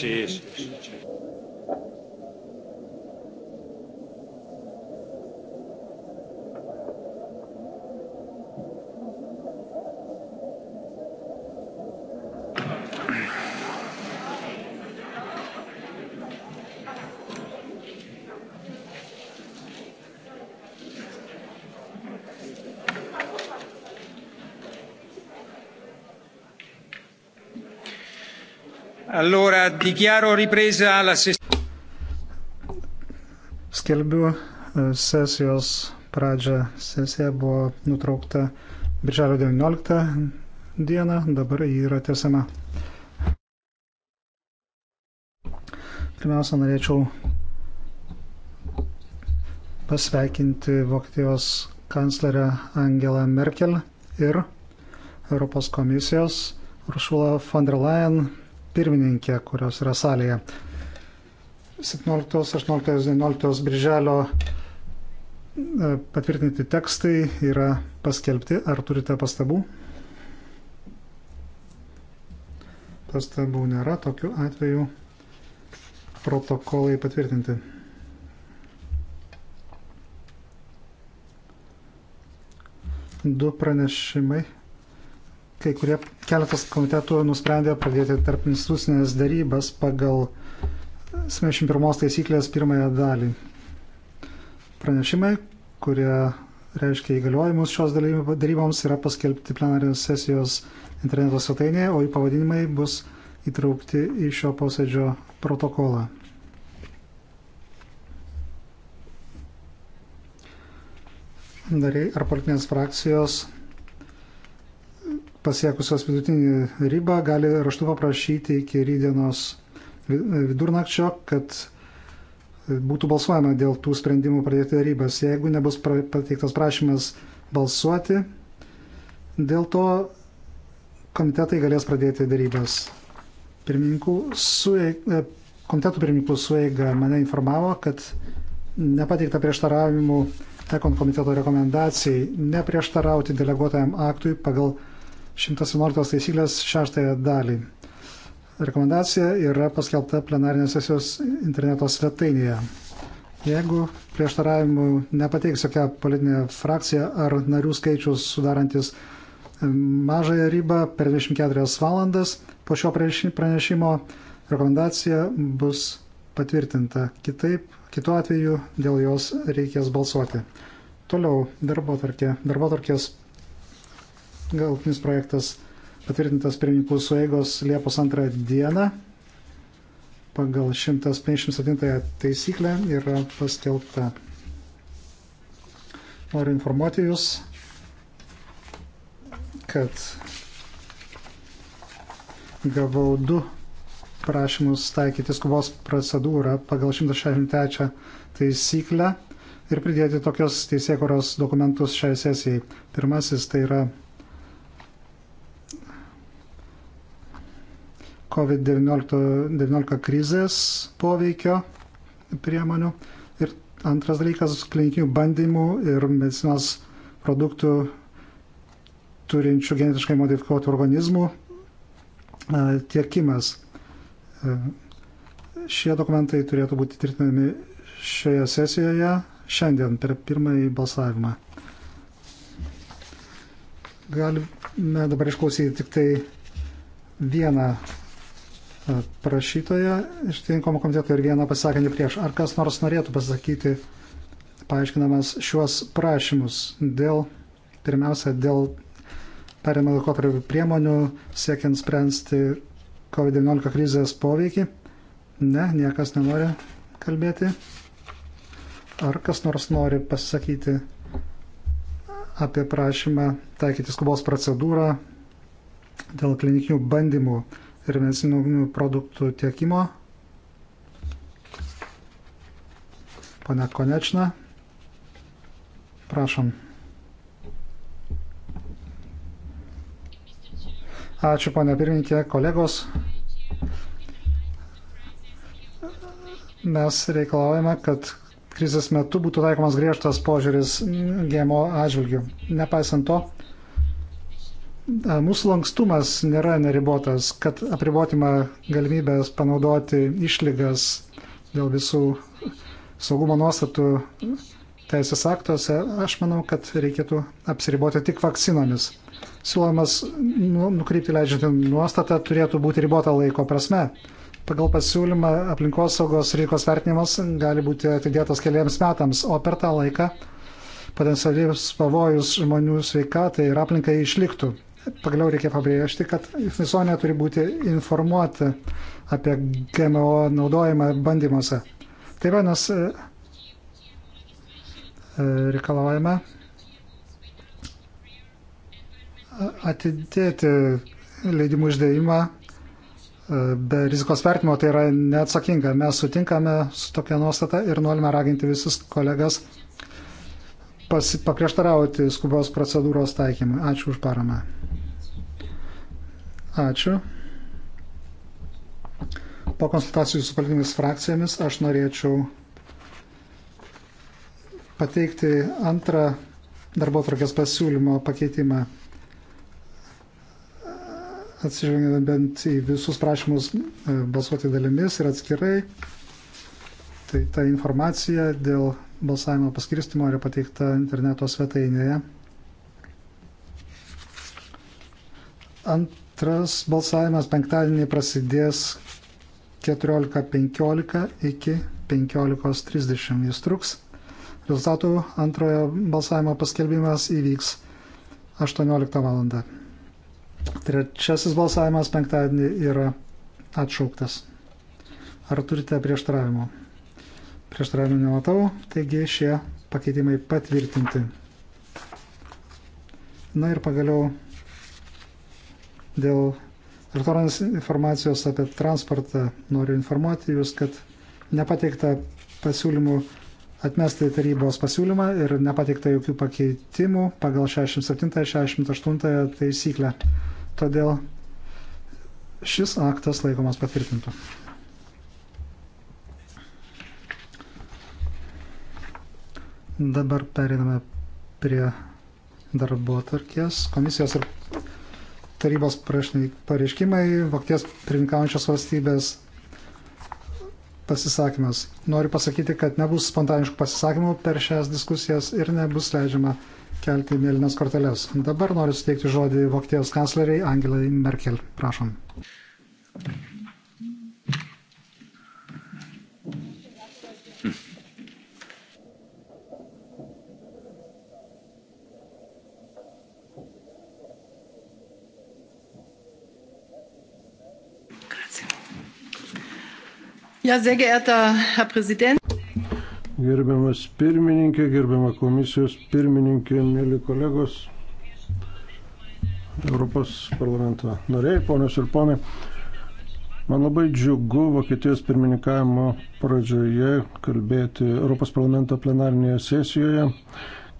Sí, sí, sí. Allora, dichiaro ripresa la sessione. Skelbiu e, sesijos pradžią. Sesija buvo nutraukta birželio 19 dieną, dabar jį yra tiesama. Pirmiausia, norėčiau pasveikinti Vokietijos kanclerę Angelą Merkel ir Europos komisijos Uršula von der Leyen pirmininkė, kurios yra salėje. 17, 18, 19 birželio e, patvirtinti tekstai yra paskelbti. Ar turite pastabų? Pastabų nėra, tokiu atveju protokolai patvirtinti. Du pranešimai kai kurie keletas komitetų nusprendė pradėti tarp institucinės darybas pagal 71 taisyklės pirmąją dalį. Pranešimai, kurie reiškia įgaliojimus šios dalyboms, yra paskelbti plenarinės sesijos interneto svetainėje, o jų pavadinimai bus įtraukti į šio posėdžio protokolą. Dariai ar politinės frakcijos pasiekusios vidutinį ribą gali raštu paprašyti iki rydienos vidurnakčio, kad būtų balsuojama dėl tų sprendimų pradėti darybas. Jeigu nebus pateiktas prašymas balsuoti, dėl to komitetai galės pradėti darybas. Pirmininkų sueiga, e, komitetų pirmininkų sueiga mane informavo, kad nepateikta prieštaravimų Ekon komiteto rekomendacijai neprieštarauti deleguotajam aktui pagal 111 taisyklės šeštąją dalį. Rekomendacija yra paskelbta plenarinės sesijos interneto svetainėje. Jeigu prieštaravimų nepateiks jokia politinė frakcija ar narių skaičius sudarantis e, mažąją ribą per 24 valandas, po šio pranešimo rekomendacija bus patvirtinta. Kitaip, kitu atveju dėl jos reikės balsuoti. Toliau darbo tarkės Galutinis projektas patvirtintas pirmininkų sueigos Liepos 2 dieną pagal 157 taisyklę yra paskelbta. Noriu informuoti Jūs, kad gavau du prašymus taikyti skubos procedūrą pagal 163 taisyklę ir pridėti tokios teisėkoros dokumentus šiai sesijai. Pirmasis tai yra COVID-19 krizės poveikio priemonių. Ir antras dalykas - klinikinių bandymų ir medicinos produktų turinčių genetiškai modifikuotų organizmų tiekimas. E, šie dokumentai turėtų būti tvirtinami šioje sesijoje šiandien per pirmąjį balsavimą. Galime dabar išklausyti tik tai vieną prašytoją iš tinkamų komitetų ir vieną pasakantį prieš. Ar kas nors norėtų pasakyti, paaiškinamas šiuos prašymus dėl, pirmiausia, dėl perėmė laikotarpio priemonių, siekiant spręsti COVID-19 krizės poveikį? Ne, niekas nenori kalbėti. Ar kas nors nori pasakyti apie prašymą taikyti skubos procedūrą dėl klinikinių bandymų ir medicininių produktų tiekimo. Pane Konečna, prašom. Ačiū, pane pirmininkė, kolegos. Mes reikalavome, kad krizės metu būtų taikomas griežtas požiūris GMO atžvilgių. Nepaisant to, mūsų lankstumas nėra neribotas, kad apribotima galimybės panaudoti išlygas dėl visų saugumo nuostatų teisės aktuose, aš manau, kad reikėtų apsiriboti tik vakcinomis. Siūlomas nu, nukrypti leidžiantį nuostatą turėtų būti ribota laiko prasme. Pagal pasiūlymą aplinkosaugos rinkos vertinimas gali būti atidėtas keliams metams, o per tą laiką potencialius pavojus žmonių sveikatai ir aplinkai išliktų. Pagaliau reikia pabrėžti, kad visuomenė turi būti informuota apie GMO naudojimą bandymuose. Taip pat mes e, e, reikalaujame atidėti leidimų išdėjimą e, be rizikos vertimo, tai yra neatsakinga. Mes sutinkame su tokia nuostata ir norime raginti visus kolegas paprieštarauti skubos procedūros taikymui. Ačiū už paramą. Ačiū. Po konsultacijų su politinėmis frakcijomis aš norėčiau pateikti antrą darbo tvarkės pasiūlymo pakeitimą. Atsižvelgiant bent į visus prašymus e, balsuoti dalimis ir atskirai, tai ta informacija dėl balsavimo paskirstimo yra pateikta interneto svetainėje. Ant Antras balsavimas penktadienį prasidės 14.15 iki 15.30 jis truks. Rezultatų antrojo balsavimo paskelbimas įvyks 18 val. Trečiasis balsavimas penktadienį yra atšauktas. Ar turite prieštaravimų? Prieštaravimų nematau, taigi šie pakeitimai patvirtinti. Na ir pagaliau Dėl elektroninės informacijos apie transportą noriu informuoti Jūs, kad nepateikta pasiūlymų atmesti tarybos pasiūlymą ir nepateikta jokių pakeitimų pagal 67-68 taisyklę. Todėl šis aktas laikomas patvirtintų. Dabar periname prie darbo tarkės komisijos ir tarybos pareiškimai, Vokietijos pirmininkaujančios valstybės pasisakymas. Noriu pasakyti, kad nebus spontaniškų pasisakymų per šias diskusijas ir nebus leidžiama kelti mėlynas korteles. Dabar noriu suteikti žodį Vokietijos kancleriai Angelai Merkel. Prašom. Thank you. Ja, sehr geehrter Herr Präsident. Gerbiamas pirmininkė, gerbiama komisijos pirmininkė, mėly kolegos, Europos parlamento nariai, ponios ir ponai. Man labai džiugu Vokietijos pirmininkavimo pradžioje kalbėti Europos parlamento plenarinėje sesijoje.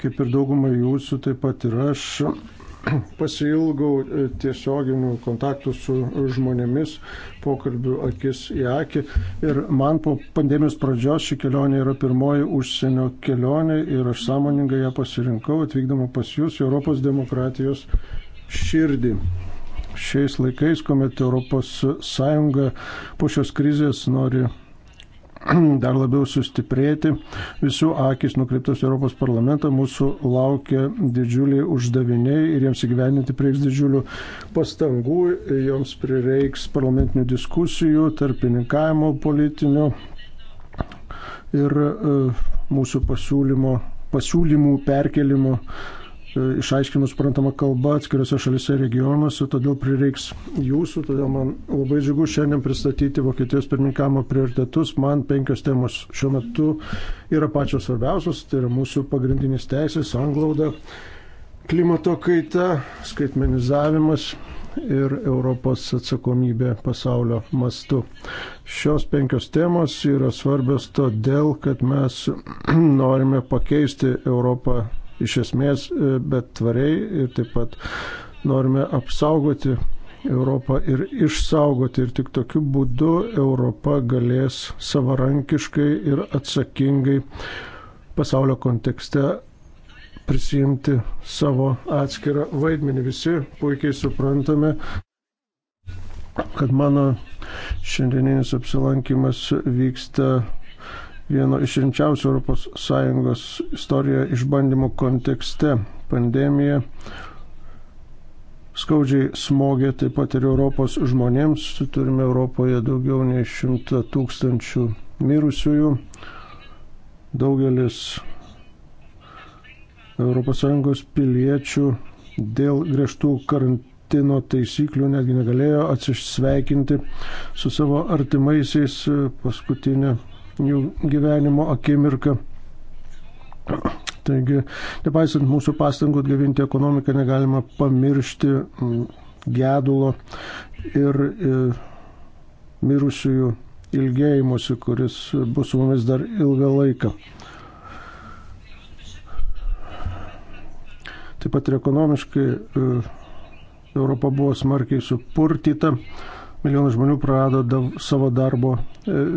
Kaip ir dauguma jūsų, taip pat ir aš Pasilgau e, tiesioginių kontaktų su žmonėmis, pokalbių akis į akį. Ir man po pandemijos pradžios ši kelionė yra pirmoji užsienio kelionė ir aš sąmoningai ją pasirinkau, atvykdama pas jūs Europos demokratijos širdį šiais laikais, kuomet ES po šios krizės nori dar labiau sustiprėti. Visų akis nukreiptos Europos parlamentą, mūsų laukia didžiuliai uždaviniai ir jiems įgyveninti prieks didžiulių pastangų, joms prireiks parlamentinių diskusijų, tarpininkavimo politinio ir e, mūsų pasiūlymo, pasiūlymų perkelimo išaiškinų suprantama kalba atskiriuose šalise regionuose, todėl prireiks jūsų, todėl man labai džiugu šiandien pristatyti Vokietijos pirmininkamo prioritetus. Man penkios temos šiuo metu yra pačios svarbiausios, tai yra mūsų pagrindinis teisės, anglauda, klimato kaita, skaitmenizavimas ir Europos atsakomybė pasaulio mastu. Šios penkios temos yra svarbios todėl, kad mes norime pakeisti Europą iš esmės, e, bet tvariai ir taip pat norime apsaugoti Europą ir išsaugoti. Ir tik tokiu būdu Europa galės savarankiškai ir atsakingai pasaulio kontekste prisijimti savo atskirą vaidmenį. Visi puikiai suprantame, kad mano šiandieninis apsilankimas vyksta vieno iš rimčiausių ES istorijoje išbandymų kontekste. Pandemija skaudžiai smogė taip pat ir Europos žmonėms. Turime Europoje daugiau nei šimtą tūkstančių mirusiųjų. Daugelis ES piliečių dėl griežtų karantino taisyklių netgi negalėjo atsisveikinti su savo artimaisiais paskutinę jų gyvenimo akimirka. Taigi, nepaisant mūsų pastangų atgavinti ekonomiką, negalima pamiršti gedulo ir e, mirusiųjų ilgėjimuose, kuris bus su mumis dar ilgą laiką. Taip pat ir ekonomiškai e, Europa buvo smarkiai supurtyta, milijonai žmonių prarado savo darbo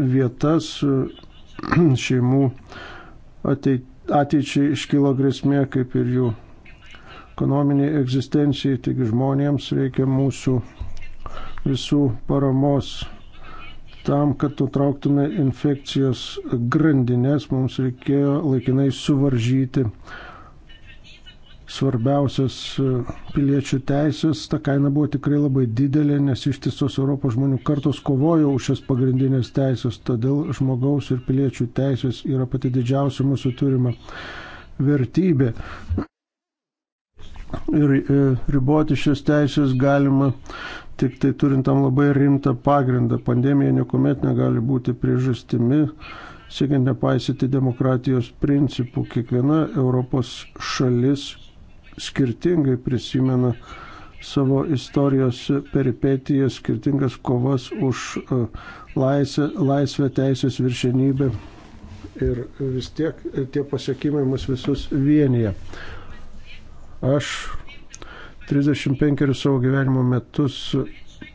vietas šeimų ateičiai iškilo grėsmė, kaip ir jų ekonominiai egzistencijai, taigi žmonėms reikia mūsų visų paramos. Tam, kad nutrauktume infekcijos grandinės, mums reikėjo laikinai suvaržyti svarbiausios e, piliečių teisės. Ta kaina buvo tikrai labai didelė, nes ištisos Europos žmonių kartos kovojo už šias pagrindinės teisės, todėl žmogaus ir piliečių teisės yra pati didžiausia mūsų turima vertybė. Ir e, riboti šias teisės galima tik tai turintam labai rimtą pagrindą. Pandemija niekuomet negali būti priežastimi siekiant nepaisyti demokratijos principų, kiekviena Europos šalis skirtingai prisimena savo istorijos peripetijas, skirtingas kovas už e, laisvę, laisvę teisės viršenybę ir vis tiek e, tie pasiekimai mus visus vienyje. Aš 35 savo gyvenimo metus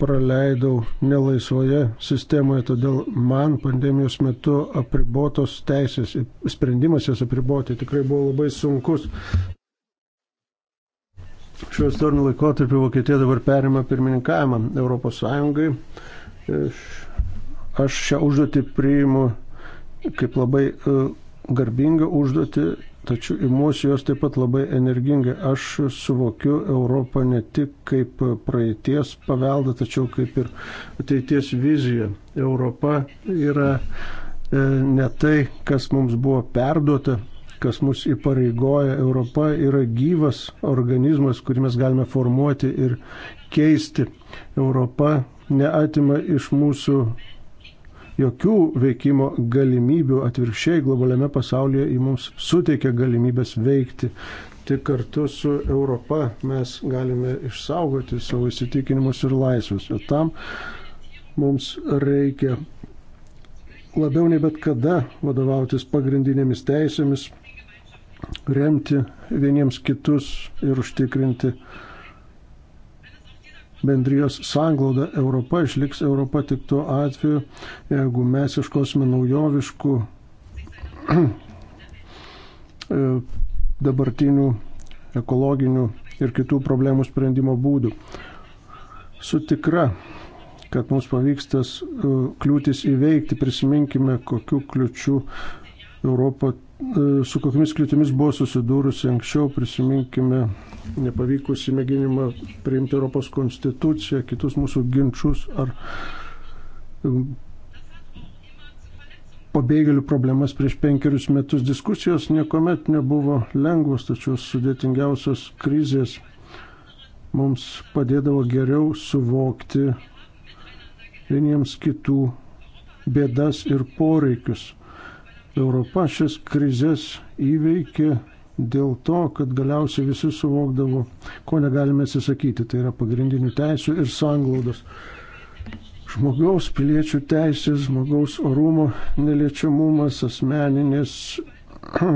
praleidau nelaisvoje sistemoje, todėl man pandemijos metu apribotos teisės, sprendimas jas apriboti tikrai buvo labai sunkus šiuo istoriniu laikotarpiu Vokietija dabar perima pirmininkavimą Europos Sąjungai. Aš šią užduotį priimu kaip labai e, garbingą užduotį, tačiau imuosi jos taip pat labai energingai. Aš suvokiu Europą ne tik kaip praeities paveldą, tačiau kaip ir ateities viziją. Europa yra e, ne tai, kas mums buvo perduota kas mus įpareigoja. Europa yra gyvas organizmas, kurį mes galime formuoti ir keisti. Europa neatima iš mūsų jokių veikimo galimybių, atvirkščiai globaliame pasaulyje į mums suteikia galimybės veikti. Tik kartu su Europa mes galime išsaugoti savo įsitikinimus ir laisvės. Ir tam mums reikia labiau nei bet kada vadovautis pagrindinėmis teisėmis, remti vieniems kitus ir užtikrinti bendrijos sanglaudą. Europa išliks Europa tik tuo atveju, jeigu mes iškosime naujoviškų e, dabartinių ekologinių ir kitų problemų sprendimo būdų. Sutikra, kad mums pavyks tas e, kliūtis įveikti, prisiminkime, kokiu kliučiu Europą E, su kokiamis kliūtimis buvo susidūrusi anksčiau, prisiminkime nepavykusi mėginimą priimti Europos konstituciją, kitus mūsų ginčius ar e, pabėgėlių problemas prieš penkerius metus. Diskusijos niekuomet nebuvo lengvos, tačiau sudėtingiausios krizės mums padėdavo geriau suvokti vieniems kitų bėdas ir poreikius. Europa šias krizės įveikė dėl to, kad galiausiai visi suvokdavo, ko negalime atsisakyti. Tai yra pagrindinių teisų ir sanglaudos. Žmogaus piliečių teisės, žmogaus orumo neliečiamumas, asmeninės,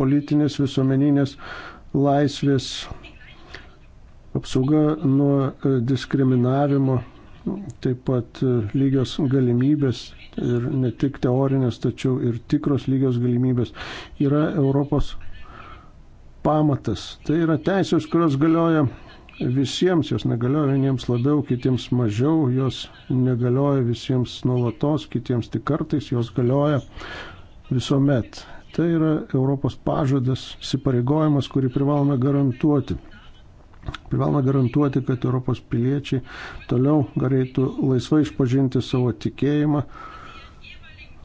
politinės, visuomeninės laisvės, apsauga nuo diskriminavimo taip pat e, lygios galimybės ir ne tik teorinės, tačiau ir tikros lygios galimybės yra Europos pamatas. Tai yra teisės, kurios galioja visiems, jos negalioja vieniems labiau, kitiems mažiau, jos negalioja visiems nuolatos, kitiems tik kartais, jos galioja visuomet. Tai yra Europos pažadas, įsipareigojimas, kurį privalome garantuoti. Privalome garantuoti, kad Europos piliečiai toliau galėtų laisvai išpažinti savo tikėjimą,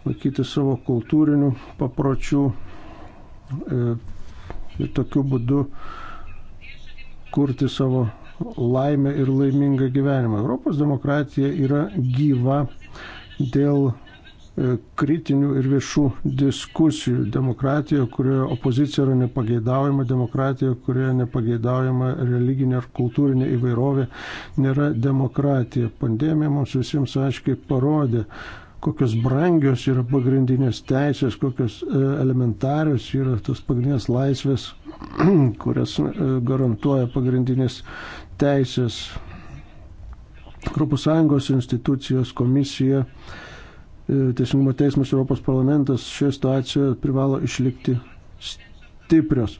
laikyti savo kultūrinių papročių e, ir tokiu būdu kurti savo laimę ir laimingą gyvenimą. Europos demokratija yra gyva dėl E, kritinių ir viešų diskusijų. Demokratija, kurioje opozicija yra nepageidaujama, demokratija, kurioje nepageidaujama religinė ar kultūrinė įvairovė, nėra demokratija. Pandemija mums visiems aiškiai parodė, kokios brangios yra pagrindinės teisės, kokios e, elementarios yra tos pagrindinės laisvės, kurias e, garantuoja pagrindinės teisės. Europos Sąjungos institucijos komisija E, Teisingumo teismas Europos parlamentas šioje situacijoje privalo išlikti stiprios.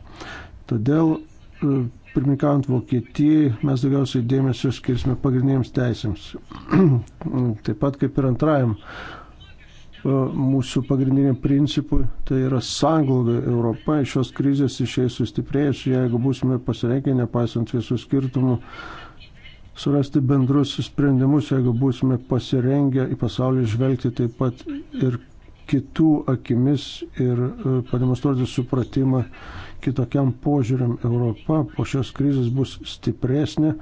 Todėl, e, pirmininkaujant Vokietijai, mes daugiausiai dėmesio skirsime pagrindiniams teisėms. Taip pat kaip ir antrajam e, mūsų pagrindiniam principui, tai yra sąglauda Europa iš šios krizės išėjus sustiprėjusi, jeigu būsime pasireikę, nepaisant visų skirtumų surasti bendrus sprendimus, jeigu būsime pasirengę į pasaulį žvelgti taip pat ir kitų akimis ir e, pademonstruoti supratimą kitokiam požiūriam. Europa po šios krizės bus stipresnė,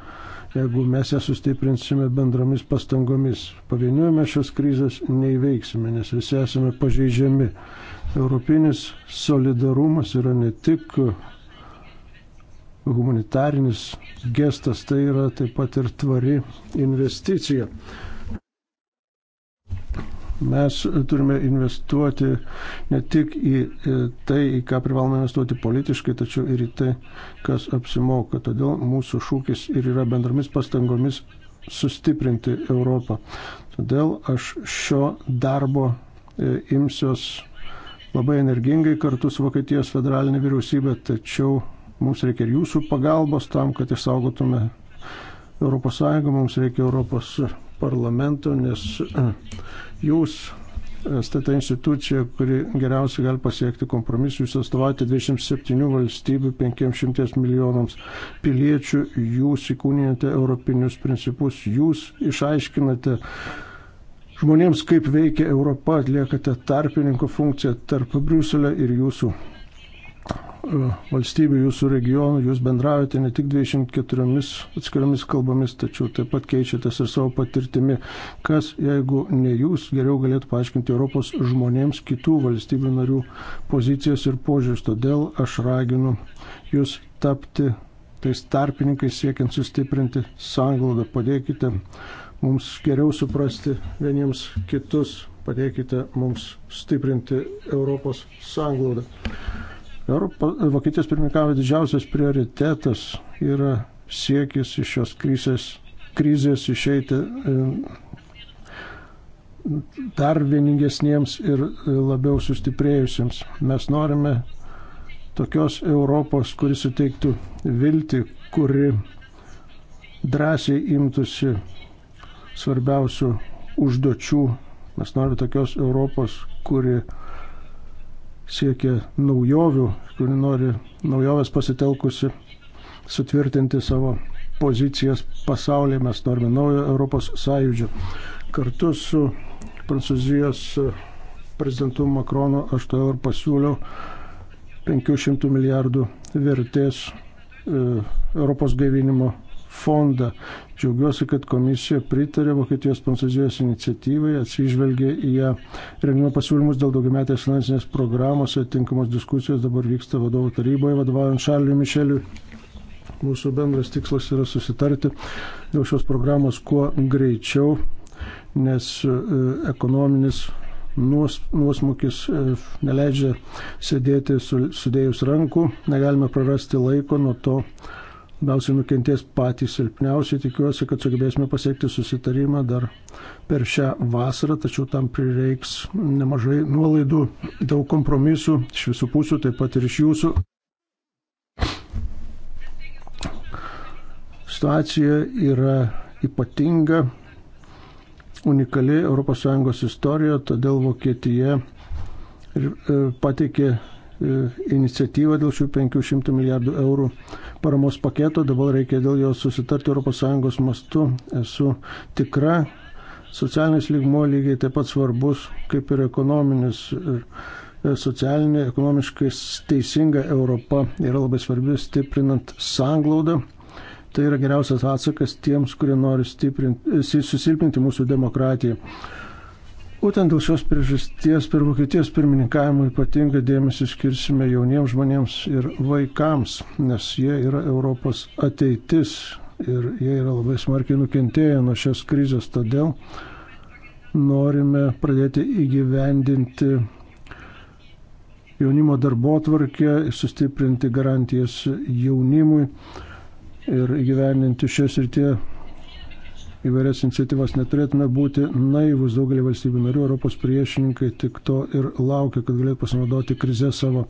jeigu mes ją sustiprinsime bendromis pastangomis. Pavieniui mes šios krizės neįveiksime, nes visi esame pažeidžiami. Europinis solidarumas yra ne tik humanitarinis gestas, tai yra taip pat ir tvari investicija. Mes turime investuoti ne tik į e, tai, į ką privalome investuoti politiškai, tačiau ir į tai, kas apsimoka. Todėl mūsų šūkis ir yra bendromis pastangomis sustiprinti Europą. Todėl aš šio darbo e, imsiuos labai energingai kartu su Vokietijos federalinė vyriausybė, tačiau Mums reikia ir jūsų pagalbos tam, kad išsaugotume ES, mums reikia Europos parlamento, nes jūs esate ta institucija, kuri geriausiai gali pasiekti kompromisų, jūs atstovate 27 valstybių 500 milijonams piliečių, jūs įkūnijate europinius principus, jūs išaiškinate žmonėms, kaip veikia Europa, atliekate tarpininko funkciją tarp Briuselio ir jūsų valstybių, jūsų regionų, jūs bendraujate ne tik 24 atskiromis kalbomis, tačiau taip pat keičiatės ir savo patirtimi. Kas, jeigu ne jūs, geriau galėtų paaiškinti Europos žmonėms kitų valstybių narių pozicijas ir požiūrės. Todėl aš raginu jūs tapti tais tarpininkais siekiant sustiprinti sąnglaudą. Padėkite mums geriau suprasti vieniems kitus, padėkite mums stiprinti Europos sąnglaudą. Europo, Vokietijos pirmininkavo didžiausias prioritetas yra siekis iš šios krizės, krizės išeiti e, dar vieningesniems ir labiau sustiprėjusiems. Mes norime tokios Europos, kuri suteiktų viltį, kuri drąsiai imtųsi svarbiausių užduočių. Mes norime tokios Europos, kuri siekia naujovių, kuri nori naujoves pasitelkusi sutvirtinti savo pozicijas pasaulyje. Mes norime naujo Europos sąjūdžio. Kartu su Prancūzijos prezidentu Makronu aš todėl ir pasiūliau 500 milijardų vertės e, Europos gaivinimo fondą. Džiaugiuosi, kad komisija pritarė Vokietijos Prancūzijos iniciatyvai, atsižvelgė į ją. Rengimo pasiūlymus dėl daugiametės finansinės programos atitinkamos diskusijos dabar vyksta vadovų taryboje, vadovaujant Šarliui Mišeliui. Mūsų bendras tikslas yra susitarti dėl šios programos kuo greičiau, nes e, ekonominis nuos, nuosmukis e, neleidžia sėdėti su, sudėjus rankų, negalime prarasti laiko, nuo to labiausiai nukentės patys silpniausi. Tikiuosi, kad sugebėsime pasiekti susitarimą dar per šią vasarą, tačiau tam prireiks nemažai nuolaidų, daug kompromisų iš visų pusių, taip pat ir iš jūsų. Situacija yra ypatinga, unikali ES istorija, todėl Vokietija e, pateikė e, iniciatyvą dėl šių 500 milijardų eurų paramos paketo, dabar reikia dėl jo susitarti ES mastu. Esu tikra, socialinis lygmo lygiai taip pat svarbus kaip ir ekonominis. Ir e, socialinė, ekonomiškai teisinga Europa yra labai svarbi stiprinant sanglaudą. Tai yra geriausias atsakas tiems, kurie nori e, susilpinti mūsų demokratiją. Būtent dėl šios priežasties per Vokietijos pirmininkavimą ypatingą dėmesį skirsime jauniems žmonėms ir vaikams, nes jie yra Europos ateitis ir jie yra labai smarkiai nukentėję nuo šios krizės. Todėl norime pradėti įgyvendinti jaunimo darbo tvarkę ir sustiprinti garantijas jaunimui ir įgyvendinti šios ir tie įvairias iniciatyvas. Neturėtume būti naivus daugelį valstybių narių, Europos priešininkai tik to ir laukia, kad galėtų pasinaudoti krize savo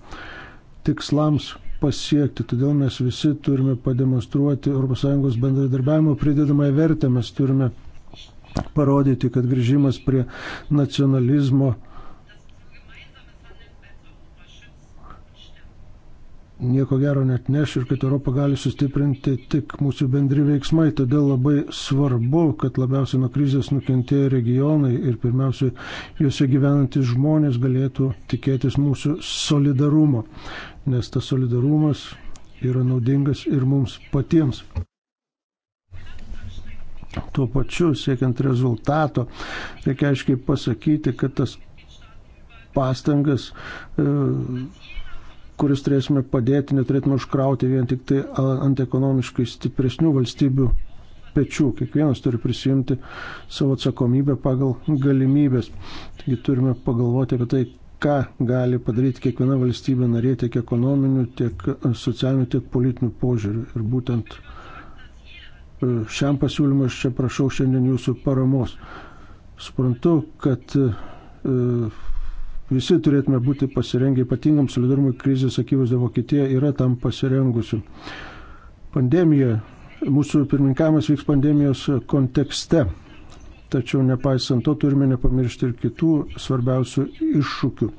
tikslams pasiekti. Todėl mes visi turime pademonstruoti ES bendradarbiavimo pridedamąją vertę. Mes turime parodyti, kad grįžimas prie nacionalizmo nieko gero net neš ir kad Europą gali sustiprinti tik mūsų bendri veiksmai. Todėl labai svarbu, kad labiausiai nuo krizės nukentėję regionai ir pirmiausia juose gyvenantis žmonės galėtų tikėtis mūsų solidarumo, nes tas solidarumas yra naudingas ir mums patiems. Tuo pačiu, siekiant rezultato, reikia aiškiai pasakyti, kad tas pastangas e, kuris turėsime padėti, neturėtume užkrauti vien tik tai ant ekonomiškai stipresnių valstybių pečių. Kiekvienas turi prisijimti savo atsakomybę pagal galimybės. Taigi turime pagalvoti apie tai, ką gali padaryti kiekviena valstybė narė tiek ekonominių, tiek e, socialinių, tiek politinių požiūrių. Ir būtent e, šiam pasiūlymui aš čia prašau šiandien jūsų paramos. Suprantu, kad e, Visi turėtume būti pasirengę ypatingam solidarumui krizės akivaizdė Vokietija yra tam pasirengusi. Pandemija, mūsų pirmininkavimas vyks pandemijos kontekste, tačiau nepaisant to turime nepamiršti ir kitų svarbiausių iššūkių.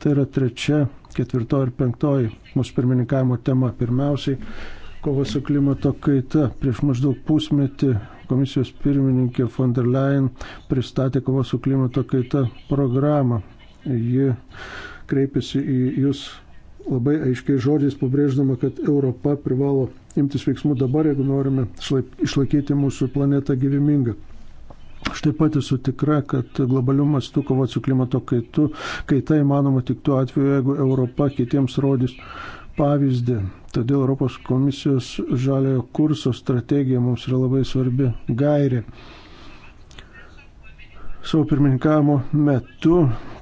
Tai yra trečia, ketvirtoji ir penktoji mūsų pirmininkavimo tema. Pirmiausiai kova su klimato kaita. Prieš maždaug pusmetį komisijos pirmininkė von der Leyen pristatė kovos su klimato kaita programą. Ji kreipėsi į jūs labai aiškiai žodžiais pabrėždama, kad Europa privalo imtis veiksmų dabar, jeigu norime išlaikyti mūsų planetą gyvybingą. Aš taip pat esu tikra, kad globalių mastų kova su klimato kaitu, kaita įmanoma tik tuo atveju, jeigu Europa kitiems rodys pavyzdį. Todėl Europos komisijos žaliojo kurso strategija mums yra labai svarbi gairė savo pirmininkavimo metu,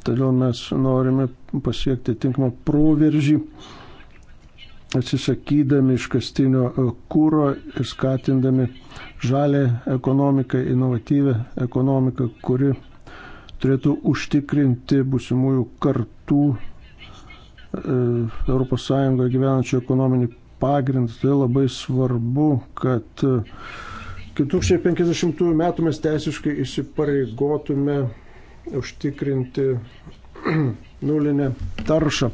todėl mes norime pasiekti tinkamą proveržį atsisakydami iškastinio e, kūro ir skatindami žalę ekonomiką, inovatyvę ekonomiką, kuri turėtų užtikrinti busimųjų kartų ES gyvenančių ekonominį pagrindą. Tai labai svarbu, kad e, 2050 metų mes teisiškai įsipareigotume užtikrinti nulinę taršą.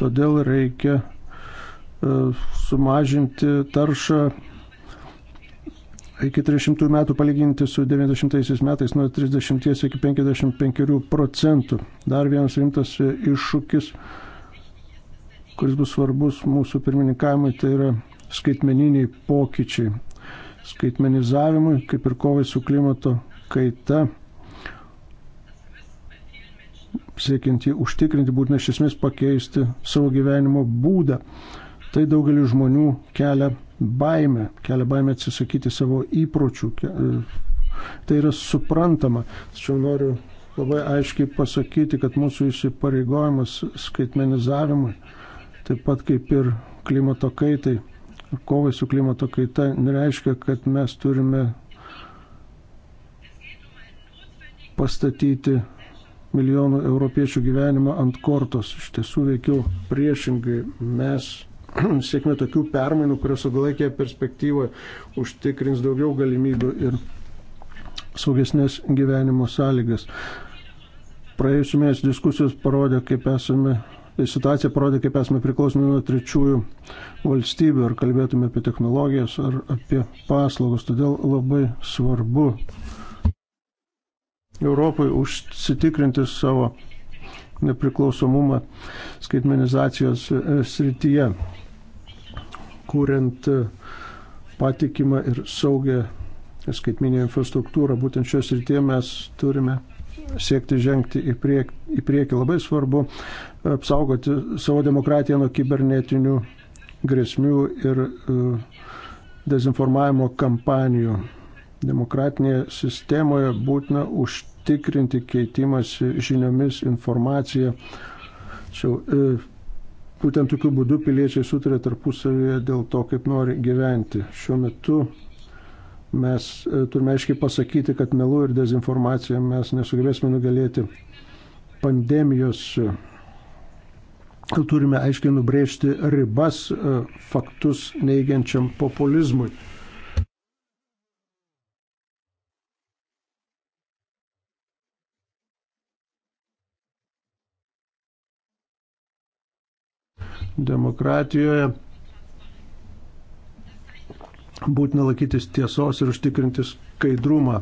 Todėl reikia e, sumažinti taršą iki 300 metų palyginti su 90 metais nuo 30 iki 55 procentų. Dar vienas rimtas iššūkis, kuris bus svarbus mūsų pirmininkavimui, tai yra skaitmeniniai pokyčiai skaitmenizavimui, kaip ir kovai su klimato kaita. Siekiant jį užtikrinti, būtina iš esmės pakeisti savo gyvenimo būdą. Tai daugelį žmonių kelia baimę, kelia baimę atsisakyti savo įpročių. Tai yra suprantama. Tačiau noriu labai aiškiai pasakyti, kad mūsų įsipareigojimas skaitmenizavimui, taip pat kaip ir klimato kaitai, kovai su klimato kaita nereiškia, kad mes turime pastatyti milijonų europiečių gyvenimą ant kortos. Iš tiesų veikiau priešingai. Mes siekime tokių permainų, kurios ilgalaikėje perspektyvoje užtikrins daugiau galimybių ir saugesnės gyvenimo sąlygas. Praėjusiu mėnesiu diskusijos parodė, kaip esame situacija parodė, kaip esame priklausomi nuo trečiųjų valstybių, ar kalbėtume apie technologijas, ar apie paslaugas. Todėl labai svarbu Europai užsitikrinti savo nepriklausomumą skaitmenizacijos e, srityje, kuriant e, patikimą ir saugę skaitminę infrastruktūrą. Būtent šios srityje mes turime siekti žengti į priekį, į priekį. Labai svarbu apsaugoti savo demokratiją nuo kibernetinių grėsmių ir e, dezinformavimo kampanijų. Demokratinėje sistemoje būtina užtikrinti keitimąsi žiniomis, informaciją. Tačiau e, būtent tokiu būdu piliečiai sutarė tarpusavėje dėl to, kaip nori gyventi. Šiuo metu Mes e, turime aiškiai pasakyti, kad melų ir dezinformaciją mes nesugebėsime nugalėti pandemijos. E, turime aiškiai nubrėžti ribas e, faktus neigiančiam populizmui. Demokratijoje būtina laikytis tiesos ir užtikrinti skaidrumą.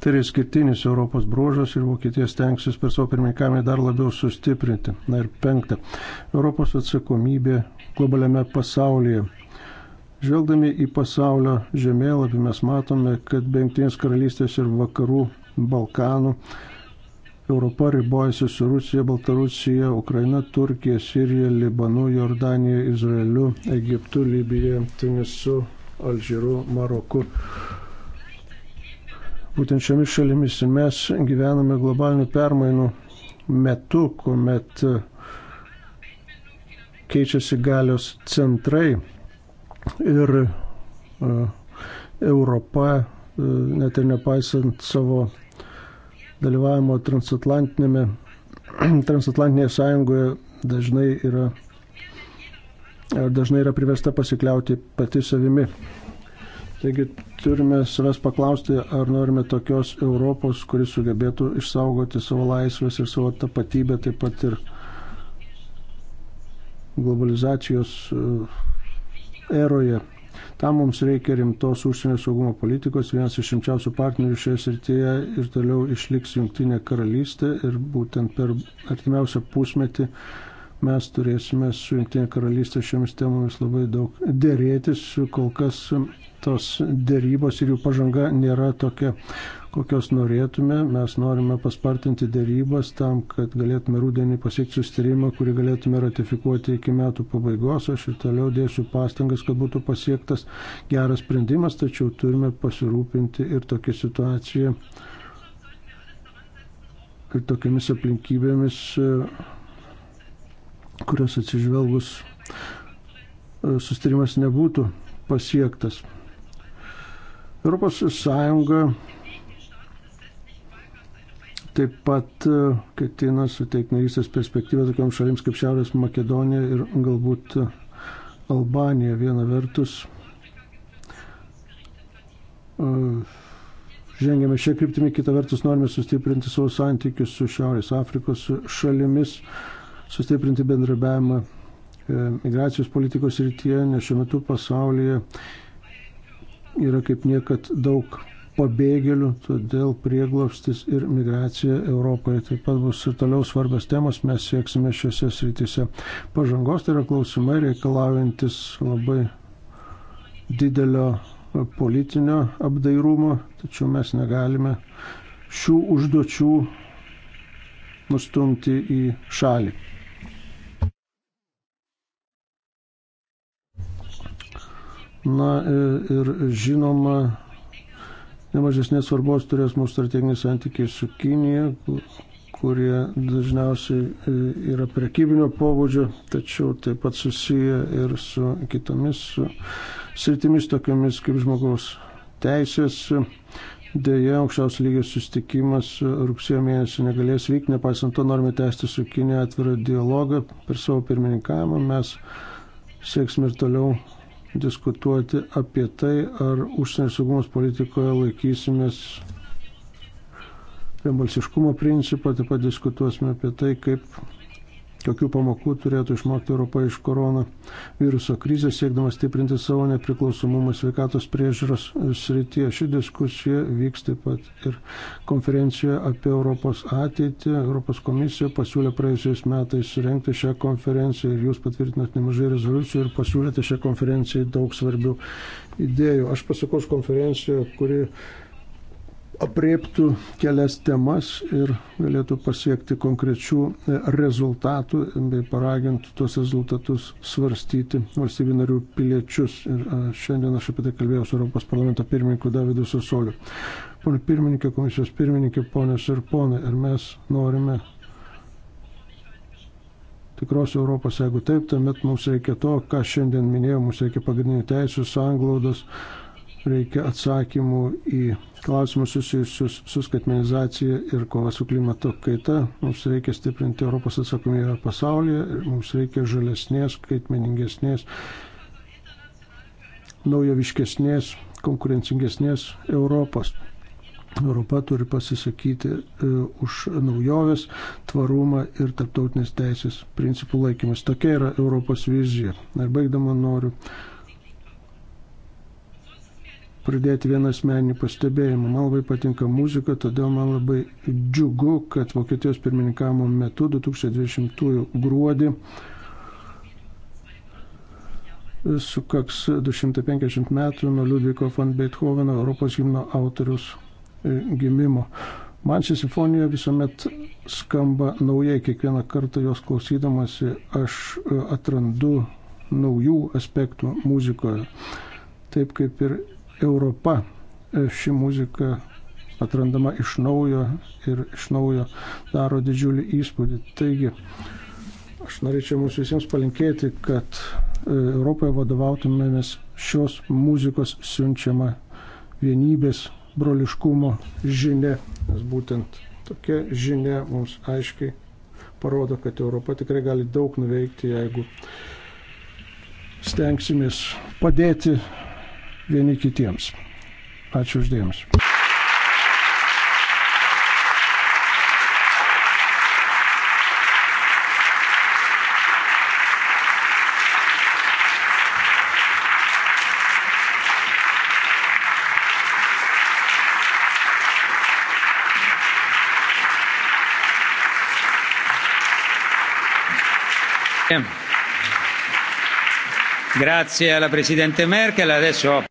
Tai yra skirtinis Europos bruožas ir Vokietija stengsis per savo pirmininkamį dar labiau sustiprinti. Na ir penkta. Europos atsakomybė globaliame pasaulyje. Žvelgdami į pasaulio žemėlapį mes matome, kad be Junktinės karalystės ir vakarų Balkanų Europa ribojasi su Rusija, Baltarusija, Ukraina, Turkija, Sirija, Libanu, Jordanija, Izraeliu, Egiptu, Libija, Tunisu, Alžyru, Maroku. Būtent šiomis šalimis mes gyvename globalinių permainų metu, kuomet keičiasi galios centrai ir e, Europa, e, net ir nepaisant savo dalyvavimo transatlantinėje sąjungoje, dažnai yra dažnai yra priversta pasikliauti pati savimi. Taigi turime savęs paklausti, ar norime tokios Europos, kuris sugebėtų išsaugoti savo laisvės ir savo tapatybę, taip pat ir globalizacijos uh, eroje. Tam mums reikia rimtos užsienio saugumo politikos. Vienas iš rimčiausių partnerių šioje srityje ir toliau išliks Junktinė karalystė ir būtent per artimiausią pusmetį mes turėsime su Junktinė karalystė šiomis temomis labai daug dėrėtis. Kol kas tos dėrybos ir jų pažanga nėra tokia, kokios norėtume. Mes norime paspartinti dėrybas tam, kad galėtume rūdienį pasiekti sustarimą, kurį galėtume ratifikuoti iki metų pabaigos. Aš ir toliau dėsiu pastangas, kad būtų pasiektas geras sprendimas, tačiau turime pasirūpinti ir tokia situacija. Ir tokiamis aplinkybėmis kurios atsižvelgus e, sustarimas nebūtų pasiektas. Europos Sąjunga taip pat e, ketina suteikti narystės perspektyvą tokiam šalims kaip Šiaurės Makedonija ir galbūt e, Albanija viena vertus. Žengėme šią kryptimį, kitą vertus norime sustiprinti savo santykius su Šiaurės Afrikos šalimis. Su sustiprinti bendrabiavimą e, migracijos politikos rytyje, nes šiuo metu pasaulyje yra kaip niekad daug pabėgėlių, todėl prieglobstis ir migracija Europoje taip pat bus ir toliau svarbios temos, mes sieksime šiuose srityse pažangos, tai yra klausimai reikalaujantis labai didelio politinio apdairumo, tačiau mes negalime šių užduočių nustumti į šalį. Na e, ir žinoma, nemažesnės svarbos turės mūsų strateginiai santykiai su Kinija, kurie dažniausiai e, yra prekybinio pobūdžio, tačiau taip pat susiję ir su kitomis sritimis, tokiamis kaip žmogaus teisės. Deja, aukščiaus lygės sustikimas rugsėjo mėnesį negalės vykti, nepaisant to norime tęsti su Kinė atvirą dialogą per savo pirmininkavimą. Mes sieksime ir toliau diskutuoti apie tai, ar užsienio saugumos politikoje laikysimės vienbalsiškumo principą, taip pat diskutuosime apie tai, kaip kokių pamokų turėtų išmokti Europą iš koronaviruso krizės, siekdama stiprinti savo nepriklausomumą sveikatos priežiūros srityje. Ši diskusija vyks taip pat ir konferencijoje apie Europos ateitį. Europos komisija pasiūlė praėjusiais metais surenkti šią konferenciją ir jūs patvirtinat nemažai rezoliucijų ir pasiūlėte šią konferenciją daug svarbių idėjų. Aš pasakau konferenciją, kuri apriektų kelias temas ir galėtų pasiekti konkrečių e, rezultatų bei paragintų tuos rezultatus svarstyti valstybių narių piliečius. Ir šiandien aš apie tai kalbėjau su Europos parlamento pirmininku Davidu Sasoliu. Pone pirmininkė, komisijos pirmininkė, ponės ir ponai, ir mes norime tikros Europos, jeigu taip, tuomet mums reikia to, ką šiandien minėjau, mums reikia pagrindinių teisų, sanglaudos, reikia atsakymų į klausimus susijusius su skatmenizacija ir kova su klimato kaita. Mums reikia stiprinti Europos atsakomybę pasaulyje ir mums reikia žalesnės, skaitmeningesnės, naujoviškesnės, konkurencingesnės Europos. Europa turi pasisakyti e, už naujoves, tvarumą ir tarptautinės teisės principų laikymas. Tokia yra Europos vizija. Ir baigdama noriu pridėti vieną asmenį pastebėjimą. Man labai patinka muzika, todėl man labai džiugu, kad Vokietijos pirmininkamo metu 2020 gruodį sukaks 250 metų nuo Ludviko von Beethoveno Europos gimno autorius e, gimimo. Man ši simfonija visuomet skamba naujai, kiekvieną kartą jos klausydamasi aš e, atrandu naujų aspektų muzikoje. Taip kaip ir Europa. E, ši muzika atrandama iš naujo ir iš naujo daro didžiulį įspūdį. Taigi, aš norėčiau mums visiems palinkėti, kad e, Europoje vadovautumėmės šios muzikos siunčiama vienybės, broliškumo žinia, nes būtent tokia žinia mums aiškiai parodo, kad Europa tikrai gali daug nuveikti, jeigu stengsimės padėti vieni kitiems. Ačiū uždėmesi. Grazie alla prezidente Merkel. Adesso...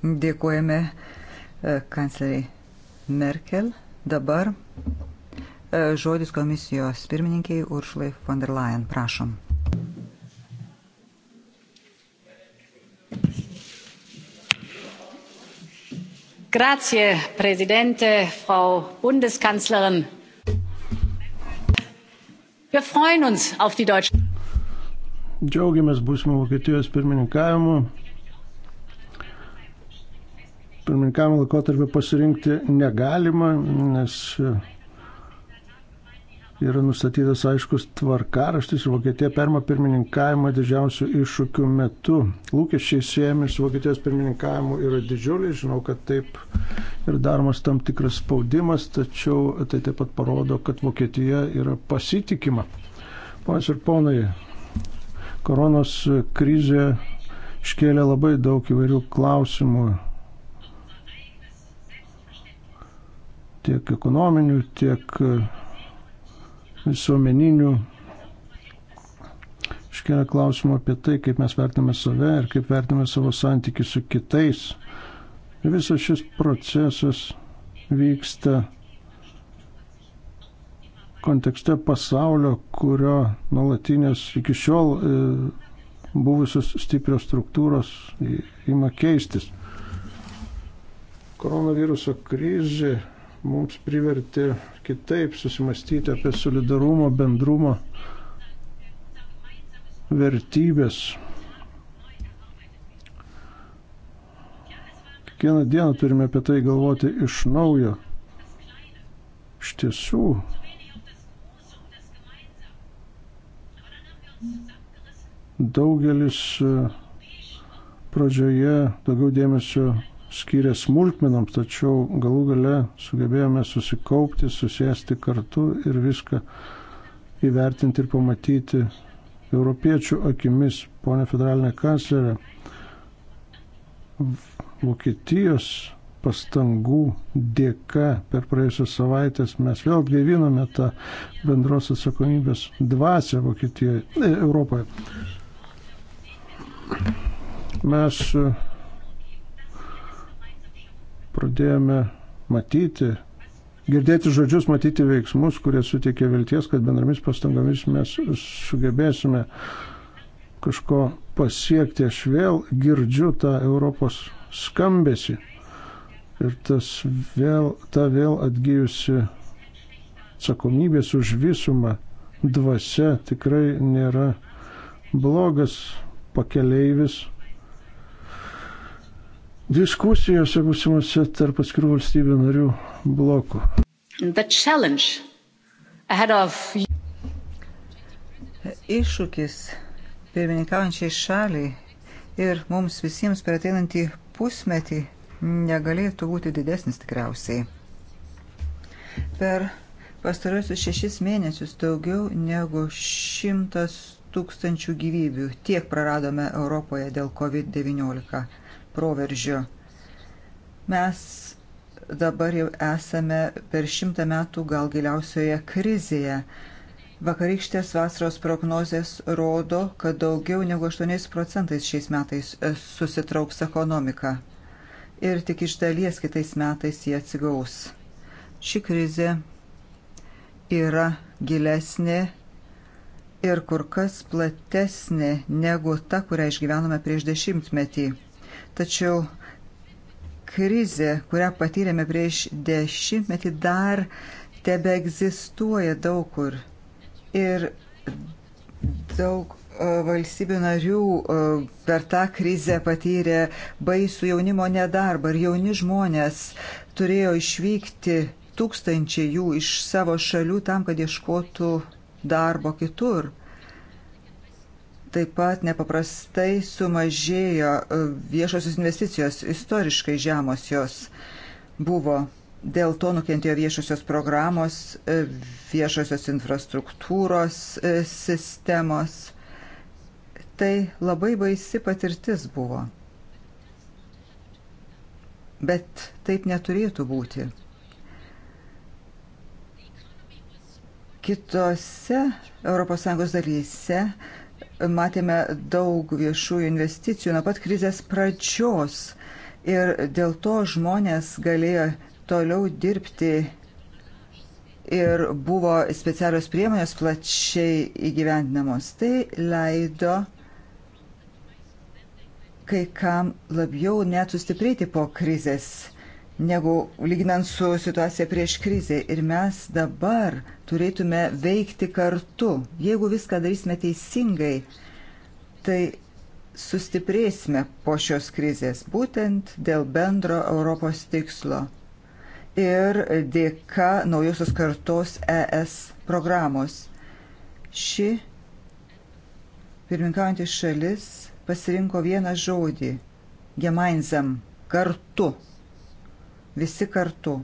Dėkojame e, kancleriai Merkel. Dabar e, žodis komisijos pirmininkiai Uršlai von der Leyen. Prašom. Grazie, Presidente, Frau Bundeskanzlerin. Wir freuen uns auf die deutsche. Džiaugiamės būsimų Vokietijos pirmininkavimu. Pirmininkavimo laikotarpio pasirinkti negalima, nes yra nustatytas aiškus tvarkaraštis ir Vokietija perma pirmininkavimą didžiausių iššūkių metu. Lūkesčiai siejami su Vokietijos pirmininkavimu yra didžiuliai, žinau, kad taip ir daromas tam tikras spaudimas, tačiau tai taip pat parodo, kad Vokietija yra pasitikima. Ponas ir ponai, Koronos krizė iškėlė labai daug įvairių klausimų, tiek ekonominių, tiek visuomeninių. Iškėlė klausimų apie tai, kaip mes vertiname save ir kaip vertiname savo santykių su kitais. Visas šis procesas vyksta kontekste pasaulio, kurio nuolatinės iki šiol e, buvusios stiprios struktūros ima keistis. Koronaviruso krizė mums privertė kitaip susimastyti apie solidarumo, bendrumo vertybės. Kiekvieną dieną turime apie tai galvoti iš naujo. Iš tiesų, Daugelis e, pradžioje daugiau dėmesio skyrė smulkmenam, tačiau galų gale sugebėjome susikaupti, susėsti kartu ir viską įvertinti ir pamatyti europiečių akimis. Pone federalinė kanclerė, Vokietijos pastangų dėka per praėjusias savaitės mes vėl gaivinome tą bendros atsakomybės dvasę Vokietijoje, e, Europoje. Mes e, pradėjome matyti, girdėti žodžius, matyti veiksmus, kurie suteikė vilties, kad bendromis pastangomis mes sugebėsime kažko pasiekti. Aš vėl girdžiu tą Europos skambesį. Ir tas vėl, ta vėl atgyjusi atsakomybės už visumą dvasia tikrai nėra blogas pakeleivis. Diskusijose būsimose tarp atskirų valstybių narių blokų. Of... Iššūkis pirmininkaujančiai šaliai ir mums visiems per ateinantį pusmetį negalėtų būti didesnis tikriausiai. Per pastarosius šešis mėnesius daugiau negu šimtas tūkstančių gyvybių tiek praradome Europoje dėl COVID-19 proveržio. Mes dabar jau esame per šimtą metų gal giliausioje krizėje. Vakarykštės vasaros prognozės rodo, kad daugiau negu 8 procentais šiais metais susitrauks ekonomika ir tik iš dalies kitais metais jie atsigaus. Ši krizė yra gilesnė ir kur kas platesnė negu ta, kurią išgyvenome prieš dešimtmetį. Tačiau krizė, kurią patyrėme prieš dešimtmetį, dar tebe egzistuoja daug kur. Ir daug E, valstybių narių e, per tą krizę patyrė baisų jaunimo nedarbą ir jauni žmonės turėjo išvykti tūkstančiai jų iš savo šalių tam, kad ieškotų darbo kitur. Taip pat nepaprastai sumažėjo e, viešosios investicijos, istoriškai žemos jos buvo. Dėl to nukentėjo viešosios programos, viešosios infrastruktūros sistemos tai labai baisi patirtis buvo. Bet taip neturėtų būti. Kitose ES dalyse matėme daug viešųjų investicijų nuo pat krizės pradžios ir dėl to žmonės galėjo toliau dirbti ir buvo specialios priemonės plačiai įgyvendinamos. Tai leido kai kam labiau net sustiprėti po krizės negu lyginant su situacija prieš krizę. Ir mes dabar turėtume veikti kartu. Jeigu viską darysime teisingai, tai sustiprėsime po šios krizės būtent dėl bendro Europos tikslo ir dėka naujosios kartos ES programos. Ši pirminkaujantis šalis pasirinko vieną žodį - gemeinsam - kartu. Visi kartu.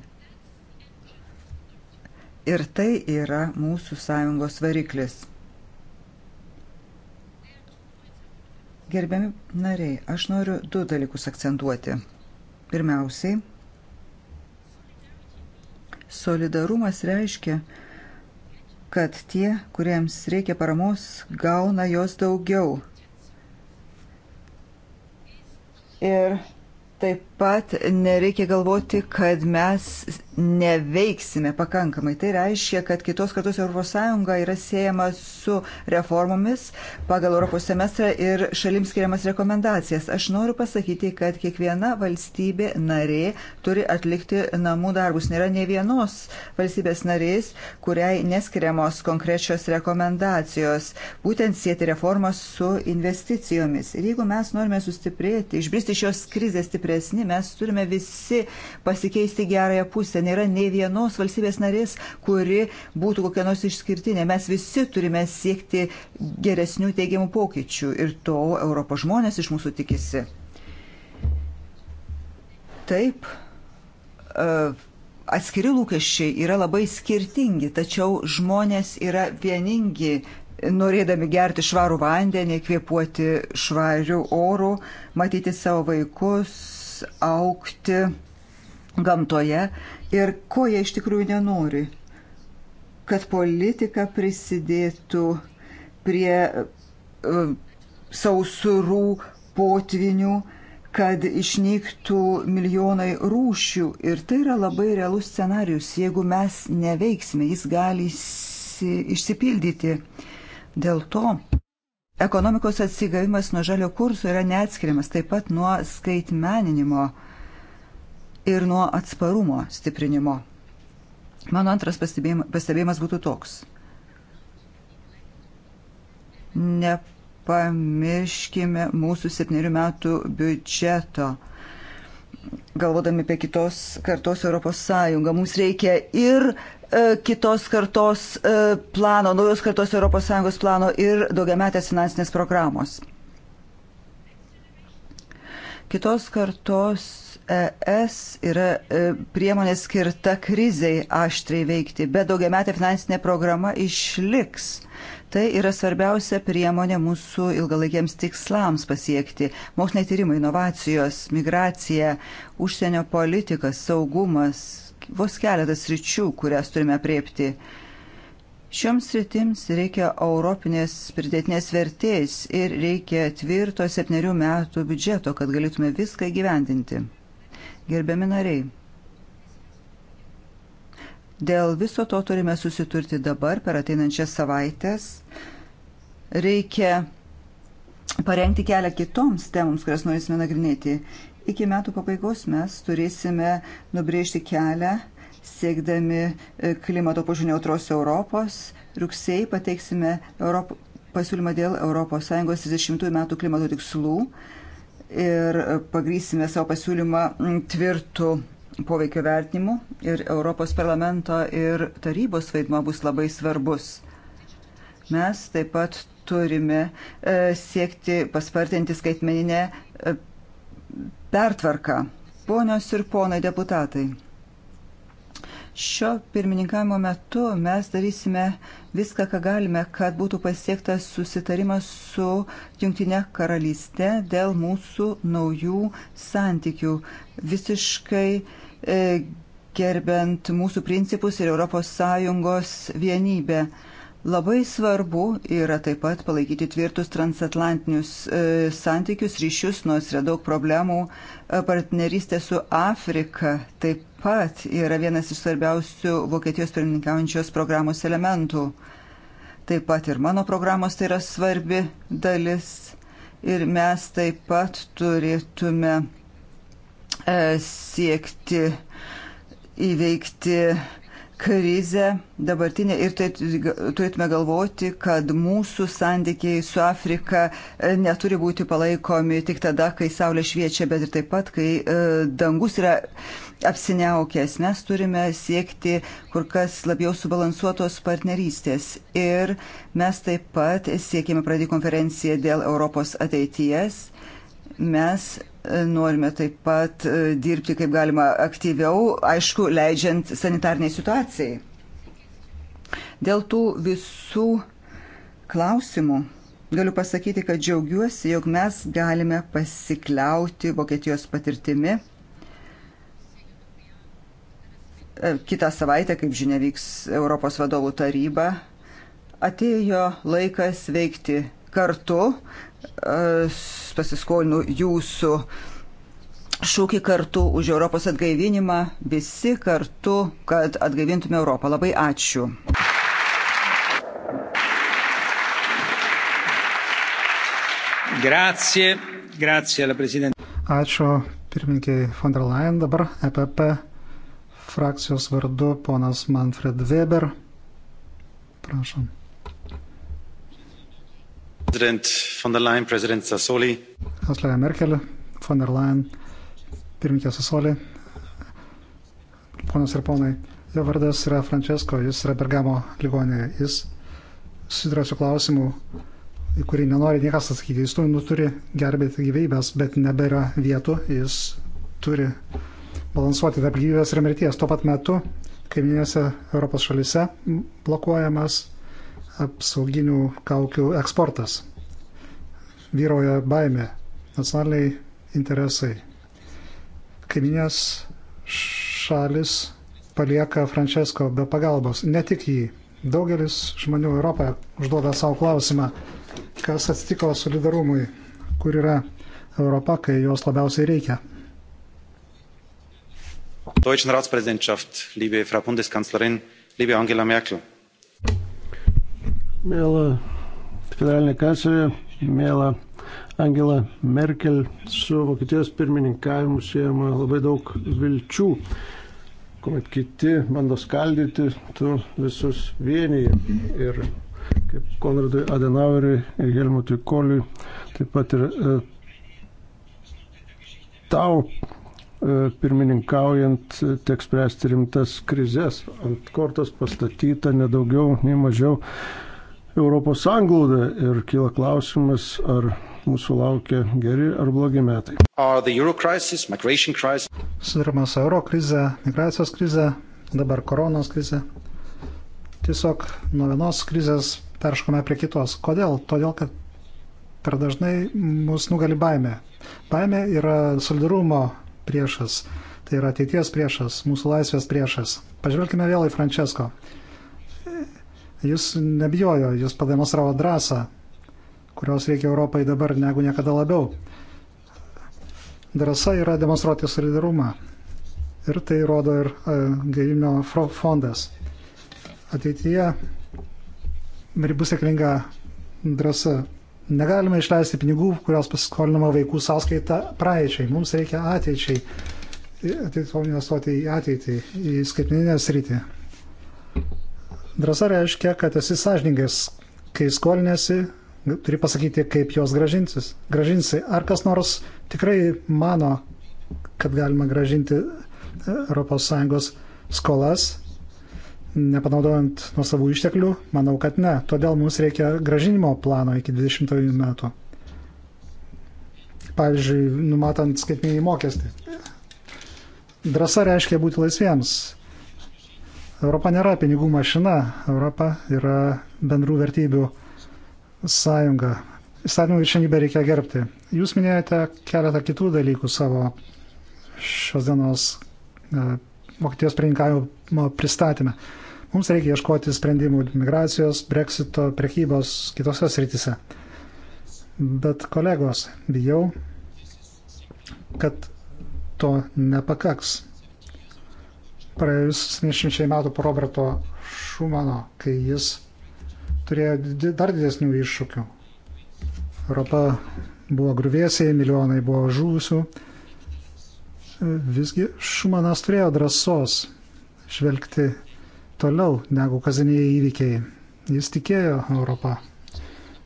Ir tai yra mūsų sąjungos variklis. Gerbiami nariai, aš noriu du dalykus akcentuoti. Pirmiausiai, solidarumas reiškia, kad tie, kuriems reikia paramos, gauna jos daugiau ir taip pat nereikia galvoti, kad mes neveiksime pakankamai. Tai reiškia, kad kitos kartos ES yra siejama su reformomis pagal Europos semestrą ir šalims skiriamas rekomendacijas. Aš noriu pasakyti, kad kiekviena valstybė narė turi atlikti namų darbus. Nėra ne vienos valstybės narės, kuriai neskiriamos konkrečios rekomendacijos. Būtent sieti reformas su investicijomis. Ir jeigu mes norime sustiprėti, išbristi šios krizės stipresni, mes turime visi pasikeisti gerąją pusę. Nėra nei vienos valstybės narės, kuri būtų kokia nors išskirtinė. Mes visi turime siekti geresnių teigiamų pokyčių ir to Europos žmonės iš mūsų tikisi. Taip. Uh, atskiri lūkesčiai yra labai skirtingi, tačiau žmonės yra vieningi, norėdami gerti švarų vandenį, kvėpuoti švarių orų, matyti savo vaikus, aukti gamtoje ir ko jie iš tikrųjų nenori. Kad politika prisidėtų prie uh, e, sausurų, potvinių, kad išnyktų milijonai rūšių. Ir tai yra labai realus scenarius. Jeigu mes neveiksime, jis gali išsipildyti. Dėl to Ekonomikos atsigavimas nuo žalio kurso yra neatskiriamas taip pat nuo skaitmeninimo ir nuo atsparumo stiprinimo. Mano antras pastebėjimas būtų toks. Nepamirškime mūsų septynerių metų biudžeto galvodami apie kitos kartos Europos Sąjungą. Mums reikia ir E, kitos kartos e, plano, naujos kartos ES plano ir daugiametės finansinės programos. Kitos kartos ES yra e, priemonė skirta kriziai aštriai veikti, bet daugiametė finansinė programa išliks. Tai yra svarbiausia priemonė mūsų ilgalaikiams tikslams pasiekti. Moksliniai tyrimai, inovacijos, migracija, užsienio politika, saugumas, vos keletas ryčių, kurias turime priepti. Šioms sritims reikia europinės pridėtinės vertės ir reikia tvirto septynerių metų biudžeto, kad galėtume viską gyvendinti. Gerbiami nariai, dėl viso to turime susiturti dabar per ateinančias savaitės. Reikia parengti kelią kitoms temoms, kurias norėsime nagrinėti. Iki metų pabaigos mes turėsime nubrėžti kelią, siekdami e, klimato požiniautros Europos. Rugsėjai pateiksime Europ... pasiūlymą dėl ES 30 metų klimato tikslų ir pagrysime savo pasiūlymą tvirtų poveikio vertinimu ir Europos parlamento ir tarybos vaidmo bus labai svarbus. Mes taip pat turime e, siekti paspartinti skaitmeninę e, pertvarką. Ponios ir ponai deputatai, šio pirmininkavimo metu mes darysime viską, ką galime, kad būtų pasiektas susitarimas su Junktinė karalystė dėl mūsų naujų santykių. Visiškai e, gerbent mūsų principus ir ES vienybę. Labai svarbu yra taip pat palaikyti tvirtus transatlantinius e, santykius, ryšius, nors yra daug problemų. E, partnerystė su Afrika taip pat yra vienas iš svarbiausių Vokietijos pirmininkaujančios programos elementų. Taip pat ir mano programos tai yra svarbi dalis. Ir mes taip pat turėtume e, siekti įveikti krizę dabartinę ir tai turėtume galvoti, kad mūsų santykiai su Afrika e, neturi būti palaikomi tik tada, kai saulė šviečia, bet ir taip pat, kai e, dangus yra apsineaukęs. Mes turime siekti kur kas labiau subalansuotos partnerystės ir mes taip pat siekime pradėti konferenciją dėl Europos ateities. Mes Norime taip pat e, dirbti kaip galima aktyviau, aišku, leidžiant sanitarniai situacijai. Dėl tų visų klausimų galiu pasakyti, kad džiaugiuosi, jog mes galime pasikliauti Vokietijos patirtimi. E, Kita savaitė, kaip žinia, vyks Europos vadovų taryba. Atėjo laikas veikti kartu, pasiskolinu jūsų šūkį kartu už Europos atgaivinimą, visi kartu, kad atgaivintume Europą. Labai ačiū. Grazie, grazie alla Presidente. Ačiū pirmininkiai von der Leyen. Dabar EPP frakcijos vardu ponas Manfred Weber. Prašom. President von der Leyen, President Sassoli. Kanclerė Merkel, von der Leyen, pirmininkė Sassoli. Ponas ir ponai, jo vardas yra Francesco, jis yra Bergamo ligonė. Jis susiduria su klausimu, į kurį nenori niekas atsakyti. Jis nu, turi gerbėti gyvybės, bet nebėra vietų. Jis turi balansuoti tarp gyvybės ir mirties. Tuo pat metu kaiminėse Europos šalise blokuojamas apsauginių kaukių eksportas. Vyroja baime, nacionaliniai interesai. Kaiminės šalis palieka Francesco be pagalbos, ne tik jį. Daugelis žmonių Europoje užduoda savo klausimą, kas atsitiko solidarumui, kur yra Europa, kai jos labiausiai reikia. Deutschen Ratspräsidentschaft, liebe Frau Bundeskanzlerin, liebe Angela Merkel. Mėla federalinė kanclerė, mėla Angela Merkel, su Vokietijos pirmininkavimu siejama labai daug vilčių, kuomet kiti bando skaldyti, tu visus vienyje. Ir kaip Konradui Adenaueriui ir Helmutui Koliui, taip pat ir e, tau e, pirmininkaujant teks spręsti rimtas krizės. Ant kortos pastatyta nedaugiau, nei mažiau Europos sanglaudą ir kyla klausimas, ar mūsų laukia geri ar blogi metai. Susidurime su euro krize, migracijos krize, dabar koronos krize. Tiesiog nuo vienos krizės perškome prie kitos. Kodėl? Todėl, kad per dažnai mus nugali baime. Baime yra solidarumo priešas, tai yra ateities priešas, mūsų laisvės priešas. Pažvelkime vėl į Francesko Jis nebijojo, jis pademonstravo drąsą, kurios reikia Europai dabar negu niekada labiau. Drąsa yra demonstruoti solidarumą. Ir tai rodo ir e, gaivinio fondas. Ateityje bus sėkminga drąsa. Negalime išleisti pinigų, kurios pasiskolinama vaikų sąskaita praeičiai. Mums reikia ateičiai. Ateitų investuoti į ateitį, į skaitmeninę sritį. Drąsa reiškia, kad esi sąžiningas, kai skolinėsi, turi pasakyti, kaip jos gražinsis. gražinsi. Ar kas nors tikrai mano, kad galima gražinti ES skolas, nepanaudojant nuo savų išteklių? Manau, kad ne. Todėl mums reikia gražinimo plano iki 20 metų. Pavyzdžiui, numatant skaitmeninį mokestį. Drąsa reiškia būti laisviems Europa nėra pinigų mašina, Europa yra bendrų vertybių sąjunga. Įstatymų viršenybę reikia gerbti. Jūs minėjote keletą kitų dalykų savo šios dienos e, Vokietijos prieinkavimo pristatymę. Mums reikia ieškoti sprendimų migracijos, breksito, prekybos, kitose srityse. Bet kolegos, bijau, kad to nepakaks praėjus 70 metų po Roberto Šumano, kai jis turėjo dar didesnių iššūkių. Europa buvo gruvėsiai, milijonai buvo žuvusių. Visgi Šumanas turėjo drąsos žvelgti toliau negu kasdieniai įvykiai. Jis tikėjo Europą.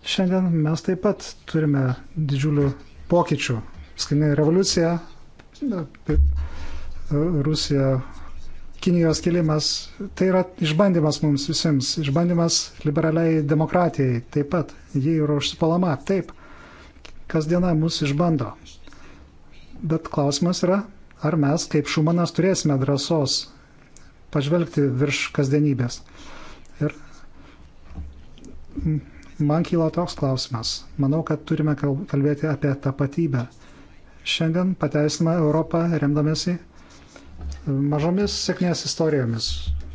Šiandien mes taip pat turime didžiulių pokyčių. Skaitinė revoliucija, Rusija Kinijos kilimas, tai yra išbandymas mums visiems, išbandymas liberaliai demokratijai taip pat. Ji yra užsipalama, taip. Kasdiena mus išbando. Bet klausimas yra, ar mes, kaip Šumanas, turėsime drąsos pažvelgti virš kasdienybės. Ir man kyla toks klausimas. Manau, kad turime kalbėti apie tapatybę. Šiandien pateisina Europą remdamėsi mažomis sėkmės istorijomis.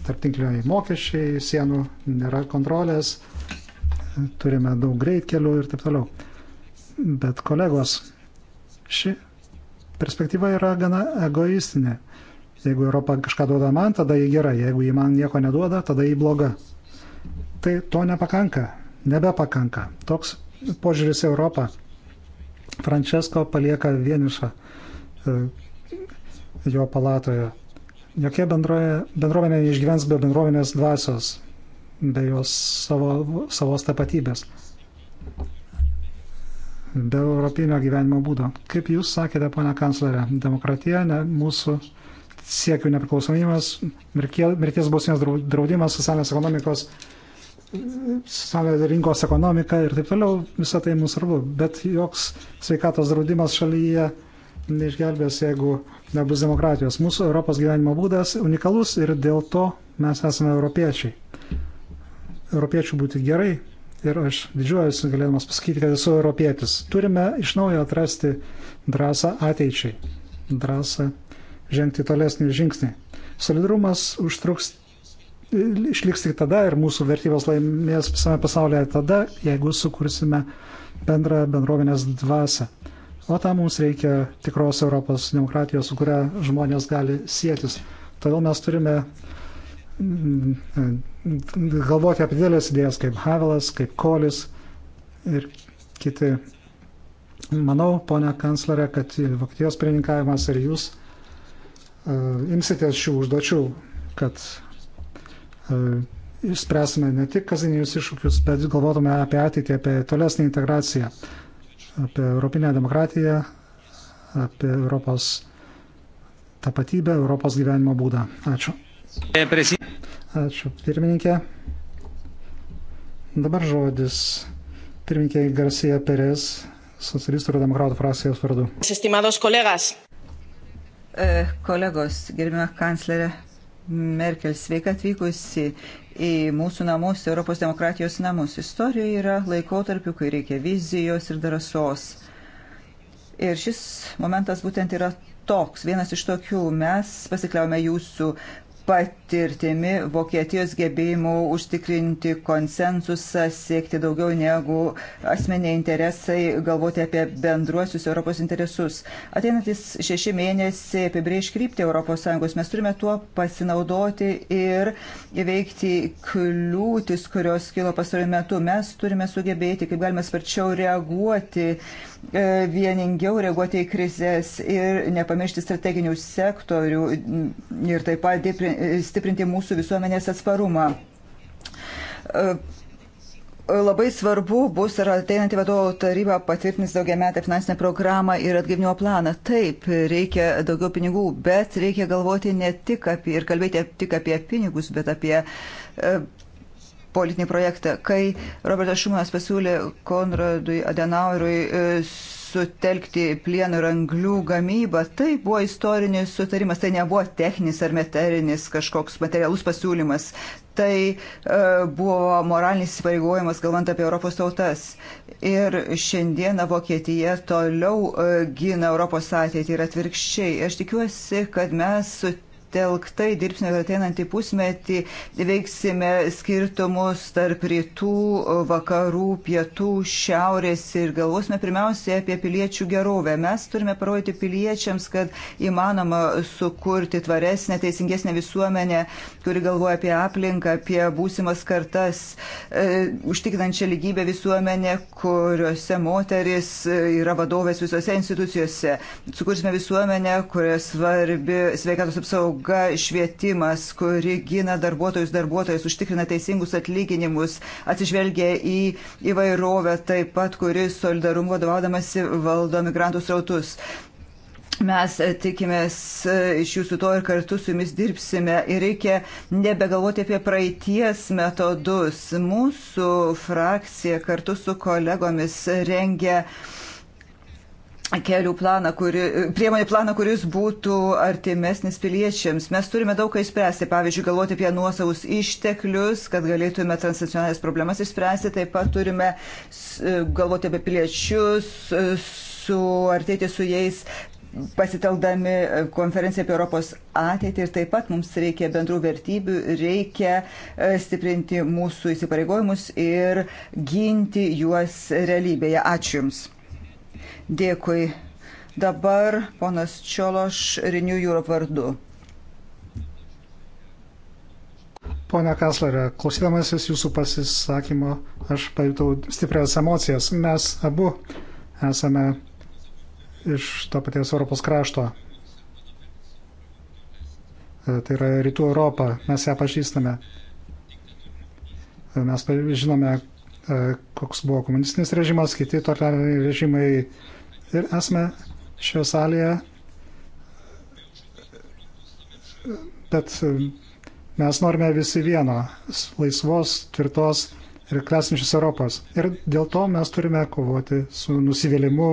Tarptinkliai mokesčiai, sienų nėra kontrolės, turime daug greitkelių ir taip toliau. Bet kolegos, ši perspektyva yra gana egoistinė. Jeigu Europa kažką duoda man, tada ji gera, jeigu ji man nieko neduoda, tada ji bloga. Tai to nepakanka, nebepakanka. Toks požiūris į Europą Francesco palieka vienišą e, jo palatoje. Jokie bendroje, bendruomenė neišgyvens be bendruomenės dvasios, be jos savo, savos tapatybės, be europinio gyvenimo būdo. Kaip jūs sakėte, ponia kanclerė, demokratija, ne, mūsų siekių nepriklausomybės, mirties bausmės draudimas, socialinės ekonomikos, socialinės rinkos ekonomika ir taip toliau, visą tai mums svarbu. Bet joks sveikatos draudimas šalyje neišgelbės, jeigu uh, nebus demokratijos. Mūsų Europos gyvenimo būdas unikalus ir dėl to mes esame europiečiai. Europiečių būti gerai ir aš didžiuojuosi galėdamas pasakyti, kad esu europietis. Turime iš naujo atrasti drąsą ateičiai, drąsą žengti tolesnį žingsnį. Solidarumas užtruks, išliks tik tada ir mūsų vertybės laimės visame pasaulyje tada, jeigu sukursime bendrą bendrovinės dvasę. O tam mums reikia tikros Europos demokratijos, su kuria žmonės gali sėtis. Todėl mes turime mm, mm, galvoti apie didelės idėjas kaip Havelas, kaip Kolis ir kiti. Manau, ponia kanclerė, kad Vokietijos pirmininkavimas ir jūs uh, e, imsitės šių užduočių, kad uh, išspręsime ne tik kasdienius iššūkius, bet galvotume apie ateitį, apie tolesnį integraciją. Uh, apie europinę demokratiją, apie Europos tapatybę, Europos gyvenimo būdą. Ačiū. Ačiū, pirmininkė. Dabar žodis pirmininkė Garcia Perez, socialistų ir demokratų frakcijos vardu. Estimados kolegas. E, kolegos, gerbime kanclerė Merkel, sveika atvykusi į mūsų namus, Europos demokratijos namus. Istorija yra laikotarpių, kai reikia vizijos ir drąsos. Ir šis momentas būtent yra toks, vienas iš tokių. Mes pasikliaujame jūsų patirtimi Vokietijos gebėjimu užtikrinti konsensusą, siekti daugiau negu asmeniai interesai, galvoti apie bendruosius Europos interesus. Ateinantis šeši mėnesiai apibrėž krypti ES, mes turime tuo pasinaudoti ir įveikti kliūtis, kurios kilo pastarojų metų. Mes turime sugebėti, kaip galima sparčiau reaguoti E, vieningiau reaguoti į krizės ir nepamiršti strateginių sektorių mm, ir taip pat e, stiprinti mūsų visuomenės atsparumą. E, labai svarbu bus, ar ateinanti vadovo taryba patvirtins daugiametę finansinę programą ir atgyvnio planą. Taip, reikia daugiau pinigų, bet reikia galvoti ne tik apie ir kalbėti tik apie pinigus, bet apie politinį projektą. Kai Robertas Šumanas pasiūlė Konradui Adenauerui e, sutelkti plieno ir anglių gamybą, tai buvo istorinis sutarimas, tai nebuvo techninis ar meterinis kažkoks materialus pasiūlymas, tai e, buvo moralinis įsipareigojimas, galvant apie Europos tautas. Ir šiandieną Vokietija toliau e, gina Europos ateitį ir atvirkščiai. Aš tikiuosi, kad mes sutelkime sutelktai dirbsime per ateinantį pusmetį, veiksime skirtumus tarp rytų, vakarų, pietų, šiaurės ir galvosime pirmiausia apie piliečių gerovę. Mes turime parodyti piliečiams, kad įmanoma sukurti tvaresnę, teisingesnę visuomenę, kuri galvoja apie aplinką, apie būsimas kartas, e, užtikrinančią lygybę visuomenę, kuriuose moteris e, yra vadovės visose institucijose. Sukursime visuomenę, kurioje svarbi sveikatos apsauga apsauga, švietimas, kuri gina darbuotojus, darbuotojus užtikrina teisingus atlyginimus, atsižvelgia į įvairovę taip pat, kuri solidarumo vadovaudamasi valdo migrantų srautus. Mes tikimės iš jūsų to ir kartu su jumis dirbsime ir reikia nebegalvoti apie praeities metodus. Mūsų frakcija kartu su kolegomis rengia uh, kelių planą, kuri, priemonių planą, kuris būtų artimesnis piliečiams. Mes turime daug ką išspręsti, pavyzdžiui, galvoti apie nuosavus išteklius, kad galėtume transnacionalinės problemas išspręsti, taip pat turime e, galvoti apie piliečius, e, suartėti su jais pasiteldami e, konferenciją apie Europos ateitį ir taip pat mums reikia bendrų vertybių, reikia stiprinti mūsų įsipareigojimus ir ginti juos realybėje. Ačiū Jums. Dėkui. Dabar ponas Čiološ Renew Europe vardu. Pone Kaslerė, klausydamasis jūsų pasisakymo, aš pajutau stiprias emocijas. Mes abu esame iš to paties Europos krašto. E, tai yra Rytų Europa, mes ją pažįstame. E, mes žinome, e, koks buvo komunistinis režimas, kiti totaliai režimai Ir esame šioje salėje, bet um, mes norime visi vieno - laisvos, tvirtos ir klesinčios Europos. Ir dėl to mes turime kovoti su nusivylimu,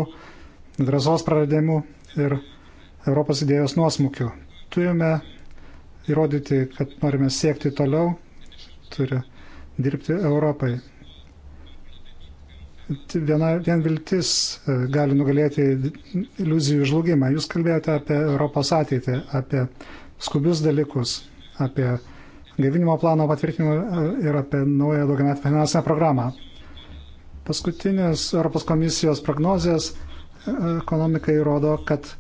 drąsos praradimu ir Europos idėjos nuosmukiu. Turime įrodyti, kad norime siekti toliau, turi dirbti Europai viena, vien viltis e, gali nugalėti iliuzijų žlugimą. Jūs kalbėjote apie Europos ateitį, apie skubius dalykus, apie gaivinimo plano patvirtinimą e, ir apie naują daugiametę finansinę programą. Paskutinės Europos komisijos prognozijas e, ekonomikai rodo, kad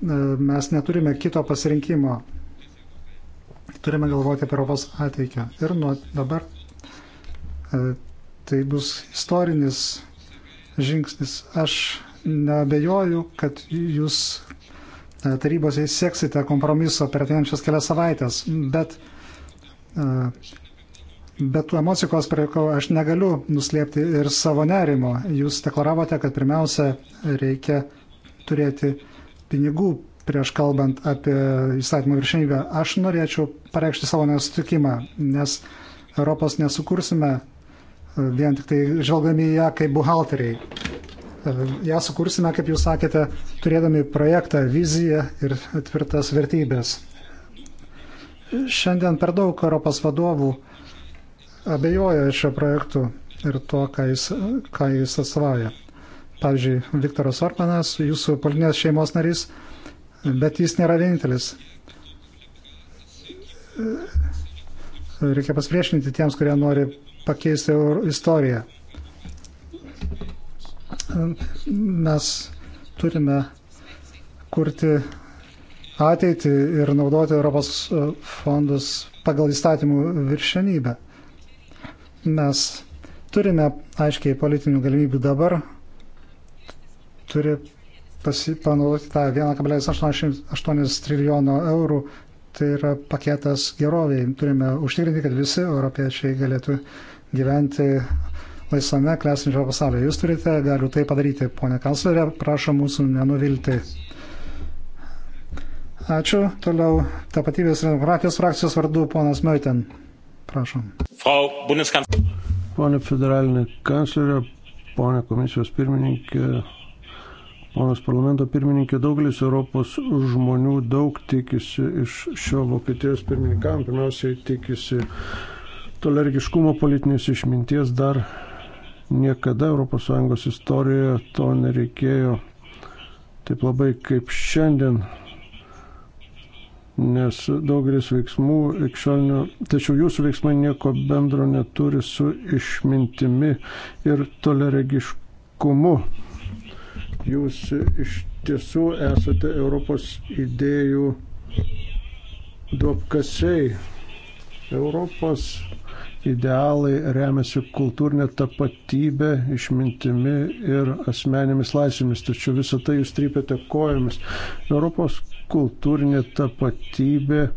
mes neturime kito pasirinkimo. Turime galvoti apie Europos ateitį. Ir nuo dabar tai bus istorinis žingsnis. Aš neabejoju, kad jūs e, tarybose įsieksite kompromiso per ateinančias kelias savaitės, bet, e, bet tų emocijos, prie ko aš negaliu nuslėpti ir savo nerimo. Jūs deklaravote, kad pirmiausia reikia turėti pinigų prieš kalbant apie įstatymų viršinybę. Aš norėčiau pareikšti savo nesutikimą, nes Europos nesukursime vien tik tai žvelgdami į ją kaip buhalteriai. Ja sukursime, kaip jūs sakėte, turėdami projektą, viziją ir tvirtas vertybės. Šiandien per daug Europos vadovų abejoja šio projektu ir to, ką jis, ką jis atsvauja. Pavyzdžiui, Viktoras Orpanas, jūsų politinės šeimos narys, bet jis nėra vienintelis reikia pasipriešinti tiems, kurie nori pakeisti istoriją. Mes turime kurti ateitį ir naudoti Europos e, fondus pagal įstatymų viršenybę. Mes turime aiškiai politinių galimybių dabar, turi panaudoti tą 1,88 trilijono eurų tai yra paketas geroviai. Turime užtikrinti, kad visi europiečiai galėtų gyventi laisvame, klesinčio pasaulyje. Jūs turite, galiu tai padaryti, ponė kanclerė, prašom mūsų nenuvilti. Ačiū. Toliau tapatybės ir demokratijos frakcijos vardu ponas Meuten. Prašom. Frau Bundeskanclerė. Pone federalinė kanclerė, pone komisijos pirmininkė, Ponas parlamento pirmininkė, daugelis Europos žmonių daug tikisi iš šio Vokietijos pirmininkam. Pirmiausiai tikisi tolergiškumo politinės išminties. Dar niekada ES istorijoje to nereikėjo taip labai kaip šiandien. Nes daugelis veiksmų, ikšalinių, tačiau jūsų veiksmai nieko bendro neturi su išmintimi ir toleregiškumu jūs iš tiesų esate Europos idėjų duopkasiai. Europos idealai remiasi kultūrinė tapatybė, išmintimi ir asmenėmis laisvėmis, tačiau visą tai jūs trypėte kojomis. Europos kultūrinė tapatybė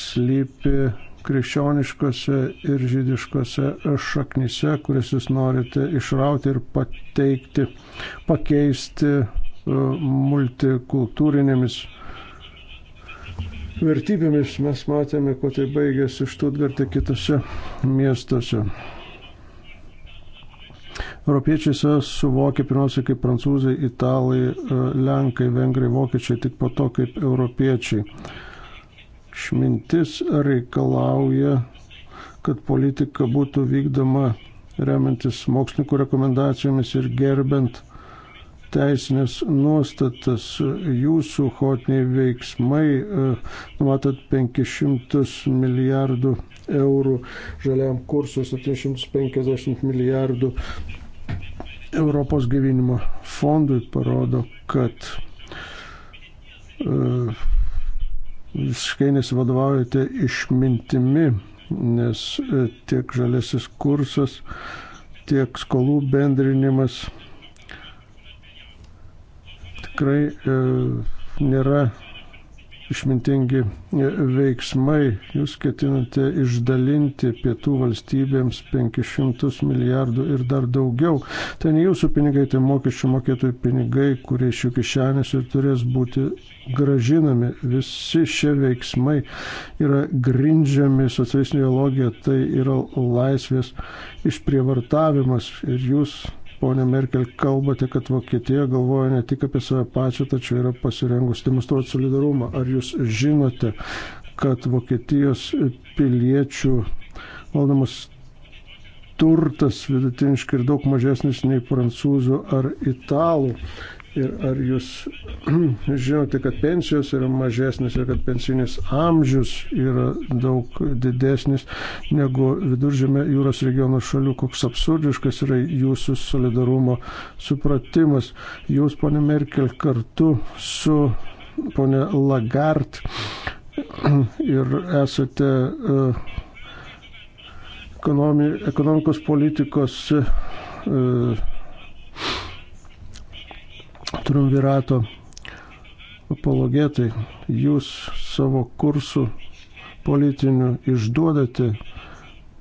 slypi krikščioniškose ir žydiškose šaknyse, kurias jūs norite išrauti ir pateikti, pakeisti e, multikultūrinėmis vertybėmis. Mes matėme, kuo tai baigėsi Štutgarte kitose miestuose. Europiečiai save suvokia pirmiausia kaip prancūzai, italai, e, lenkai, vengrai, vokiečiai, tik po to kaip europiečiai išmintis reikalauja, kad politika būtų vykdoma remiantis mokslininkų rekomendacijomis ir gerbent teisinės nuostatas. Jūsų hotiniai veiksmai, e, numatot 500 milijardų eurų žaliam kursui, 750 milijardų Europos gyvinimo fondui, parodo, kad e, visiškai nesivadovaujate išmintimi, nes e, tiek žalėsis kursas, tiek skolų bendrinimas tikrai e, nėra išmintingi veiksmai. Jūs ketinate išdalinti pietų valstybėms 500 milijardų ir dar daugiau. Tai ne jūsų pinigai, tai mokesčių mokėtojų pinigai, kurie iš jų kišenės ir turės būti gražinami. Visi šie veiksmai yra grindžiami socialistinė ideologija, tai yra laisvės išprievartavimas ir jūs Pone Merkel, kalbate, kad Vokietija galvoja ne tik apie save pačią, tačiau yra pasirengusi demonstruoti solidarumą. Ar jūs žinote, kad Vokietijos piliečių valdomas turtas vidutiniškai ir daug mažesnis nei prancūzų ar italų Ir ar jūs žinote, kad pensijos yra mažesnis ir kad pensinis amžius yra daug didesnis negu viduržėme jūros regiono šalių, koks absurdiškas yra jūsų solidarumo supratimas. Jūs, ponė Merkel, kartu su ponė Lagart ir esate e, ekonomi, ekonomikos politikos e, trumvirato apologetai, jūs savo kursų politinių išduodate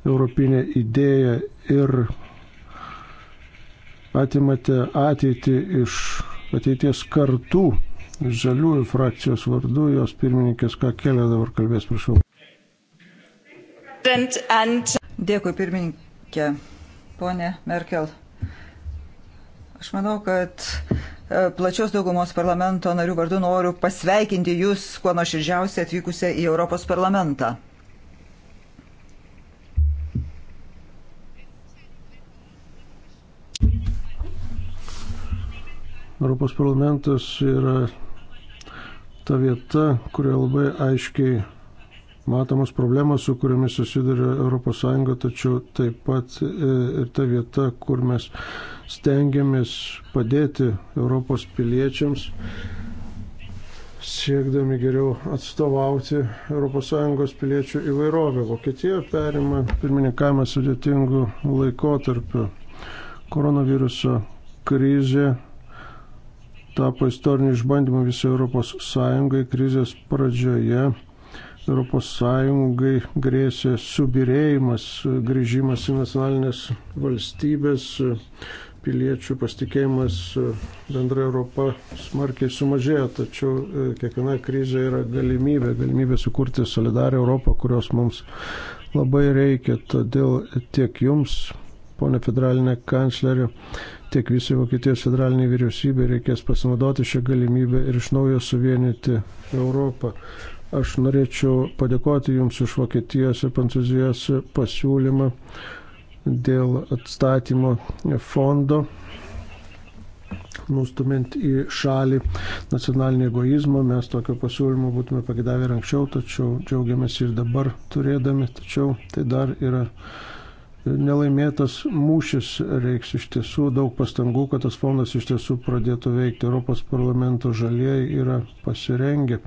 europinę idėją ir atimate ateitį iš ateities kartų. Žaliųjų frakcijos vardu jos pirmininkės Kakelė dabar kalbės, prašau. Dėkui pirmininkė, ponė Merkel. Aš manau, kad E, plačios daugumos parlamento narių vardu noriu pasveikinti Jūs kuo nuoširdžiausiai atvykusią į Europos parlamentą. Europos parlamentas yra ta vieta, kurioje labai aiškiai matomos problemos, su kuriomis susiduria ES, tačiau taip pat e, ir ta vieta, kur mes stengiamės padėti Europos piliečiams, siekdami geriau atstovauti ES piliečių įvairovę. Vokietija perima pirmininkavimą sudėtingų laikotarpių. Koronaviruso krizė tapo istoriniu išbandymu visai ES krizės pradžioje. ES grėsė subirėjimas, grįžimas į nacionalinės valstybės, piliečių pasitikėjimas e, bendra Europa smarkiai sumažėjo, tačiau e, kiekviena krizė yra galimybė, galimybė sukurti solidarią Europą, kurios mums labai reikia. Todėl tiek jums, ponė federalinė kanclerė, tiek visai Vokietijos federaliniai vyriausybė reikės pasinaudoti šią galimybę ir iš naujo suvienyti Europą. Aš norėčiau padėkoti Jums už Vokietijos ir Prancūzijos pasiūlymą dėl atstatymo fondo, nustumint į šalį nacionalinį egoizmą. Mes tokio pasiūlymo būtume pagidavę ir anksčiau, tačiau džiaugiamės ir dabar turėdami, tačiau tai dar yra nelaimėtas mūšis reiks iš tiesų daug pastangų, kad tas fondas iš tiesų pradėtų veikti. Europos parlamento žalieji yra pasirengę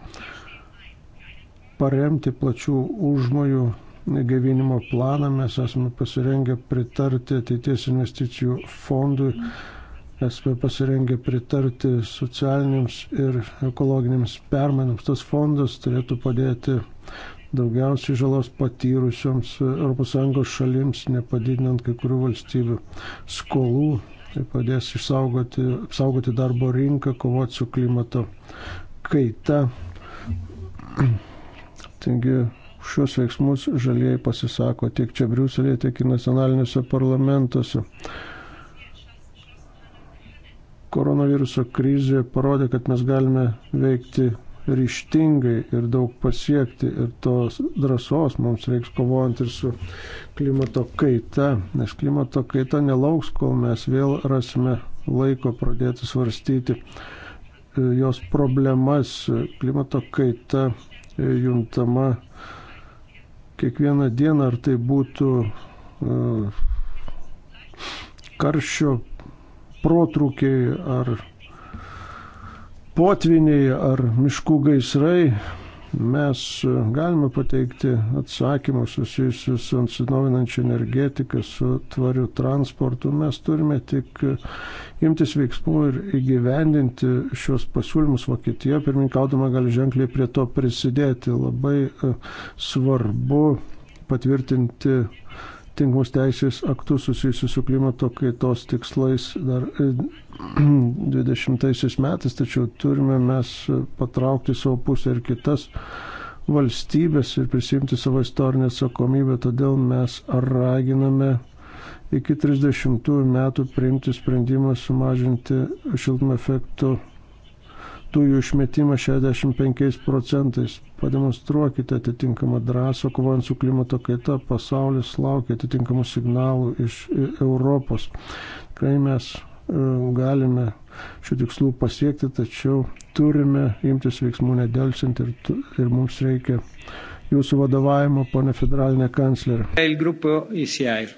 paremti plačių užmojų gaivinimo planą. Mes esame pasirengę pritarti ateities investicijų fondui, esame pasirengę pritarti socialiniams ir ekologiniams permainams. Tas fondas turėtų padėti daugiausiai žalos patyrusioms ES šalims, nepadidinant kai kurių valstybių skolų. Tai padės išsaugoti, apsaugoti darbo rinką, kovoti su klimato kaita. Taigi šios veiksmus žalieji pasisako tiek čia Briuselėje, tiek ir nacionaliniuose parlamentuose. Koronaviruso krizė parodė, kad mes galime veikti ryštingai ir daug pasiekti ir tos drąsos mums reiks kovojant ir su klimato kaita, nes klimato kaita nelauks, kol mes vėl rasime laiko pradėti svarstyti e, jos problemas. Klimato kaita e, juntama kiekvieną dieną, ar tai būtų e, karščio protrukiai, ar potviniai, ar miškų gaisrai, mes e, galime pateikti atsakymus susijusius su atsinaujinančia energetika, su tvariu transportu. Mes turime tik e, imtis veiksmų ir įgyvendinti šios pasiūlymus. Vokietija, pirmininkaudama, gali ženkliai prie to prisidėti. Labai e, svarbu patvirtinti tinkamus teisės aktus susijusius su klimato kaitos tikslais dar 20 eh, metais, tačiau turime mes patraukti savo pusę ir kitas valstybės ir prisimti savo istorinę atsakomybę, todėl mes raginame iki 30 metų priimti sprendimą sumažinti šiltnamio efektų dujų išmetimą 65 procentais. Pademonstruokite atitinkamą drąsą, kovojant su klimato kaita, pasaulis laukia atitinkamų signalų iš e, Europos. Tikrai mes e, galime šių tikslų pasiekti, tačiau turime imtis veiksmų nedelsint ir, ir mums reikia jūsų vadovavimo, ponė federalinė kanclerė.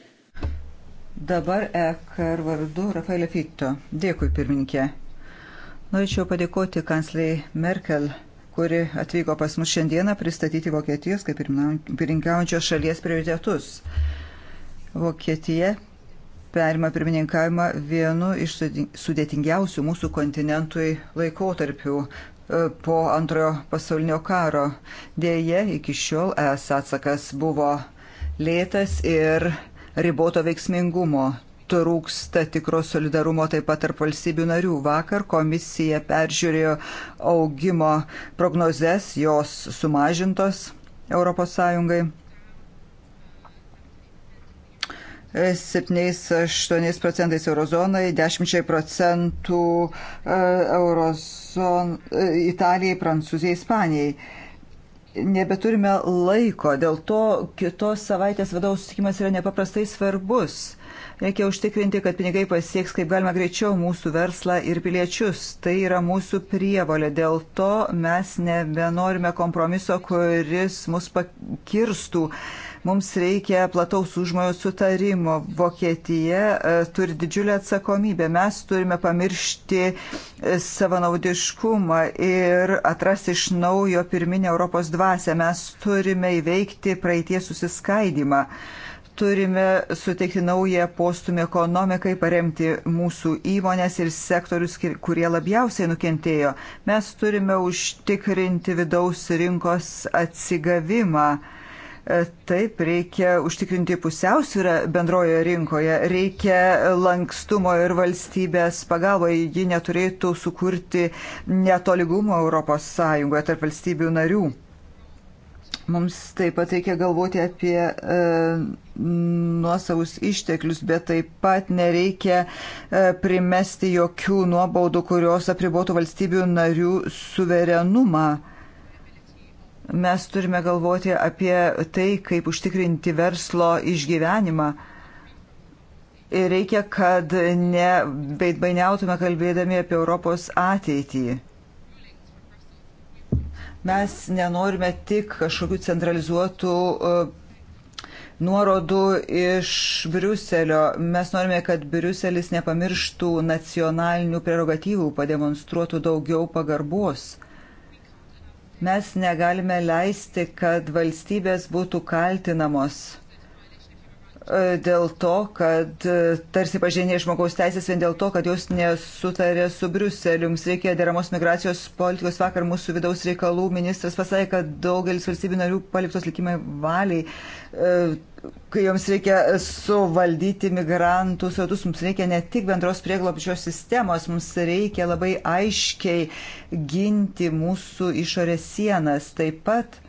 Dabar EKR vardu Rafaelė Fitto. Dėkui, pirmininkė. Norėčiau padėkoti kancleriai Merkel, kuri atvyko pas mus šiandieną pristatyti Vokietijos kaip pirmininkaujančios šalies prioritetus. Vokietija perima pirmininkavimą vienu iš sudėtingiausių mūsų kontinentui laikotarpių e, po antrojo pasaulinio karo. Dėje iki šiol es atsakas buvo lėtas ir riboto veiksmingumo trūksta tikro solidarumo taip pat tarp valstybių narių. Vakar komisija peržiūrėjo augimo prognozes, jos sumažintos ES. 7-8 procentais eurozonai, 10 procentų e, eurozon, e, Italijai, Prancūzijai, Ispanijai nebeturime laiko, dėl to kitos savaitės vadovų susitikimas yra nepaprastai svarbus. Reikia užtikrinti, kad pinigai pasieks kaip galima greičiau mūsų verslą ir piliečius. Tai yra mūsų prievalė. Dėl to mes nebenorime kompromiso, kuris mus pakirstų. Mums reikia plataus užmojo sutarimo. Vokietija e, turi didžiulę atsakomybę. Mes turime pamiršti e, savanaudiškumą ir atrasti iš naujo pirminę Europos dvasę. Mes turime įveikti praeities susiskaidimą turime suteikti naują postumį ekonomikai, paremti mūsų įmonės ir sektorius, kurie labiausiai nukentėjo. Mes turime užtikrinti vidaus rinkos atsigavimą. E, taip, reikia užtikrinti pusiausvyrą bendrojoje rinkoje, reikia lankstumo ir valstybės pagalba, ji neturėtų sukurti netoligumo ES tarp valstybių narių. Mums taip pat reikia galvoti apie e, nuosavus išteklius, bet taip pat nereikia e, primesti jokių nuobaudų, kurios apribotų valstybių narių suverenumą. Mes turime galvoti apie tai, kaip užtikrinti verslo išgyvenimą. Ir reikia, kad ne beidbainiautume kalbėdami apie Europos ateitį Mes nenorime tik kažkokių centralizuotų e, nuorodų iš Briuselio. Mes norime, kad Briuselis nepamirštų nacionalinių prerogatyvų, pademonstruotų daugiau pagarbos. Mes negalime leisti, kad valstybės būtų kaltinamos E, dėl to, kad e, tarsi pažinė žmogaus teisės vien dėl to, kad jos nesutarė su Briuseliu. Jums reikia deramos migracijos politikos. Vakar mūsų vidaus reikalų ministras pasakė, kad daugelis valstybių narių paliktos likimai valiai. E, kai joms reikia suvaldyti migrantų srautus, mums reikia ne tik bendros prieglopščio sistemos, mums reikia labai aiškiai ginti mūsų išorės sienas. Taip pat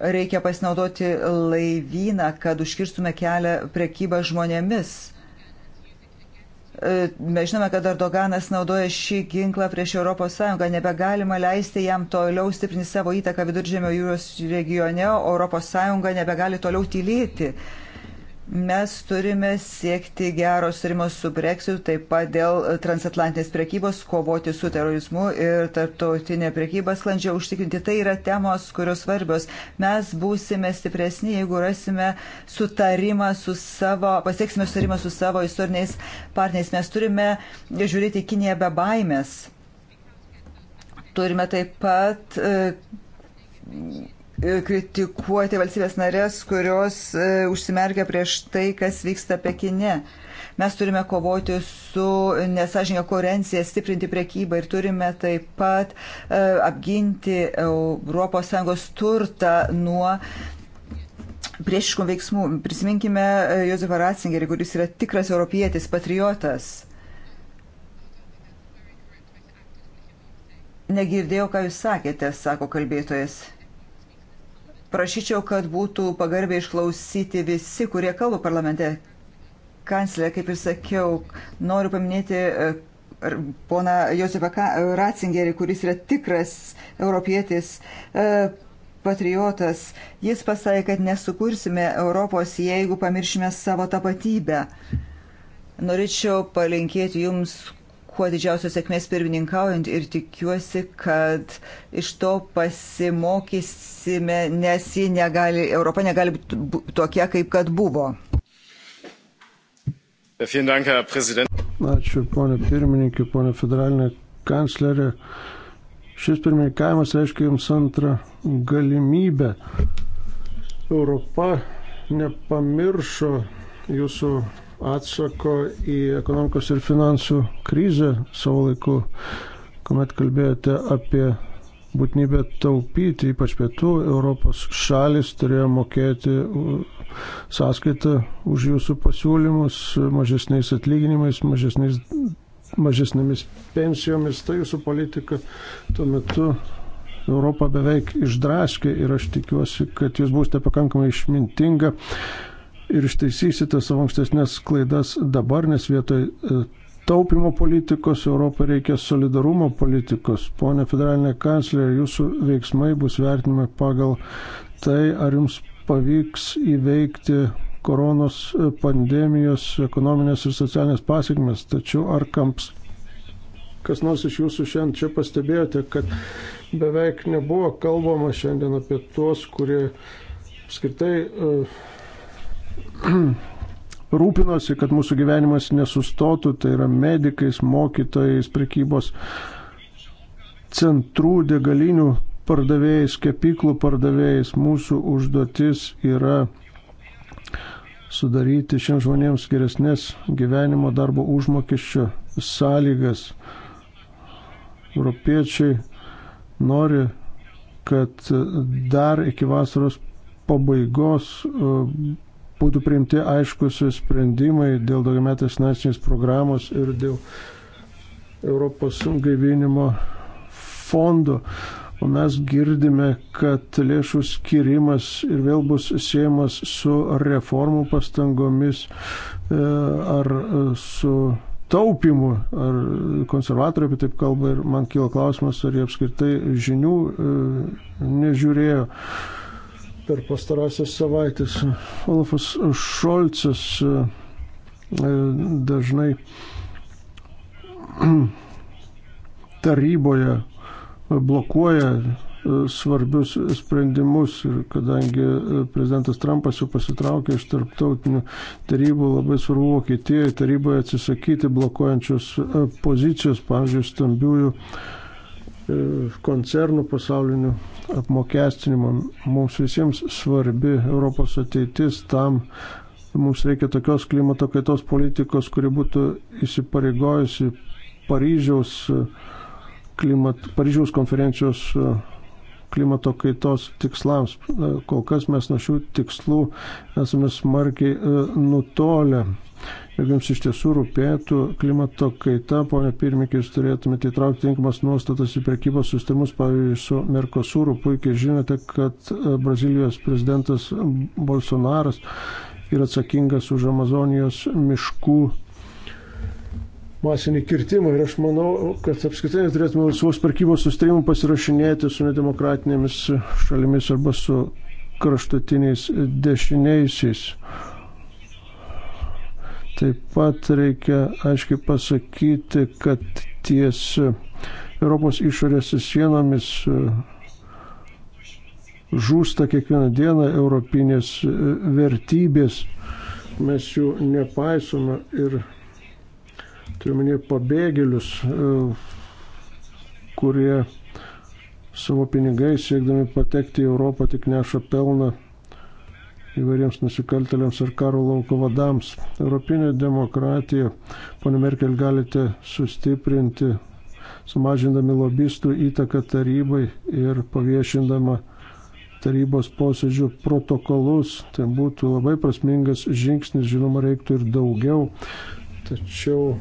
reikia pasinaudoti laivyną, kad užkirstume kelią prekybą žmonėmis. E, mes žinome, kad Erdoganas naudoja šį ginklą prieš ES, nebegalima leisti jam toliau stiprinti savo įtaką viduržėmio jūros regione, o ES nebegali toliau tylėti. Mes turime siekti geros rimos su Brexit, taip pat dėl transatlantinės prekybos, kovoti su terorizmu ir tarptautinė prekyba sklandžiau užtikrinti. Tai yra temos, kurios svarbios. Mes būsime stipresni, jeigu rasime sutarimą su savo, pasieksime sutarimą su savo istoriniais partneriais. Mes turime žiūrėti Kiniją be baimės. Turime taip pat. E, kritikuoti valstybės narės, kurios e, užsimerkia prieš tai, kas vyksta Pekine. Mes turime kovoti su nesažinė konkurencija, stiprinti priekybą ir turime taip pat e, apginti ES turtą nuo priešiškų veiksmų. Prisiminkime e, Josefą Ratzingerį, kuris yra tikras europietis, patriotas. Negirdėjau, ką jūs sakėte, sako kalbėtojas. Prašyčiau, kad būtų pagarbiai išklausyti visi, kurie kalba parlamente. Kanclerė, kaip ir sakiau, noriu paminėti e, pona Josefą Ratzingerį, kuris yra tikras europietis e, patriotas. Jis pasakė, kad nesukursime Europos, jeigu pamiršime savo tapatybę. Norėčiau palinkėti jums kuo didžiausios sėkmės pirmininkaujant ir tikiuosi, kad iš to pasimokysime, nes negali, Europa negali būti tokia, kaip kad buvo. Ačiū, ponė pirmininkė, ponė federalinė kanclerė. Šis pirmininkavimas reiškia jums antrą galimybę. Europa nepamiršo jūsų atsako į ekonomikos ir finansų krizę savo laiku, kuomet kalbėjote apie būtinybę taupyti, ypač pietų Europos šalis turėjo mokėti sąskaitą už jūsų pasiūlymus mažesniais atlyginimais, mažesniais, mažesnėmis pensijomis. Tai jūsų politika tuo metu Europą beveik išdraskė ir aš tikiuosi, kad jūs būsite pakankamai išmintinga ir ištaisysite savo ankstesnės klaidas dabar, nes vietoj e, taupimo politikos Europą reikia solidarumo politikos. Pone federalinė kanclerė, jūsų veiksmai bus vertinami pagal tai, ar jums pavyks įveikti koronos e, pandemijos ekonominės ir socialinės pasiekmes. Tačiau ar kamps kas nors iš jūsų šiandien čia pastebėjote, kad beveik nebuvo kalbama šiandien apie tuos, kurie apskritai uh, rūpinosi, kad mūsų gyvenimas nesustotų, tai yra medikais, mokytojais, prekybos centrų, degalinių pardavėjais, kepyklų pardavėjais. Mūsų užduotis yra sudaryti šiems žmonėms geresnės gyvenimo darbo užmokesčio sąlygas. Europiečiai nori, kad dar iki vasaros pabaigos būtų priimti aiškus sprendimai dėl daugiametės finansinės programos ir dėl Europos gaivinimo fondo. O mes girdime, kad lėšų skirimas ir vėl bus siejamas su reformų pastangomis e, ar e, su taupimu, ar konservatoriai apie taip kalba ir man kilo klausimas, ar jie apskritai žinių e, nežiūrėjo per pastarąsias savaitės. Olafas Šolcas e, e, dažnai taryboje blokuoja e, svarbius sprendimus ir kadangi prezidentas Trumpas jau pasitraukė iš tarptautinių tarybų, labai svarbu Vokietijoje taryboje atsisakyti blokuojančios pozicijos, pavyzdžiui, stambiųjų E, koncernų pasaulinių apmokestinimo. Mums visiems svarbi Europos ateitis tam, mums reikia tokios klimato kaitos politikos, kuri būtų įsipareigojusi Paryžiaus, e, klimat, Paryžiaus konferencijos e, klimato kaitos tikslams. Kol kas mes nuo šių tikslų esame smarkiai nutolę. Jeigu jums iš tiesų rūpėtų klimato kaita, ponia pirmininkė, jūs turėtumėte įtraukti tinkamas nuostatas į prekybos sustarimus, pavyzdžiui, su Merkosūru. Puikiai žinote, kad e, Brazilijos prezidentas Bolsonaras yra atsakingas už Amazonijos miškų masinį kirtimą ir aš manau, kad apskritai neturėtume laisvos prekybos sustarimų pasirašinėti su nedemokratinėmis šalimis arba su kraštutiniais dešiniaisiais. Taip pat reikia aiškiai pasakyti, kad ties Europos išorės sienomis e, žūsta kiekvieną dieną europinės e, vertybės. Mes jų nepaisome ir turiuomenį pabėgėlius, e, kurie savo pinigais siekdami patekti į Europą tik neša pelną įvairiems nusikaltėliams ir karo lauko vadams. Europinė demokratija, ponė Merkel, galite sustiprinti, sumažindami lobistų įtaką tarybai ir paviešindama tarybos posėdžių protokolus. Tai būtų labai prasmingas žingsnis, žinoma, reiktų ir daugiau. Tačiau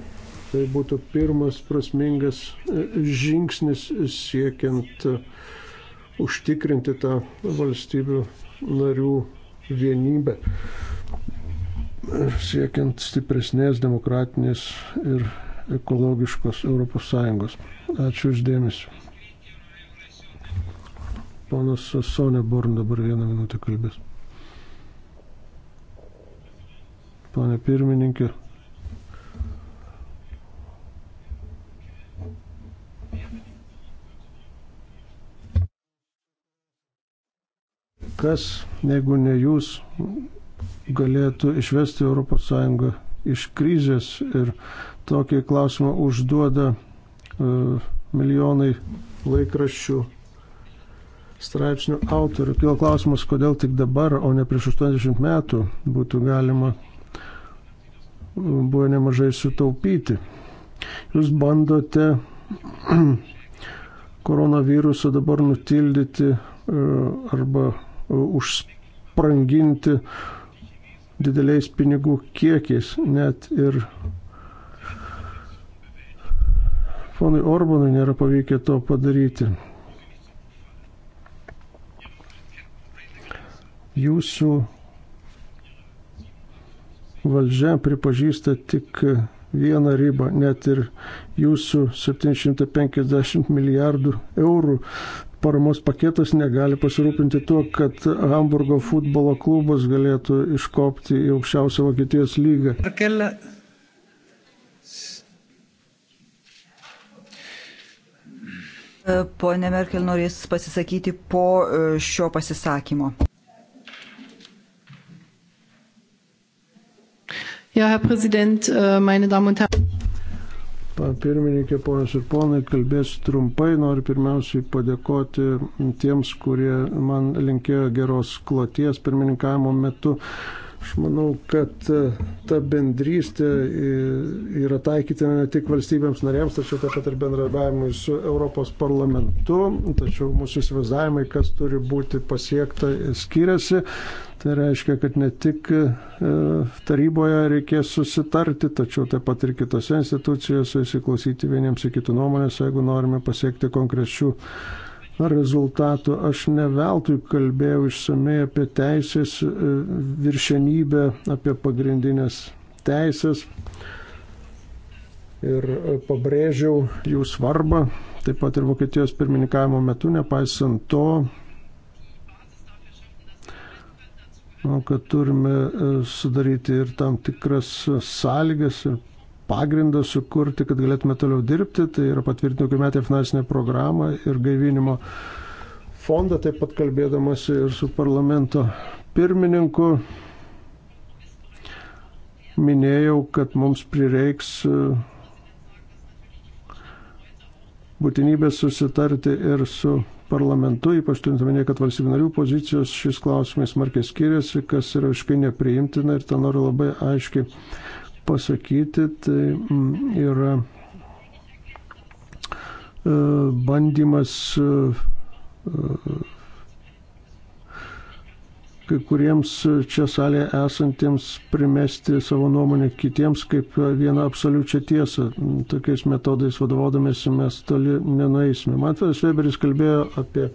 tai būtų pirmas prasmingas e, žingsnis siekiant e, užtikrinti tą valstybių narių vienybę siekiant stipresnės demokratinės ir ekologiškos ES. Ačiū uždėmesi. Ponas Sonė Born dabar vieną minutę kalbės. Pane pirmininkė, Kas, jeigu ne jūs, galėtų išvesti ES iš krizės ir tokį klausimą užduoda uh, milijonai laikraščių straipsnių autorių. Kilo klausimas, kodėl tik dabar, o ne prieš 80 metų būtų galima buvo nemažai sutaupyti. Jūs bandote koronavirusą dabar nutildyti e, arba užspranginti dideliais pinigų kiekiais. Net ir ponui Orbanui nėra pavykę to padaryti. Jūsų valdžia pripažįsta tik vieną ribą, net ir jūsų 750 milijardų eurų paramos paketas negali pasirūpinti tuo, kad Hamburgo futbolo klubas galėtų iškopti į aukščiausią Vokietijos lygą. Pone Merkel norės pasisakyti po e, šio pasisakymo. Ja, Herr Präsident, äh, meine Damen und Herren pirmininkė, ponas ir ponai, kalbėsiu trumpai. Noriu pirmiausiai padėkoti tiems, kurie man linkėjo geros kloties pirmininkavimo metu. Aš manau, kad e, ta bendrystė e, yra taikytina ne tik valstybėms narėms, tačiau taip pat ir bendradarbiavimui su Europos parlamentu. Tačiau mūsų įsivaizdavimai, kas turi būti pasiekta, skiriasi. Tai reiškia, kad ne tik e, taryboje reikės susitarti, tačiau taip pat ir kitose institucijose įsiklausyti vieniems į kitų nuomonės, jeigu norime pasiekti konkrečių rezultatų. Aš ne veltui kalbėjau išsamei apie teisės e, viršenybę, apie pagrindinės teisės ir e, pabrėžiau jų svarbą, taip pat ir Vokietijos pirmininkavimo metu, nepaisant to, manau, kad turime e, sudaryti ir tam tikras sąlygas ir pagrindą sukurti, kad galėtume toliau dirbti. Tai yra patvirtinu, kai metė finansinę programą ir gaivinimo fondą, taip pat kalbėdamas ir su parlamento pirmininku. Minėjau, kad mums prireiks e, būtinybės susitarti ir su parlamentu, ypač turint omenyje, kad valstybių narių pozicijos šis klausimais smarkiai skiriasi, kas yra visiškai nepriimtina ir tą noriu labai aiškiai pasakyti. Tai mm, yra e, bandymas e, kai kuriems čia salėje esantiems primesti savo nuomonę kitiems kaip vieną absoliučią tiesą. Tokiais metodais vadovaudomėsi mes toli nenueisime. Mantas Weberis kalbėjo apie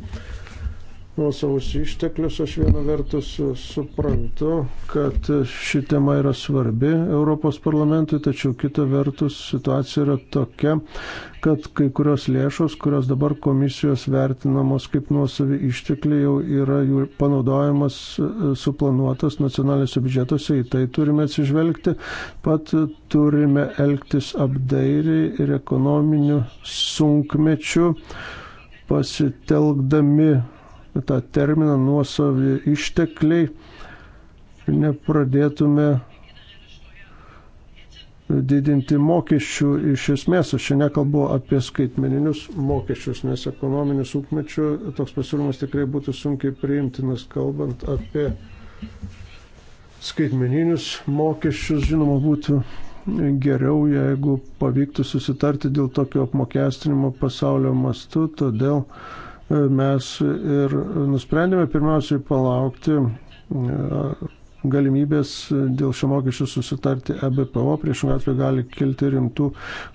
nuosavus išteklius. Aš viena vertus suprantu, kad ši tema yra svarbi Europos parlamentui, tačiau kita vertus situacija yra tokia, kad kai kurios lėšos, kurios dabar komisijos vertinamos kaip nuosavi ištekliai, jau yra jų panaudojimas suplanuotas nacionalinėse biudžetuose, į tai turime atsižvelgti, pat turime elgtis apdairiai ir ekonominiu sunkmečiu pasitelkdami tą terminą nuosavį ištekliai ir nepradėtume didinti mokesčių iš esmės. Aš čia nekalbu apie skaitmeninius mokesčius, nes ekonominius ūkmečių toks pasiūlymas tikrai būtų sunkiai priimtinas, kalbant apie skaitmeninius mokesčius, žinoma, būtų geriau, jeigu pavyktų susitarti dėl tokio apmokestinimo pasaulio mastu, todėl uh, mes ir nusprendėme pirmiausiai palaukti e, galimybės dėl šio mokesčio susitarti EBPO, priešingą atveju gali kilti rimtų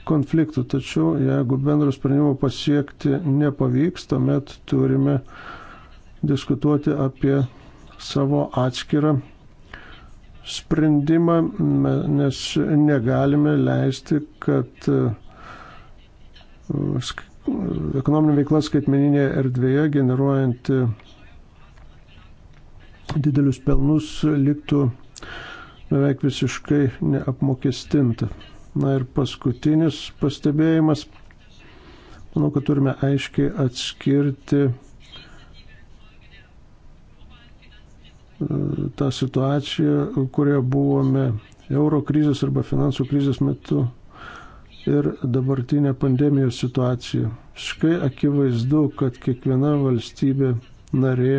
konfliktų. Tačiau jeigu bendro sprendimo pasiekti nepavyks, tuomet turime diskutuoti apie savo atskirą sprendimą, nes negalime leisti, kad e, ekonominė veikla skaitmeninėje erdvėje generuojant e, didelius pelnus liktų beveik visiškai neapmokestinta. Na ir paskutinis pastebėjimas. Manau, kad turime aiškiai atskirti e, tą situaciją, kurioje buvome euro krizės arba finansų krizės metu ir dabartinė pandemijos situacija. Škai akivaizdu, kad kiekviena valstybė narė,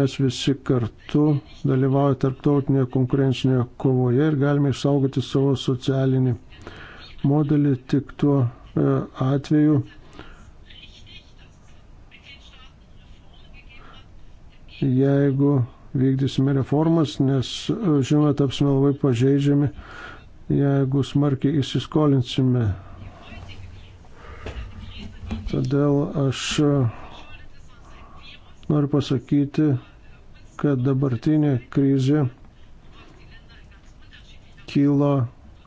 mes visi kartu dalyvauja tarptautinėje konkurencinėje kovoje ir galime išsaugoti savo socialinį modelį tik tuo e, atveju, jeigu vykdysime reformas, nes, e, žinoma, tapsime labai pažeidžiami jeigu smarkiai įsiskolinsime. Todėl aš e, noriu pasakyti, kad dabartinė krizė kyla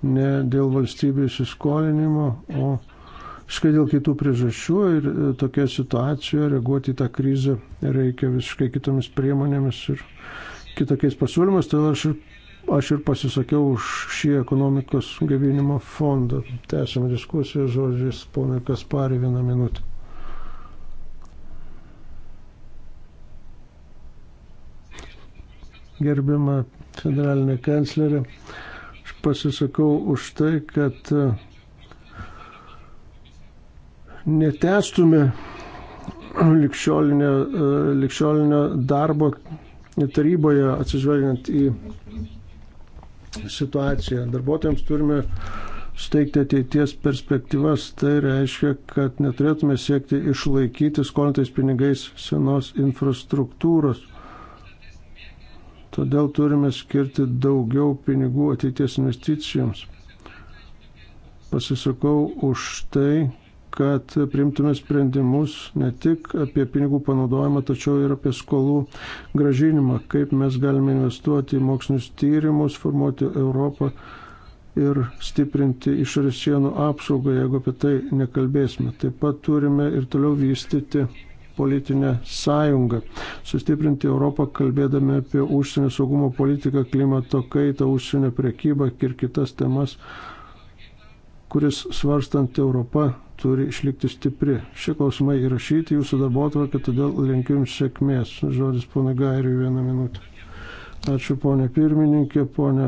ne dėl valstybių įsiskolinimo, o visiškai dėl kitų priežasčių ir e, tokia situacija reaguoti į tą krizę reikia visiškai kitomis priemonėmis ir kitokiais pasiūlymais. Todėl aš ir aš ir pasisakiau už šį ekonomikos gavinimo fondą. Tęsiam diskusiją žodžiais, ponai Kasparį, vieną minutę. Gerbima federalinė kanclerė, aš pasisakau už tai, kad e, netestume likščiolinio, e, likščiolinio darbo taryboje atsižvelgiant į situaciją. Darbuotojams turime steigti ateities perspektyvas. Tai reiškia, kad neturėtume siekti išlaikyti skolintais pinigais senos infrastruktūros. Todėl turime skirti daugiau pinigų ateities investicijoms. Pasisakau už tai, kad primtume sprendimus ne tik apie pinigų panaudojimą, tačiau ir apie skolų gražinimą, kaip mes galime investuoti į mokslinius tyrimus, formuoti Europą ir stiprinti išorės sienų apsaugą, jeigu apie tai nekalbėsime. Taip pat turime ir toliau vystyti politinę sąjungą, sustiprinti Europą, kalbėdami apie užsienio saugumo politiką, klimato kaitą, užsienio prekybą ir kitas temas kuris svarstant Europą turi išlikti stipri. Šie klausimai įrašyti jūsų darbo atvarkė, todėl linkiu jums sėkmės. Žodis ponai Gairiui vieną minutę. Ačiū ponė pirmininkė, ponė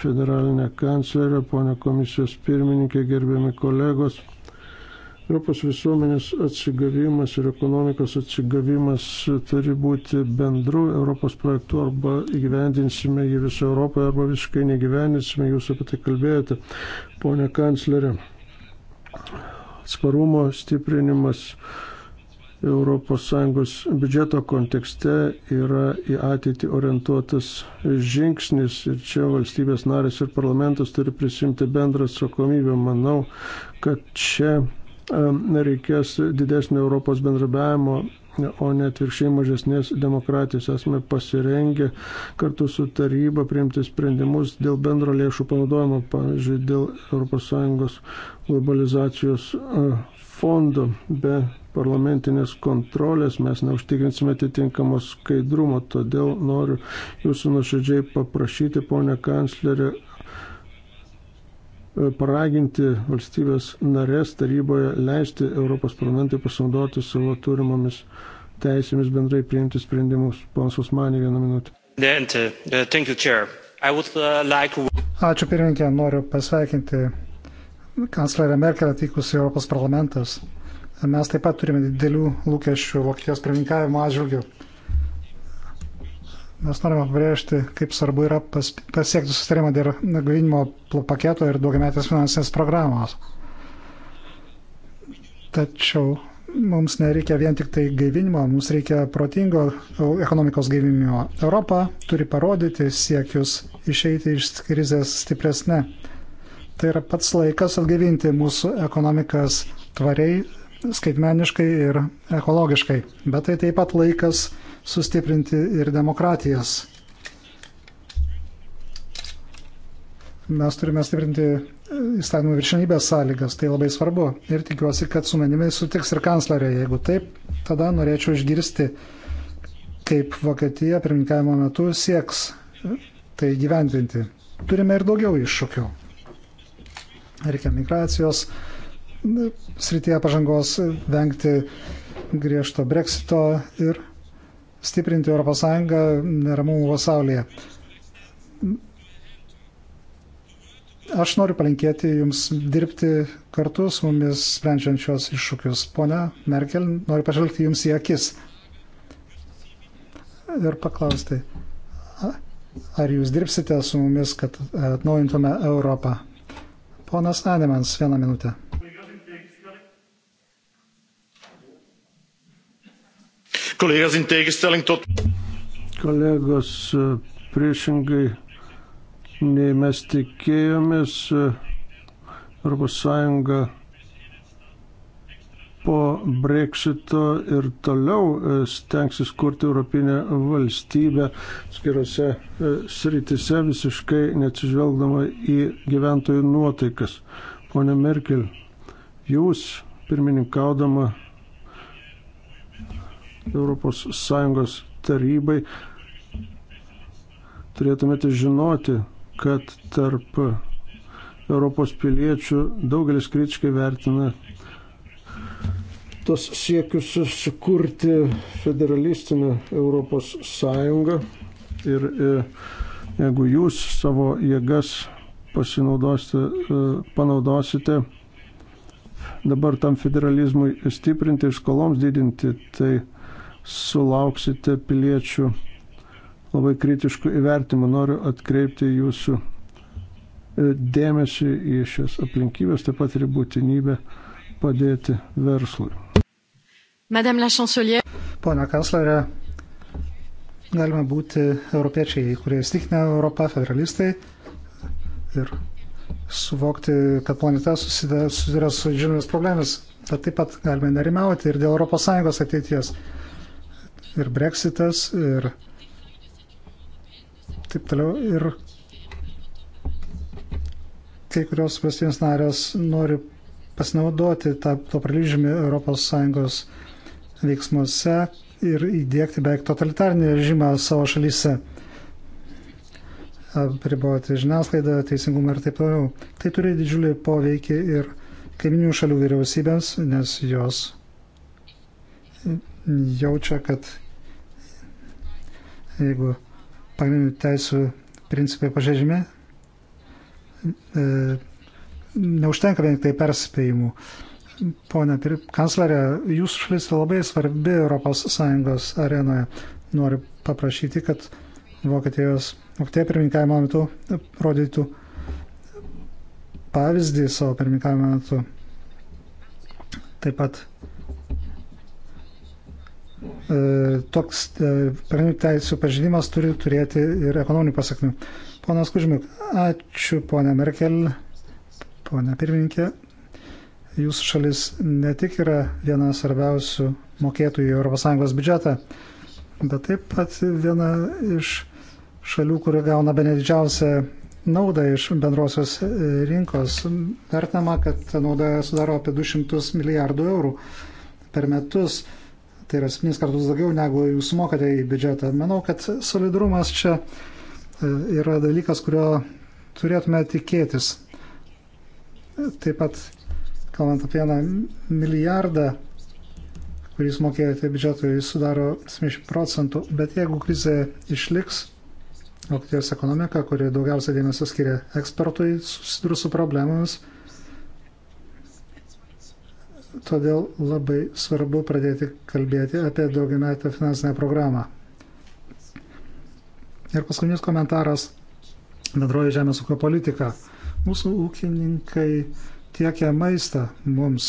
federalinė kanclerė, ponė komisijos pirmininkė, gerbiami kolegos. Europos visuomenės atsigavimas ir ekonomikos atsigavimas turi būti bendru Europos projektu arba įgyvendinsime jį visą Europą arba visiškai negyvendinsime, jūs apie tai kalbėjote, ponė kanclerė atsparumo stiprinimas ES biudžeto kontekste yra į ateitį orientuotas žingsnis ir čia valstybės narės ir parlamentas turi prisimti bendrą atsakomybę. Manau, kad čia reikės didesnio Europos bendrabiavimo o ne atvirkščiai mažesnės demokratijos. Esame pasirengę kartu su taryba priimti sprendimus dėl bendro lėšų panaudojimo, pavyzdžiui, dėl ES globalizacijos e, fondo. Be parlamentinės kontrolės mes neužtikrinsime atitinkamo skaidrumo, todėl noriu jūsų nuoširdžiai paprašyti, ponė kanclerė, paraginti valstybės narės taryboje leisti Europos parlamentui pasinaudoti savo turimomis teisėmis bendrai priimti sprendimus. Ponas Usmanė, vieną minutę. Uh, uh, Ačiū pirmininkė, noriu pasveikinti kanclerę Merkel atvykus į Europos parlamentas. Mes taip pat turime didelių lūkesčių Vokietijos pirmininkavimo atžvilgių. Mes norime pabrėžti, kaip svarbu yra pas, pasiekti susitarimą dėl gaivinimo paketo ir daugiametės finansinės programos. Tačiau mums nereikia vien tik tai gaivinimo, mums reikia protingo ekonomikos gaivinimo. Europa turi parodyti siekius išeiti iš krizės stipresne. Tai yra pats laikas atgaivinti mūsų ekonomikas tvariai skaitmeniškai ir ekologiškai. Bet tai taip pat laikas sustiprinti ir demokratijas. Mes turime stiprinti e, įstatymų viršinybės sąlygas, tai labai svarbu. Ir tikiuosi, kad su manimi sutiks ir kanclerė. Jeigu taip, tada norėčiau išgirsti, kaip Vokietija pirmininkavimo metu sieks e, tai gyventinti. Turime ir daugiau iššūkių. Reikia migracijos, srityje pažangos, vengti griežto breksito ir stiprinti ES neramumų pasaulyje. Aš noriu palinkėti Jums dirbti kartu su mumis sprendžiančios iššūkius. Pone Merkel, noriu pažvelgti Jums į akis ir paklausti, ar Jūs dirbsite su mumis, kad atnaujintume Europą. Ponas Ademans, vieną minutę. Collega's, in tegenstelling tot. Kolegos, e, priešingai nei mes tikėjomės, ES po breksito ir toliau e, stengsis kurti Europinę valstybę skiriose sritise visiškai neatsižvelgdama į gyventojų nuotaikas. Pone Merkel, jūs pirmininkaudama ES tarybai, turėtumėte žinoti, kad tarp Europos piliečių daugelis kritiškai vertina tos siekius sukurti federalistinę Europos Sąjungą ir e, jeigu jūs savo jėgas pasinaudosite, e, panaudosite dabar tam federalizmui stiprinti ir skoloms didinti, tai sulauksite piliečių labai kritiškų įvertimų. Noriu atkreipti jūsų e, dėmesį į šias aplinkybės, taip pat ir būtinybę padėti verslui. Madame la chancelier. Pone kanclerė, galime būti europiečiai, kurie įstikinę Europą, federalistai ir suvokti, kad planeta susiduria su žinomis problemas, bet taip pat galime nerimauti ir dėl ES ateities ir breksitas ir taip toliau. Ir kai kurios valstybės narės nori pasinaudoti tą, to praližymį ES veiksmuose ir įdėkti beveik totalitarnį režimą savo šalyse, apriboti žiniasklaidą, teisingumą ir taip toliau. Tai turi didžiulį poveikį ir kaiminių šalių vyriausybėms, nes jos jaučia, kad jeigu pagrindinių teisų principai pažeidžiami, e, neužtenka vien tai perspėjimų. Pone kanclerė, jūsų šalis yra labai svarbi ES arenoje. Noriu paprašyti, kad Vokietijos, Vokietija pirmininkavimo metu rodytų pavyzdį savo pirmininkavimo metu. Taip pat E, toks e, pernelyg teisų pažinimas turi turėti ir ekonominių pasakmių. Ponas Kužmiuk, ačiū ponia Merkel, ponia pirmininkė. Jūsų šalis ne tik yra viena svarbiausių mokėtojų į ES biudžetą, bet taip pat viena iš šalių, kuri gauna be nedidžiausią naudą iš bendrosios e, rinkos. Vertinama, kad nauda sudaro apie 200 milijardų eurų per metus tai yra 7 kartus daugiau negu jūs mokate į biudžetą. Manau, kad solidarumas čia e, yra dalykas, kurio turėtume tikėtis. Taip pat, kalbant apie vieną milijardą, kurį jūs mokėjote biudžetui, jis sudaro 70 procentų, bet jeigu krizė išliks, Vokietijos ekonomika, kuri daugiausia dėmesio skiria ekspertui, susidurs su problemomis, Todėl labai svarbu pradėti kalbėti apie daugiametę finansinę programą. Ir paskutinis komentaras - bendroji žemės ūkio politika. Mūsų ūkininkai tiekia maistą mums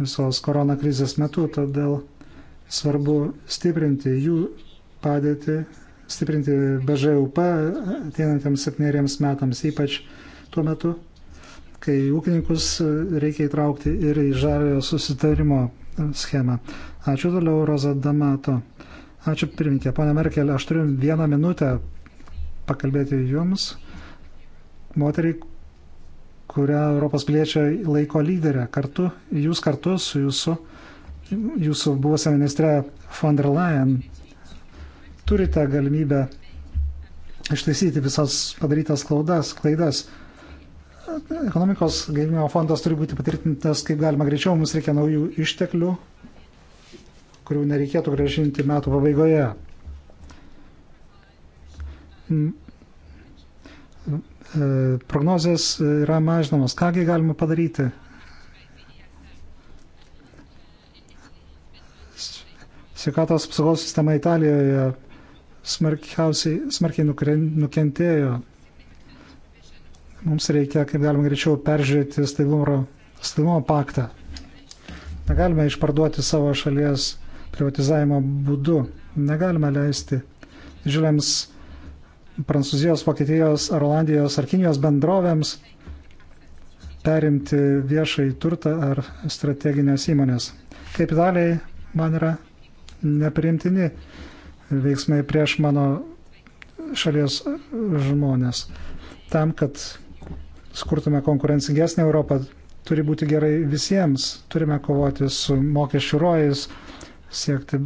visos korona krizės metu, todėl svarbu stiprinti jų padėtį, stiprinti BŽUP ateinantiems septyneriems metams, ypač tuo metu, kai ūkininkus e, reikia įtraukti ir į žaliojo susitarimo e, schemą. Ačiū toliau, Roza Damato. Ačiū pirmininkė. Pone Merkel, aš turiu vieną minutę pakalbėti jums. Moteriai, kurią Europos piliečiai laiko lyderę. Kartu, jūs kartu su jūsų, jūsų buvusią ministrę von der Leyen turite galimybę ištaisyti visas padarytas klaidas. klaidas ekonomikos gaivinimo fondas turi būti patvirtintas kaip galima greičiau, mums reikia naujų išteklių, kurių nereikėtų gražinti metų pabaigoje. E, Prognozijas yra mažinamos. Kągi galima padaryti? Sveikatos apsaugos sistema Italijoje smarkiai nukentėjo mums reikia, kaip galima greičiau, peržiūrėti stabilumo, stabilumo paktą. Negalime išparduoti savo šalies privatizavimo būdu. Negalime leisti didžiuliams Prancūzijos, Vokietijos, ar Olandijos ar Kinijos bendrovėms perimti viešai turtą ar strateginės įmonės. Kaip Italijai man yra neprimtini veiksmai prieš mano šalies žmonės. Tam, kad skurtume konkurencingesnį Europą, turi būti gerai visiems. Turime kovoti su mokesčių rojais, siekti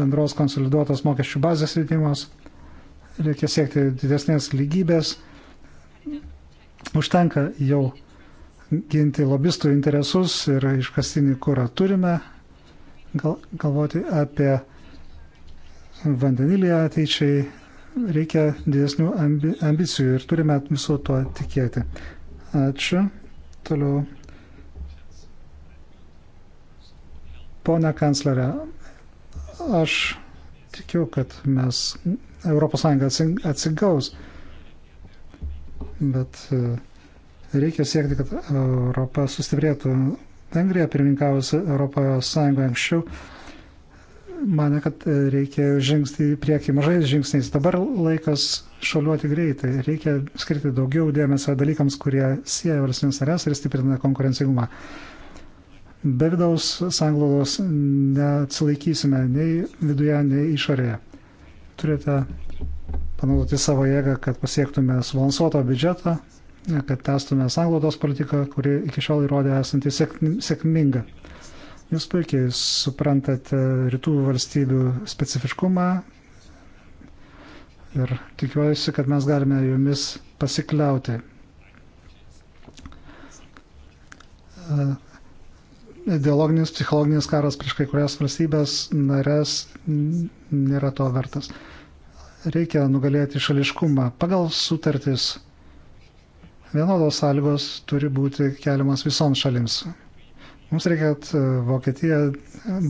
bendros konsoliduotos mokesčių bazės rytimos, reikia siekti didesnės lygybės. Užtenka jau ginti lobistų interesus ir iškastinį kurą turime gal, galvoti apie vandenilį ateičiai, reikia didesnių ambi, ambicijų ir turime viso to tikėti. Ačiū. Toliau. Pone kanclerė, aš tikiu, kad mes ES atsigaus, bet e, reikia siekti, kad Europa sustiprėtų. Vengrija pirmininkavusi ES anksčiau mane, kad reikia žengti į priekį mažais žingsniais. Dabar laikas šaliuoti greitai. Reikia skirti daugiau dėmesio dalykams, kurie sieja valstybės narės ir stiprina konkurencingumą. Be vidaus sanglaudos neatsilaikysime nei viduje, nei išorėje. Turite panaudoti savo jėgą, kad pasiektume subalansuoto biudžeto, kad testume sanglaudos politiką, kuri iki šiol įrodė esanti sėkminga. Sek Jūs puikiai suprantate rytų valstybių specifiškumą ir tikiuosi, kad mes galime jumis pasikliauti. E, ideologinis, psichologinis karas prieš kai kurias valstybės narės nėra to vertas. Reikia nugalėti šališkumą. Pagal sutartis vienodos sąlygos turi būti keliamas visoms šalims. Mums reikia, kad e, Vokietija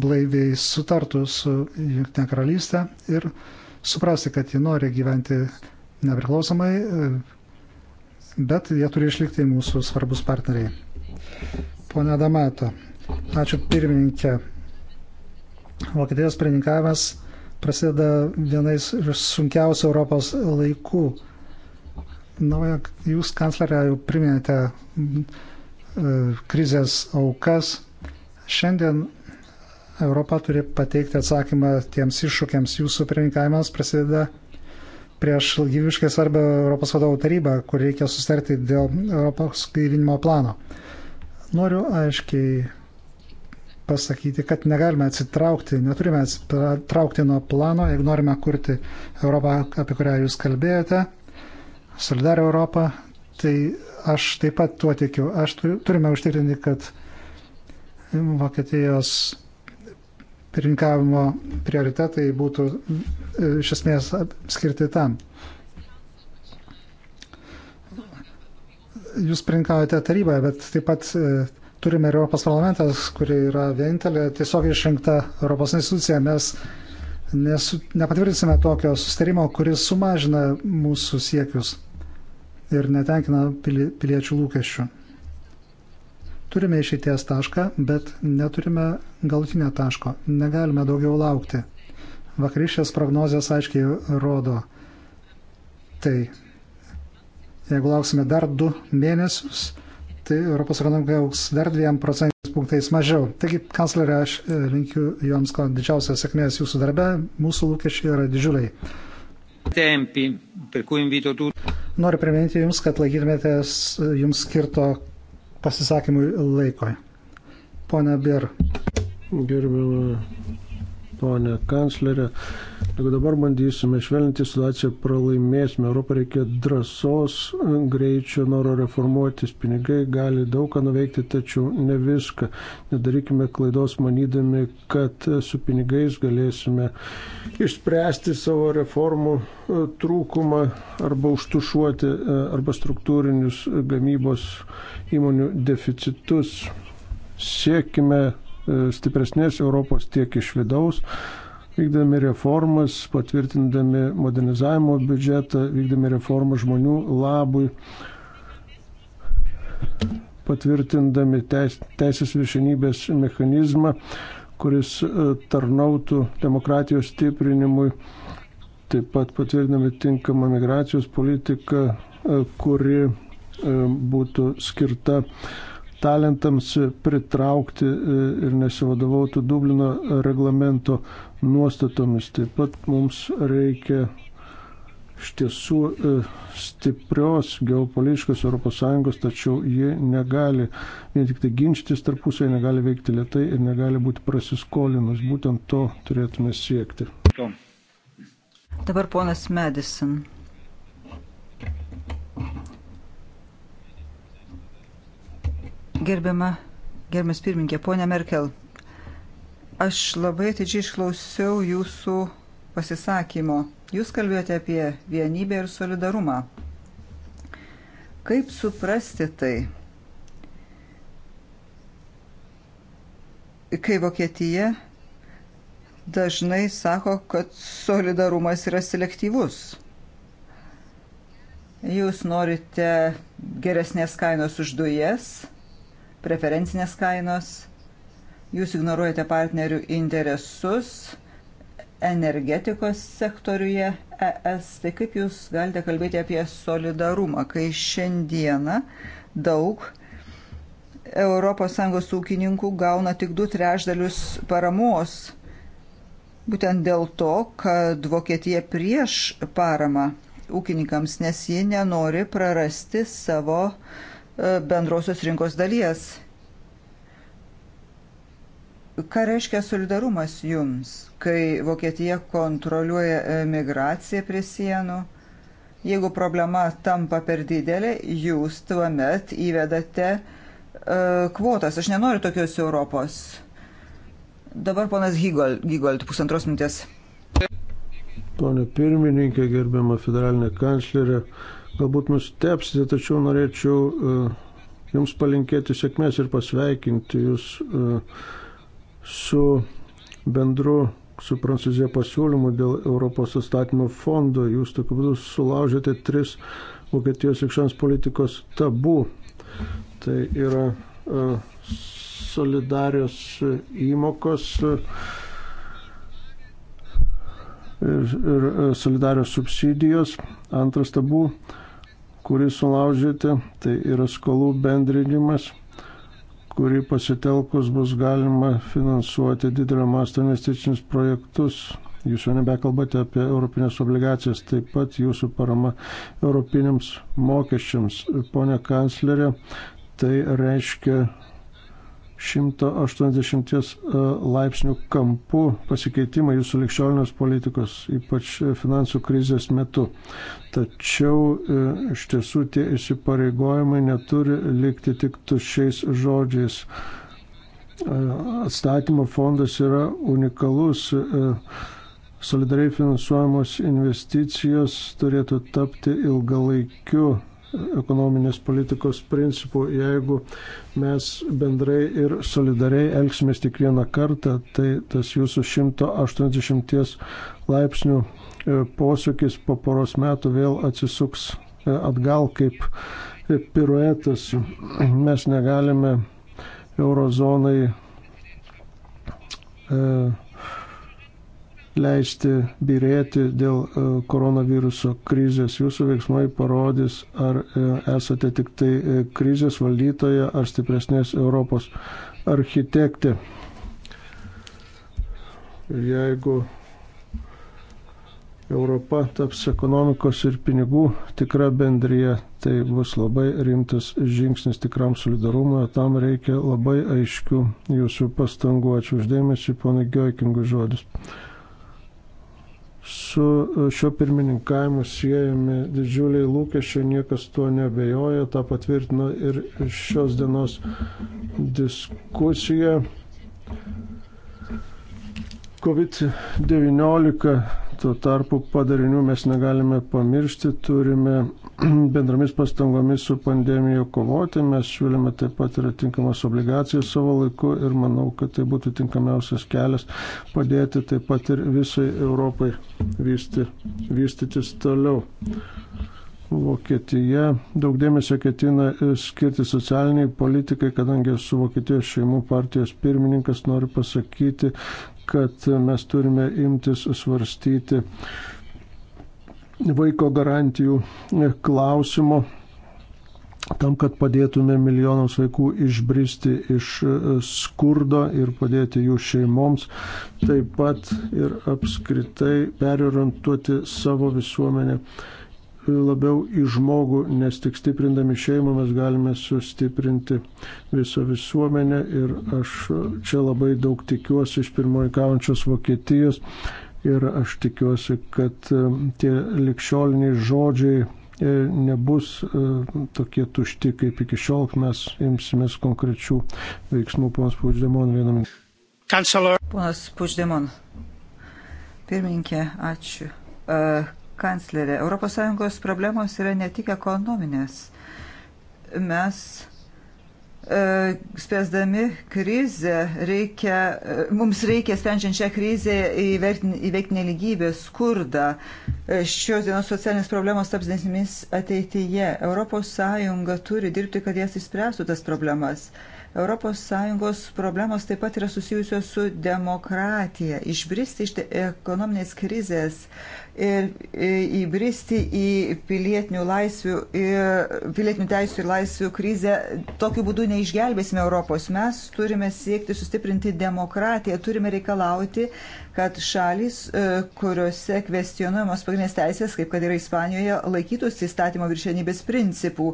blaiviai sutartų su Junktinė karalystė ir suprasti, kad ji nori gyventi nepriklausomai, e, bet jie turi išlikti mūsų svarbus partneriai. Pone Damato, ačiū pirmininkė. Vokietijos pirmininkavimas prasideda vienais iš sunkiausių Europos laikų. Na, jūs kanclerė jau priminėte E, krizės aukas. Šiandien Europa turi pateikti atsakymą tiems iššūkiams. Jūsų pirmininkavimas prasideda prieš gyviškai svarbę Europos vadovų tarybą, kur reikia sustarti dėl Europos gaivinimo plano. Noriu aiškiai pasakyti, kad negalime atsitraukti, neturime atsitraukti nuo plano, jeigu norime kurti Europą, apie kurią jūs kalbėjote, solidarią Europą, Tai aš taip pat tuo tikiu. Aš turime užtikrinti, kad Vokietijos pirinkavimo prioritetai būtų e, iš esmės skirti tam. Jūs pirinkavote taryboje, bet taip pat e, turime ir Europos parlamentas, kuri yra vienintelė tiesiog išrinkta Europos institucija. Mes nesu, nepatvirtinsime tokio sustarimo, kuris sumažina mūsų siekius ir netenkina piliečių lūkesčių. Turime išeities tašką, bet neturime galutinio taško. Negalime daugiau laukti. Vakarišės prognozijas aiškiai rodo. Tai jeigu lauksime dar du mėnesius, tai Europos ekonomika auks dar dviem procentiniais punktais mažiau. Taigi, kanclerė, aš e, linkiu Joms ko didžiausios sėkmės jūsų darbe, mūsų lūkesčiai yra didžiuliai. Tempi, per cui invito tu. Noriu priminti Jums, kad laikytumėtės Jums skirto pasisakymui laiko. Pone Bir. Gerbėjau, ponė kanclerė. Jeigu dabar bandysime švelninti situaciją, pralaimėsime. Europą reikia drąsos, greičio, noro reformuotis. Pinigai gali daug ką nuveikti, tačiau ne viską. Nedarykime klaidos manydami, kad su pinigais galėsime išspręsti savo reformų e, trūkumą arba užtušuoti e, arba struktūrinius gamybos įmonių deficitus. Siekime e, stipresnės Europos tiek iš vidaus vykdami reformas, patvirtindami modernizavimo biudžetą, vykdami reformą žmonių labui, patvirtindami teis, teisės viršinybės mechanizmą, kuris e, tarnautų demokratijos stiprinimui, taip pat patvirtinami tinkamą migracijos politiką, e, kuri e, būtų skirta talentams pritraukti ir nesivadovautų Dublino reglamento nuostatomis. Taip pat mums reikia iš tiesų e, stiprios geopolitiškos ES, tačiau ji negali vien tik tai ginčytis tarpusai, negali veikti lietai ir negali būti prasiskolinus. Būtent to turėtume siekti. Dabar ponas Madison. Gerbiama, gerbiamas pirmininkė, ponė Merkel. Aš labai atidžiai išklausiau jūsų pasisakymo. Jūs kalbėjote apie vienybę ir solidarumą. Kaip suprasti tai? Kai Vokietija dažnai sako, kad solidarumas yra selektyvus. Jūs norite geresnės kainos už dujas, preferencinės kainos Jūs ignoruojate partnerių interesus energetikos sektoriuje ES. Tai kaip jūs galite kalbėti apie solidarumą, kai šiandieną daug ES ūkininkų gauna tik du trešdalius paramos, būtent dėl to, kad Vokietija prieš paramą ūkininkams, nes ji nenori prarasti savo e, bendrosios rinkos dalies. Ką reiškia solidarumas jums, kai Vokietija kontroliuoja e, migraciją prie sienų? Jeigu problema tampa per didelė, jūs tuomet įvedate uh, kvotas. Aš nenoriu tokios Europos. Dabar ponas Gygold, Gygold pusantros minutės. Pone pirmininkė, gerbiama federalinė kanclerė, galbūt nustepsite, tačiau norėčiau uh, Jums palinkėti sėkmės ir pasveikinti Jūs. Uh, su bendru su Prancūzija pasiūlymu dėl Europos atstatymo fondo. Jūs tokiu būdu sulaužėte tris Vokietijos ikšans politikos tabų. Tai yra e, solidarios įmokos e, ir, ir e, solidarios subsidijos. Antras tabų, kurį sulaužėte, tai yra skolų bendrinimas kurį pasitelkus bus galima finansuoti didelio masto investicinius projektus. Jūs jau nebekalbate apie europinės obligacijas, taip pat jūsų parama europiniams mokesčiams. Pone kanclerė, tai reiškia 180 e, laipsnių kampu pasikeitimą jūsų likščiolinės politikos, ypač finansų krizės metu. Tačiau e, iš tiesų tie įsipareigojimai neturi likti tik tuščiais žodžiais. E, atstatymo fondas yra unikalus. Solidariai finansuojamos investicijos turėtų tapti ilgalaikiu ekonominės politikos principų. Jeigu mes bendrai ir solidariai elgsimės tik vieną kartą, tai tas jūsų 180 laipsnių e, posūkis po poros metų vėl atsisuks e, atgal kaip e, piruetas. Mes negalime eurozonai e, leisti birėti dėl e, koronaviruso krizės. Jūsų veiksmai parodys, ar e, esate tik tai e, krizės valdytoja ar stipresnės Europos architektė. Jeigu Europa taps ekonomikos ir pinigų tikra bendryje, tai bus labai rimtas žingsnis tikram solidarumui, o tam reikia labai aiškių jūsų pastangų. Ačiū uždėmesi, ponai Giojkingui žodis su e, šiuo pirmininkavimu siejami didžiuliai lūkesčiai, niekas tuo nebejoja, tą patvirtino ir šios dienos diskusija. COVID-19 tuo tarpu padarinių mes negalime pamiršti, turime bendromis pastangomis su pandemija kovoti. Mes siūlėme taip pat ir tinkamas obligacijas savo laiku ir manau, kad tai būtų tinkamiausias kelias padėti taip pat ir visai Europai vysti, vystytis toliau. Vokietija daug dėmesio ketina e, skirti socialiniai politikai, kadangi esu Vokietijos šeimų partijos pirmininkas, noriu pasakyti, kad mes turime imtis svarstyti uh, vaiko garantijų e, klausimo, tam, kad padėtume milijonams vaikų išbristi iš e, skurdo ir padėti jų šeimoms, taip pat ir apskritai periorantuoti savo visuomenę e, labiau į žmogų, nes tik stiprindami šeimą mes galime sustiprinti visą visuomenę ir aš čia labai daug tikiuosi iš pirmoji kaujančios Vokietijos ir aš tikiuosi, kad e, tie likščioliniai žodžiai e, nebus e, tokie tušti, kaip iki šiol mes imsimės konkrečių veiksmų. Ponas Puždemon, vieną minutę. Kancelor. Ponas Puždemon, pirmininkė, ačiū. Kanclerė, ES problemos yra ne tik ekonominės. Mes E, Spėsdami krizę, reikia, e, mums reikia sprendžiant šią krizę įveikti neligybę, skurdą. E, šios dienos socialinės problemos taps nesmis ateityje. ES turi dirbti, kad jas išspręstų tas problemas. Uh, ES problemos taip pat yra susijusios su demokratija. Išbristi iš ekonominės krizės ir e, įbristi į pilietinių, laisvių, pilietinių teisų ir laisvių krizę, tokiu būdu neišgelbėsime Europos. Mes turime siekti sustiprinti demokratiją, turime reikalauti kad šalis, e, kuriuose kvestionuojamos pagrindinės teisės, kaip kad yra Ispanijoje, laikytųsi įstatymo viršenybės principų,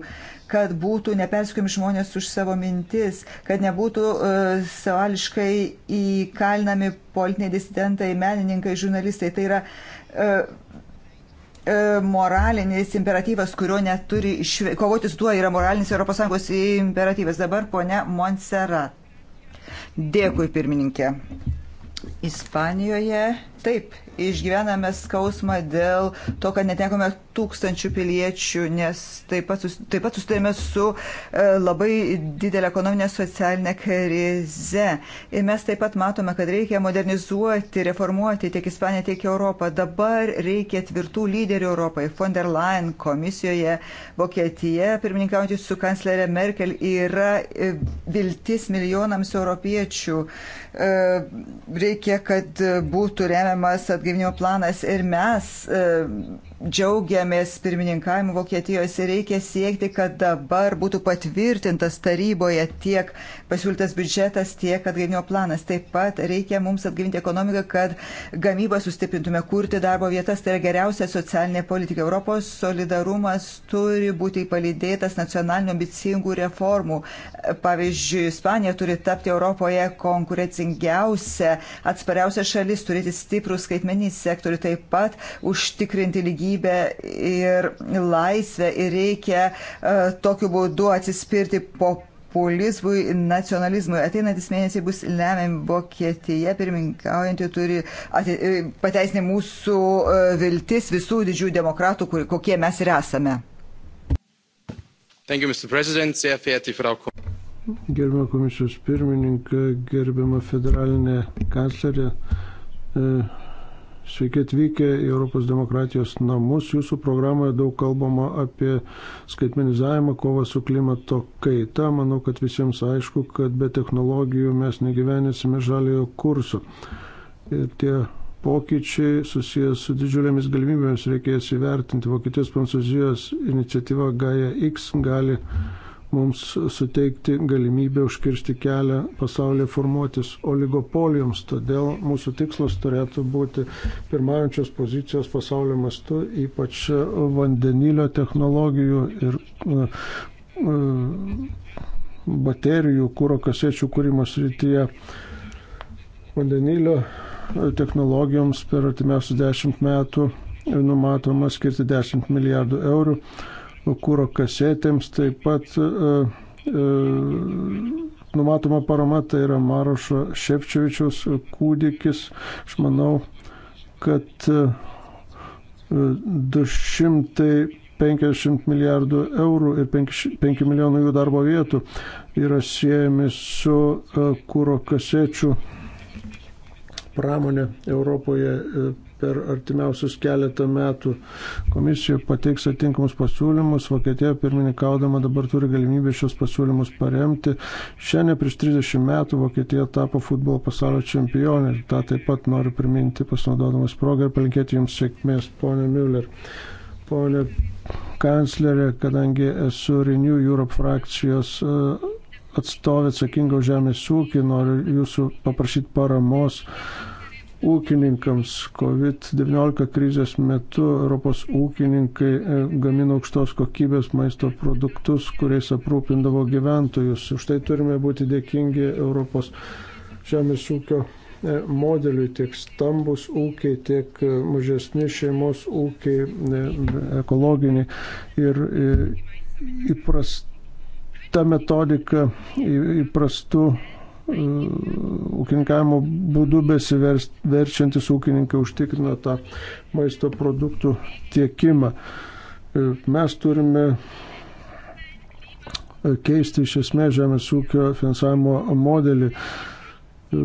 kad būtų neperskumi žmonės už savo mintis, kad nebūtų e, savališkai įkalinami politiniai disidentai, menininkai, žurnalistai. Tai yra e, moralinis imperatyvas, kurio neturi, šve... kovoti su tuo yra moralinis ES imperatyvas. Dabar ponia Montserrat. Dėkui, pirmininkė. Ispanijoje Taip, išgyvename skausmą dėl to, kad netekome tūkstančių piliečių, nes taip pat, taip pat susidėjome su e, labai didelė ekonominė socialinė krize. Ir mes taip pat matome, kad reikia modernizuoti, reformuoti tiek Ispaniją, tiek Europą. Dabar reikia tvirtų lyderių Europai. Von der Leyen komisijoje Vokietija, pirmininkaujantys su kanclerė Merkel, yra e, viltis milijonams europiečių. E, reikia, kad e, būtų remiamas planuojamas atgaivinimo planas ir mes e, džiaugiamės pirmininkavimu Vokietijos ir reikia siekti, kad dabar būtų patvirtintas taryboje tiek pasiūlytas biudžetas, tiek atgaivinio planas. Taip pat reikia mums atgaivinti ekonomiką, kad gamybą sustiprintume, kurti darbo vietas. Tai yra geriausia socialinė politika. Europos solidarumas turi būti palydėtas nacionalinių ambicingų reformų. Pavyzdžiui, Ispanija turi tapti Europoje konkurencingiausia, atspariausia šalis, turėti stiprų skaitmenį sektorių, taip pat užtikrinti lygį lygybę ir laisvę ir reikia e, tokiu būdu atsispirti po populizmui, nacionalizmui. Ateinantis mėnesiai bus lemiami Vokietija, pirmininkaujantį turi ati, e, pateisinti mūsų e, viltis visų didžių demokratų, kur, kokie mes ir esame. Thank you, Mr. President. Sehr verehrte Frau Gerbiamą komisijos pirmininką, gerbiamą federalinę kanclerę. E, Sveiki atvykę į Europos demokratijos namus. Jūsų programoje daug kalbama apie skaitmenizavimą, kovą su klimato kaita. Manau, kad visiems aišku, kad be technologijų mes negyvenėsime žaliojo kurso. Ir tie pokyčiai susijęs su didžiulėmis galimybėmis reikės įvertinti. Vokietijos Prancūzijos iniciatyva Gaia X gali mums suteikti galimybę užkirsti kelią pasaulyje formuotis oligopolijoms. Todėl mūsų tikslas turėtų būti pirmaujančios pozicijos pasaulio mastu, ypač vandenilio technologijų ir e, e, baterijų, kūro kasiečių kūrimo srityje. Vandenilio technologijoms per artimiausius dešimt metų numatoma skirti 10 milijardų eurų kūro kasetėms, taip pat e, e, numatoma parama, tai yra Marošo Šepčiovičiaus kūdikis. Aš manau, kad 250 e, milijardų eurų ir 5, 5 milijonų jų darbo vietų yra siejami su kūro kasečių pramonė Europoje per artimiausius keletą metų. Komisija pateiks atinkamus pasiūlymus, Vokietija pirmininkaudama dabar turi galimybę šios pasiūlymus paremti. Šiandien prieš 30 metų Vokietija tapo futbolo pasaulio čempionė ir tą taip pat noriu priminti pasinaudodamas progą ir palinkėti Jums sėkmės, ponė Müller. Ponė kanclerė, kadangi esu Renew Europe frakcijos e, atstovė atsakinga už žemės ūkį, noriu jūsų paprašyti paramos ūkininkams. COVID-19 krizės metu Europos ūkininkai e, gamino aukštos kokybės maisto produktus, kuriais aprūpindavo gyventojus. Už tai turime būti dėkingi Europos žemės ūkio e, modeliui tiek stambus ūkiai, tiek e, mažesni šeimos ūkiai, ekologiniai ir įprasta metodika, įprastų Mm, ūkininkavimo būdu besiverčiantis ūkininkai užtikrina tą maisto produktų tiekimą. E, mes turime e, keisti iš esmės žemės ūkio finansavimo modelį, e,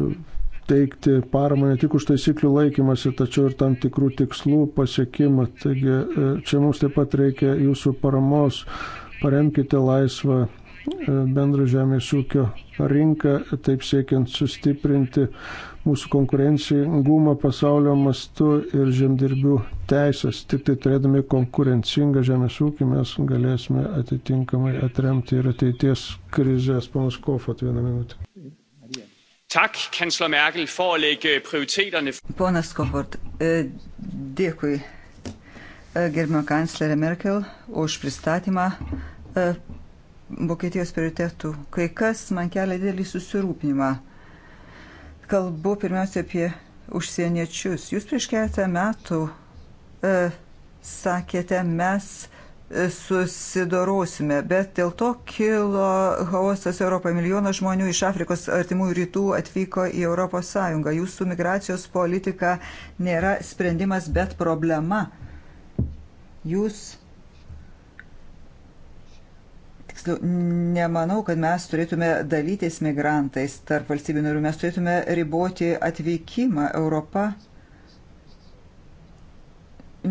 teikti paramą ne tik už taisyklių laikymasi, tačiau ir tam tikrų tikslų pasiekimą. Taigi čia mums taip pat reikia jūsų paramos. Paremkite laisvą E, bendrą žemės ūkio rinką, taip siekiant sustiprinti mūsų konkurencingumą pasaulio mastu ir žemdirbių teisės. Tik tai turėdami konkurencingą žemės ūkį mes galėsime atitinkamai atremti ir ateities krizės. Panas Kofot, vieną minutę. Tak, kancler Merkel, for at lægge prioriteterne. Ponas Kofort, e, dėkui e, gerbimo kanclerė Merkel už pristatymą Vokietijos prioritetų. Kai kas man kelia didelį susirūpinimą. Kalbu pirmiausia apie užsieniečius. Jūs prieš keletą metų e, sakėte, mes e, susidorosime, bet dėl to kilo chaosas Europoje. Milijonas žmonių iš Afrikos artimųjų rytų atvyko į ES. Jūsų migracijos politika nėra sprendimas, bet problema. Jūs Nu, nemanau, kad mes turėtume dalytis migrantais tarp valstybių narių, mes turėtume riboti atvykimą. Europa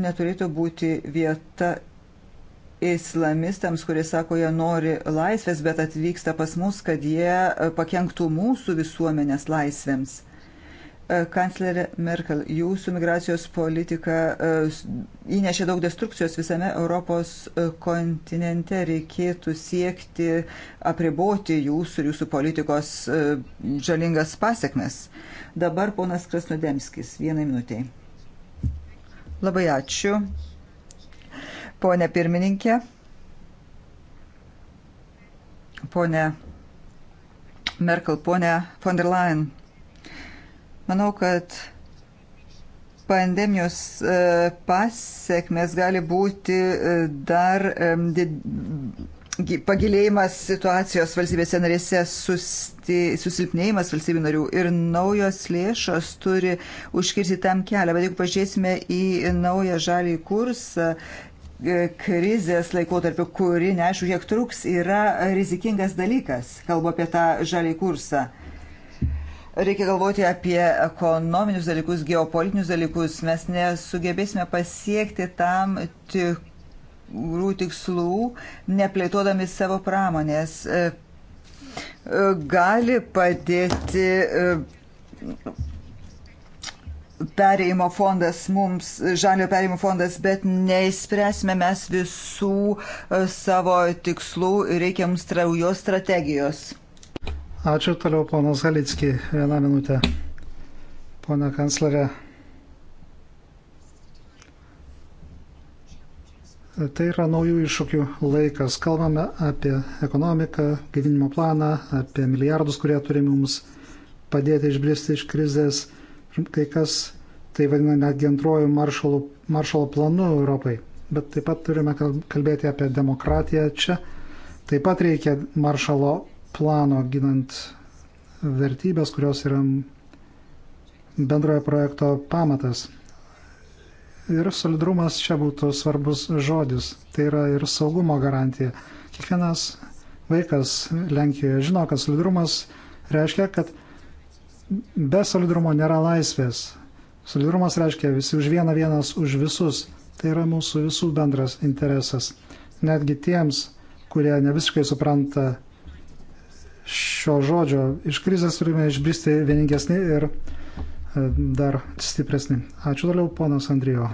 neturėtų būti vieta islamistams, kurie sako, jie nori laisvės, bet atvyksta pas mus, kad jie pakenktų mūsų visuomenės laisvėms. E, kanclerė Merkel, jūsų migracijos politika e, įnešė daug destrukcijos visame Europos e, kontinente. Reikėtų siekti apriboti jūsų ir jūsų politikos žalingas pasiekmes. Dabar ponas Krasnodemskis, vienai minutiai. Labai ačiū. Pone pirmininkė. Pone Merkel, pone von der Leyen. Manau, kad pandemijos e, pasiekmes gali būti e, dar pagilėjimas situacijos valstybėse narėse, susti, susilpnėjimas valstybių narių ir naujos lėšos turi užkirsti tam kelią. Bet jeigu pažiūrėsime į naują žalį kursą, e, krizės laikotarpiu, kuri neaišku, kiek truks, yra rizikingas dalykas. Kalbu apie tą žalį kursą. Reikia galvoti apie ekonominius dalykus, geopolitinius dalykus. Mes nesugebėsime pasiekti tam tikrų tikslų, neplėtodami savo pramonės. E, e, gali padėti e, perėjimo fondas mums, žalio perėjimo fondas, bet neįspręsime mes visų savo tikslų ir reikia mums traujos strategijos. Ačiū toliau, ponas Halicki. Vieną minutę. Pone kanclerė. Tai yra naujų iššūkių laikas. Kalbame apie ekonomiką, gyvenimo planą, apie milijardus, kurie turi mums padėti išbristi iš krizės. Kai kas tai vadina netgi antrojų maršalo planu Europai. Bet taip pat turime kalbėti apie demokratiją čia. Taip pat reikia maršalo plano ginant vertybės, kurios yra bendrojo projekto pamatas. Ir solidarumas čia būtų svarbus žodis. Tai yra ir saugumo garantija. Kiekvienas vaikas Lenkijoje žino, kad solidarumas reiškia, kad be solidarumo nėra laisvės. Solidarumas reiškia visi už vieną, vienas už visus. Tai yra mūsų visų bendras interesas. Netgi tiems, kurie ne visiškai supranta šio žodžio. Iš krizės turime išbristi vieningesni ir e, dar stipresni. Ačiū toliau, ponas Andrijo.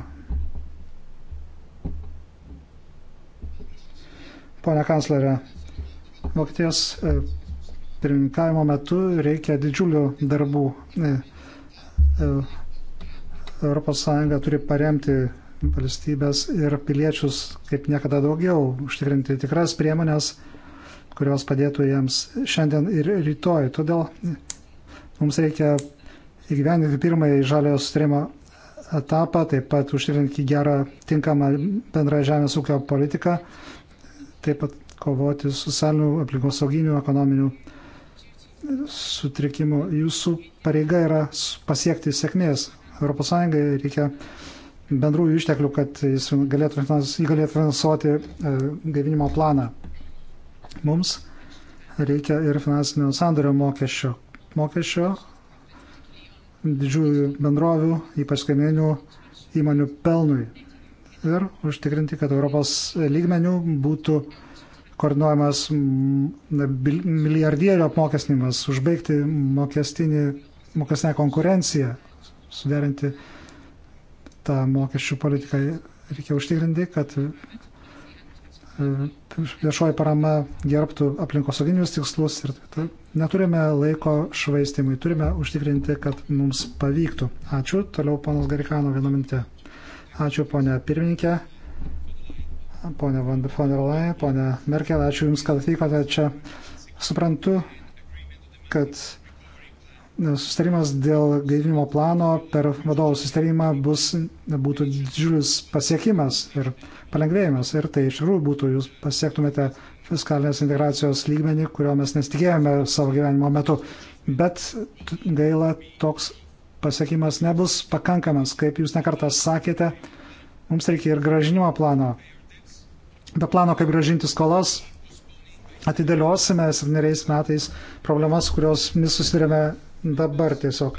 Pone kanclerė, Vokietijos e, pirmininkavimo metu reikia didžiulių darbų. ES e, turi paremti valstybės ir piliečius kaip niekada daugiau, užtikrinti tikras priemonės kurios padėtų jiems šiandien ir rytoj. Todėl mums reikia įgyvendinti pirmąjį žaliojo sustarimo etapą, taip pat užtikrinti gerą, tinkamą bendrą žemės ūkio politiką, taip pat kovoti su socialiniu, aplinkosauginiu, ekonominiu sutrikimu. Jūsų pareiga yra pasiekti sėkmės. ES reikia bendrųjų išteklių, kad jis galėtų, jis galėtų finansuoti e, gaivinimo planą. Mums reikia ir finansinio sandario mokesčio, mokesčio didžiųjų bendrovių, ypač kaiminių įmonių pelnui. Ir užtikrinti, kad Europos lygmenių būtų koordinuojamas milijardierių apmokestinimas, užbaigti mokestinę konkurenciją, suderinti tą mokesčių politiką. Reikia užtikrinti, kad Mhm. viešoji parama gerbtų aplinkosauginius tikslus ir neturime laiko švaistimui, turime užtikrinti, kad mums pavyktų. Ačiū. Toliau ponas Garikano vieną mintę. Ačiū ponė pirmininkė, ponė von der Leyen, ponė Merkel, ačiū Jums, kad atvykote čia. Suprantu, kad sustarimas dėl gaivinimo plano per vadovų sustarimą bus, būtų didžiulis pasiekimas ir palengvėjimas. Ir tai iš tikrųjų būtų, jūs pasiektumėte fiskalinės integracijos lygmenį, kurio mes nesitikėjome savo gyvenimo metu. Bet gaila, toks pasiekimas nebus pakankamas, kaip jūs nekartą sakėte. Mums reikia ir gražinimo plano. Be plano, kaip gražinti skolas, atidėliosime septyneriais metais problemas, kurios mes susidurėme dabar tiesiog.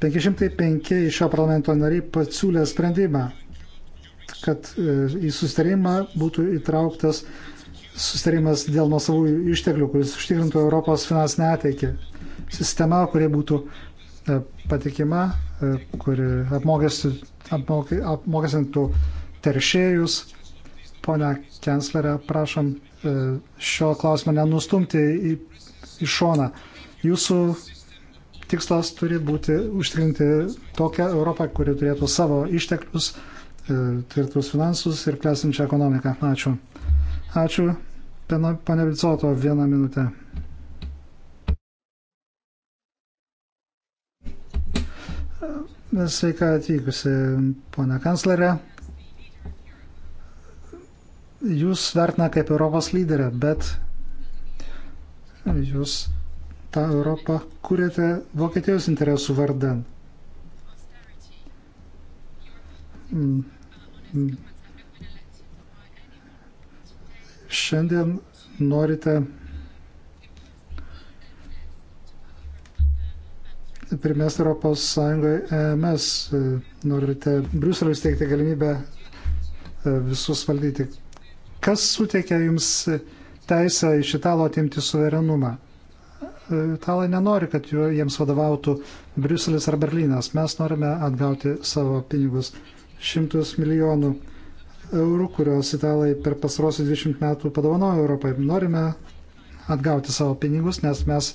505 iš šio parlamento nariai pasiūlė sprendimą, kad e, į sustarimą būtų įtrauktas sustarimas dėl nuosavų išteklių, kuris užtikrintų Europos finansinę ateitį. Sistema, kuri būtų e, patikima, e, kuri apmokestintų teršėjus. Pone Kenslerė, prašom šio klausimo nenustumti į, į šoną. Jūsų Tikslas turi būti užtikrinti tokią Europą, kuri turėtų savo išteklius, e, tvirtus finansus ir klesinčią ekonomiką. Ačiū. Ačiū. Pane Vicoto, vieną minutę. Sveika atvykusi, ponia kanclerė. Jūs vertina kaip Europos lyderė, bet jūs tą Europą kuriate Vokietijos interesų vardan. Mm. Šiandien norite primest Europos Sąjungoje EMS, norite Bruselio steigti galimybę e, visus valdyti. Kas suteikia jums teisę iš Italo atimti suverenumą? italai nenori, kad jiems vadovautų Briuselis ar Berlynas. Mes norime atgauti savo pinigus. Šimtus milijonų eurų, kuriuos italai per pastarosius 20 metų padovanojo Europai. Norime atgauti savo pinigus, nes mes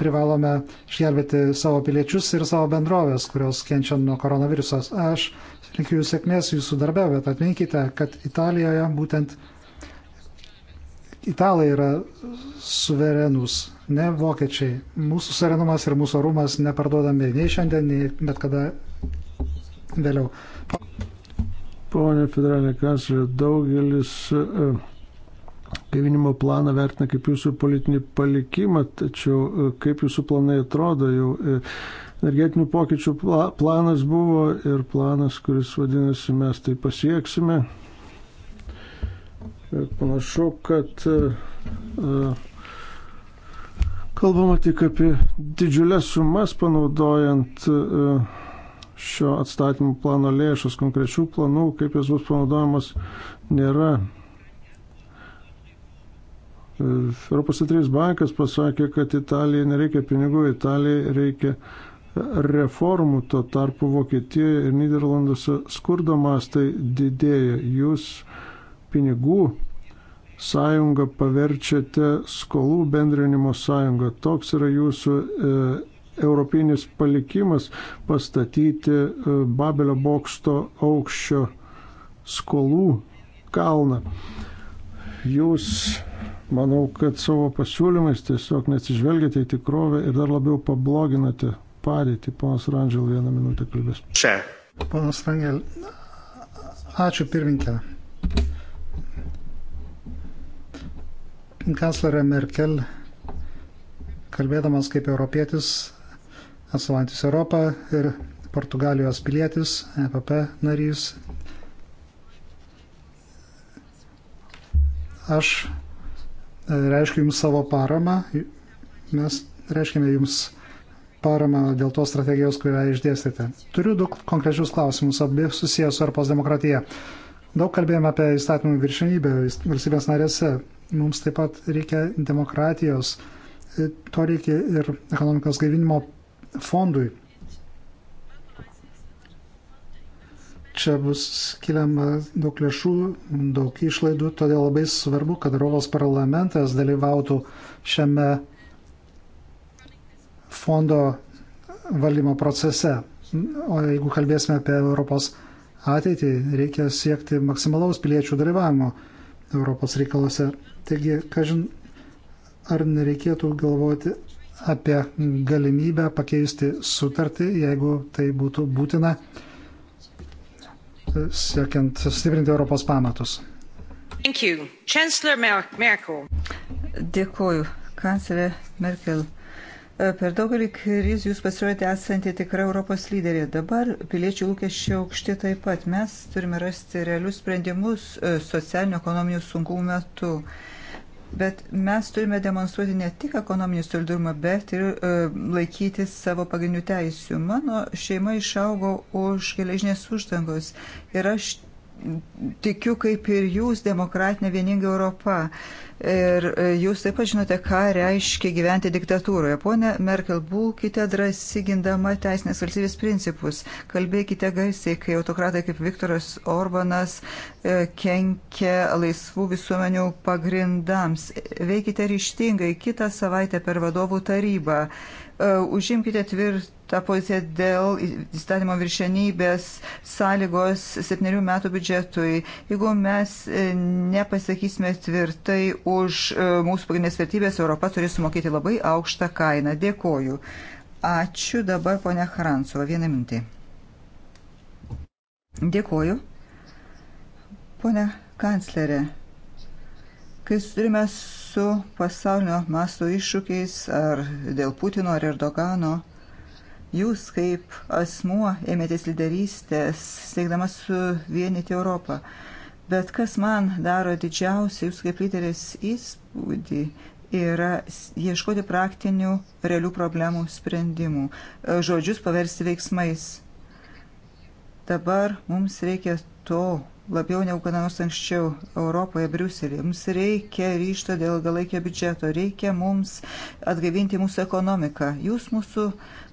privalome išgelbėti savo piliečius ir savo bendrovės, kurios kenčia nuo koronaviruso. Aš linkiu jūs sėkmės jūsų darbe, bet atminkite, kad Italijoje būtent italai yra suverenus ne vokiečiai. Mūsų serenumas ir mūsų orumas neparduodami nei šiandien, nei bet kada vėliau. Pone federalinė kanclerė, daugelis e, gyvenimo planą vertina kaip jūsų politinį palikimą, tačiau e, kaip jūsų planai atrodo jau. E, energetinių pokyčių planas buvo ir planas, kuris vadinasi, mes tai pasieksime. Ir panašu, kad uh, Kalbama tik apie didžiulės sumas panaudojant e, šio atstatymo plano lėšas, konkrečių planų, kaip jos bus panaudojamos, nėra. E, Europos Centrinis bankas pasakė, kad Italijai nereikia pinigų, Italijai reikia reformų, tuo tarpu Vokietijoje ir Niderlanduose skurdo mastai didėja. Jūs pinigų sąjungą paverčiate skolų bendrinimo sąjungą. Toks yra jūsų e, europinis palikimas pastatyti e, Babelio bokšto aukščio skolų kalną. Jūs, manau, kad savo pasiūlymais tiesiog nesižvelgiate į tikrovę ir dar labiau pabloginate padėtį. Ponas Rangel vieną minutę kalbės. Čia. Ponas Rangel, ačiū pirmininkė. Kanclerė Merkel, kalbėdamas kaip europietis, atsovantis Europą ir Portugalijos pilietis, EPP narys, aš e, reiškiu Jums savo paramą, mes reiškime Jums paramą dėl tos strategijos, kurią išdėstėte. Turiu du konkrečius klausimus, abi susijęs su Europos demokratija. Daug kalbėjome apie įstatymų viršinybę valstybės narėse. Mums taip pat reikia demokratijos, e, to reikia ir ekonomikos gaivinimo fondui. Čia bus skiriama daug lėšų, daug išlaidų, todėl labai svarbu, kad Europos parlamentas dalyvautų šiame fondo valdymo procese. O jeigu kalbėsime apie Europos ateitį, reikia siekti maksimalaus piliečių dalyvavimo Europos reikalose. Taigi, kažin, ar nereikėtų galvoti apie galimybę pakeisti sutartį, jeigu tai būtų būtina, siekiant stiprinti Europos pamatus. Dėkuoju, kanclerė Merkel. E, per daugelį krizių jūs pasirodėte esanti tikra Europos lyderė. Dabar piliečių lūkesčiai aukšti taip pat. Mes turime rasti realius sprendimus e, socialinio ekonominių sunkumų metu. Bet mes turime demonstruoti ne tik ekonominį solidarumą, bet ir e, laikytis savo pagrindinių teisių. Mano šeima išaugo už geležinės uždangos ir aš tikiu kaip ir jūs demokratinė vieninga Europa. E, Ir e, jūs taip pat žinote, ką reiškia gyventi diktatūroje. Pone Merkel, būkite drąsi gindama teisinės valstybės principus. Kalbėkite garsiai, kai autokratai kaip Viktoras Orbanas e, kenkia laisvų visuomenių pagrindams. Veikite ryštingai kitą savaitę per vadovų tarybą E, užimkite tvirtą poziciją dėl įstatymo viršenybės sąlygos septynerių metų biudžetui. Jeigu mes e, nepasakysime tvirtai už e, mūsų pagrindinės vertybės, Europa turės sumokėti labai aukštą kainą. Dėkoju. Ačiū dabar, ponia Hrancova, vieną mintį. Dėkoju. Pone kanclerė, kai turime su pasaulinio masto iššūkiais ar dėl Putino ar Erdogano. Jūs kaip asmuo ėmėtės lyderystės, steigdamas suvienyti Europą. Bet kas man daro didžiausią jūs kaip lyderės įspūdį, yra ieškoti praktinių, realių problemų sprendimų. Žodžius paversti veiksmais. Dabar mums reikia to, labiau negu kada nors anksčiau Europoje, Briuselėje. Mums reikia ryšto dėl ilgalaikio biudžeto, reikia mums atgaivinti mūsų ekonomiką. Jūs mūsų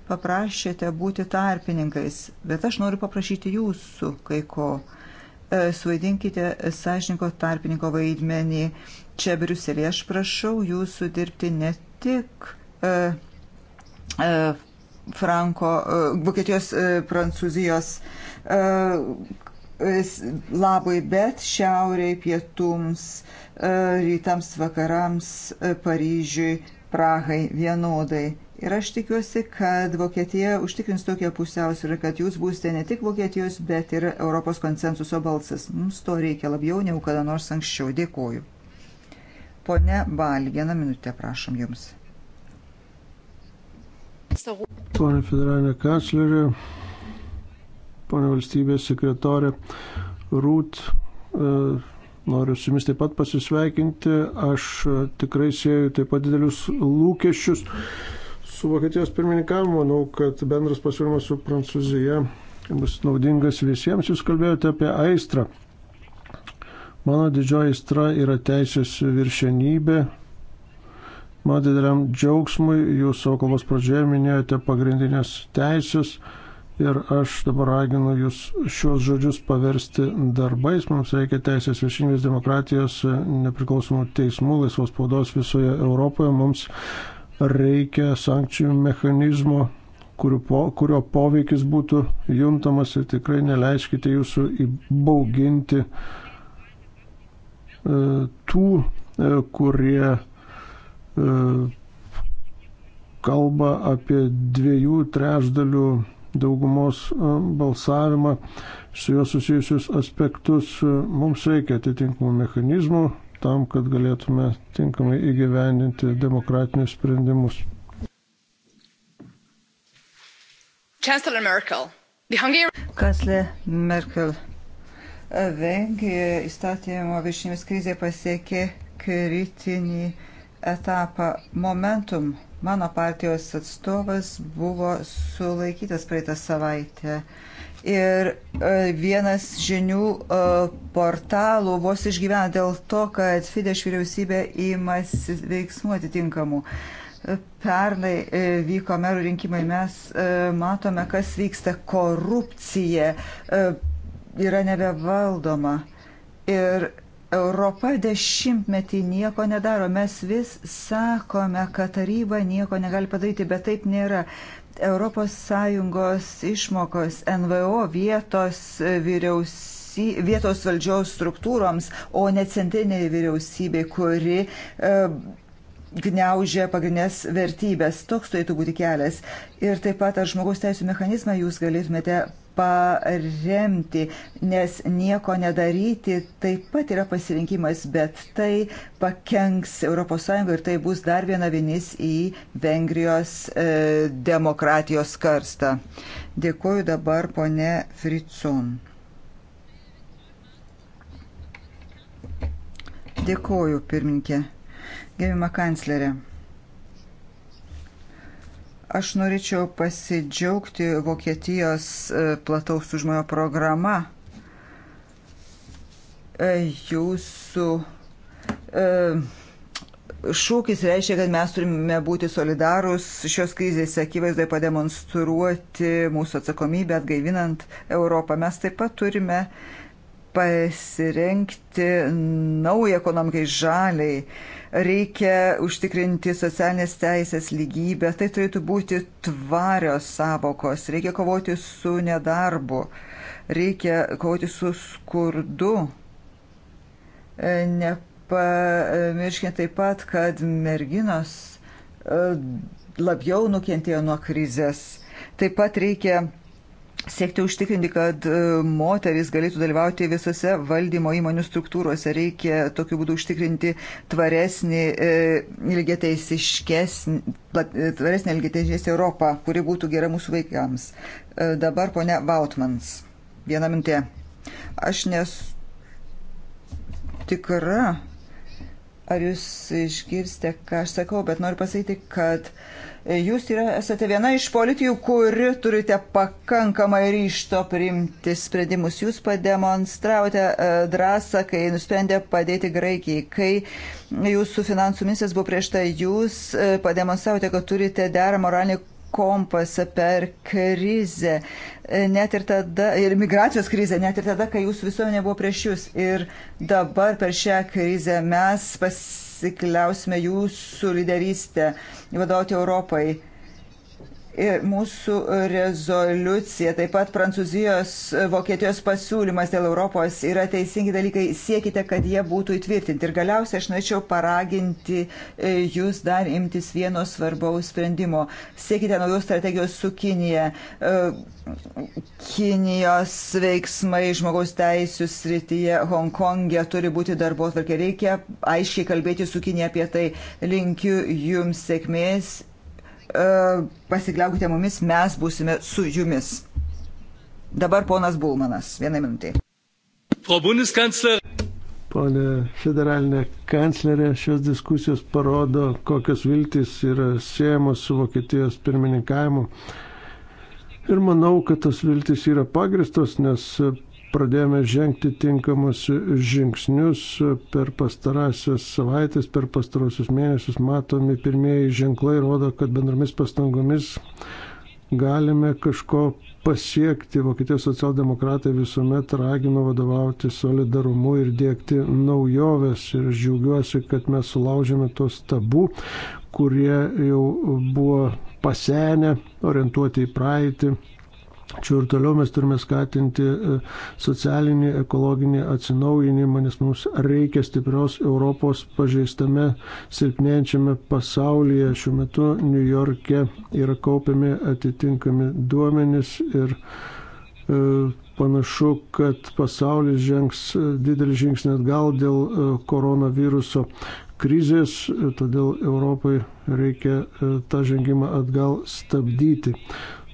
paprašėte būti tarpininkais, bet aš noriu paprašyti jūsų kai ko. E, suvaidinkite sąžininko tarpininko vaidmenį čia Briuselėje. Aš prašau jūsų dirbti ne tik e, e, Franko, e, Vokietijos, e, Prancūzijos e, labui, bet šiauriai, pietums, e, rytams, vakarams, e, Paryžiui, Prahai vienodai. Ir aš tikiuosi, kad Vokietija užtikrins tokią pusiausvyrą, kad jūs būsite ne tik Vokietijos, bet ir Europos konsensuso balsas. Mums to reikia labiau negu kada nors anksčiau. Dėkoju. Pone Bal, vieną minutę prašom jums. Pone federalinė kanclerė, ponė valstybės sekretorė Rūt. E, noriu su jumis taip pat pasisveikinti. Aš e, tikrai sieju taip pat didelius lūkesčius su Vokietijos pirmininkavimu. Manau, kad bendras pasiūlymas su Prancūzija bus naudingas visiems. Jūs kalbėjote apie aistrą. Mano didžioji aistra yra teisės viršenybė. Mano dideliam džiaugsmui jūs savo kalbos pradžioje minėjote pagrindinės teisės. Ir aš dabar raginu jūs šios žodžius paversti darbais. Mums reikia teisės viršinės demokratijos, nepriklausomų teismų, laisvos spaudos visoje Europoje. Mums reikia sankcijų mechanizmo, kurio, po, kurio poveikis būtų juntamas ir tikrai neleiskite jūsų įbauginti e, tų, e, kurie e, kalba apie dviejų trešdalių daugumos balsavimą, su juo susijusius aspektus. Mums reikia atitinkamų mechanizmų tam, kad galėtume tinkamai įgyvendinti demokratinius sprendimus. Chancellor Merkel. Kanclerė Merkel. Vengrija įstatymo viršinėmis krizė pasiekė kritinį etapą momentum Mano partijos atstovas buvo sulaikytas praeitą savaitę. Ir e, vienas žinių e, portalų vos išgyvena dėl to, kad Fidesz vyriausybė įmasi veiksmų atitinkamų. E, pernai vyko merų rinkimai, mes matome, kas vyksta, korupcija yra nebevaldoma. Ir Europa dešimtmetį nieko nedaro. Mes vis sakome, kad taryba nieko negali padaryti, bet taip nėra. ES išmokos NVO vietos vyriausy, vietos valdžios struktūroms, o ne centrinė vyriausybė, kuri e, gniaužia pagrindinės vertybės. Toks turėtų būti kelias. Ir taip pat ar žmogaus teisų mechanizmą jūs galėtumėte paremti, nes nieko nedaryti taip pat yra pasirinkimas, bet tai pakenks ES ir tai bus dar viena vinis į Vengrijos e, demokratijos karstą. Dėkuoju dabar ponė Fritsun. Dėkuoju, pirminkė. Gerima kanclerė. Aš norėčiau pasidžiaugti Vokietijos e, plataus užmojo programa. E, jūsų e, šūkis reiškia, kad mes turime būti solidarūs šios krizės akivaizdoje pademonstruoti mūsų atsakomybę atgaivinant Europą. Mes taip pat turime pasirenkti naują ekonomikai žaliai Reikia užtikrinti socialinės teisės lygybę, tai turėtų būti tvarios savokos, reikia kovoti su nedarbu, reikia kovoti su skurdu. E, nepamirškime taip pat, kad merginos e, labiau nukentėjo nuo krizės. Taip pat reikia siekti užtikrinti, kad e, moteris galėtų dalyvauti visose valdymo įmonių struktūrose. Reikia tokiu būdu užtikrinti tvaresnį, e, ilgeteisiškesnį, e, tvaresnį ilgeteisiškesnį Europą, kuri būtų gera mūsų vaikams. Dabar ponia Vautmans. Viena mintė. Aš nesu tikra, ar jūs išgirsite, ką aš sakau, bet noriu pasakyti, kad uh, E, jūs yra, esate viena iš politijų, kuri turite pakankamai ryšto priimti sprendimus. Jūs pademonstravote e, drąsą, kai nusprendė padėti Graikijai. Kai jūsų finansų ministras buvo prieš tai, jūs e, pademonstravote, kad turite derą moralinį kompasą per krizę, net ir tada, ir migracijos krizę, net ir tada, kai jūsų visuomenė buvo prieš jūs. Ir dabar per šią krizę mes pasiekėme pasikliausime jūsų lyderystę, vadovauti Europai. Ir mūsų rezoliucija, taip pat Prancūzijos, Vokietijos pasiūlymas dėl Europos yra teisingi dalykai, siekite, kad jie būtų įtvirtinti. Ir galiausiai aš norėčiau paraginti e, jūs dar imtis vieno svarbaus sprendimo. Siekite naujos strategijos su Kinija. E, Kinijos veiksmai žmogaus teisų srityje Hongkongė turi būti darbo atvarkė. Reikia aiškiai kalbėti su Kinija apie tai. Linkiu jums sėkmės E, pasikliaukite mumis, mes būsime su jumis. Dabar ponas Bulmanas, vieną minutį. Pone federalinė kanclerė, šios diskusijos parodo, kokios viltys yra siejamos su Vokietijos pirmininkavimu. Ir manau, kad tos viltys yra pagristos, nes pradėjome žengti tinkamus žingsnius per pastarąsias savaitės, per pastarosius mėnesius matomi pirmieji ženklai rodo, kad bendromis pastangomis galime kažko pasiekti. Vokietijos socialdemokratai visuomet ragino vadovauti solidarumu ir dėkti naujoves ir džiaugiuosi, kad mes sulaužėme tos tabų, kurie jau buvo pasenę, orientuoti į praeitį Čia ir toliau mes turime skatinti e, socialinį, ekologinį atsinaujinimą, nes mums reikia stiprios Europos pažeistame, silpnėjančiame pasaulyje. Šiuo metu New York'e yra kaupiami atitinkami duomenys ir e, panašu, kad pasaulis žengs e, didelį žingsnį atgal dėl e, koronaviruso krizės, todėl Europai reikia e, tą žengimą atgal stabdyti.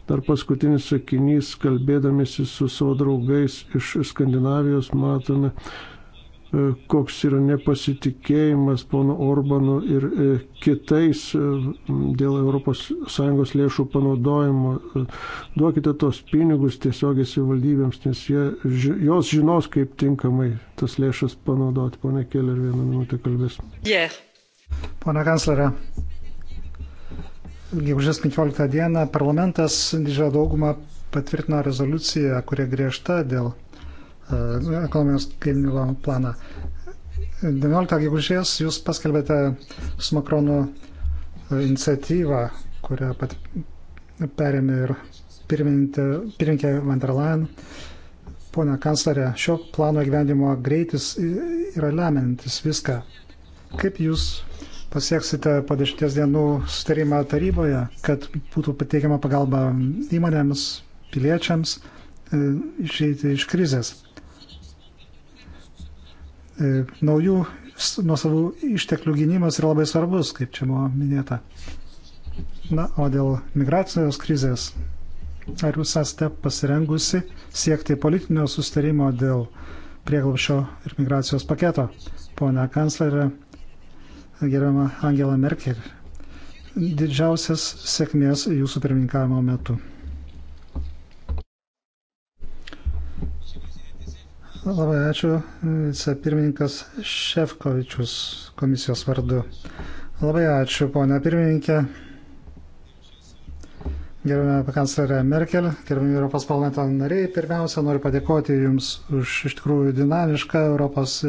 Dar paskutinis sakinys, kalbėdamėsi su savo draugais iš Skandinavijos, matome, e, koks yra nepasitikėjimas pono Orbanu ir e, kitais e, dėl ES lėšų panaudojimo. Duokite tos pinigus tiesiogiai savivaldybėms, nes jie, jos žinos, kaip tinkamai tas lėšas panaudoti. Pone Keller, vieną minutę kalbės. Yeah. Pone kanclerė, gegužės 15 dieną parlamentas didžiąją daugumą patvirtino rezoliuciją, kuria griežta dėl uh, e, ekonomijos gaivinimo planą. 19 gegužės jūs paskelbėte su Makronu e, iniciatyvą, kurią pat perėmė ir pirmininkė Van der Leyen. Pone kanclerė, šio plano gyvenimo greitis yra lemantis viską. Kaip jūs pasieksite po dešimties dienų sustarimą taryboje, kad būtų pateikiama pagalba įmonėms, piliečiams e, išeiti iš krizės. E, naujų nuosavų išteklių gynimas yra labai svarbus, kaip čia buvo minėta. Na, o dėl migracijos krizės, ar jūs esate pasirengusi siekti politinio sustarimo dėl prieglapšio ir migracijos paketo? Pone kanclerė, gerbiama Angela Merkel. Didžiausias sėkmės jūsų pirmininkavimo metu. Labai ačiū, vicepirmininkas Šefkovičius komisijos vardu. Labai ačiū, ponia pirmininkė. Gerbėme kanclerę Merkel, gerbėme Europos parlamento nariai. Pirmiausia, noriu padėkoti Jums už iš tikrųjų dinamišką Europos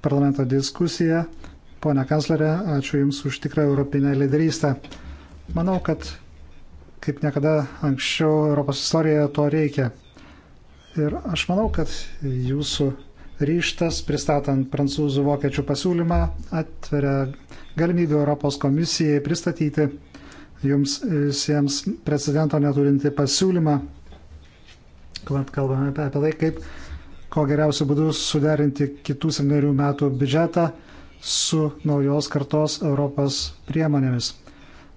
parlamento diskusiją Pone kanclerė, ačiū Jums už tikrą europinę lyderystę. Manau, kad kaip niekada anksčiau Europos istorijoje to reikia. Ir aš manau, kad Jūsų ryštas pristatant prancūzų vokiečių pasiūlymą atveria galimybę Europos komisijai pristatyti jums visiems precedento neturinti pasiūlymą, kuomet kalbame apie, apie tai, kaip ko geriausiu būdu suderinti kitų septynerių metų biudžetą su naujos kartos Europos priemonėmis.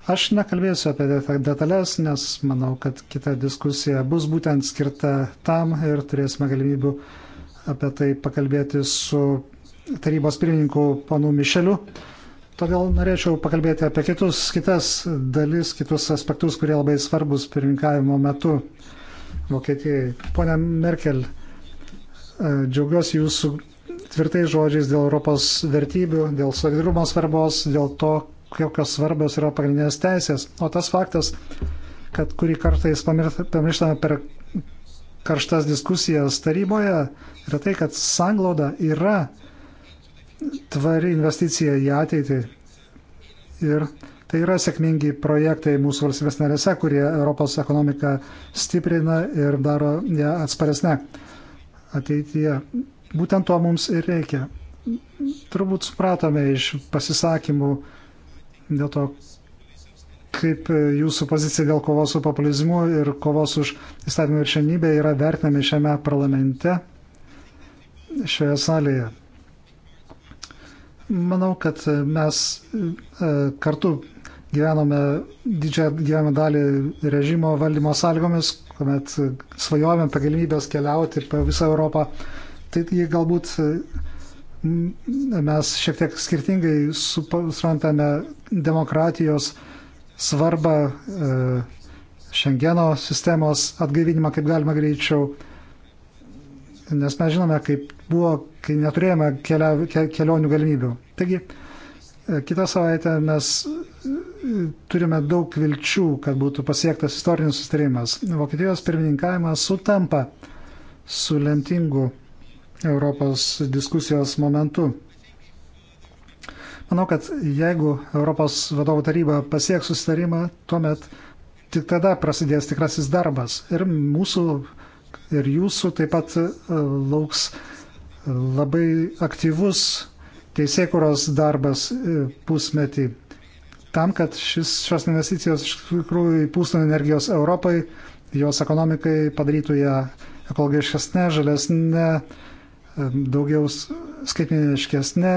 Aš nekalbėsiu apie detalės, nes manau, kad kita diskusija bus būtent skirta tam ir turėsime galimybių apie tai pakalbėti su tarybos pirmininku panu Mišeliu. Todėl norėčiau pakalbėti apie kitus, kitas dalis, kitus aspektus, kurie labai svarbus pirmininkavimo metu Vokietijai. Pone Merkel, e, džiaugiuosi jūsų tvirtais žodžiais dėl Europos vertybių, dėl solidarumo svarbos, dėl to, kokios svarbios yra pagrindinės teisės. O tas faktas, kad kurį kartais pamirštame per karštas diskusijas taryboje, yra tai, kad sanglauda yra tvari investicija į ateitį. Ir tai yra sėkmingi projektai mūsų valstybės narėse, kurie Europos ekonomiką stiprina ir daro ją atsparesnę ateityje. Būtent to mums ir reikia. Turbūt supratome iš pasisakymų dėl to, kaip jūsų pozicija dėl kovos su populizmu ir kovos už įstatymą ir šiandienybę yra vertinami šiame parlamente, šioje salėje. Manau, kad mes e, kartu gyvenome didžiąją gyvenimo dalį režimo valdymo sąlygomis, kuomet svajojame apie galimybės keliauti po visą Europą tai jie galbūt e, mes šiek tiek skirtingai suprantame demokratijos svarbą e, Šengeno sistemos atgaivinimą kaip galima greičiau, nes mes žinome, kaip buvo, kai neturėjome kelia, ke, kelionių galimybių. Taigi, e, kitą savaitę mes turime daug vilčių, kad būtų pasiektas istorinis sustarimas. Vokietijos pirmininkavimas sutampa su lemtingu Europos diskusijos momentu. Manau, kad jeigu Europos vadovų taryba pasieks susitarimą, tuomet tik tada prasidės tikrasis darbas. Ir mūsų, ir jūsų taip pat e, lauks e, labai aktyvus teisėkuros darbas e, pusmetį. Tam, kad šis, šios investicijos iš tikrųjų įpūstų energijos Europai, jos ekonomikai padarytų ją ekologiškesnė, žalesnė daugiau skaitmeniškesnė.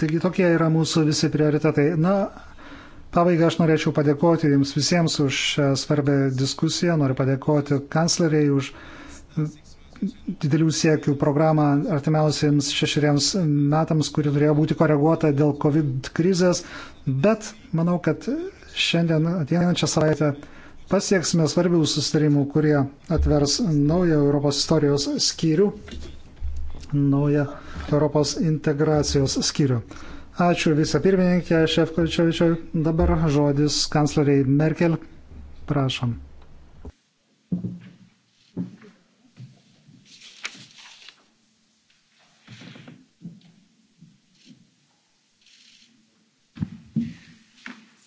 Taigi tokie yra mūsų visi prioritetai. Na, Pabaigai aš norėčiau padėkoti Jums visiems už šią svarbę diskusiją, noriu padėkoti kancleriai už didelių siekių programą artimiausiams šešeriems metams, kuri turėjo būti koreguota dėl COVID krizės, bet manau, kad šiandien ateinančią savaitę pasieksime svarbių sustarimų, kurie atvers naują Europos istorijos skyrių, naują Europos integracijos skyrių. Ačiū visą pirmininkę Šefkovičiovičioj. Dabar žodis kancleriai Merkel. Prašom.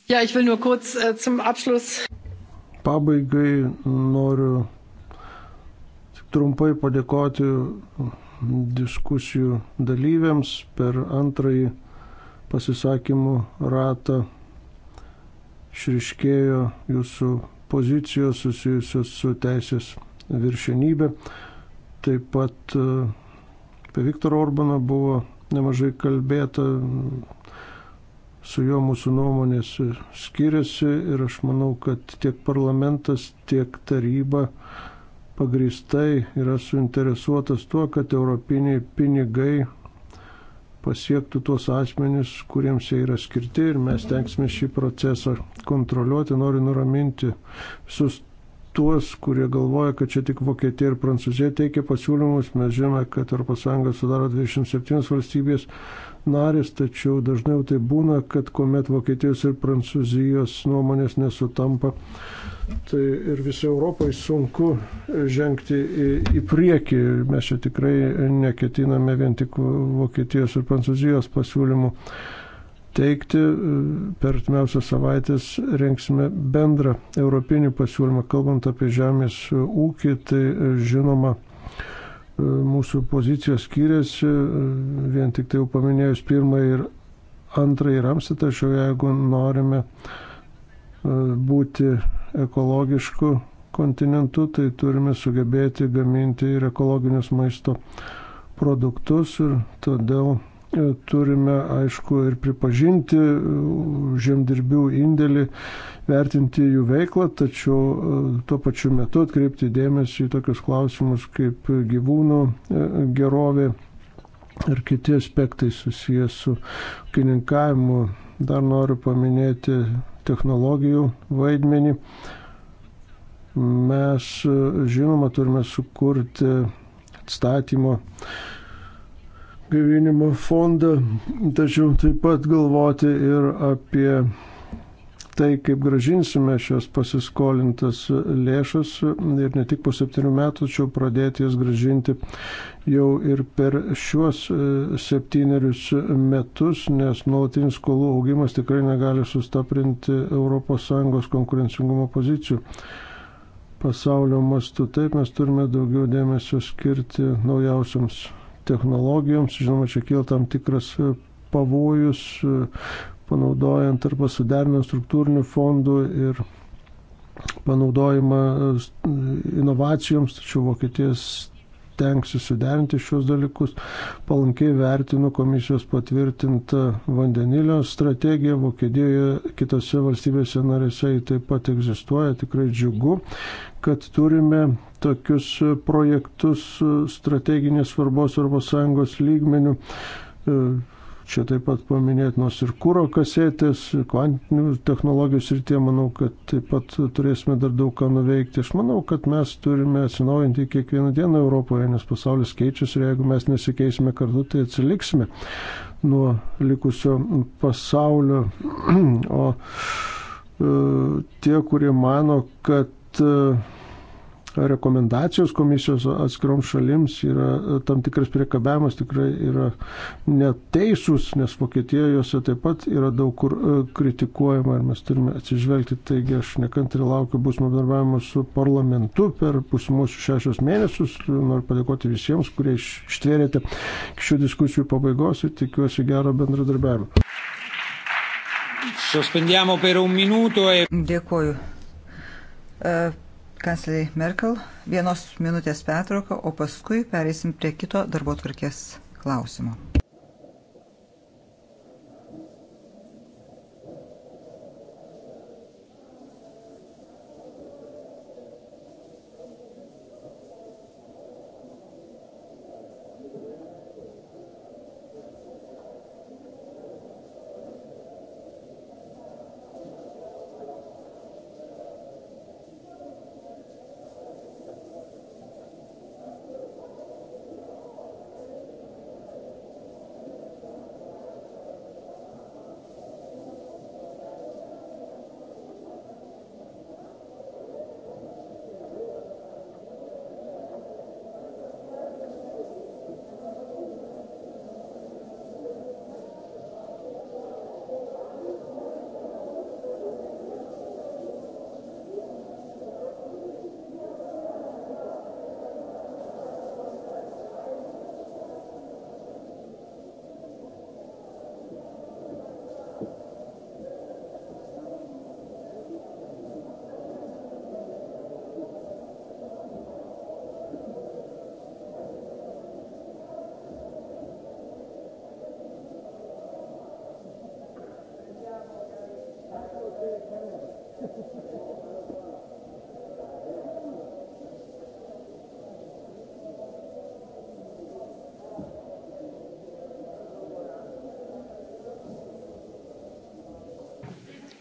Ja, ich will nur kurz äh, zum Abschluss pabaigai noriu trumpai padėkoti diskusijų dalyviams per antrąjį pasisakymų ratą. Šriškėjo jūsų pozicijos susijusios su teisės viršenybė. Taip pat e, apie Viktorą Orbaną buvo nemažai kalbėta, su juo mūsų nuomonės skiriasi ir aš manau, kad tiek parlamentas, tiek taryba pagristai yra suinteresuotas tuo, kad europiniai pinigai pasiektų tuos asmenis, kuriems jie yra skirti ir mes tenksime šį procesą kontroliuoti. Noriu nuraminti visus tuos, kurie galvoja, kad čia tik Vokietija ir Prancūzija teikia pasiūlymus. Mes žinome, kad ES sudaro 27 valstybės narės, tačiau dažnai jau tai būna, kad kuomet Vokietijos ir Prancūzijos nuomonės nesutampa, tai ir visai Europai sunku žengti į, į priekį. Mes čia tikrai neketiname vien tik Vokietijos ir Prancūzijos pasiūlymų teikti. Per artimiausias savaitės rengsime bendrą europinį pasiūlymą. Kalbant apie žemės ūkį, tai žinoma, mūsų pozicijos skiriasi, vien tik tai jau paminėjus pirmąjį ir antrąjį ramstį, tačiau jeigu norime e, būti ekologišku kontinentu, tai turime sugebėti gaminti ir ekologinius maisto produktus ir todėl turime, aišku, ir pripažinti žemdirbių indėlį, vertinti jų veiklą, tačiau e, tuo pačiu metu atkreipti dėmesį į tokius klausimus kaip gyvūnų e, gerovė ir kiti aspektai susijęs su kininkavimu. Dar noriu paminėti technologijų vaidmenį. Mes, e, žinoma, turime sukurti atstatymo gaivinimo fondą, tačiau taip pat galvoti ir apie tai, kaip gražinsime šios pasiskolintas lėšas ir ne tik po septynių metų, tačiau pradėti jas gražinti jau ir per šiuos e, septynerius metus, nes nuolatinis skolų augimas tikrai negali sustaprinti ES konkurencingumo pozicijų. Pasaulio mastu taip mes turime daugiau dėmesio skirti naujausiams technologijoms. Žinoma, čia kyla tam tikras e, pavojus, e, panaudojant arba suderinant struktūrinių fondų ir panaudojimą e, inovacijoms, tačiau Vokietijos stengsiu suderinti šios dalykus. Palankiai vertinu komisijos patvirtintą vandenilio strategiją. Vokietijoje kitose valstybėse narėse jį taip pat egzistuoja. Tikrai džiugu, kad turime tokius projektus strateginės svarbos ES lygmenių Čia taip pat paminėtinos ir kūro kasetės, kvantinių technologijų srityje, manau, kad taip pat turėsime dar daug ką nuveikti. Aš manau, kad mes turime atsinaujinti kiekvieną dieną Europoje, nes pasaulis keičiasi ir jeigu mes nesikeisime kartu, tai atsiliksime nuo likusio pasaulio. o e, tie, kurie mano, kad e, rekomendacijos komisijos atskiroms šalims yra e, tam tikras priekabiavimas, tikrai yra neteisūs, nes Vokietijose taip pat yra daug kur e, kritikuojama ir mes turime atsižvelgti. Taigi aš nekantri laukiu būsimo bendravimo su parlamentu per pusimuosius šešios mėnesius. Noriu padėkoti visiems, kurie ištvėrėte šių diskusijų pabaigos ir tikiuosi gero bendradarbiavimo. Sospendiamo per un minuto e... Dėkuoju. Uh kancleriai Merkel, vienos minutės pertrauką, o paskui pereisim prie kito darbo tvarkės klausimo.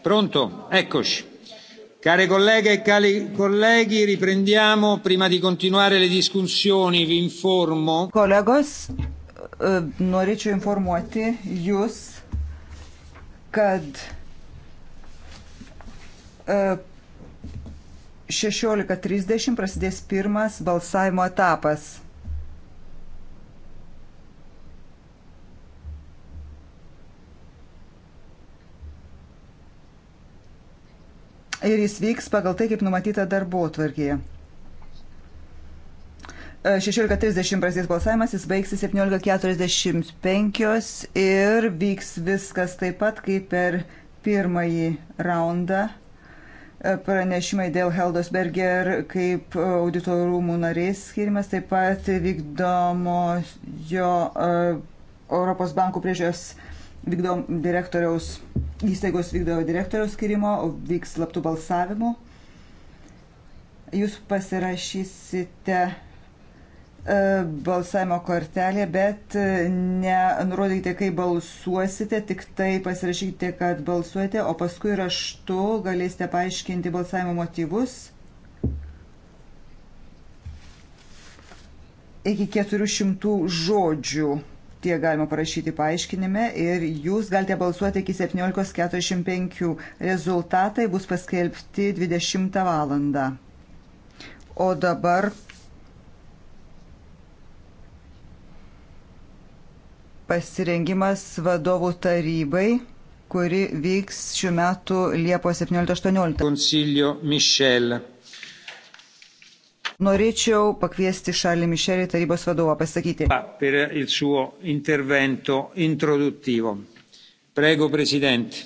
Pronto? Eccoci. Care colleghe e cari colleghi, riprendiamo. Prima di continuare le discussioni vi informo. Kolegos, e, norėčiau informuoti jūs, kad 16.30 e, prasidės pirmas balsavimo etapas. ir jis vyks pagal tai, kaip numatyta darbo tvarkėje. 16.30 e, prasidės balsavimas, jis baigsis 17.45 ir vyks viskas taip pat kaip per pirmąjį raundą e, pranešimai dėl Heldosberger kaip auditorumų narės skirimas, taip pat vykdomojo e, Europos bankų priežios vykdom direktoriaus, įstaigos vykdojo direktoriaus skirimo, vyks slaptų balsavimų. Jūs pasirašysite e, balsavimo kortelė, bet e, nenurodykite, kai balsuosite, tik tai pasirašykite, kad balsuojate, o paskui raštu galėsite paaiškinti balsavimo motyvus. Iki 400 žodžių Tie galima parašyti paaiškinime ir jūs galite balsuoti iki 17.45. Rezultatai bus paskelbti 20 val. O dabar pasirengimas vadovų tarybai kuri vyks šių metų Liepos 17-18. Norėčiau pakviesti Šarlį Mišelį tarybos vadovą pasakyti. Per il suo intervento introduttivo. Prego, prezidente.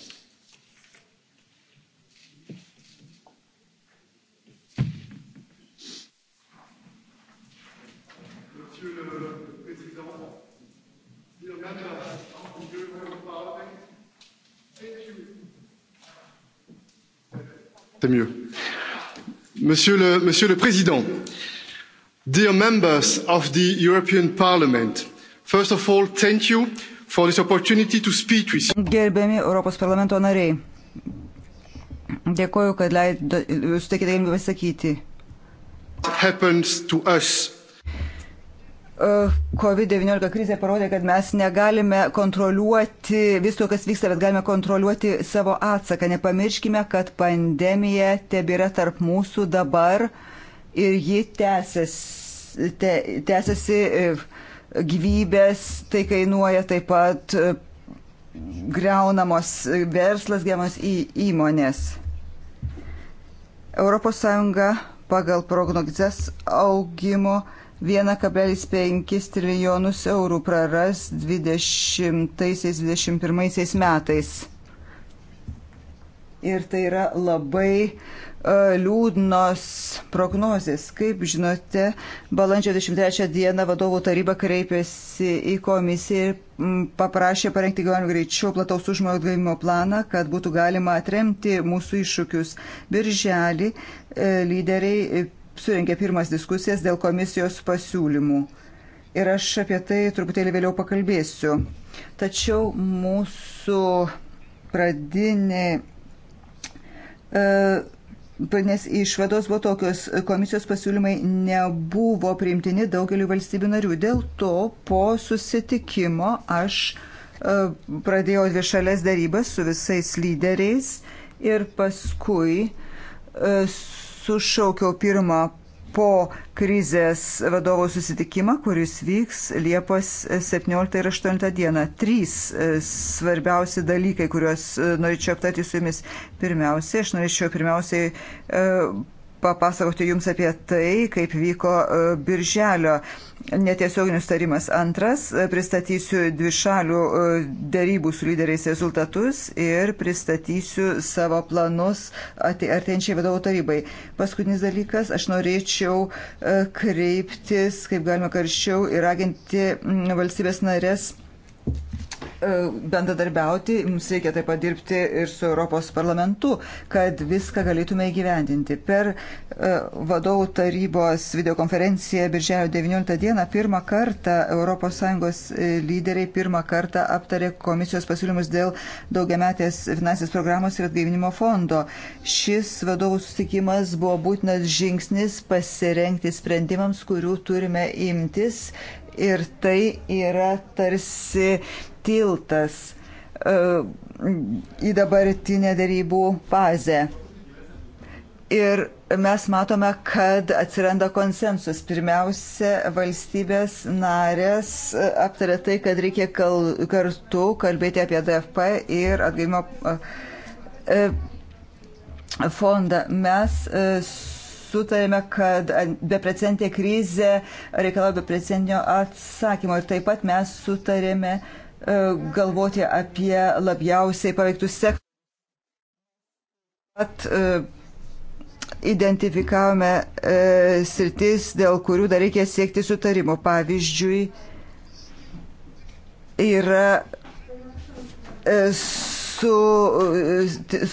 C'est mieux monsieur le président dear members of the european parliament first of all thank you for this opportunity to speak with you. gerbiami europos parlamento nariai dėkoju kad leido suteikėte galimybę pasakyti. happens to us E, COVID-19 krizė parodė, kad mes negalime kontroliuoti visko, kas vyksta, bet galime kontroliuoti savo atsaką. Nepamirškime, kad pandemija tebėra tarp mūsų dabar ir ji tęsiasi, te, tęsiasi e, gyvybės, tai kainuoja taip pat e, greunamos verslas, gemos į įmonės. ES pagal prognozes augimo 1,5 trilijonus eurų praras 2020-2021 metais. Ir tai yra labai e, liūdnos prognozės. Kaip žinote, balandžio 23 dieną vadovų taryba kreipėsi į komisiją ir paprašė parengti gyvenimo greičiau plataus užmojo atgavimo planą, kad būtų galima atremti mūsų iššūkius. Birželį e, lyderiai surengė pirmas diskusijas dėl komisijos pasiūlymų. Ir aš apie tai truputėlį vėliau pakalbėsiu. Tačiau mūsų pradinė. E, Nes išvados buvo tokios, komisijos pasiūlymai nebuvo priimtini daugeliu valstybių narių. Dėl to po susitikimo aš e, pradėjau dvišalės darybas su visais lyderiais ir paskui e, sušaukiau pirmą po krizės vadovų susitikimą, kuris vyks Liepos 17 ir 8 dieną. Trys e, svarbiausi dalykai, kuriuos e, norėčiau aptarti su jumis. Pirmiausia, aš norėčiau pirmiausiai e, papasakoti Jums apie tai, kaip vyko e, birželio netiesioginis tarimas. Antras, e, pristatysiu dvišalių e, dėrybų su lyderiais rezultatus ir pristatysiu savo planus artėjančiai vadovų tarybai. Paskutinis dalykas, aš norėčiau kreiptis, kaip galima karščiau, ir raginti valstybės narės E, bendradarbiauti, mums reikia taip pat dirbti ir su Europos parlamentu, kad viską galėtume įgyvendinti. Per e, vadovų tarybos videokonferenciją Birželio 19 dieną pirmą kartą ES e, lyderiai pirmą kartą aptarė komisijos pasiūlymus dėl daugiametės finansinės programos ir atgaivinimo fondo. Šis vadovų susitikimas buvo būtinas žingsnis pasirengti sprendimams, kurių turime imtis ir tai yra tarsi tiltas e, į dabartinę darybų fazę. Ir mes matome, kad atsiranda konsensus. Pirmiausia, valstybės narės e, aptarė tai, kad reikia kal kartu kalbėti apie DFP ir atgaimo e, fondą. Mes sutarėme, kad beprecedentė krizė reikalauja beprecedentinio atsakymo ir taip pat mes sutarėme, E, galvoti apie labiausiai paveiktus sektorius. Pat e, identifikavome e, sritis, dėl kurių dar reikia siekti sutarimo. Pavyzdžiui, yra su,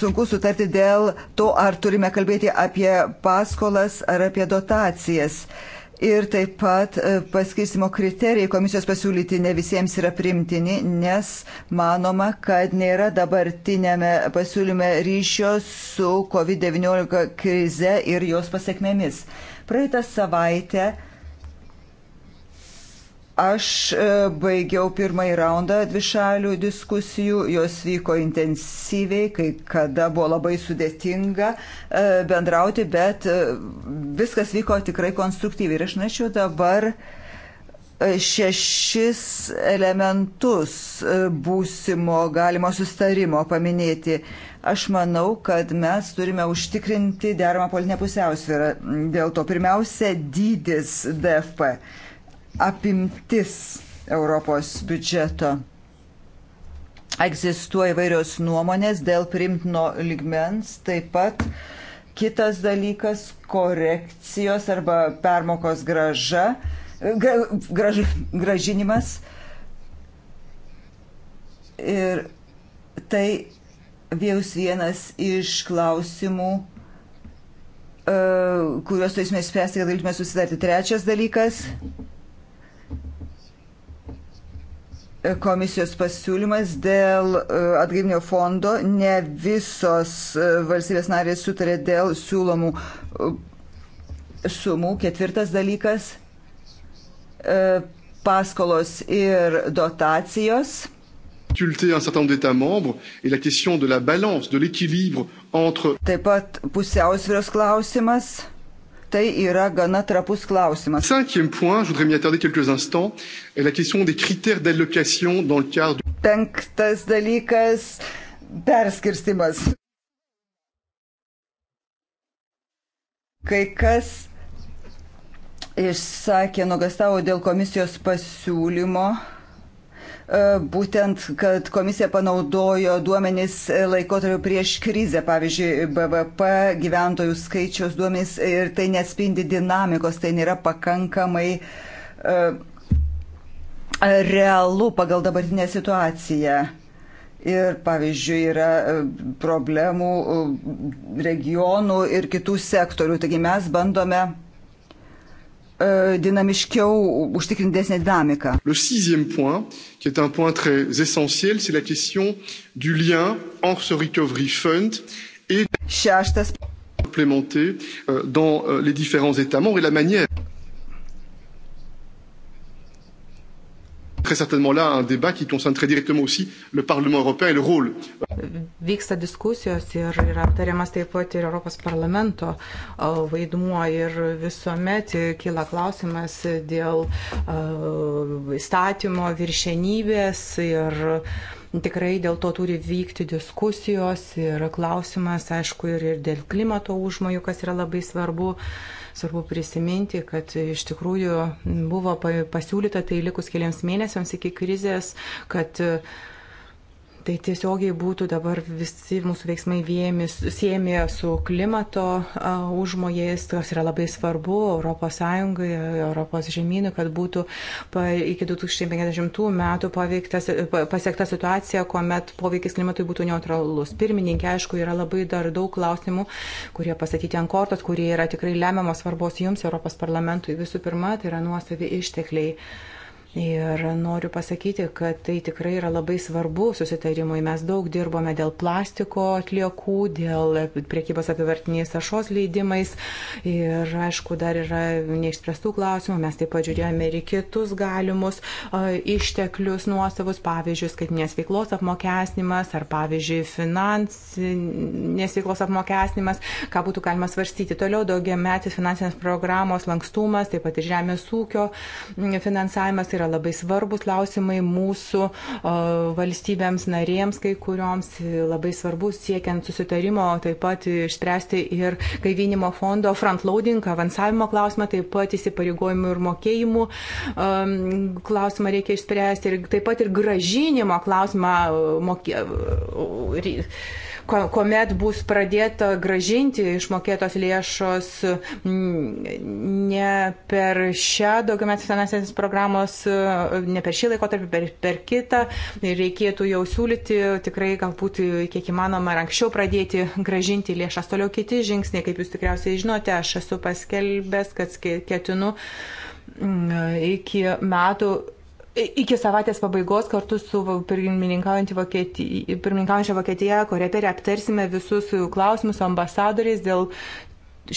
sunku sutarti dėl to, ar turime kalbėti apie paskolas ar apie dotacijas. E, Ir taip pat e, paskirstimo kriterijai komisijos pasiūlyti ne visiems yra primtini, nes manoma, kad nėra dabartinėme pasiūlyme ryšio su COVID-19 krize ir jos pasiekmėmis. Praeitą savaitę Aš e, baigiau pirmąjį raundą dvišalių diskusijų, jos vyko intensyviai, kai kada buvo labai sudėtinga e, bendrauti, bet e, viskas vyko tikrai konstruktyviai. Ir aš norėčiau dabar šešis elementus būsimo galimo sustarimo paminėti. Aš manau, kad mes turime užtikrinti deramą politinę pusiausvyrą. Dėl to pirmiausia, dydis DFP apimtis Europos biudžeto. Egzistuoja įvairios nuomonės dėl primtino ligmens, taip pat kitas dalykas - korekcijos arba permokos graža, gra, graž, gražinimas. Ir tai vėjus vienas iš klausimų, e, kuriuos turėsime spręsti, kad galėtume susidaryti. Trečias dalykas komisijos pasiūlymas dėl e, atgaivinio fondo. Ne visos e, valstybės narės sutarė dėl siūlomų e, sumų. Ketvirtas dalykas - paskolos ir dotacijos. un certain nombre d'États membres et la question de la balance, de l'équilibre entre. Taip pat pusiausvėros klausimas tai yra gana trapus klausimas. Penktas dalykas - perskirstimas. Kai kas išsakė nuogastavo dėl komisijos pasiūlymo E, būtent, kad komisija panaudojo duomenys e, laikotarpiu prieš krizę, pavyzdžiui, BVP gyventojų skaičiaus duomenys ir tai nespindi dinamikos, tai nėra pakankamai e, realu pagal dabartinę situaciją. Ir, pavyzdžiui, yra problemų regionų ir kitų sektorių. Taigi mes bandome E, dinamiškiau užtikrinti didesnę dinamiką. Le sixième point, qui est un point très essentiel, c'est la question du lien entre ce recovery fund et Šeštas. implémenté euh, dans euh, les différents États membres et la manière Très certainement là un débat qui concerne très directement aussi le Parlement européen et le rôle. Vyksta diskusijos ir yra aptariamas taip pat ir Europos parlamento vaidmuo ir visuomet kyla klausimas dėl uh, įstatymo viršenybės ir uh, tikrai dėl to turi vykti diskusijos ir klausimas, aišku, ir, ir dėl klimato užmojų, kas yra labai svarbu. Uh, Svarbu prisiminti, kad iš tikrųjų buvo pasiūlyta tai likus keliams mėnesiams iki krizės, kad uh, Tai tiesiogiai būtų dabar visi mūsų veiksmai vėjami, siemi su klimato uh, užmojais, kas yra labai svarbu ES, ES žemynų, kad būtų pa, iki 2050 metų pasiekta situacija, kuomet poveikis klimatui būtų neutralus. Pirmininkė, aišku, yra labai dar daug klausimų, kurie pasakyti ant kortos, kurie yra tikrai lemiamos svarbos jums, Europos parlamentui. Visų pirma, tai yra nuosavi ištekliai. Uh, Ir noriu pasakyti, kad tai tikrai yra labai svarbu susitarimui. Mes daug dirbome dėl plastiko atliekų, dėl priekybos apivartiniais ašos leidimais. Ir aišku, dar yra neišspręstų klausimų. Mes taip pat žiūrėjome ir kitus galimus išteklius nuosavus, pavyzdžiui, skaitinės veiklos apmokesnimas ar, pavyzdžiui, finansinės veiklos apmokesnimas, ką būtų galima svarstyti. Toliau daugia metis finansinės programos lankstumas, taip pat ir žemės ūkio finansavimas. Ir tai yra labai svarbus klausimai mūsų valstybėms narėms, kai kurioms labai svarbus siekiant susitarimo, taip pat išspręsti ir gaivinimo fondo frontloading, avansavimo klausimą, taip pat įsipareigojimų ir mokėjimų klausimą reikia išspręsti ir taip pat ir gražinimo klausimą mokė kuomet bus pradėta gražinti išmokėtos lėšos ne per šią daugiametės finansinės programos, ne per šį laikotarpį, per, per kitą. Reikėtų jau siūlyti tikrai galbūt kiek įmanoma ir anksčiau pradėti gražinti lėšas. Toliau kiti žingsniai, kaip jūs tikriausiai žinote, aš esu paskelbęs, kad ketinu iki metų Iki savaitės pabaigos kartu su pirmininkaujančia Vokietija, Vokietija koreperi tai aptarsime visus klausimus su ambasadoriais dėl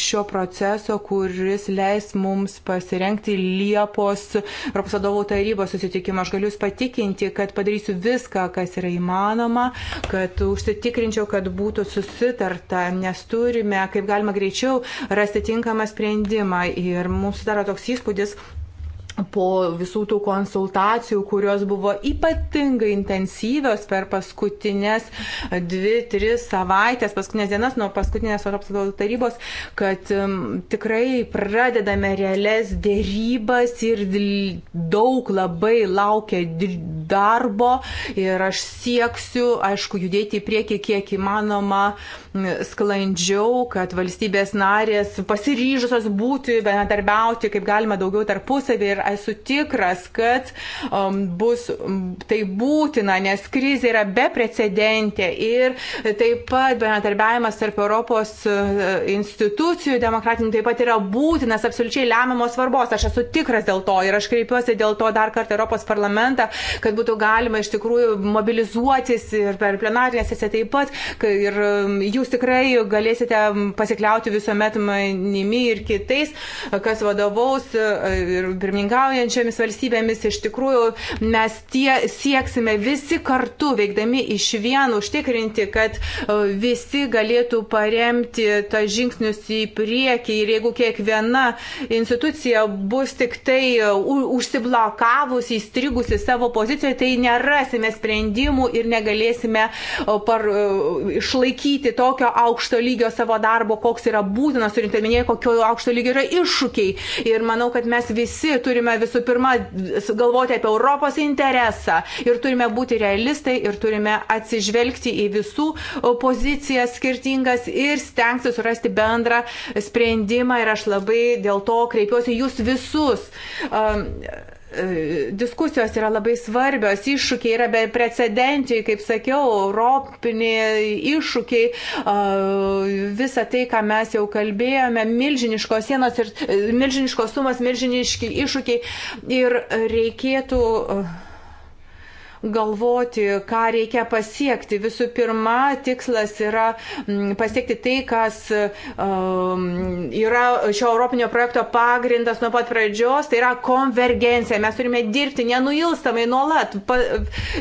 šio proceso, kuris leis mums pasirenkti Liepos Europos vadovų tarybos susitikimą. Aš galiu Jūs patikinti, kad padarysiu viską, kas yra įmanoma, kad užsitikrinčiau, kad būtų susitarta, nes turime, kaip galima greičiau, rasti tinkamą sprendimą. Ir mums sudaro toks įspūdis, po visų tų konsultacijų, kurios buvo ypatingai intensyvios per paskutinės e, dvi, tris savaitės, paskutinės dienas nuo paskutinės Europos vadovų tarybos, kad um, tikrai pradedame realias dėrybas ir daug labai laukia darbo ir aš sieksiu, aišku, judėti į priekį kiek įmanoma sklandžiau, kad valstybės narės pasiryžusios būti, bendradarbiauti kaip galima daugiau tarpusavį ir esu tikras, kad um, bus tai būtina, nes krizė yra beprecedentė ir taip pat bendradarbiavimas tarp Europos e, institucijų demokratinių taip pat yra būtinas, absoliučiai lemiamos svarbos. Aš esu tikras dėl to ir aš kreipiuosi dėl to dar kartą Europos parlamentą, kad būtų galima iš tikrųjų mobilizuotis ir per plenarinę sesiją taip pat. Ir jūs tikrai galėsite pasikliauti visuomet manimi ir kitais, kas vadovaus e, ir pirmininkas pirmininkaujančiomis valstybėmis iš tikrųjų mes tie sieksime visi kartu, veikdami iš vien, užtikrinti, kad e, visi galėtų paremti tą žingsnius į priekį ir jeigu kiekviena institucija bus tik tai e, užsiblokavusi, įstrigusi savo pozicijoje, tai nerasime sprendimų ir negalėsime e, par, išlaikyti tokio aukšto lygio savo darbo, koks yra būtinas, turint minėję, kokio aukšto lygio yra iššūkiai. Ir manau, kad mes visi turime turime visų pirma galvoti apie Europos interesą ir turime būti realistai ir turime atsižvelgti į visų pozicijas skirtingas ir stengti surasti bendrą sprendimą. Ir aš labai dėl to kreipiuosi jūs visus. Um, E, diskusijos yra labai svarbios, iššūkiai yra beprecedentiai, kaip sakiau, europiniai iššūkiai, e, visa tai, ką mes jau kalbėjome, milžiniškos sienos ir e, milžiniškos sumas, milžiniški iššūkiai ir reikėtų galvoti, ką reikia pasiekti. Visų pirma, tikslas yra mm, pasiekti tai, kas um, yra šio Europinio projekto pagrindas nuo pat pradžios, tai yra konvergencija. Mes turime dirbti nenuilstamai, nuolat,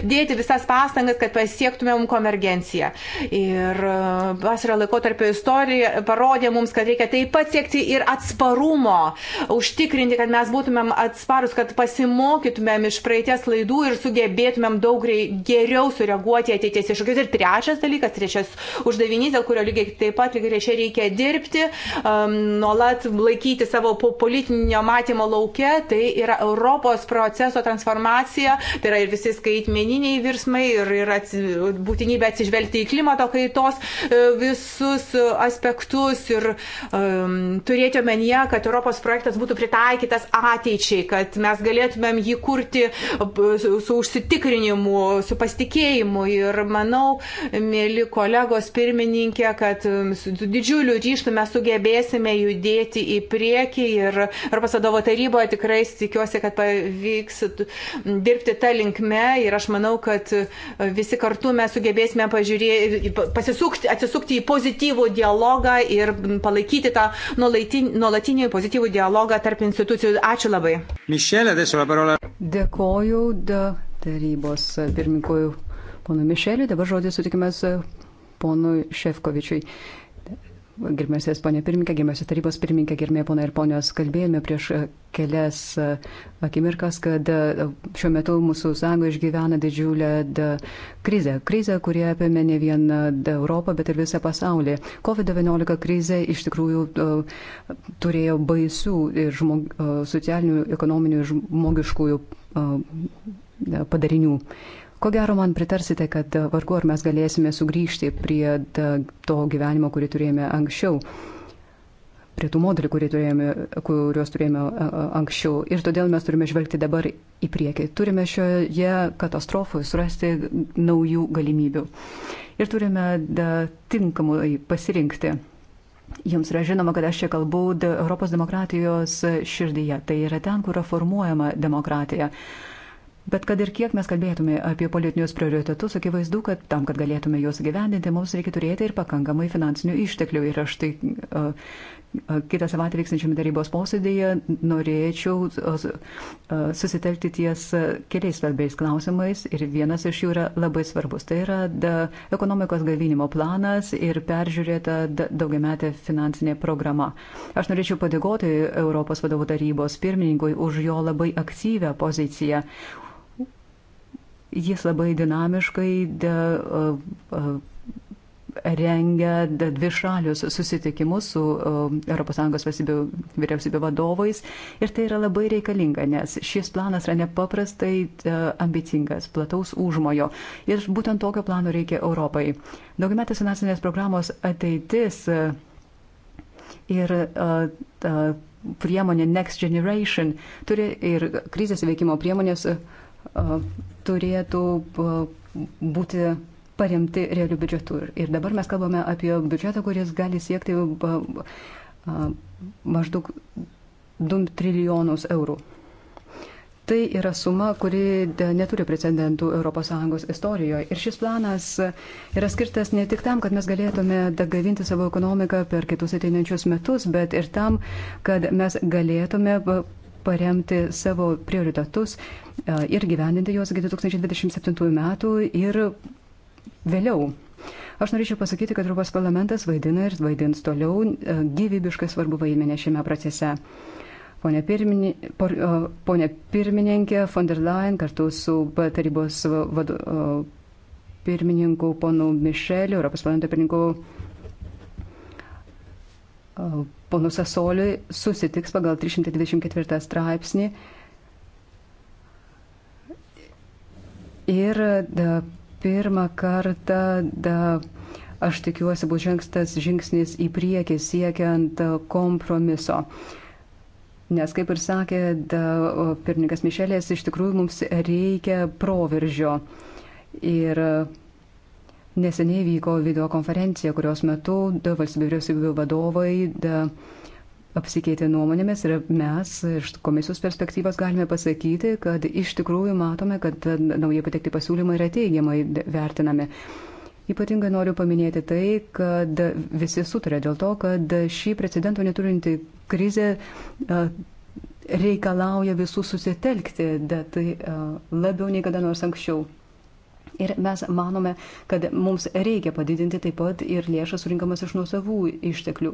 dėti visas pastangas, kad pasiektumėm konvergenciją. Ir uh, vasarą laikotarpio istorija parodė mums, kad reikia taip pat siekti ir atsparumo, užtikrinti, kad mes būtumėm atsparus, kad pasimokytumėm iš praeities klaidų ir sugebėtumėm galėtumėm daug geriau sureaguoti ateities iššūkius. Ir trečias dalykas, trečias uždavinys, dėl kurio lygiai taip pat lygiai čia reikia dirbti, um, nuolat laikyti savo politinio matymo laukia, tai yra Europos proceso transformacija, tai yra ir visi skaitmeniniai virsmai, ir, ir atsi, būtinybė atsižvelgti į klimato kaitos e, visus aspektus ir um, turėti omenyje, kad Europos projektas būtų pritaikytas ateičiai, kad mes galėtumėm jį kurti su, su užsitikrinimu įsitikinimu, su pasitikėjimu ir manau, mėly kolegos pirmininkė, kad um, su didžiuliu ryštu mes sugebėsime judėti į priekį ir Europos vadovo taryboje tikrai tikiuosi, kad pavyks dirbti tą linkme ir aš manau, kad uh, visi kartu mes sugebėsime pažiūrėti, pasisukti, atsisukti į pozityvų dialogą ir palaikyti tą nuolatinį pozityvų dialogą tarp institucijų. Ačiū labai. Mišelė, Dėkoju. Da tarybos pirmininkui ponui Mišeliui. Dabar žodis sutikimas ponui Šefkovičiui. Girmėsias ponė pirmininkė, girmėsias tarybos pirmininkė, girmė ponai ir ponios, kalbėjome prieš kelias akimirkas, kad šiuo metu mūsų sąjunga išgyvena didžiulę krizę. Krizę, kurie apėmė ne vien Europą, bet ir visą pasaulį. COVID-19 krizė iš tikrųjų turėjo baisių ir žmog, socialinių, ekonominių ir žmogiškųjų E, padarinių. Ko gero man pritarsite, kad e, vargu ar mes galėsime sugrįžti prie e, to gyvenimo, kurį turėjome anksčiau, prie tų modelių, turėjome, kuriuos turėjome anksčiau. Ir todėl mes turime žvelgti dabar į priekį. Turime šioje katastrofoje surasti naujų galimybių. Ir turime da, tinkamai pasirinkti. Jums yra žinoma, kad aš čia kalbu Europos demokratijos širdyje. Tai yra ten, kur yra formuojama demokratija. Uh, Bet kad ir kiek mes kalbėtume apie politinius prioritetus, akivaizdu, kad tam, kad galėtume juos gyvendinti, mums reikia turėti ir pakankamai finansinių išteklių. Ir aš tai uh, kitą savaitę vyksiančiame darybos posėdėje norėčiau uh, susitelkti ties keliais svarbiais klausimais. Ir vienas iš jų yra labai svarbus. Tai yra da, ekonomikos gavinimo planas ir peržiūrėta daugiametė finansinė programa. Aš norėčiau padėkoti Europos vadovų tarybos pirmininkui už jo labai aktyvę poziciją Jis labai dinamiškai de, rengia dvišalius susitikimus su ES valstybių vyriausybių vadovais ir tai yra labai reikalinga, nes šis planas yra nepaprastai ambicingas, plataus užmojo ir būtent tokio plano reikia Europai. Daugiametės finansinės programos ateitis ir uh, uh, priemonė Next Generation turi ir krizės veikimo priemonės. Uh, turėtų būti paremti realių biudžetų. Ir dabar mes kalbame apie biudžetą, kuris gali siekti maždaug 2 trilijonus eurų. Tai yra suma, kuri neturi precedentų ES istorijoje. Ir šis planas yra skirtas ne tik tam, kad mes galėtume gavinti savo ekonomiką per kitus ateinančius metus, bet ir tam, kad mes galėtume paremti savo prioritetus e, ir gyvendinti juos iki 2027 metų ir vėliau. Aš norėčiau pasakyti, kad Europos parlamentas vaidina ir vaidins toliau e, gyvybiškai svarbu vaidmenį šiame procese. Pone, pirmini, por, e, pone pirmininkė von der Leyen kartu su tarybos vadu, pirmininku ponu Mišeliu, Europos parlamento pirmininku ponus Asoliui susitiks pagal 324 straipsnį ir da, pirmą kartą da, aš tikiuosi bus žingstas žingsnis į priekį siekiant kompromiso. Nes, kaip ir sakė pirmininkas Mišelės, iš tikrųjų mums reikia proveržio. Ir Neseniai vyko videokonferencija, kurios metu valstybių vyriausybių vadovai da, apsikeitė nuomonėmis ir mes iš komisijos perspektyvos galime pasakyti, kad iš tikrųjų matome, kad naujai patekti pasiūlymai yra teigiamai vertinami. Ypatingai noriu paminėti tai, kad visi sutarė dėl to, kad šį precedento neturinti krizė reikalauja visų susitelkti, bet tai labiau nei kada nors anksčiau. Ir mes manome, kad mums reikia padidinti taip pat ir lėšas surinkamas iš nuosavų išteklių.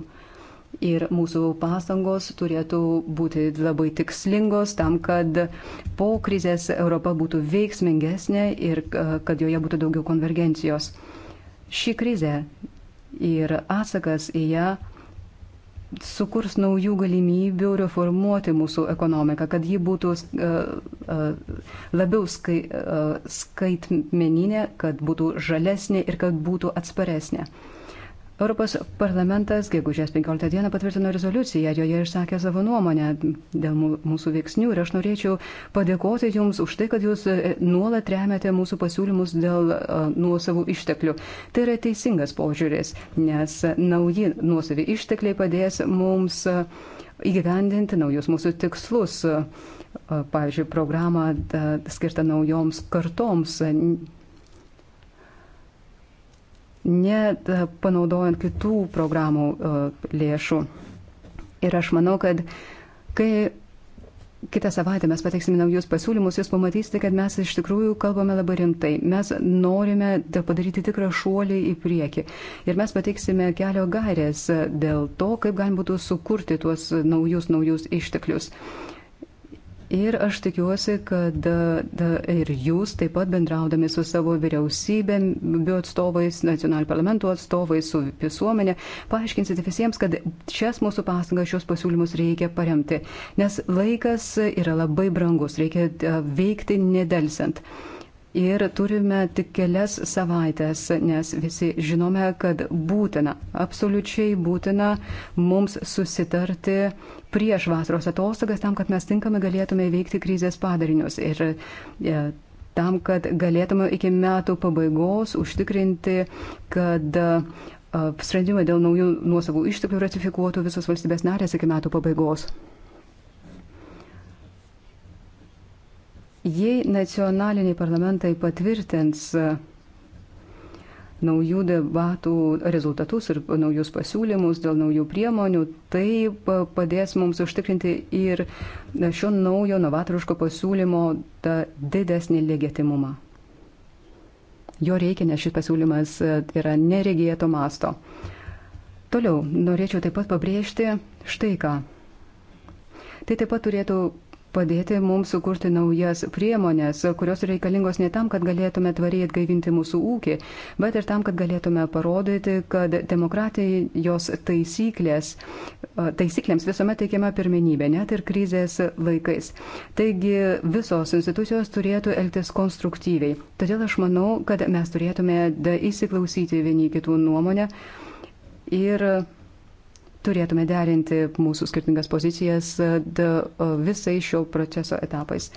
Ir mūsų pastangos turėtų būti labai tikslingos tam, kad po krizės Europa būtų veiksmingesnė ir e, kad joje būtų daugiau konvergencijos. Ši krizė ir atsakas į ją sukurs naujų galimybių reformuoti mūsų ekonomiką, kad ji būtų e, e, labiau skai, e, skaitmeninė, kad būtų žalesnė ir kad būtų atsparesnė. Europos parlamentas gegužės 15 dieną patvirtino rezoliuciją, joje išsakė savo nuomonę dėl mūsų veiksnių ir aš norėčiau padėkoti Jums už tai, kad Jūs e, nuolat remiate mūsų pasiūlymus dėl e, nuosavų išteklių. Tai yra teisingas požiūris, nes nauji nuosavi ištekliai padės mums e, įgyvendinti naujus mūsų tikslus, pavyzdžiui, programą skirtą naujoms kartoms nepanaudojant kitų programų e, lėšų. Ir aš manau, kad kai kitą savaitę mes pateiksime naujus pasiūlymus, jūs pamatysite, kad mes iš tikrųjų kalbame labai rimtai. Mes norime padaryti tikrą šuolį į priekį. Ir mes pateiksime kelio gairės dėl to, kaip galima būtų sukurti tuos naujus, naujus išteklius. Uh, Ir aš tikiuosi, kad da, ir jūs taip pat bendraudami su savo vyriausybėm, bio atstovais, nacionalinių parlamentų atstovais, su visuomenė, paaiškinsite visiems, kad šias mūsų pastangas, šios pasiūlymus reikia paremti, nes laikas yra labai brangus, reikia veikti nedelsiant ir turime tik kelias savaitės, nes visi žinome, kad būtina, absoliučiai būtina mums susitarti prieš vasaros atostogas tam, kad mes tinkamai galėtume veikti krizės padarinius. Ir, ja, e, tam, kad galėtume iki metų pabaigos užtikrinti, kad e, sprendimai dėl naujų nuosavų išteklių ratifikuotų visos valstybės narės iki metų pabaigos. Jei nacionaliniai parlamentai patvirtins e, naujų debatų rezultatus ir naujus pasiūlymus dėl naujų priemonių, tai padės mums užtikrinti ir šio naujo novatoriško pasiūlymo didesnį legitimumą. Jo reikia, nes šis pasiūlymas e, yra neregėto masto. Toliau norėčiau taip pat pabrėžti štai ką. Tai taip pat turėtų padėti mums sukurti naujas priemonės, kurios reikalingos ne tam, kad galėtume tvariai atgaivinti mūsų ūkį, bet ir tam, kad galėtume parodyti, kad demokratijos taisyklės, taisyklėms visuomet teikiama pirmenybė, net ir krizės laikais. Taigi visos institucijos turėtų elgtis konstruktyviai. Todėl aš manau, kad mes turėtume įsiklausyti vieni kitų nuomonę ir turėtume derinti mūsų skirtingas pozicijas e, e, visais šio proceso etapais.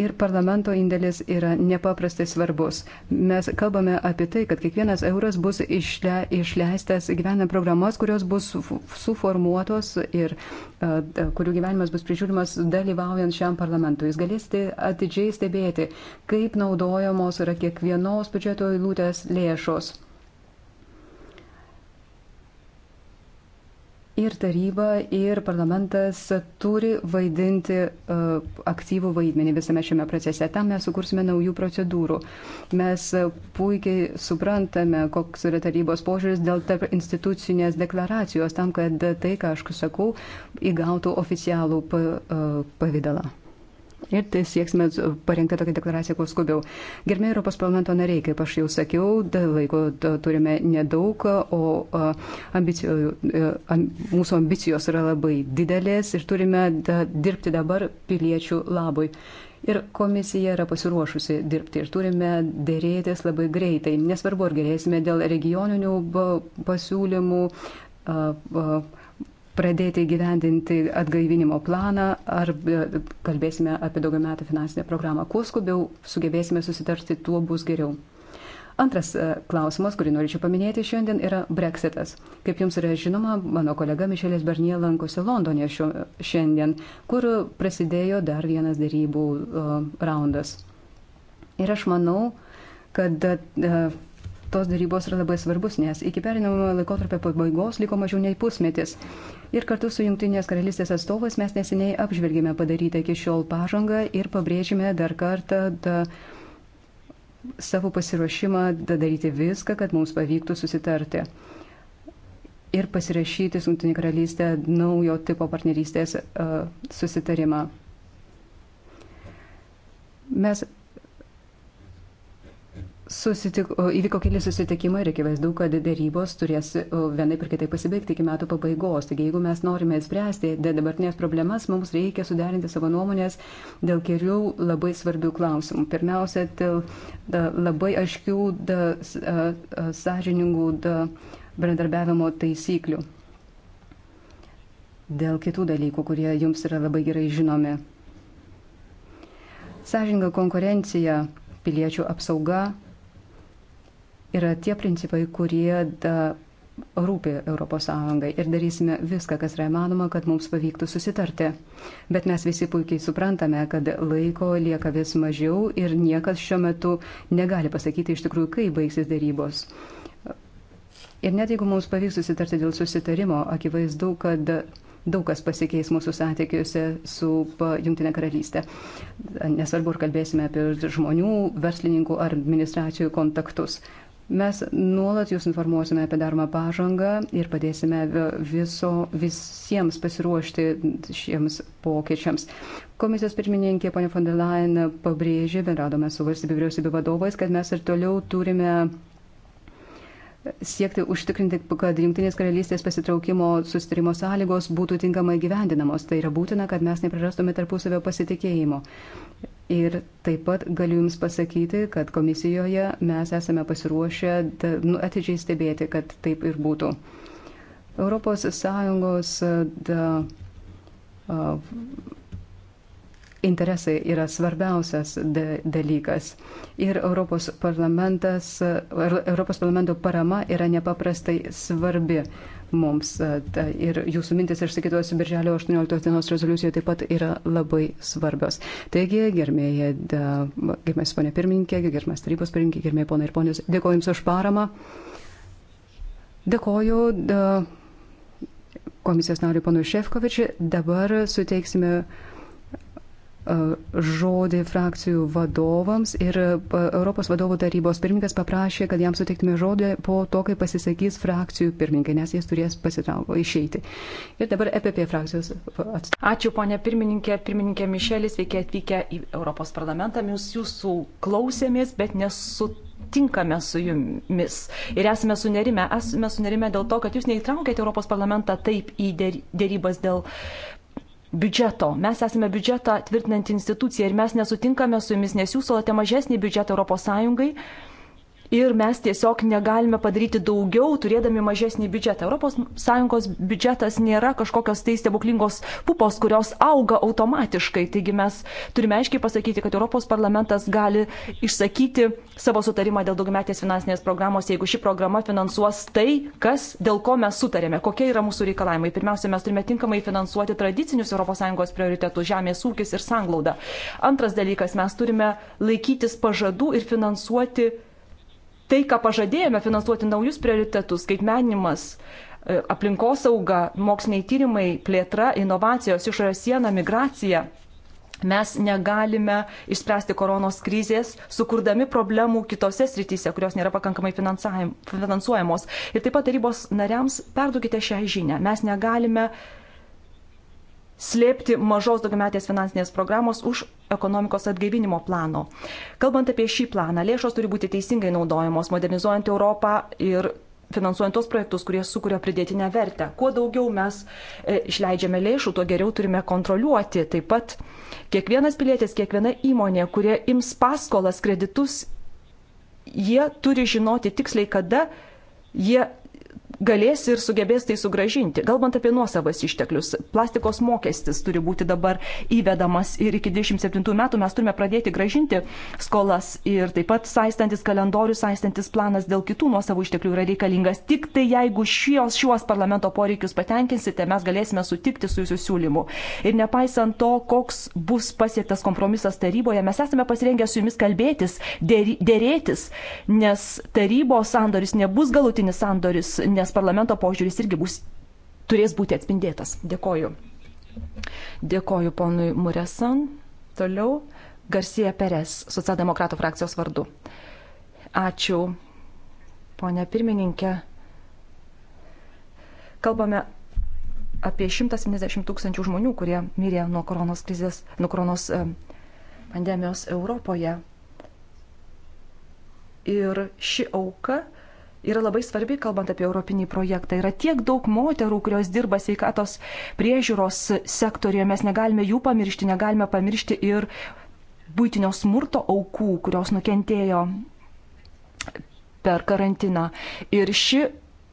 Ir parlamento indėlis yra nepaprastai svarbus. Mes kalbame apie tai, kad kiekvienas euras bus išle, išleistas gyvenant programas, kurios bus suformuotos ir uh, kurių gyvenimas bus prižiūrimas dalyvaujant šiam parlamentui. Jūs galėsite atidžiai stebėti, kaip naudojamos yra kiekvienos biudžeto eilutės lėšos. ir taryba, ir parlamentas turi vaidinti uh, aktyvų vaidmenį visame šiame procese. Tam mes sukursime naujų procedūrų. Mes puikiai suprantame, koks yra tarybos požiūris dėl tarp institucinės deklaracijos, tam, kad tai, ką aš sakau, įgautų oficialų e, pavydalą. Ir tai sieksime parengti tokią deklaraciją kuo skubiau. Gerbėjai Europos parlamento nariai, kaip aš jau sakiau, laiko turime nedaug, o ambicijų, e, mūsų ambicijos yra labai didelės ir turime dirbti dabar piliečių labui. Ir komisija yra pasiruošusi dirbti ir turime dėrėtis labai greitai. Nesvarbu, ar gerėsime dėl regioninių pasiūlymų. Uh, uh, pradėti gyvendinti atgaivinimo planą ar e, kalbėsime apie daugiametę finansinę programą. Kuo skubiau sugebėsime susitarti, tuo bus geriau. Antras e, klausimas, kurį norėčiau paminėti šiandien, yra Brexitas. Kaip jums yra žinoma, mano kolega Mišelės Barnie lankosi Londonė šio, šiandien, kur prasidėjo dar vienas darybų uh, e, raundas. Ir aš manau, kad uh, tos darybos yra labai svarbus, nes iki perinamojo laikotarpio pabaigos liko mažiau nei pusmetis. Ir kartu su Junktinės karalystės atstovais mes neseniai apžvelgėme padarytą iki šiol pažangą ir pabrėžėme dar kartą da, savo pasiruošimą da, daryti viską, kad mums pavyktų susitarti ir pasirašyti su Junktinė karalystė naujo tipo partnerystės uh, susitarimą. Mes Susitik, įvyko keli susitikimai ir akivaizdu, kad dėrybos turės vienai per kitai pasibaigti iki metų pabaigos. Taigi, jeigu mes norime spręsti dabartinės problemas, mums reikia suderinti savo nuomonės dėl kelių labai svarbių klausimų. Pirmiausia, dėl da, labai aiškių, da, sąžiningų da, bendradarbiavimo taisyklių. Dėl kitų dalykų, kurie jums yra labai gerai žinomi. Sąžininga konkurencija, piliečių apsauga yra tie principai, kurie da, rūpi ES ir darysime viską, kas yra įmanoma, kad mums pavyktų susitarti. Bet mes visi puikiai suprantame, kad laiko lieka vis mažiau ir niekas šiuo metu negali pasakyti iš tikrųjų, kai baigsis darybos. Ir net jeigu mums pavyks susitarti dėl susitarimo, akivaizdu, kad daug kas pasikeis mūsų santykiuose su Junktinė karalystė. Nesvarbu, ar kalbėsime apie žmonių, verslininkų ar administracijų kontaktus. Mes nuolat jūs informuosime apie daromą pažangą ir padėsime viso, visiems pasiruošti šiems pokyčiams. Komisijos pirmininkė ponė von der Leyen pabrėžė, bendradome su valstybių vyriausybių vadovais, kad mes ir toliau turime siekti užtikrinti, kad Junktinės karalystės pasitraukimo susitarimo sąlygos būtų tinkamai gyvendinamos. Tai yra būtina, kad mes neprarastume tarpusavio pasitikėjimo. Ir taip pat galiu Jums pasakyti, kad komisijoje mes esame pasiruošę nu, atidžiai stebėti, kad taip ir būtų. Europos Sąjungos da, uh, interesai yra svarbiausias da, dalykas. Ir Europos, Europos parlamento parama yra nepaprastai svarbi. Uh, mums. E, ir jūsų mintis išsakytos Birželio 18 dienos rezoliucijoje taip pat yra labai svarbios. Taigi, gerbėjai, gerbėjas ponė pirmininkė, gerbėjas tarybos pirmininkė, gerbėjai ponai ir ponės, dėkoju Jums už paramą. Dėkoju da, komisijos nariui ponui Šefkovičiui. Dabar suteiksime. E, žodį frakcijų vadovams ir e, Europos vadovų tarybos pirmininkas paprašė, kad jam suteiktume žodį po to, kai pasisakys frakcijų pirmininkai, nes jis turės pasitraukti, išeiti. Ir dabar EPP frakcijos atstovas. Ačiū, ponė pirmininkė, pirmininkė Mišelis, sveiki atvykę į Europos parlamentą, mes jūsų klausėmės, bet nesu sutinkame su jumis ir esame sunerime, esame sunerime dėl to, kad jūs neįtraukėte Europos parlamentą taip į dėrybas dėl biudžeto. Mes esame biudžetą tvirtinanti institucija ir mes nesutinkame su jumis, nes jūs siūlote mažesnį biudžetą ES ir mes tiesiog negalime padaryti daugiau, turėdami mažesnį biudžetą. ES biudžetas nėra kažkokios tai stebuklingos pupos, kurios auga automatiškai. Taigi mes turime aiškiai pasakyti, kad Europos parlamentas gali išsakyti savo sutarimą dėl daugiametės finansinės programos, jeigu ši programa finansuos tai, kas, dėl ko mes sutarėme, kokie yra mūsų reikalavimai. Pirmiausia, mes turime tinkamai finansuoti tradicinius ES prioritetus - žemės ūkis ir sanglauda. Antras dalykas, mes turime laikytis pažadų ir finansuoti tai, ką pažadėjome, finansuoti naujus prioritetus, skaitmeninimas, e, aplinkosauga, moksliniai tyrimai, plėtra, inovacijos, išorės siena, migracija. Mes negalime išspręsti koronos krizės, sukurdami problemų kitose srityse, kurios nėra pakankamai finansuojamos. Ir taip pat tarybos nariams perduokite šią žinią. Mes negalime slėpti mažos daugiametės finansinės programos už ekonomikos atgaivinimo plano. Kalbant apie šį planą, lėšos turi būti teisingai naudojamos, modernizuojant Europą ir finansuojant tos projektus, kurie sukuria pridėtinę vertę. Kuo daugiau mes e, išleidžiame lėšų, tuo geriau turime kontroliuoti. Taip pat kiekvienas pilietis, kiekviena įmonė, kurie ims paskolas, kreditus, jie turi žinoti tiksliai, kada jie galės ir sugebės tai sugražinti. Galbant apie nuosavas išteklius, plastikos mokestis turi būti dabar įvedamas ir iki 27 metų mes turime pradėti gražinti skolas ir taip pat saistantis kalendorius, saistantis planas dėl kitų nuosavų išteklių yra reikalingas. Tik tai jeigu šios, šios parlamento poreikius patenkinsite, mes galėsime sutikti su jūsų siūlymu. Ir nepaisant to, koks bus pasiektas kompromisas taryboje, mes esame pasirengę su jumis kalbėtis, dėrėtis, nes tarybos sandoris nebus galutinis sandoris. Nes nes parlamento požiūris irgi bus, turės būti atspindėtas. Dėkoju. Dėkoju ponui Muresan. Toliau Garcija Peres, socialdemokratų frakcijos vardu. Ačiū, ponė pirmininkė. Kalbame apie 170 tūkstančių žmonių, kurie mirė nuo koronos krizės, nuo koronos e, pandemijos Europoje. Ir ši auka yra labai svarbi, kalbant apie europinį projektą. Yra tiek daug moterų, kurios dirba sveikatos priežiūros sektorijoje, mes negalime jų pamiršti, negalime pamiršti ir būtinio smurto aukų, kurios nukentėjo per karantiną. Ir ši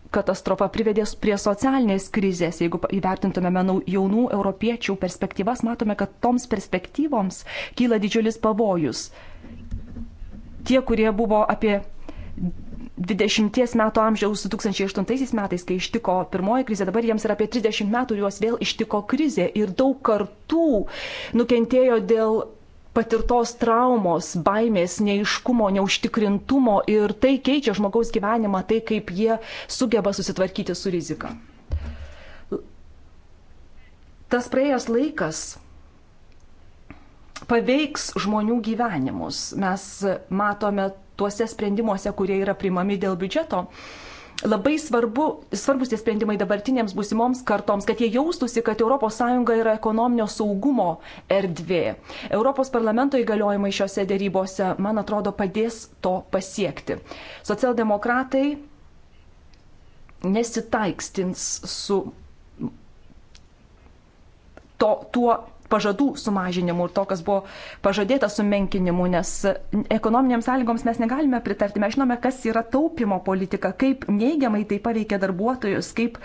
katastrofa privedė prie socialinės krizės. Jeigu įvertintumėme jaunų europiečių perspektyvas, matome, kad toms perspektyvoms kyla didžiulis pavojus. Tie, kurie buvo apie 20 metų amžiaus 2008 metais, kai ištiko pirmoji krizė, dabar jiems yra apie 30 metų ir juos vėl ištiko krizė ir daug kartų nukentėjo dėl patirtos traumos, baimės, neiškumo, neužtikrintumo ir tai keičia žmogaus gyvenimą, tai kaip jie sugeba susitvarkyti su rizika. Tas praėjęs laikas paveiks žmonių gyvenimus. Mes matome tuose sprendimuose, kurie yra primami dėl biudžeto. Labai svarbu, svarbus tie sprendimai dabartinėms būsimoms kartoms, kad jie jaustųsi, kad ES yra ekonominio saugumo erdvė. Europos parlamento įgaliojimai šiuose dėrybose, man atrodo, padės to pasiekti. Socialdemokratai nesitaikstins su to, tuo pažadų sumažinimu ir to, kas buvo pažadėta sumenkinimu, nes ekonominėms sąlygoms mes negalime pritarti. Mes žinome, kas yra taupimo politika, kaip neigiamai tai paveikia darbuotojus, kaip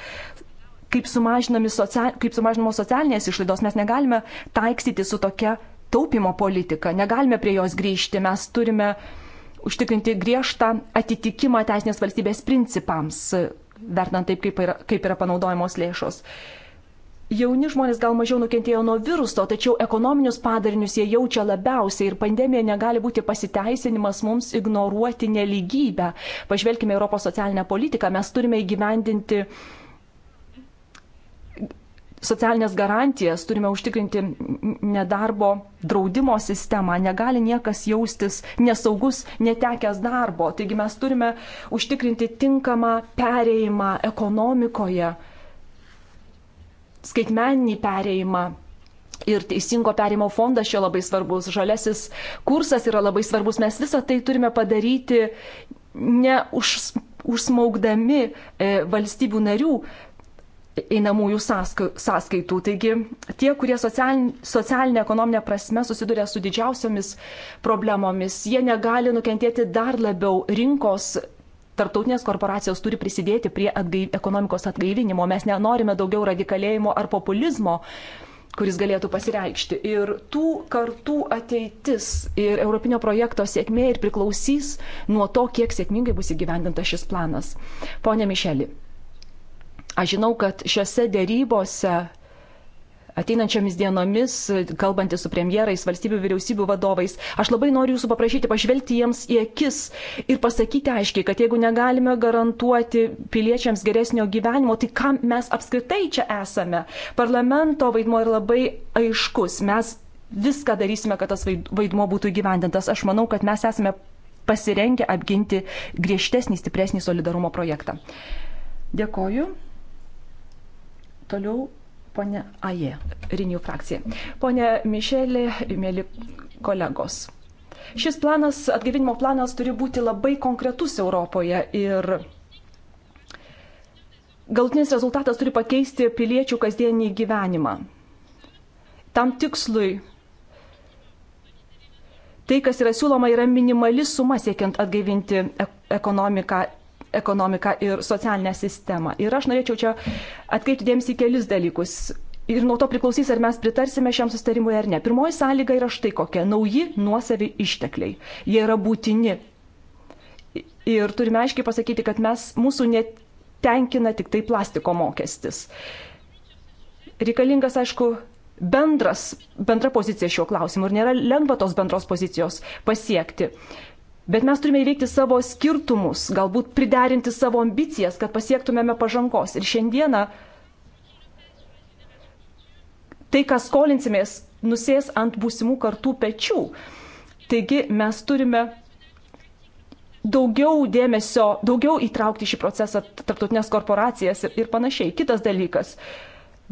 kaip, social, kaip sumažinamos socialinės išlaidos. Mes negalime taikstyti su tokia taupimo politika, negalime prie jos grįžti. Mes turime užtikrinti griežtą atitikimą teisinės valstybės principams, vertinant taip, kaip yra, kaip yra panaudojamos lėšos. Uh, Jauni žmonės gal mažiau nukentėjo nuo viruso, tačiau ekonominius padarinius jie jaučia labiausiai ir pandemija negali būti pasiteisinimas mums ignoruoti neligybę. Pažvelkime Europos socialinę politiką, mes turime įgyvendinti socialinės garantijas, turime užtikrinti nedarbo draudimo sistemą, negali niekas jaustis nesaugus, netekęs darbo. Taigi mes turime užtikrinti tinkamą pereimą ekonomikoje skaitmeninį perėjimą. Ir teisingo perimo fondas čia labai svarbus, žalesis kursas yra labai svarbus. Mes visą tai turime padaryti ne už, užsmaugdami e, valstybių narių einamųjų sąskaitų. Taigi tie, kurie socialinė, socialinė ekonominė prasme susiduria su didžiausiamis problemomis, jie negali nukentėti dar labiau rinkos tarptautinės korporacijos turi prisidėti prie atgai, ekonomikos atgaivinimo. Mes nenorime daugiau radikalėjimo ar populizmo kuris galėtų pasireikšti. Ir tų kartų ateitis ir Europinio projekto sėkmė ir priklausys nuo to, kiek sėkmingai bus įgyvendintas šis planas. Pone Mišeli, aš žinau, kad šiuose dėrybose ateinančiomis dienomis, kalbantis su premjerais, valstybių vyriausybių vadovais, aš labai noriu jūsų paprašyti pažvelgti jiems į akis ir pasakyti aiškiai, kad jeigu negalime garantuoti piliečiams geresnio gyvenimo, tai kam mes apskritai čia esame? Parlamento vaidmo yra labai aiškus. Mes viską darysime, kad tas vaidmo būtų įgyvendintas. Aš manau, kad mes esame pasirengę apginti griežtesnį, stipresnį solidarumo projektą. Dėkoju. Toliau Pone Aje, Rinių frakcija. Pone Mišelė, mėly kolegos. Šis planas, atgyvinimo planas turi būti labai konkretus Europoje ir galtinis rezultatas turi pakeisti piliečių kasdienį gyvenimą. Tam tikslui tai, kas yra siūloma, yra minimali suma siekiant atgaivinti e-, ekonomiką ekonomiką ir socialinę sistemą. Ir aš norėčiau čia atkreipti dėmesį į kelis dalykus. Ir nuo to priklausys, ar mes pritarsime šiam sustarimui ar ne. Pirmoji sąlyga yra štai kokia - nauji nuosavi ištekliai. Jie yra būtini. Ir turime aiškiai pasakyti, kad mes, mūsų netenkina tik tai plastiko mokestis. Reikalingas, aišku, bendras, bendra pozicija šiuo klausimu ir nėra lengva tos bendros pozicijos pasiekti. Bet mes turime įveikti savo skirtumus, galbūt priderinti savo ambicijas, kad pasiektumėme pažangos. Ir šiandieną tai, ką skolinsimės, nusės ant būsimų kartų pečių. Taigi mes turime daugiau dėmesio, daugiau įtraukti šį procesą tarptautinės korporacijas ir, ir panašiai. Kitas dalykas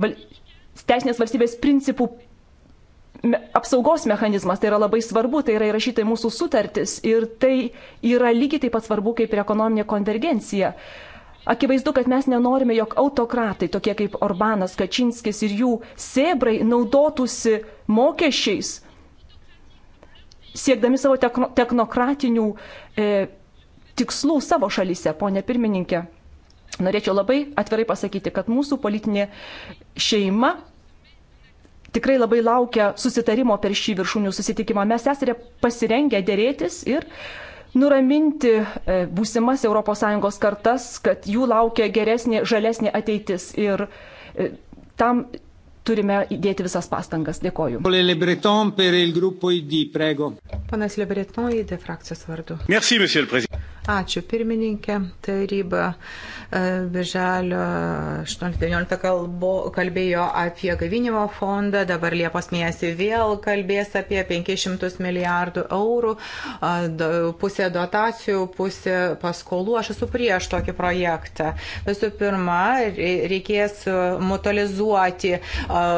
val, - teisinės valstybės principų apsaugos mechanizmas, tai yra labai svarbu, tai yra įrašyta į mūsų sutartis ir tai yra lygiai taip pat svarbu kaip ir ekonominė konvergencija. Akivaizdu, kad mes nenorime, jog autokratai, tokie kaip Orbanas, Kačinskis ir jų sėbrai, naudotųsi mokesčiais, siekdami savo technokratinių e, tikslų savo šalyse, ponė pirmininkė. Norėčiau labai atvirai pasakyti, kad mūsų politinė šeima tikrai labai laukia susitarimo per šį viršūnių susitikimą. Mes esame pasirengę dėrėtis ir nuraminti e, būsimas ES kartas, kad jų laukia geresnė, žalesnė ateitis. Ir e, tam turime įdėti visas pastangas. Dėkoju. Panas Lebreton, ID frakcijos vardu. Merci, Ačiū pirmininkė. Taryba e, Birželio 18-19 kalbėjo apie gavinimo fondą, dabar Liepos mėnesį vėl kalbės apie 500 milijardų eurų, e, pusė dotacijų, pusė paskolų. Aš esu prieš tokį projektą. Visų pirma, reikės mutualizuoti e,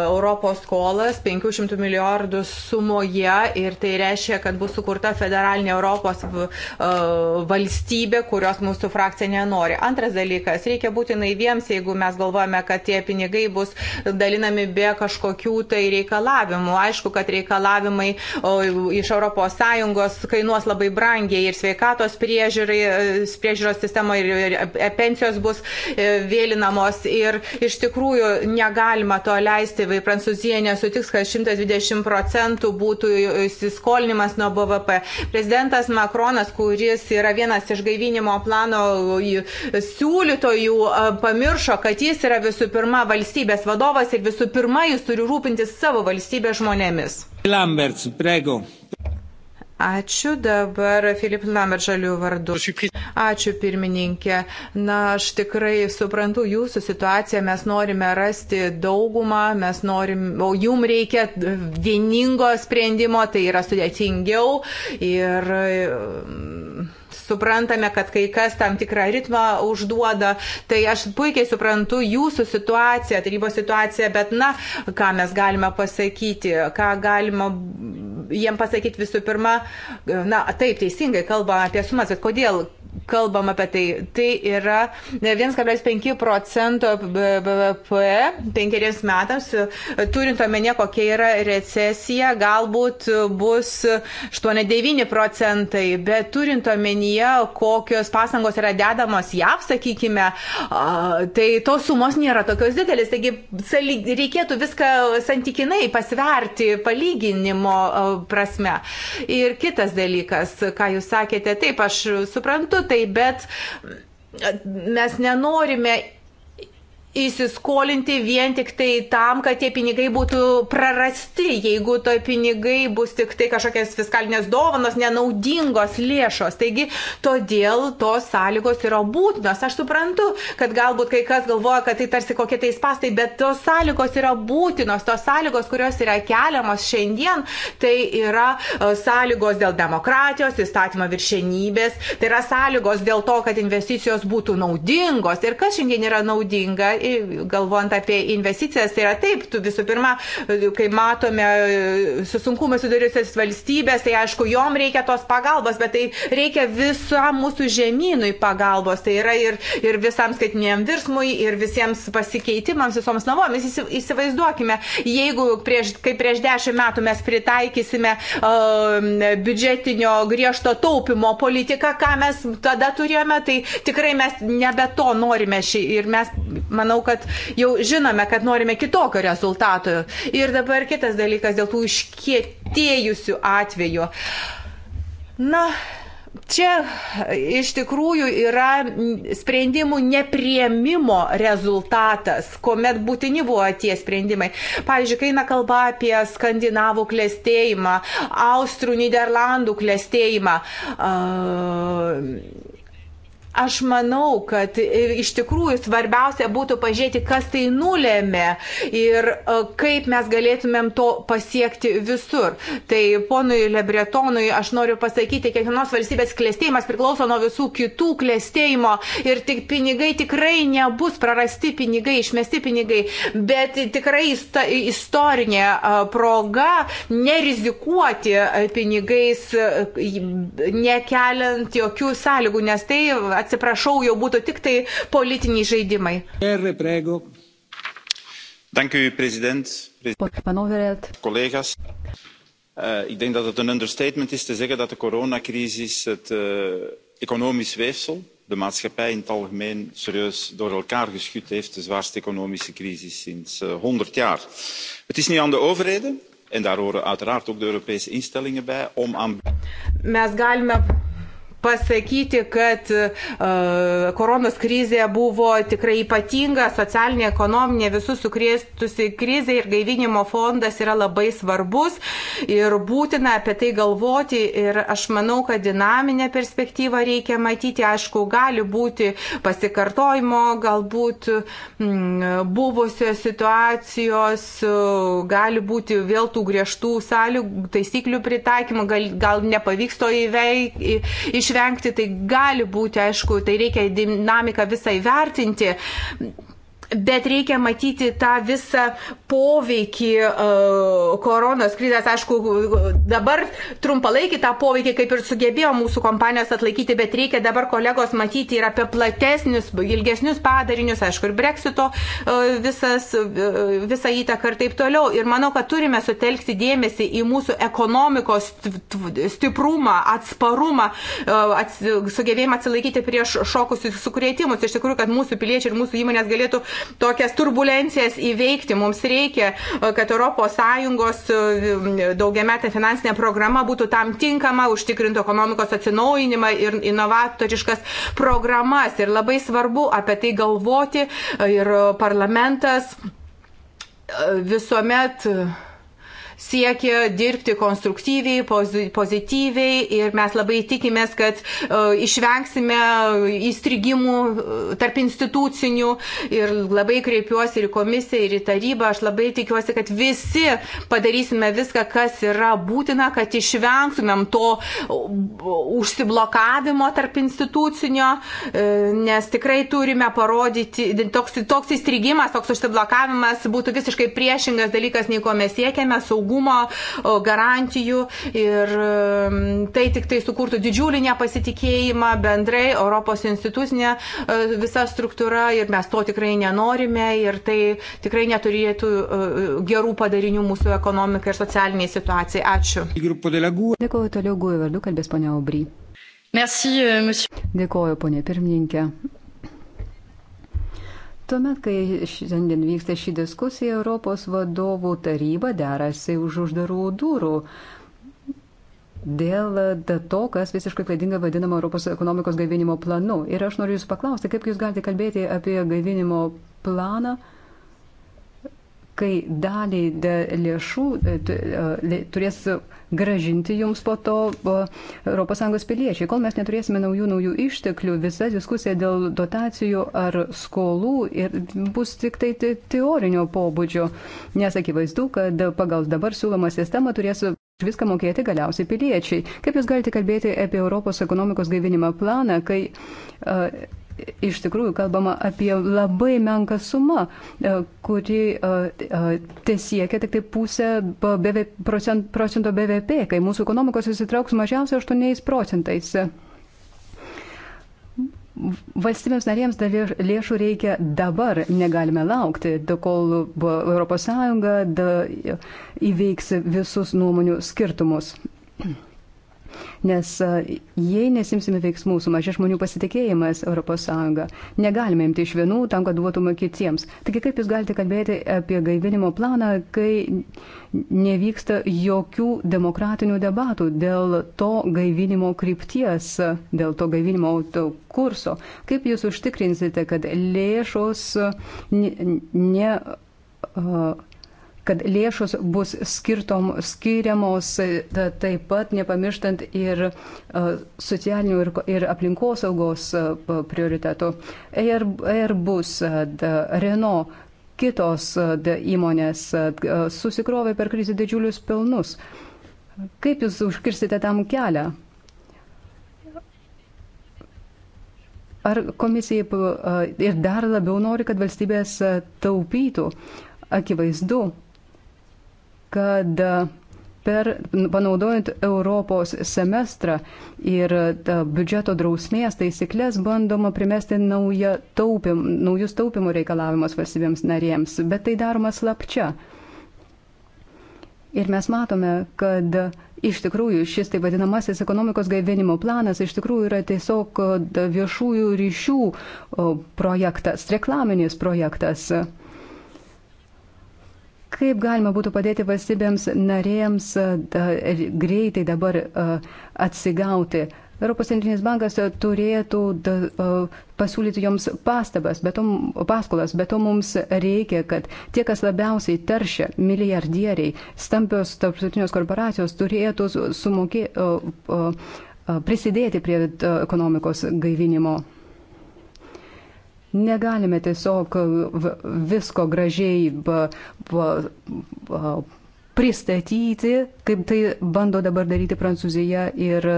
Europos skolas 500 milijardų sumoje ir tai reiškia, kad bus sukurta federalinė Europos valstybė valstybė, kurios mūsų frakcija nenori. Antras dalykas, reikia būti naiviems, jeigu mes galvojame, kad tie pinigai bus dalinami be kažkokių tai reikalavimų. Aišku, kad reikalavimai o, iš ES kainuos labai brangiai ir sveikatos priežiūros sistema ir pensijos bus e, vėlinamos. Ir iš tikrųjų negalima to leisti, vai Prancūzija nesutiks, kad 120 procentų būtų įsiskolinimas nuo BVP. Prezidentas Makronas, kuris yra vienas vienas iš gaivinimo plano siūlytojų pamiršo, kad jis yra visų pirma valstybės vadovas ir visų pirma jis turi rūpintis savo valstybės žmonėmis. Lamberts, prego. Ačiū dabar Filip Lameržalių vardu. Ačiū pirmininkė. Na, aš tikrai suprantu jūsų situaciją. Mes norime rasti daugumą, mes norim, o jum reikia vieningo sprendimo, tai yra sudėtingiau. Ir suprantame, kad kai kas tam tikrą ritmą užduoda, tai aš puikiai suprantu jūsų situaciją, tarybos situaciją, bet na, ką mes galime pasakyti, ką galima jiem pasakyti visų pirma, na, taip teisingai kalba apie sumas, bet kodėl kalbam apie tai. Tai yra 1,5 procento BVP e penkeriems metams, turint omenyje, kokia yra recesija, galbūt bus 8-9 procentai, bet turint omenyje, kokios pasangos yra dedamos JAV, sakykime, tai tos sumos nėra tokios didelis. Taigi reikėtų viską santykinai pasverti palyginimo prasme. Ir kitas dalykas, ką jūs sakėte, taip, aš suprantu, valiutai, bet mes nenorime įsiskolinti vien tik tai tam, kad tie pinigai būtų prarasti, jeigu to pinigai bus tik tai kažkokias fiskalinės dovanos, nenaudingos lėšos. Taigi, todėl tos sąlygos yra būtinos. Aš suprantu, kad galbūt kai kas galvoja, kad tai tarsi kokie tai spastai, bet tos sąlygos yra būtinos. Tos sąlygos, kurios yra keliamos šiandien, tai yra e, sąlygos dėl demokratijos, įstatymo viršenybės, tai yra sąlygos dėl to, kad investicijos būtų naudingos. Ir kas šiandien yra naudinga galvojant apie investicijas, tai yra taip, tu visų pirma, kai matome e, su sunkumai sudariusias valstybės, tai aišku, jom reikia tos pagalbos, bet tai reikia visam mūsų žemynui pagalbos, tai yra ir, ir visam skaitiniam virsmui, ir visiems pasikeitimams, visoms navomis. Įsivaizduokime, jeigu prieš, kaip prieš dešimt metų mes pritaikysime uh, biudžetinio griežto taupimo politiką, ką mes tada turėjome, tai tikrai mes nebe to norime šį ir mes, manau, manau, kad jau žinome, kad norime kitokio rezultato. Ir dabar kitas dalykas dėl tų iškietėjusių atvejų. Na, čia iš tikrųjų yra sprendimų nepriemimo rezultatas, kuomet būtini buvo tie sprendimai. Pavyzdžiui, kai eina kalba apie skandinavų klėstėjimą, austrų, niderlandų klėstėjimą. Uh, Aš manau, kad iš tikrųjų svarbiausia būtų pažiūrėti, kas tai nulėmė ir e, kaip mes galėtumėm to pasiekti visur. Tai ponui Lebretonui aš noriu pasakyti, kiekvienos valstybės klėstėjimas priklauso nuo visų kitų klėstėjimo ir tik pinigai tikrai nebus prarasti pinigai, išmesti pinigai, bet tikrai istorinė e, proga nerizikuoti e, pinigais, nekeliant jokių sąlygų, nes tai atsiprašau, jau būtų tik tai politiniai žaidimai. Dank u, president. Panovereld. Collega's. Uh, e, ik denk dat het een understatement is te zeggen dat de coronacrisis het uh, economisch weefsel, de maatschappij in het algemeen, serieus door elkaar geschud heeft. De zwaarste economische crisis sinds e, honderd uh, jaar. Het is nu aan de overheden, en daar horen uiteraard ook de Europese instellingen bij, om aan. Mes galime pasakyti, kad e, koronos krizė buvo tikrai ypatinga, socialinė, ekonominė, visus sukrėstusi krizė ir gaivinimo fondas yra labai svarbus ir būtina apie tai galvoti ir aš manau, kad dinaminę perspektyvą reikia matyti, aišku, gali būti pasikartojimo, galbūt mm, buvusios situacijos, gali būti vėl tų griežtų sąlygų, taisyklių pritaikymų, gal, gal nepavyks to įveikti išvengti, tai gali būti, aišku, tai reikia dinamiką visą įvertinti. Bet reikia matyti tą visą poveikį uh, koronos krizės. Aišku, dabar trumpalaikį tą poveikį kaip ir sugebėjo mūsų kompanijos atlaikyti, bet reikia dabar kolegos matyti ir apie platesnius, ilgesnius padarinius, aišku, ir breksito uh, visas, uh, visą įtaką ir taip toliau. Ir manau, kad turime sutelkti dėmesį į mūsų ekonomikos stiprumą, atsparumą, uh, ats, sugebėjimą atsilaikyti prieš šokus ir sukrėtimus. Iš tikrųjų, kad mūsų piliečiai ir mūsų įmonės galėtų tokias turbulencijas įveikti. Mums reikia, e, kad ES e, daugiametė finansinė programa būtų tam tinkama, užtikrintų ekonomikos atsinaujinimą ir inovatoriškas programas. Ir labai svarbu apie tai galvoti e, ir parlamentas visuomet siekia dirbti konstruktyviai, pozityviai ir mes labai tikimės, kad e, išvengsime įstrigimų e, tarp institucinių ir labai kreipiuosi ir į komisiją, ir į tarybą. Aš labai tikiuosi, kad visi padarysime viską, kas yra būtina, kad išvengtumėm to e, užsiblokavimo tarp institucinio, nes tikrai turime parodyti, toks, toks įstrigimas, toks užsiblokavimas būtų visiškai priešingas dalykas, nei ko mes siekiame, saugų saugumo garantijų ir um, tai tik tai sukurtų didžiulį nepasitikėjimą bendrai Europos institucinė visa struktūra ir mes to tikrai nenorime ir tai tikrai neturėtų gerų padarinių mūsų ekonomikai ir socialiniai situacijai. Ačiū. Dėkuoju toliau, Guoju vardu, kalbės ponia Aubry. Merci, euh, monsieur. Dėkuoju, ponia pirmininkė. Tuomet, kai šiandien vyksta ši diskusija, Europos vadovų taryba derasi už uždarų durų dėl to, kas visiškai klaidinga vadinama Europos ekonomikos gaivinimo planu. Ir aš noriu Jūsų paklausti, kaip Jūs galite kalbėti apie gaivinimo planą, kai dalį lėšų e, e, turės gražinti jums po to ES piliečiai. Kol mes neturėsime naujų naujų išteklių, visa diskusija dėl dotacijų ar skolų bus tik tai teorinio pobūdžio, nes akivaizdu, kad pagal dabar siūlomą sistemą turės viską mokėti galiausiai piliečiai. Kaip jūs galite kalbėti apie Europos ekonomikos gaivinimo planą, kai uh, iš tikrųjų kalbama apie labai menką sumą, e, kuri e, e, tiesiekia tik tai pusę BV, procent, procento BVP, kai mūsų ekonomikos įsitrauks mažiausiai 8 procentais. Valstybėms narėms dar lėšų reikia dabar, negalime laukti, kol ES įveiks visus nuomonių skirtumus nes e, jei nesimsime veiksmų, sumažės žmonių pasitikėjimas ES. Negalime imti iš vienų tam, kad duotume kitiems. Taigi kaip jūs galite kalbėti apie gaivinimo planą, kai nevyksta jokių demokratinių debatų dėl to gaivinimo krypties, dėl to gaivinimo kurso? Kaip jūs užtikrinsite, kad lėšos ne. ne uh, kad lėšos bus skirtom, skiriamos e, taip pat nepamirštant ir e, socialinių ir, ir aplinkosaugos e, prioritetų. Airbus, Renault, kitos įmonės susikrovė per krizę didžiulius pelnus. Kaip jūs užkirsite tam kelią? Ar komisija ir dar labiau nori, kad valstybės taupytų? Akivaizdu, kad e, per, panaudojant Europos semestrą ir e, biudžeto drausmės taisyklės bandoma primesti nauja taupim, naujus taupimo reikalavimus valstybėms narėms, bet tai daroma slapčia. Ir mes matome, kad e, iš tikrųjų šis tai vadinamasis ekonomikos gaivinimo planas iš tikrųjų yra tiesiog viešųjų ryšių projektas, reklaminis projektas kaip galima būtų padėti valstybėms narėms e, da, greitai dabar e, atsigauti. Europos centrinis bankas turėtų da, e, pasiūlyti joms pastabas, bet to, paskolas, bet to mums reikia, kad tie, kas labiausiai teršia, milijardieriai, stambios tarptautinės korporacijos, turėtų sumokė, prisidėti prie ekonomikos gaivinimo. Negalime tiesiog visko gražiai pristatyti, kaip tai bando dabar daryti Prancūzija ir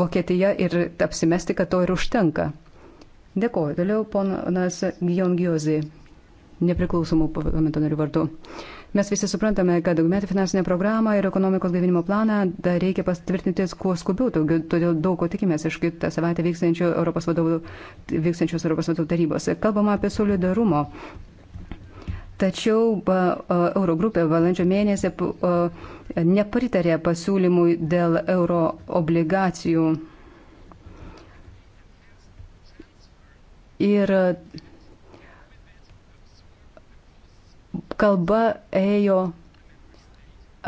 Vokietija ir apsimesti, kad to ir užtenka. Dėkoju. Toliau ponas Gion Giozi, nepriklausomų parlamento narių vardu. Uh, Mes visi suprantame, kad daugmetį finansinę programą ir ekonomikos gaivinimo planą reikia patvirtinti kuo skubiau, todėl daug ko tikimės iš kitą savaitę vykstančios Europos vadovų, vykstančios Europos vadovų tarybos. Kalbama apie solidarumo. Tačiau Eurogrupė valandžio mėnesį nepritarė pasiūlymui dėl euro obligacijų. Ir kalba ėjo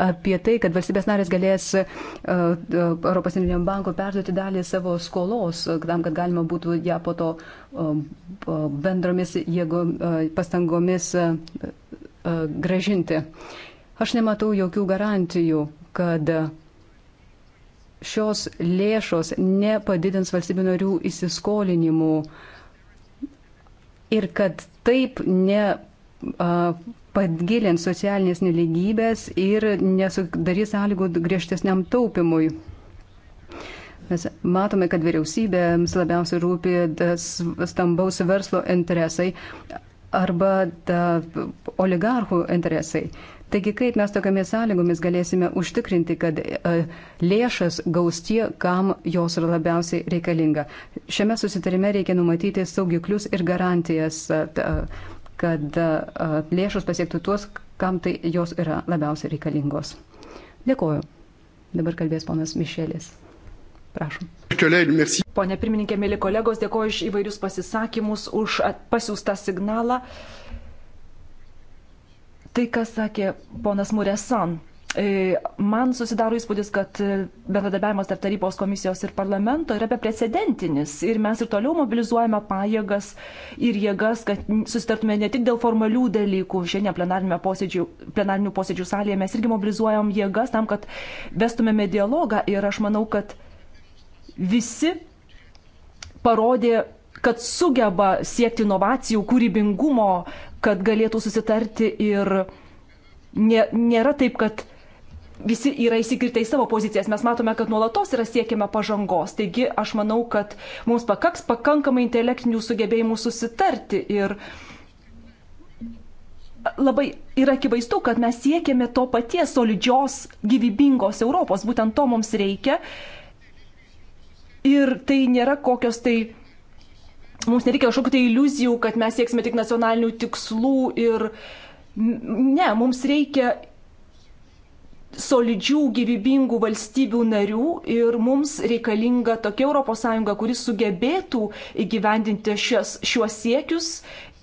apie tai, kad valstybės narės galės e, e, Europos Centrinio banko perduoti dalį savo skolos, e, tam, kad galima būtų ją po to bendromis jėgo, pastangomis gražinti. Aš nematau jokių garantijų, kad šios lėšos nepadidins valstybių narių įsiskolinimų ir kad taip ne padgilins socialinės neligybės ir nesudarys sąlygų griežtesniam taupimui. Mes matome, kad vyriausybėms labiausiai rūpi stambaus verslo interesai arba oligarchų interesai. Taigi kaip mes tokiamis sąlygomis galėsime užtikrinti, kad lėšas gaus tie, kam jos yra labiausiai reikalinga. Šiame susitarime reikia numatyti saugiklius ir garantijas kad e, lėšos pasiektų tuos, kam tai jos yra labiausiai reikalingos. Dėkoju. Dabar kalbės ponas Mišelis. Prašom. Pone pirmininkė, mėly kolegos, dėkoju iš įvairius pasisakymus už pasiūstą signalą. Tai, kas sakė ponas Muresan, E, man susidaro įspūdis, kad e, bendradarbiavimas tarp tarybos komisijos ir parlamento yra beprecedentinis ir mes ir toliau mobilizuojame pajėgas ir jėgas, kad susitartume ne tik dėl formalių dalykų. Šiandien plenarinių posėdžių, plenarinių posėdžių salėje mes irgi mobilizuojam jėgas tam, kad vestumėme dialogą ir aš manau, kad visi parodė kad sugeba siekti inovacijų, kūrybingumo, kad galėtų susitarti ir nėra taip, kad visi yra įsikritę į savo pozicijas, mes matome, kad nuolatos yra siekiama pažangos. Taigi aš manau, kad mums pakaks pakankamai intelektinių sugebėjimų susitarti ir labai yra akivaizdu, kad mes siekiame to paties solidžios, gyvybingos Europos, būtent to mums reikia. Ir tai nėra kokios tai mums nereikia kažkokių tai iliuzijų, kad mes sieksime tik nacionalinių tikslų ir ne, mums reikia solidžių, gyvybingų valstybių narių ir mums reikalinga tokia ES, kuris sugebėtų įgyvendinti šios, šiuos siekius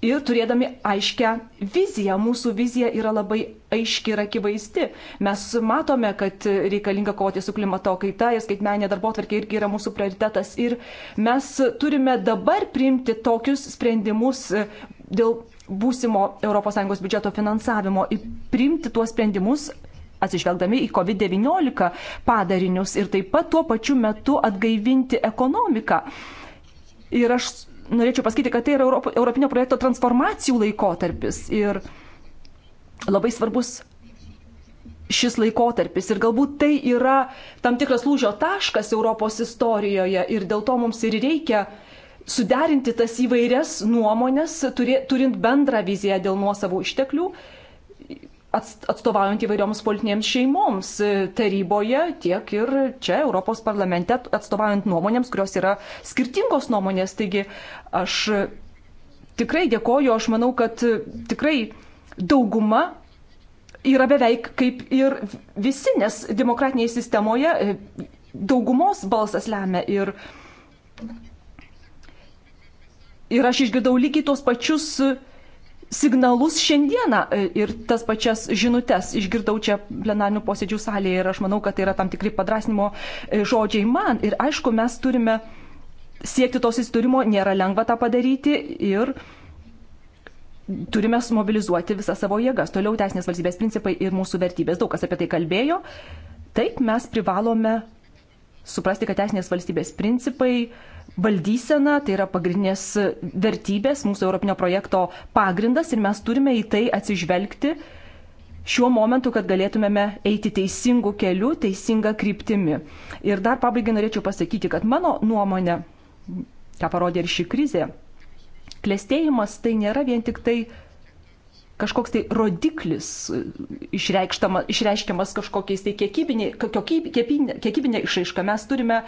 ir turėdami aiškę viziją. Mūsų vizija yra labai aiški ir akivaizdi. Mes matome, kad reikalinga kovoti su klimato kaita ir skaitmenė darbo tvarkė irgi yra mūsų prioritetas. Ir mes turime dabar priimti tokius sprendimus e, dėl būsimo ES biudžeto finansavimo ir priimti tuos sprendimus atsižvelgdami į COVID-19 padarinius ir taip pat tuo pačiu metu atgaivinti ekonomiką. Ir aš norėčiau pasakyti, kad tai yra Europo, Europinio projekto transformacijų laikotarpis ir labai svarbus šis laikotarpis ir galbūt tai yra tam tikras lūžio taškas Europos istorijoje ir dėl to mums ir reikia suderinti tas įvairias nuomonės, turint bendrą viziją dėl nuosavų išteklių atstovaujant įvairioms politinėms šeimoms e, taryboje, tiek ir čia Europos parlamente atstovaujant nuomonėms, kurios yra skirtingos nuomonės. Taigi aš e, tikrai dėkoju, aš manau, kad e, tikrai dauguma yra beveik kaip ir visi, nes demokratinėje sistemoje daugumos balsas lemia ir Ir aš išgirdau lygiai tos pačius signalus šiandieną e, ir tas pačias žinutes išgirdau čia plenarnių posėdžių salėje ir aš manau, kad tai yra tam tikri padrasnimo e, žodžiai man. Ir aišku, mes turime siekti tos įsturimo, nėra lengva tą padaryti ir turime mobilizuoti visą savo jėgas. Toliau teisinės valstybės principai ir mūsų vertybės. Daug kas apie tai kalbėjo. Taip mes privalome suprasti, kad teisinės valstybės principai uh, valdysena, tai yra pagrindinės vertybės, mūsų Europinio projekto pagrindas ir mes turime į tai atsižvelgti šiuo momentu, kad galėtumėme eiti teisingu keliu, teisinga kryptimi. Ir dar pabaigai norėčiau pasakyti, kad mano nuomonė, ką parodė ir ši krizė, klėstėjimas tai nėra vien tik tai kažkoks tai rodiklis e, išreiškiamas kažkokiais tai kiekybinė, kiekybinė, kiekybinė išaiška. Mes turime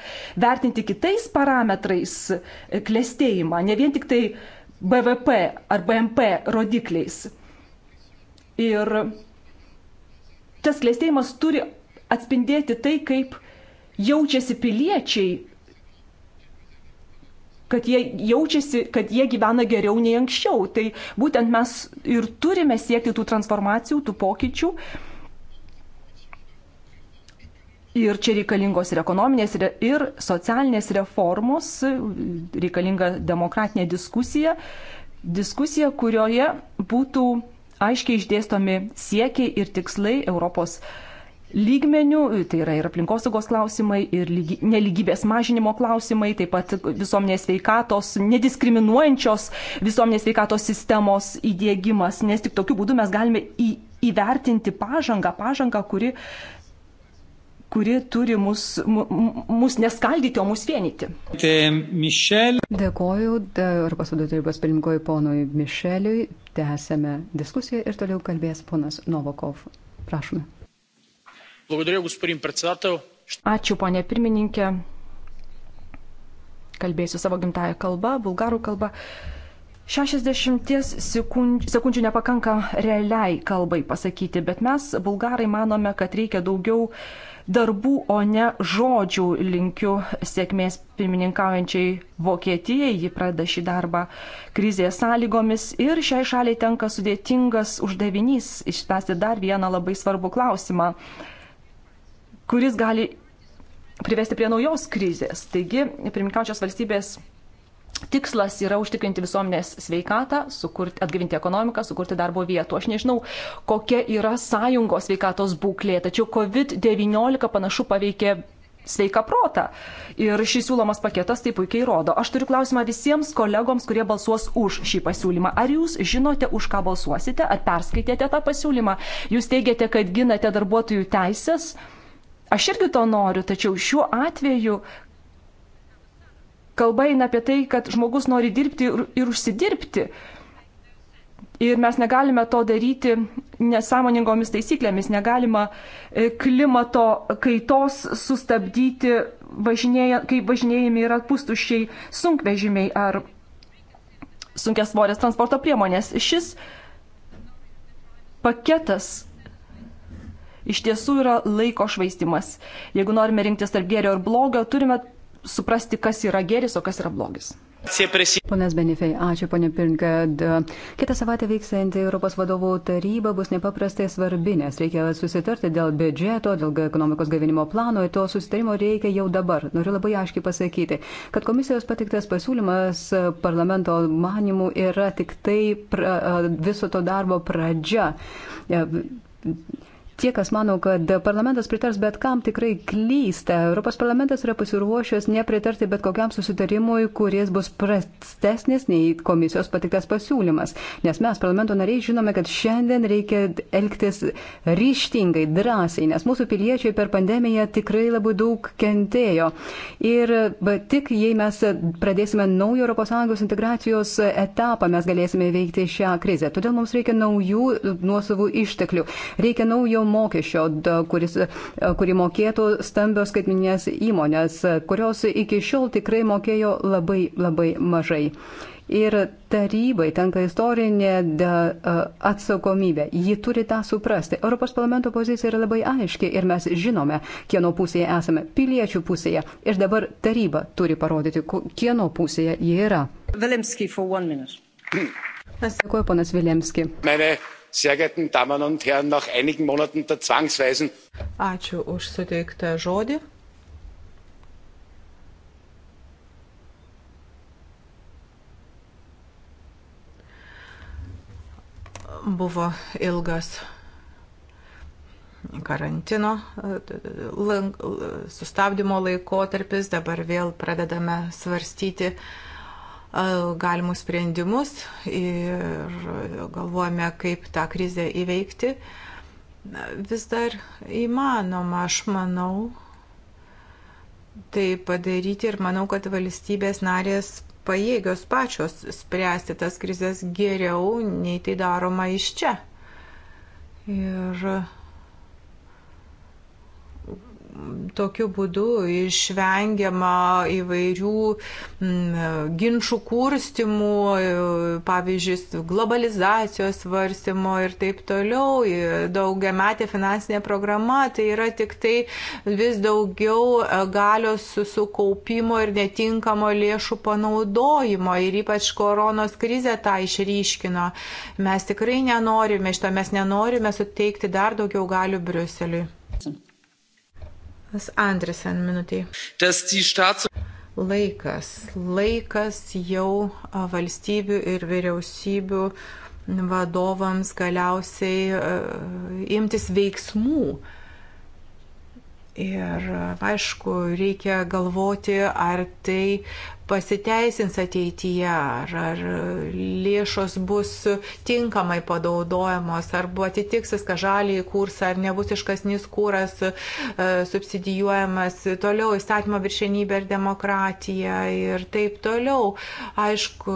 vertinti kitais parametrais e, klėstėjimą, ne vien tik tai BVP ar BMP rodikliais. Ir tas klėstėjimas turi atspindėti tai, kaip jaučiasi piliečiai kad jie jaučiasi, kad jie gyvena geriau nei anksčiau. Tai būtent mes ir turime siekti tų transformacijų, tų pokyčių. Ir čia reikalingos ir ekonominės, ir socialinės reformos, reikalinga demokratinė diskusija, diskusija, kurioje būtų aiškiai išdėstomi siekiai ir tikslai Europos Sąjungos lygmenių, tai yra ir aplinkosaugos klausimai, ir lygi, neligybės mažinimo klausimai, taip pat visuomenės veikatos, nediskriminuojančios visuomenės veikatos sistemos įdėgymas, nes tik tokiu būdu mes galime į, įvertinti pažangą, pažangą, kuri, kuri turi mus, mus neskaldyti, o mus vienyti. Dėkoju Europos vadovų tarybos pirmininkui ponui Mišeliui. Tęsėme diskusiją ir toliau kalbės ponas Novakov. Prašome. Ačiū, ponė pirmininkė. Kalbėsiu savo gimtają kalbą, bulgarų kalbą. 60 sekundžių, sekundžių nepakanka realiai kalbai pasakyti, bet mes, bulgarai, manome, kad reikia daugiau darbų, o ne žodžių. Linkiu sėkmės pirmininkaujančiai Vokietijai, ji pradeda šį darbą krizės sąlygomis ir šiai šaliai tenka sudėtingas uždavinys išspręsti dar vieną labai svarbų klausimą kuris gali privesti prie naujos krizės. Taigi, pirmininkaučios valstybės tikslas yra užtikrinti visuomenės sveikatą, sukurti, atgyvinti ekonomiką, sukurti darbo vietų. Aš nežinau, kokia yra sąjungos sveikatos būklė, tačiau COVID-19 panašu paveikė sveiką protą. Ir šis siūlomas paketas tai puikiai rodo. Aš turiu klausimą visiems kolegoms, kurie balsuos už šį pasiūlymą. Ar jūs žinote, už ką balsuosite, ar perskaitėte tą pasiūlymą? Jūs teigiate, kad ginate darbuotojų teisės, Aš irgi to noriu, tačiau šiuo atveju kalba eina apie tai, kad žmogus nori dirbti ir, ir užsidirbti. Ir mes negalime to daryti nesąmoningomis taisyklėmis, negalima e, klimato kaitos sustabdyti, važinėja, kai važinėjami yra pustušiai sunkvežimiai ar sunkias svorės transporto priemonės. Šis paketas iš tiesų yra laiko švaistimas. Jeigu norime rinktis tarp gėrio ir blogio, turime suprasti, kas yra gėris, o kas yra blogis. Ponas Benefei, ačiū ponė Pirinka. Kitą savaitę veiksianti Europos vadovų taryba bus nepaprastai svarbi, nes reikia susitarti dėl biudžeto, dėl ekonomikos gavinimo plano ir to susitarimo reikia jau dabar. Noriu labai aiškiai pasakyti, kad komisijos patiktas pasiūlymas parlamento manimų yra tik tai pra, viso to darbo pradžia. E, Tie, kas mano, kad parlamentas pritars bet kam, tikrai klysta. Europos parlamentas yra pasiruošęs nepritarti bet kokiam susitarimui, kuris bus prastesnis nei komisijos patiktas pasiūlymas. Nes mes, parlamento nariai, žinome, kad šiandien reikia elgtis ryštingai, drąsiai, nes mūsų piliečiai per pandemiją tikrai labai daug kentėjo. Ir tik jei mes pradėsime naują ES integracijos etapą, mes galėsime veikti šią krizę. Todėl mums reikia naujų nuosavų išteklių. Reikia naujo pelno mokesčio, kuris, e, kurį mokėtų stambios skaitminės įmonės, kurios iki šiol tikrai mokėjo labai, labai mažai. Ir tarybai tenka istorinė da, e, atsakomybė. Ji turi tą suprasti. Europos parlamento pozicija yra labai aiški ir mes žinome, kieno pusėje esame. Piliečių pusėje. Ir dabar taryba turi parodyti, kieno pusėje ji yra. Vilimski, for one minute. Dėkuoju, ponas Vilimski. Mene sehr geehrten Damen und Herren, nach einigen Monaten der Zwangsweisen. Ačiū už suteiktą žodį. Buvo ilgas karantino sustabdymo laikotarpis, dabar vėl pradedame svarstyti uh, galimus sprendimus ir galvojame, kaip tą krizę įveikti. Vis dar įmanoma, aš manau, tai padaryti ir manau, kad valstybės narės pajėgios pačios spręsti tas krizės geriau, nei tai daroma iš čia. Ir tokiu būdu išvengiama įvairių mm, ginčių kūrstimų, pavyzdžiui, globalizacijos svarstymo ir taip toliau. Daugiametė finansinė programa tai yra tik tai vis daugiau e, galios sukaupimo ir netinkamo lėšų panaudojimo ir ypač koronos krizė tą išryškino. Mes tikrai nenorime šitą, mes nenorime suteikti dar daugiau galių Briuseliui. Vas Andresen minutiai. Laikas. Laikas jau valstybių ir vyriausybių vadovams galiausiai imtis veiksmų. Ir aišku, reikia galvoti, ar tai pasiteisins ateityje, ar, ar lėšos bus tinkamai padaudojamos, ar buvo atitiks viską žalį kursą, ar nebus iškasnis kūras e, subsidijuojamas, toliau įstatymo viršenybė ir demokratija ir taip toliau. Aišku,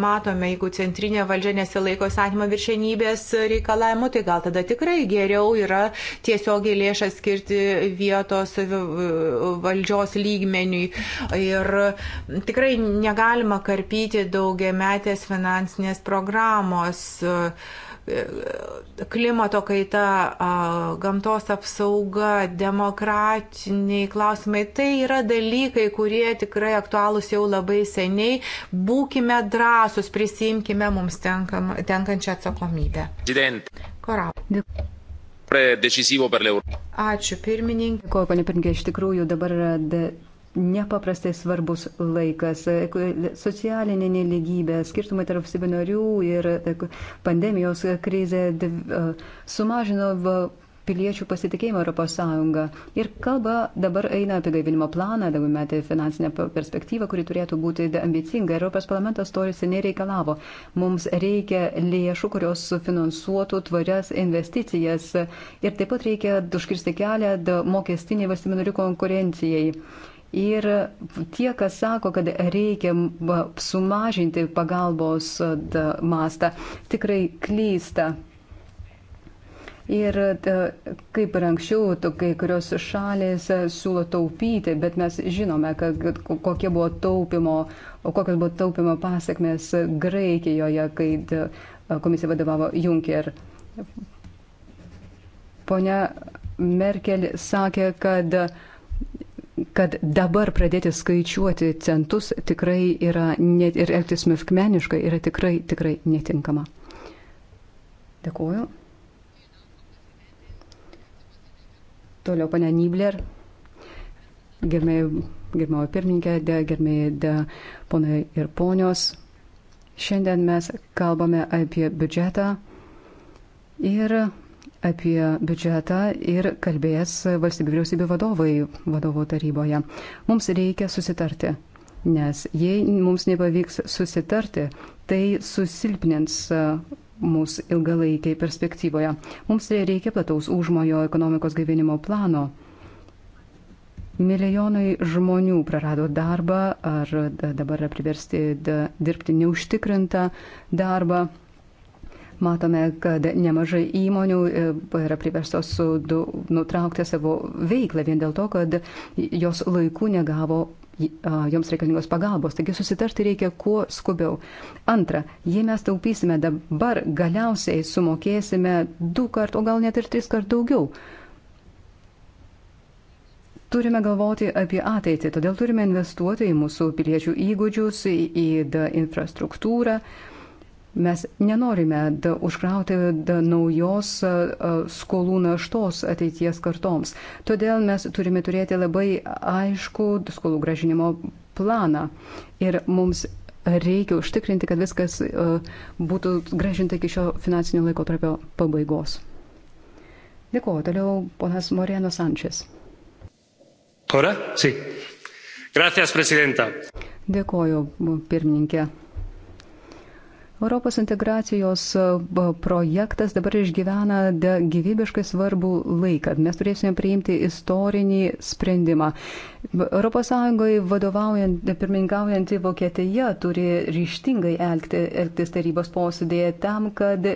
matome, jeigu centrinė valdžia nesilaiko įstatymo viršenybės reikalavimų, tai gal tada tikrai geriau yra tiesiogiai lėšas skirti vietos valdžios lygmeniui. Ir tikrai negalima karpyti daugiametės finansinės programos klimato kaita, gamtos apsauga, demokratiniai klausimai, tai yra dalykai, kurie tikrai aktualūs jau labai seniai. Būkime drąsus, prisimkime mums tenkam, tenkančią atsakomybę. Korau. Ačiū pirmininkė. Dėkuoju, panė pirmininkė, iš tikrųjų dabar yra nepaprastai svarbus laikas. Socialinė neligybė, skirtumai tarp valstybinarių ir pandemijos krizė sumažino piliečių pasitikėjimą Europos Sąjungą. Ir kalba dabar eina apie gaivinimo planą, dabar metė finansinę perspektyvą, kuri turėtų būti ambicinga. Europos parlamentas to seniai reikalavo. Mums reikia lėšų, kurios finansuotų tvarias investicijas. Ir taip pat reikia užkirsti kelią mokestiniai valstybinarių konkurencijai. Ir tie, kas sako, kad reikia sumažinti pagalbos e, mastą, tikrai klysta. Ir kaip ir anksčiau, kai kurios šalės e, siūlo taupyti, bet mes žinome, kad, kokie buvo taupimo, kokios buvo taupimo pasiekmes Graikijoje, kai komisija vadovavo Juncker. Pone Merkel sakė, kad kad dabar pradėti skaičiuoti centus tikrai yra net ir elgtis smulkmeniškai yra tikrai, tikrai netinkama. Dėkuoju. Toliau pane Nibler, gerbėjo pirmininkė, gerbėjo ponai ir ponios. Šiandien mes kalbame apie biudžetą ir apie biudžetą ir kalbės valstybių vyriausybių vadovai vadovų taryboje. Mums reikia susitarti, nes jei mums nepavyks susitarti, tai susilpnins e, mūsų ilgalaikiai perspektyvoje. Mums reikia plataus užmojo ekonomikos gaivinimo plano. Milijonai žmonių prarado darbą ar dabar yra priversti dirbti neužtikrintą darbą. Matome, kad nemažai įmonių e, yra priverstos nutraukti savo veiklą vien dėl to, kad jos laiku negavo e, joms reikalingos pagalbos. Taigi susitarti reikia kuo skubiau. Antra, jei mes taupysime dabar, galiausiai sumokėsime du kart, o gal net ir tris kart daugiau. Turime galvoti apie ateitį, todėl turime investuoti į mūsų piliečių įgūdžius, į, į infrastruktūrą. Uh, Mes nenorime da, užkrauti da, naujos skolų naštos ateities kartoms. Todėl mes turime turėti labai aišku skolų gražinimo planą. Ir mums reikia užtikrinti, kad viskas būtų gražinta iki šio finansinio laikotarpio pabaigos. Dėkuoju. Toliau ponas Moreno Sančes. Ora? Sí. Gracias, prezidenta. Dėkuoju, pirmininkė. Europos integracijos e, projektas dabar išgyvena gyvybiškai svarbų laiką. Mes turėsime priimti istorinį sprendimą. ES vadovaujant, pirmininkaujanti Vokietija turi ryštingai elgti, elgtis tarybos posėdėje tam, kad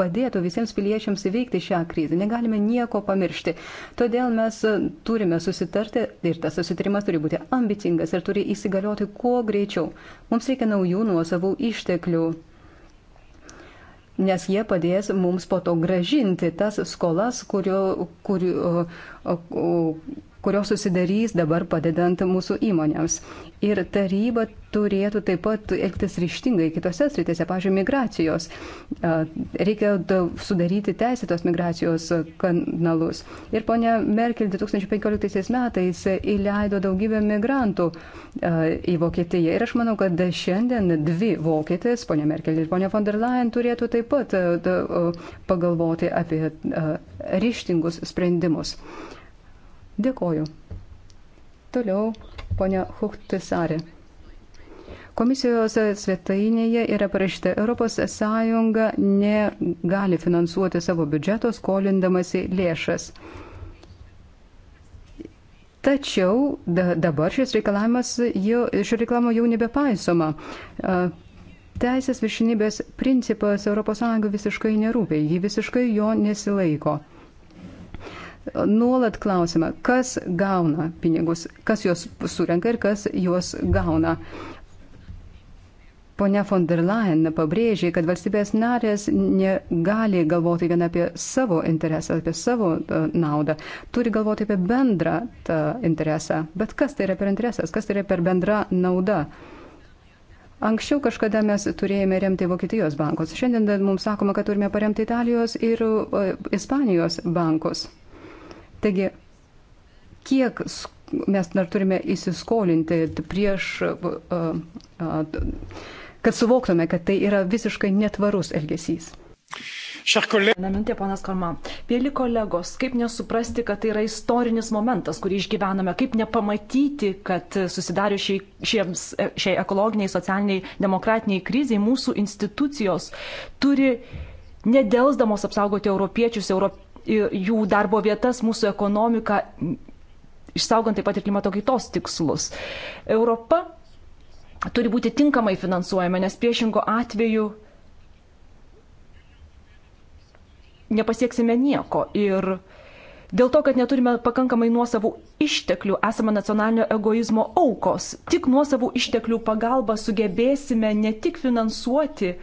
padėtų visiems piliečiams įveikti šią krizę. Negalime nieko pamiršti. Todėl mes turime susitarti ir tas susitarimas turi būti ambicingas ir turi įsigalioti kuo greičiau. Mums reikia naujų nuosavų išteklių nes jie padės mums po to gražinti tas skolas, kurio, kurio, kurios susidarys dabar padedant mūsų įmonėms. Ir taryba turėtų taip pat elgtis ryštingai kitose sritise, pažiūrėjau, migracijos. Reikia sudaryti teisėtos migracijos kanalus. Ir ponia Merkel 2015 metais įleido daugybę migrantų į Vokietiją. Ir aš manau, kad šiandien dvi vokietės, ponia Merkel ir ponia von der Leyen, turėtų taip pat pagalvoti apie ryštingus sprendimus. Dėkoju. Toliau, ponia Huhtisari. Komisijos svetainėje yra parašyta, ES negali finansuoti savo biudžeto skolindamasi lėšas. Tačiau da, dabar šis reikalavimas, jau, šio reklamo jau nebepaisoma. Teisės viršinybės principas ES visiškai nerūpia, ji visiškai jo nesilaiko nuolat klausimą, kas gauna pinigus, kas juos surenka ir kas juos gauna. Pone von der Leyen pabrėžė, kad valstybės narės negali galvoti vien apie savo interesą, apie savo e, naudą, turi galvoti apie bendrą tą interesą. Bet kas tai yra per interesas, kas tai yra per bendra nauda? Anksčiau kažkada mes turėjome remti Vokietijos bankus, šiandien mums sakoma, kad turime paremti Italijos ir e, Ispanijos bankus. Taigi, kiek mes dar turime įsiskolinti prieš, kad suvoktume, kad tai yra visiškai netvarus elgesys. Na mintė, ponas Korma. Pėli kolegos, kaip nesuprasti, kad tai yra istorinis momentas, kurį išgyvename, kaip nepamatyti, kad susidarius šiai, šiems, e, šiai ekologiniai, socialiniai, demokratiniai kriziai mūsų institucijos turi nedelsdamos apsaugoti europiečius, europiečius jų darbo vietas, mūsų ekonomiką, išsaugant taip pat ir klimato kaitos tikslus. Europa turi būti tinkamai finansuojama, nes priešingo atveju nepasieksime nieko. Ir dėl to, kad neturime pakankamai nuosavų išteklių, esame nacionalinio egoizmo aukos. Tik nuosavų išteklių pagalba sugebėsime ne tik finansuoti,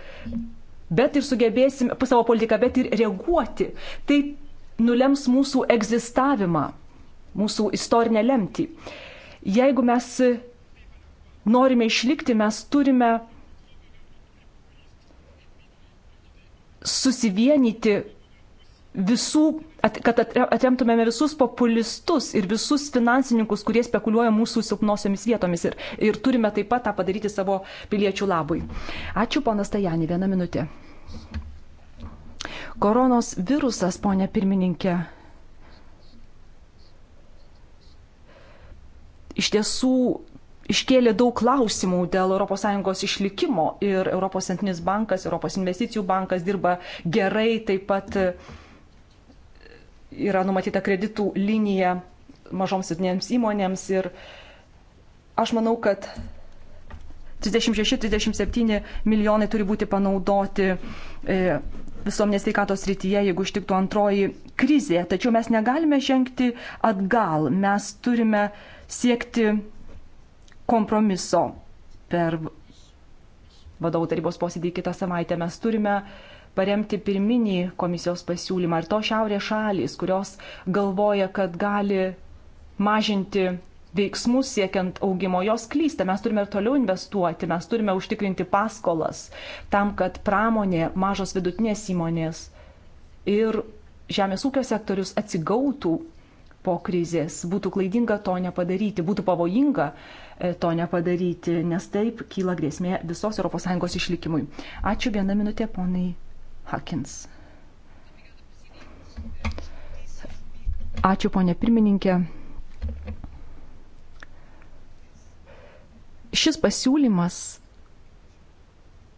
bet ir sugebėsime savo politiką, bet ir reaguoti. Taip nulems mūsų egzistavimą, mūsų istorinę lemtį. Jeigu mes norime išlikti, mes turime susivienyti visų, kad atremtumėme visus populistus ir visus finansininkus, kurie spekuliuoja mūsų silpnosiomis vietomis ir, ir turime taip pat tą padaryti savo piliečių labui. Ačiū, ponas Tajani, vieną minutę. Koronos virusas, ponė pirmininkė, iš tiesų iškėlė daug klausimų dėl ES išlikimo ir ES centrinis bankas, ES investicijų bankas dirba gerai, taip pat yra numatyta kreditų linija mažoms vidinėms įmonėms ir aš manau, kad 36-37 milijonai turi būti panaudoti e, visuomenės veikatos rytyje, jeigu ištiktų antroji krizė. Tačiau mes negalime žengti atgal, mes turime siekti kompromiso per vadovų tarybos posėdį kitą savaitę. Mes turime paremti pirminį komisijos pasiūlymą ir to šiaurės šalis, kurios galvoja, kad gali mažinti veiksmus siekiant augimo, jos klysta. Mes turime ir toliau investuoti, mes turime užtikrinti paskolas tam, kad pramonė, mažos vidutinės įmonės ir žemės ūkio sektorius atsigautų po krizės. Būtų klaidinga to nepadaryti, būtų pavojinga e, to nepadaryti, nes taip kyla grėsmė visos ES išlikimui. Ačiū vieną minutę, ponai Hakins. Ačiū, ponė pirmininkė. šis pasiūlymas,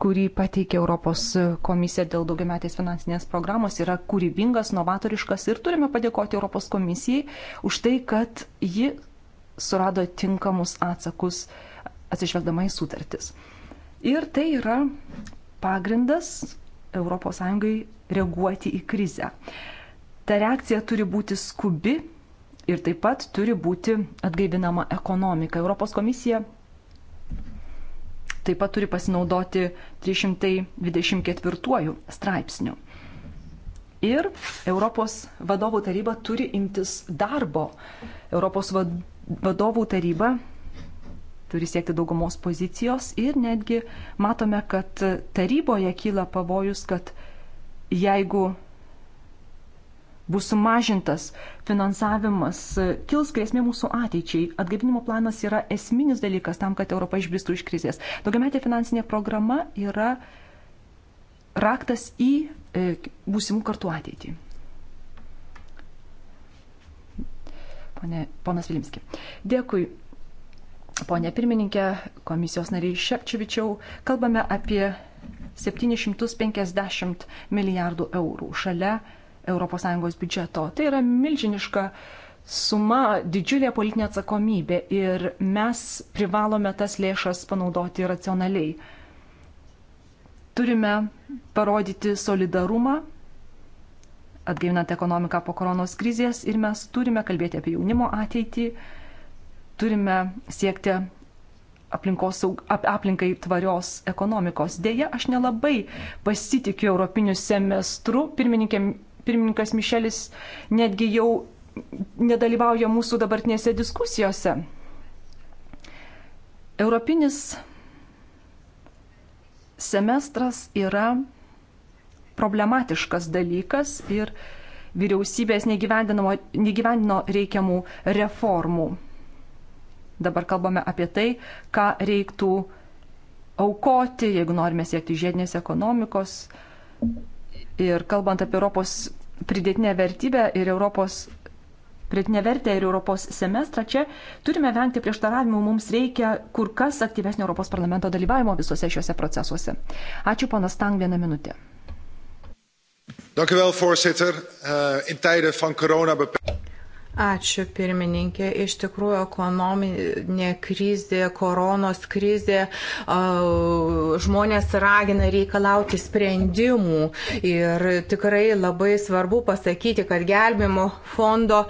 kurį pateikė Europos komisija dėl daugiametės finansinės programos, yra kūrybingas, novatoriškas ir turime padėkoti Europos komisijai už tai, kad ji surado tinkamus atsakus atsižvelgdama į sutartis. Ir tai yra pagrindas ES reaguoti į krizę. Ta reakcija turi būti skubi ir taip pat turi būti atgaivinama ekonomika. Europos komisija taip pat turi pasinaudoti 324 straipsniu. Ir Europos vadovų taryba turi imtis darbo. Europos vadovų taryba turi siekti daugumos pozicijos ir netgi matome, kad taryboje kyla pavojus, kad jeigu bus sumažintas finansavimas, kils grėsmė mūsų ateičiai. Atgaivinimo planas yra esminis dalykas tam, kad Europa išbristų iš krizės. Daugiametė finansinė programa yra raktas į e, būsimų kartų ateitį. Pone, ponas Vilimski. Dėkui. Pone pirmininkė, komisijos nariai Šepčiovičiau, kalbame apie 750 milijardų eurų šalia 1,5 ES biudžeto. Tai yra milžiniška suma, didžiulė politinė atsakomybė ir mes privalome tas lėšas panaudoti racionaliai. Turime parodyti solidarumą, atgaivinant ekonomiką po koronos krizės ir mes turime kalbėti apie jaunimo ateitį, turime siekti aplinkos, ap, aplinkai tvarios ekonomikos. Deja, aš nelabai pasitikiu Europiniu semestru. Pirmininkė pirmininkas Mišelis netgi jau nedalyvauja mūsų dabartinėse diskusijose. Europinis semestras yra problematiškas dalykas ir vyriausybės negyvendino reikiamų reformų. Dabar kalbame apie tai, ką reiktų aukoti, jeigu norime siekti žiedinės ekonomikos, Ir kalbant apie Europos pridėtinę vertybę ir Europos pridėtinę vertę ir Europos semestrą, čia turime vengti prieštaravimų, mums reikia kur kas aktyvesnio Europos parlamento dalyvavimo visuose šiuose procesuose. Ačiū, panas Tang, vieną minutę. Dank u wel, voorzitter. Uh, in tijden van coronabeperkingen. Ačiū pirmininkė. Iš tikrųjų, ekonominė krizė, koronos krizė, žmonės ragina reikalauti sprendimų. Ir tikrai labai svarbu pasakyti, kad gelbimo fondo,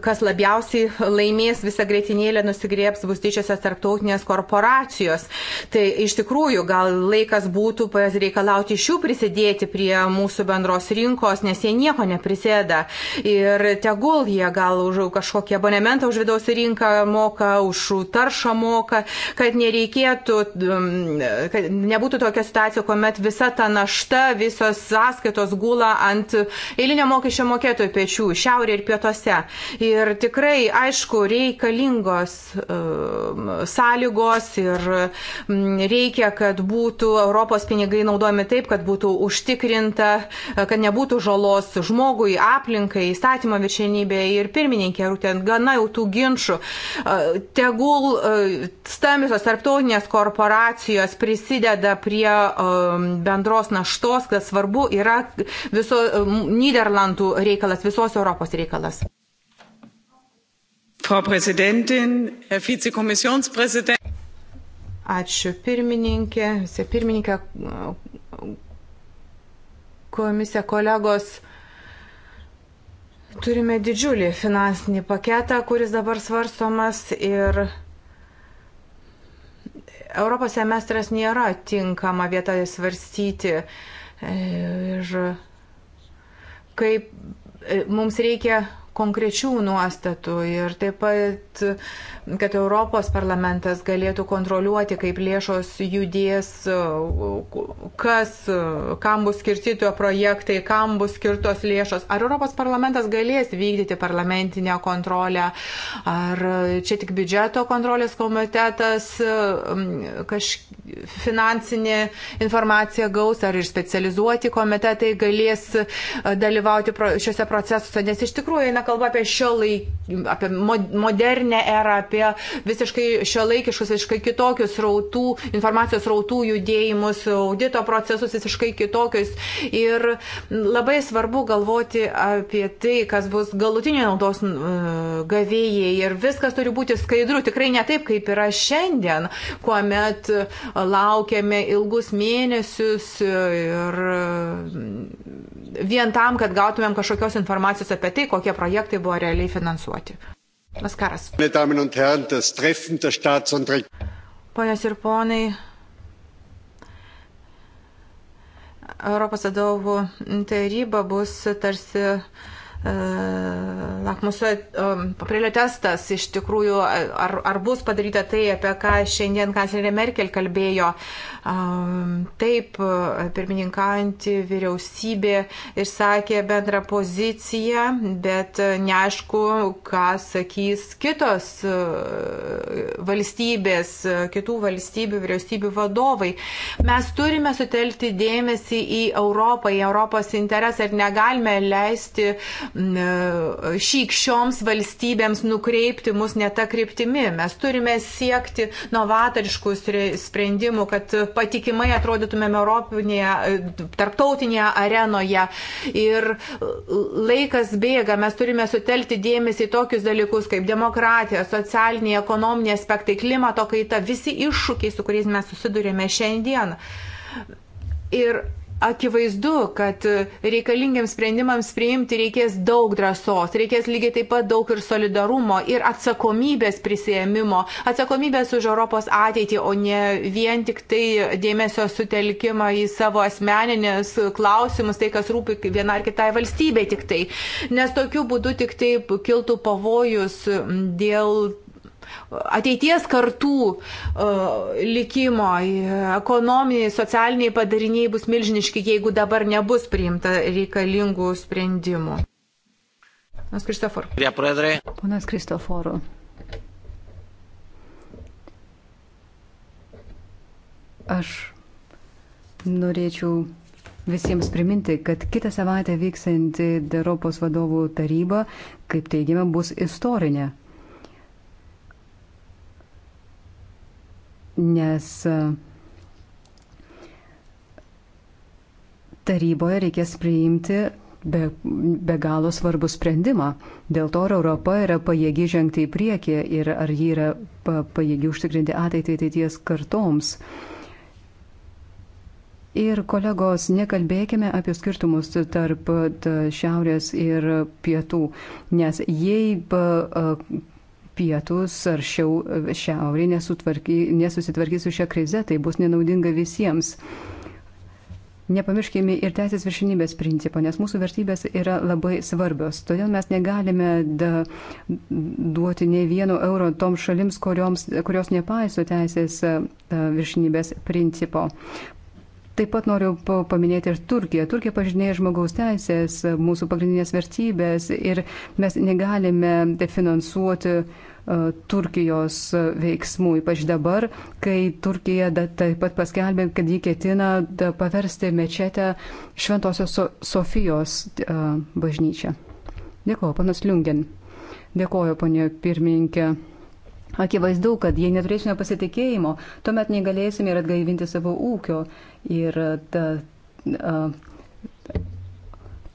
kas labiausiai laimės visą greitinėlę nusigrieps, bus didžiosios tarptautinės korporacijos. Tai iš tikrųjų, gal laikas būtų reikalauti iš jų prisidėti prie mūsų bendros rinkos, nes jie nieko neprisideda nausėda. Ir tegul jie gal už kažkokį abonementą už vidaus rinką moka, už taršą moka, kad nereikėtų, mm, kad nebūtų tokia situacija, kuomet visa ta našta, visos sąskaitos gula ant eilinio mokesčio mokėtojų pečių, šiaurė ir pietuose. Ir tikrai, aišku, reikalingos uh, sąlygos ir um, reikia, kad būtų Europos pinigai naudojami taip, kad būtų užtikrinta, kad nebūtų žalos žmogui žmogui, aplinkai, įstatymo viršenybė ir pirmininkė, ar ten gana jau tų ginčių. Tegul stambiosios tarptautinės korporacijos prisideda prie bendros naštos, kas svarbu yra viso Niderlandų reikalas, visos Europos reikalas frau präsidentin herr vizekommissionspräsident! ačiū pirmininke vicepirmininke komisija kolegos Turime didžiulį finansinį paketą, kuris dabar svarstomas ir Europos semestras nėra tinkama vieta svarstyti e, ir kaip e, mums reikia konkrečių nuostatų ir taip pat kad Europos parlamentas galėtų kontroliuoti, kaip lėšos judės, kas, kam bus skirti tuo projektai, kam bus skirtos lėšos. Ar Europos parlamentas galės vykdyti parlamentinę kontrolę, ar čia tik biudžeto kontrolės komitetas kažkaip finansinė informacija gaus, ar ir specializuoti komitetai galės dalyvauti šiuose procesuose, nes iš tikrųjų eina kalba apie šio laiką, apie modernę erą, apie apie visiškai šio laikiškus, visiškai kitokius rautų, informacijos rautų judėjimus, audito procesus visiškai kitokius. Ir labai svarbu galvoti apie tai, kas bus galutinio naudos gavėjai. Ir viskas turi būti skaidru, tikrai ne taip, kaip yra šiandien, kuomet laukiame ilgus mėnesius ir vien tam, kad gautumėm kažkokios informacijos apie tai, kokie projektai buvo realiai finansuoti. Vaskaras. Ponios ir ponai, Europos vadovų taryba bus tarsi E, lakmuso paprilio testas iš tikrųjų, ar, ar bus padaryta tai, apie ką šiandien kanclerė Merkel kalbėjo. E, taip, pirmininkanti vyriausybė išsakė bendrą poziciją, bet neaišku, ką sakys kitos e, valstybės, kitų valstybių vyriausybių vadovai. Mes turime sutelkti dėmesį į Europą, į Europos interesą ir negalime leisti E, šykščioms valstybėms nukreipti mus ne tą kryptimį. Mes turime siekti novatoriškų sprendimų, kad patikimai atrodytumėme Europinėje, e, tarptautinėje arenoje. Ir laikas bėga, mes turime sutelkti dėmesį į tokius dalykus kaip demokratija, socialiniai, ekonominiai aspektai, klimato kaita, visi iššūkiai, su kuriais mes susidurėme šiandien. Ir Akivaizdu, kad reikalingiams sprendimams priimti reikės daug drąsos, reikės lygiai taip pat daug ir solidarumo ir atsakomybės prisėmimo, atsakomybės už Europos ateitį, o ne vien tik tai dėmesio sutelkimą į savo asmeninės klausimus, tai kas rūpi viena ar kitai valstybei tik tai. Nes tokiu būdu tik taip kiltų pavojus dėl ateities kartų e, likimo, e, ekonominiai, socialiniai padariniai bus milžiniški, jeigu dabar nebus priimta reikalingų sprendimų. Ponas Kristofor. Ponas Kristoforu. Aš norėčiau visiems priminti, kad kitą savaitę vyksanti Europos vadovų taryba, kaip teigiama, bus istorinė. nes e, taryboje reikės priimti be, be galo svarbų sprendimą. Dėl to, ar Europa yra pajėgi žengti į priekį ir ar ji yra pajėgi užtikrinti ateitį ateities kartoms. Ir kolegos, nekalbėkime apie skirtumus tarp šiaurės ir pietų, nes jei e, pietus ar šiau, šiaurė nesusitvarkys su šia krize, tai bus nenaudinga visiems. Nepamirškime ir teisės viršinybės principo, nes mūsų vertybės yra labai svarbios. Todėl mes negalime da, duoti nei vieno euro toms šalims, kurioms, kurios nepaiso teisės viršinybės principo. Taip pat noriu paminėti ir Turkiją. Turkija pažinėja žmogaus teisės, mūsų pagrindinės vertybės ir mes negalime definansuoti e, Turkijos veiksmų, ypač dabar, kai Turkija taip pat paskelbė, kad jį ketina paversti mečetę Šventosios Sofijos e, bažnyčią. Dėkuoju, panas Liungen. Dėkuoju, ponė pirmininkė. Akivaizdu, kad jei neturėsime pasitikėjimo, tuomet negalėsime ir atgaivinti savo ūkio. Ir ta, a,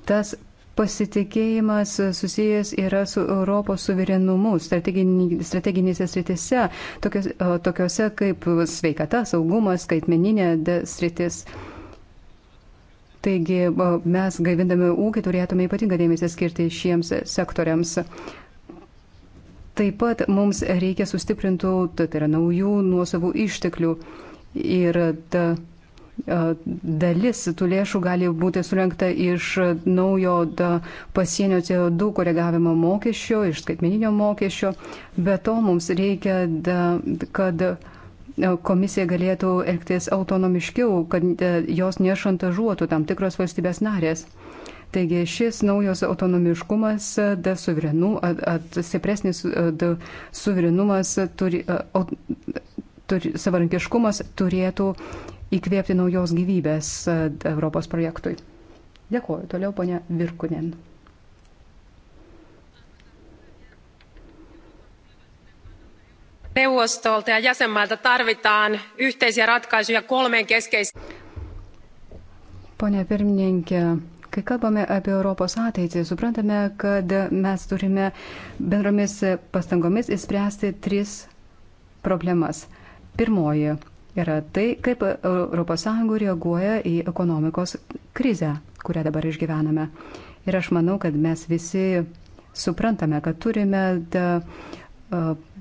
tas pasitikėjimas susijęs yra su Europos suverenumu strateginėse sritise, tokios, a, tokiose kaip sveikata, saugumas, skaitmeninė sritis. Taigi mes gaivindami ūkį turėtume ypatingą dėmesį skirti šiems sektoriams. Taip pat mums reikia sustiprintų, tai yra naujų nuosavų išteklių ir ta, dalis tų lėšų gali būti surinkta iš naujo da, pasienio CO2 koregavimo mokesčio, iš skaitmeninio mokesčio. Be to mums reikia, da, kad komisija galėtų elgtis autonomiškiau, kad jos nešantažuotų tam tikros valstybės narės. Taigi šis naujas autonomiškumas, suverenu, stipresnis suverenumas, turi, turi, savarankiškumas turėtų įkvėpti naujos gyvybės Europos projektui. Dėkuoju. Toliau ponia Virkunen. neuvostolta ja jäsenmailta tarvitaan yhteisiä ratkaisuja kolmeen keskeiseen. Pone pirmininkė, Kai kalbame apie Europos ateitį, suprantame, kad mes turime bendromis pastangomis įspręsti tris problemas. Pirmoji yra tai, kaip ES reaguoja į ekonomikos krizę, kurią dabar išgyvename. Ir aš manau, kad mes visi suprantame, kad turime da, uh,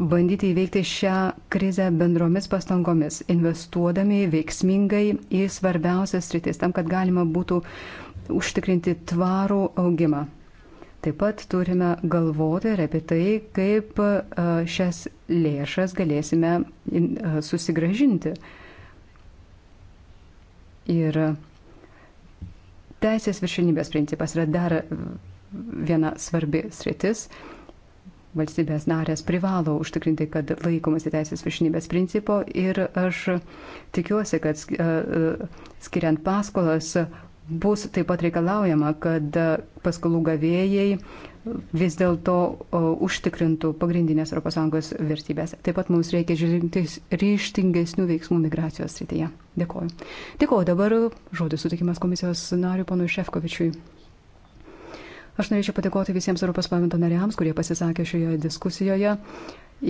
bandyti įveikti šią krizę bendromis pastangomis, investuodami veiksmingai į svarbiausias rytis, tam, kad galima būtų užtikrinti tvarų augimą. Taip pat turime galvoti ir apie tai, kaip e, šias lėšas galėsime e, susigražinti. Ir teisės viršinybės principas yra dar viena svarbi sritis valstybės narės privalo užtikrinti, kad laikomasi teisės viršinybės principo ir aš tikiuosi, kad e, e, skiriant paskolas bus taip pat reikalaujama, kad paskolų gavėjai vis dėlto e, užtikrintų pagrindinės ES vertybės. Taip pat mums reikia žiūrinti ryštingesnių veiksmų migracijos srityje. Dėkoju. Dėkoju. Dabar žodis sutikimas komisijos nariu ponui Šefkovičiui. Aš norėčiau padėkoti visiems Europos parlamento nariams, kurie pasisakė šioje diskusijoje.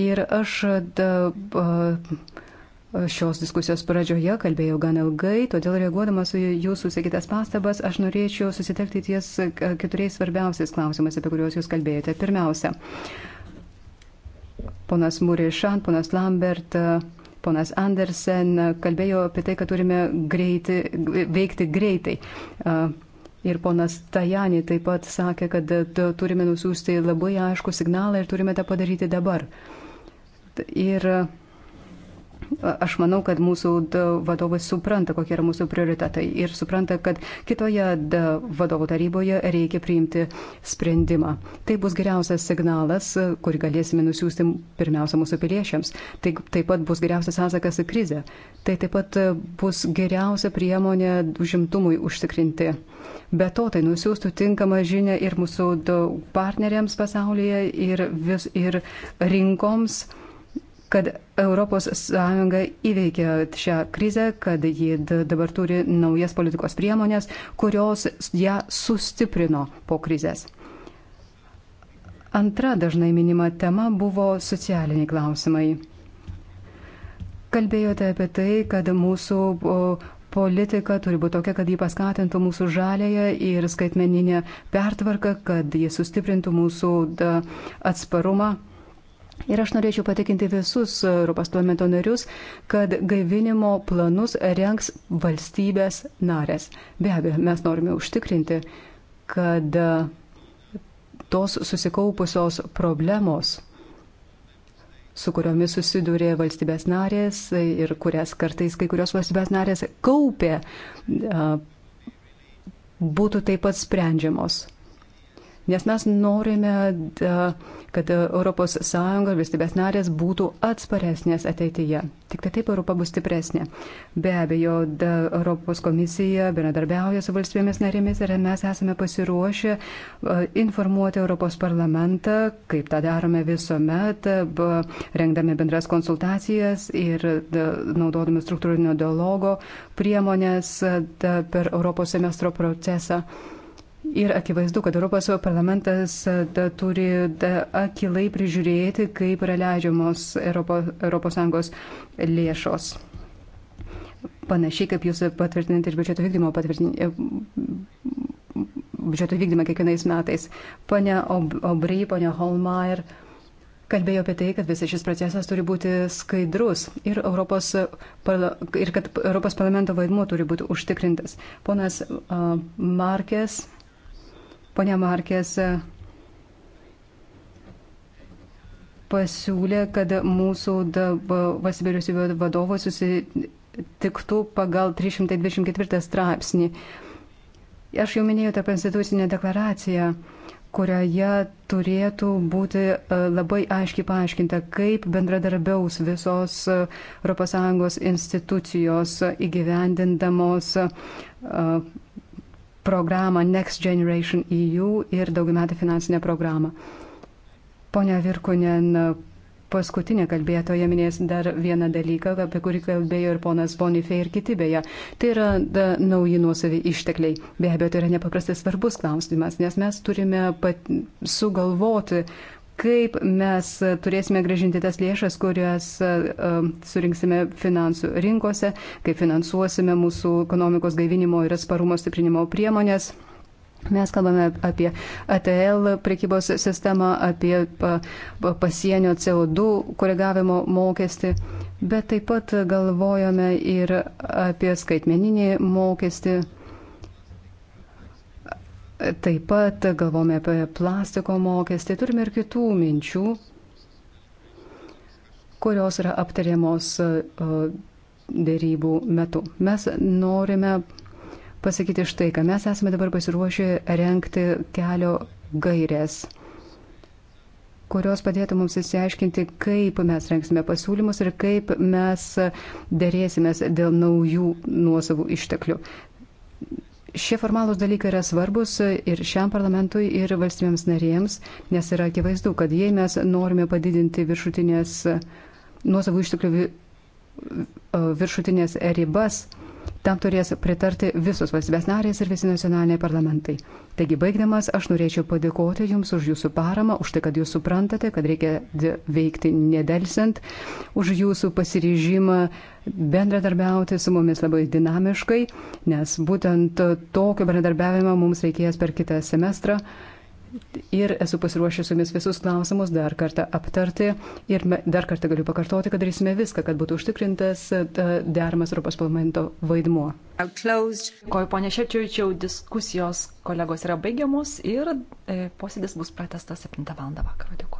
Ir aš da, šios diskusijos pradžioje kalbėjau gan ilgai, todėl reaguodamas į jūsų sakytas pastabas, aš norėčiau susitelkti ties keturiais svarbiausiais klausimais, apie kuriuos jūs kalbėjote. Pirmiausia, ponas Murišan, ponas Lambert, ponas Andersen kalbėjo apie tai, kad turime greitį, veikti greitai. Uh, Ir ponas Tajani taip pat sakė, kad e, turime nusiųsti labai aišku signalą ir turime tą padaryti dabar. Ir Aš manau, kad mūsų vadovai supranta, kokie yra mūsų prioritetai ir supranta, kad kitoje vadovų taryboje reikia priimti sprendimą. Tai bus geriausias signalas, kurį galėsime nusiųsti pirmiausia mūsų piliečiams. Tai taip pat bus geriausias atsakas į krizę. Tai taip pat bus geriausia priemonė užimtumui užtikrinti. Be to, tai nusiųstų tinkamą žinę ir mūsų partneriams pasaulyje, ir, vis, ir rinkoms kad ES įveikė šią krizę, kad ji dabar turi naujas politikos priemonės, kurios ją sustiprino po krizės. Antra dažnai minima tema buvo socialiniai klausimai. Kalbėjote apie tai, kad mūsų politika turi būti tokia, kad jį paskatintų mūsų žalėje ir skaitmeninę pertvarką, kad jį sustiprintų mūsų atsparumą Ir aš norėčiau patikinti visus Europos parlamento narius, kad gaivinimo planus renks valstybės narės. Be abejo, mes norime užtikrinti, kad e, tos susikaupusios problemos su kuriomis susidūrė valstybės narės ir kurias kartais kai kurios valstybės narės kaupė, e, būtų taip pat sprendžiamos nes mes norime, e, kad ES valstybės narės būtų atsparesnės ateityje. Tik tai taip Europa bus stipresnė. Be abejo, Europos komisija bendradarbiauja su valstybėmis narėmis ir mes esame pasiruošę e, informuoti Europos parlamentą, kaip tą darome visuomet, rengdami bendras konsultacijas ir naudodami struktūrinio dialogo priemonės per Europos semestro procesą. Ir akivaizdu, kad Europos parlamentas e, da, turi da, akilai prižiūrėti, kaip yra leidžiamos Europo, ES lėšos. Panašiai kaip jūs patvirtinate iš biudžeto vykdymo e, biudžeto vykdymą kiekvienais metais. Pane Obry, pane Holmeier kalbėjo apie tai, kad visas šis procesas turi būti skaidrus ir, Europos, ir kad Europos parlamento vaidmuo turi būti užtikrintas. Ponas uh, Markės ponia Markės pasiūlė, kad mūsų valstybėriausybių vadovas susitiktų pagal 324 straipsnį. Aš jau minėjau tą konstitucinę deklaraciją, kurioje turėtų būti e, labai aiškiai paaiškinta, kaip bendradarbiaus visos ES institucijos įgyvendindamos e, programą Next Generation EU ir daugiametę finansinę programą. Pone Virkunen, paskutinė kalbėtoja minės dar vieną dalyką, apie kurį kalbėjo ir ponas Bonifei ir kiti beje. Tai yra da, nauji nuosavi ištekliai. Be abejo, tai yra nepaprastai svarbus klausimas, nes mes turime pat, sugalvoti, kaip mes turėsime gražinti tas lėšas, kurias e, e, surinksime finansų rinkose, kaip finansuosime mūsų ekonomikos gaivinimo ir atsparumo stiprinimo priemonės. Mes kalbame apie ATL prekybos sistemą, apie pasienio CO2 koregavimo mokestį, bet taip pat galvojame ir apie skaitmeninį mokestį Taip pat galvome apie plastiko mokestį, turime ir kitų minčių, kurios yra aptariamos e, dėrybų metu. Mes norime pasakyti štai, kad mes esame dabar pasiruošę renkti kelio gairės kurios padėtų mums įsiaiškinti, kaip mes renksime pasiūlymus ir kaip mes dėrėsimės dėl naujų nuosavų išteklių. Šie formalūs dalykai yra svarbus ir šiam parlamentui, ir valstybėms narėms, nes yra akivaizdu, kad jei mes norime padidinti viršutinės nuosavų išteklių viršutinės ribas, Tam turės pritarti visos valstybės narės ir visi nacionaliniai parlamentai. Taigi, baigdamas, aš norėčiau padėkoti Jums už Jūsų paramą, už tai, kad Jūs suprantate, kad reikia veikti nedelsant, už Jūsų pasiryžimą bendradarbiauti su mumis labai dinamiškai, nes būtent tokio bendradarbiavimo mums reikės per kitą semestrą ir esu pasiruošęs su jumis visus klausimus dar kartą aptarti ir dar kartą galiu pakartoti, kad darysime viską, kad būtų užtikrintas deramas Europos parlamento vaidmuo. Koju ponė Šepčiovičiau, diskusijos kolegos yra baigiamos ir e, posėdis bus pratestas 7 val. vakaro. Dėkuoju.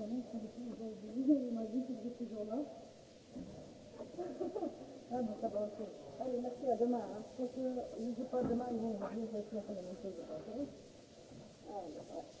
الجميل في الفيزا والفيزا ومازيد في الجولة هذا طبعا أي ميرسي يا جماعة باسكو يجي با دومان يجي يجي يجي يجي يجي يجي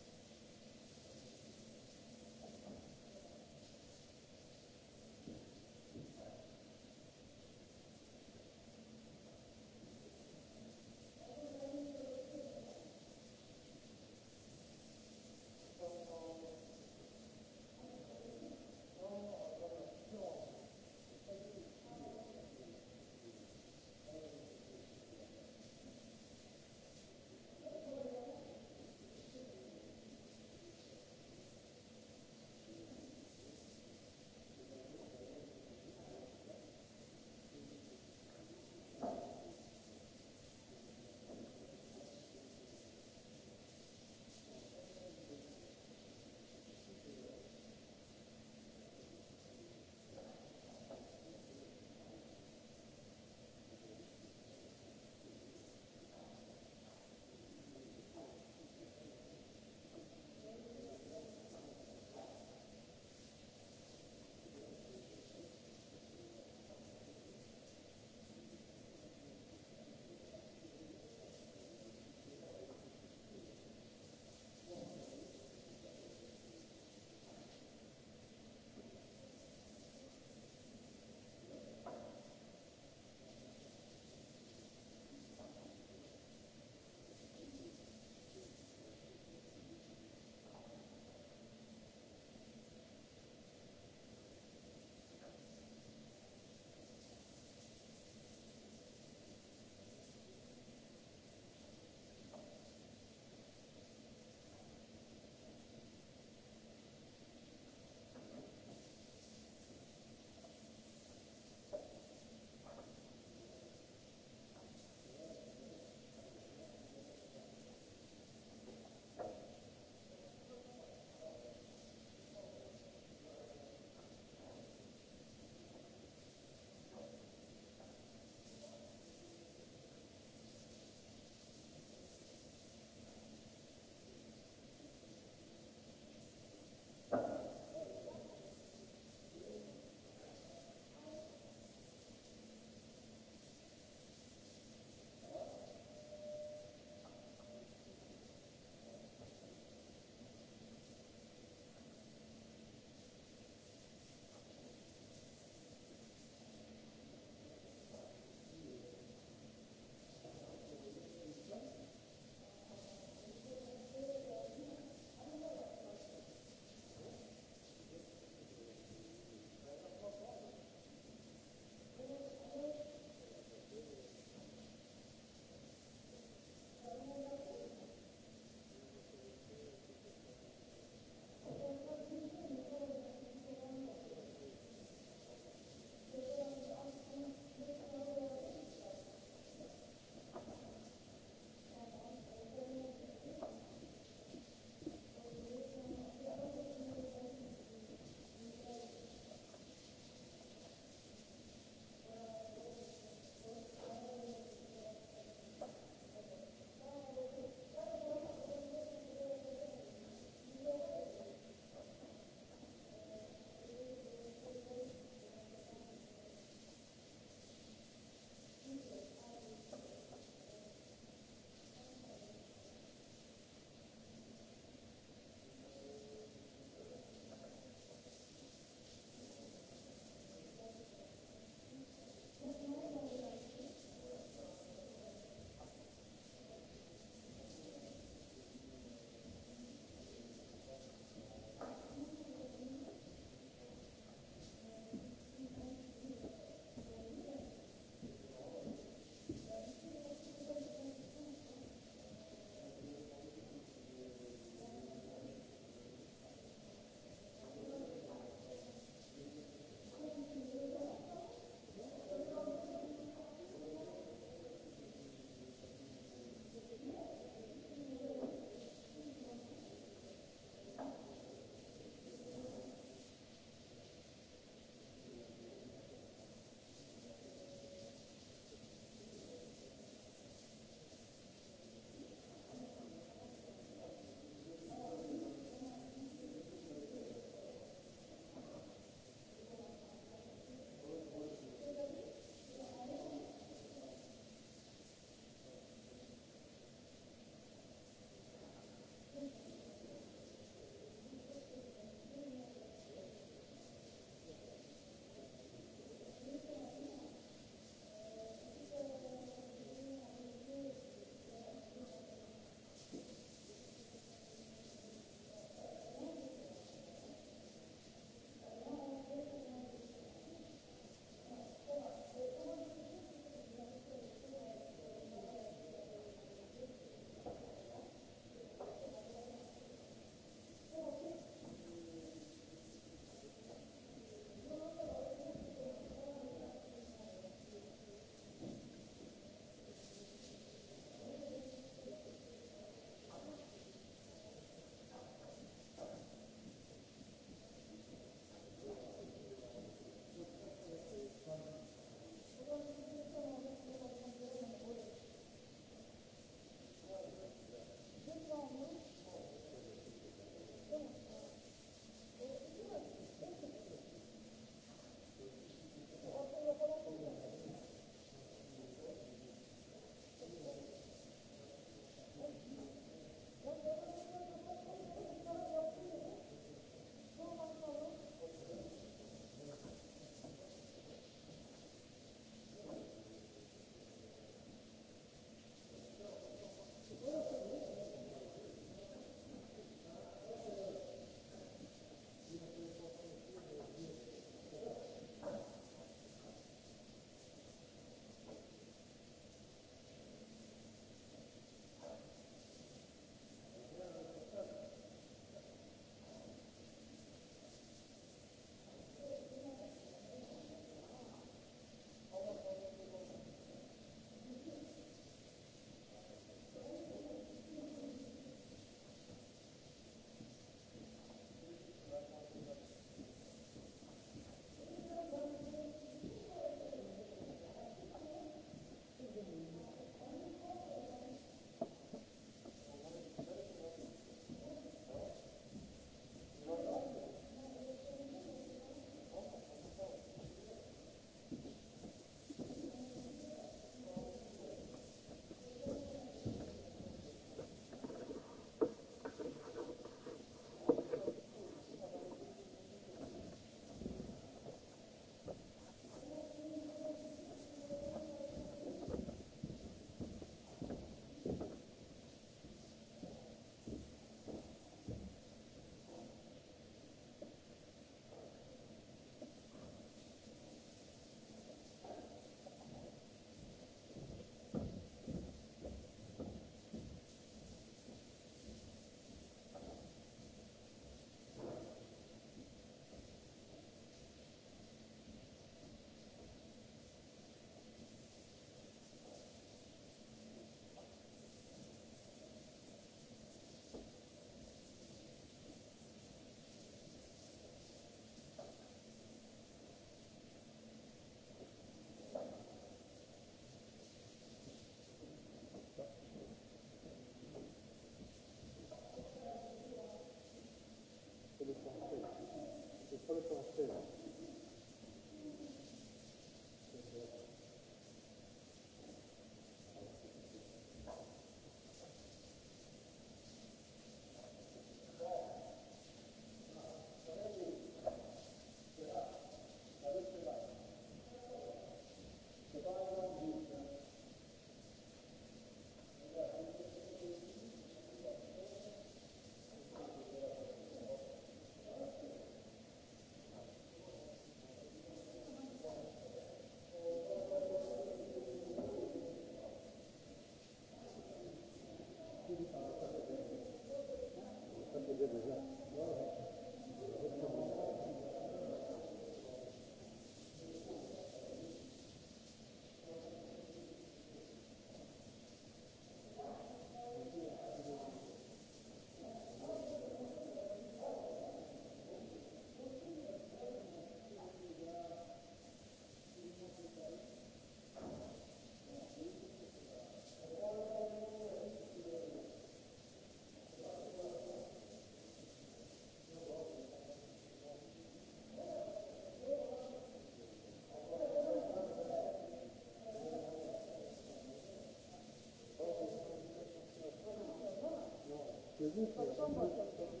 būklės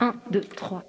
1, 2, 3.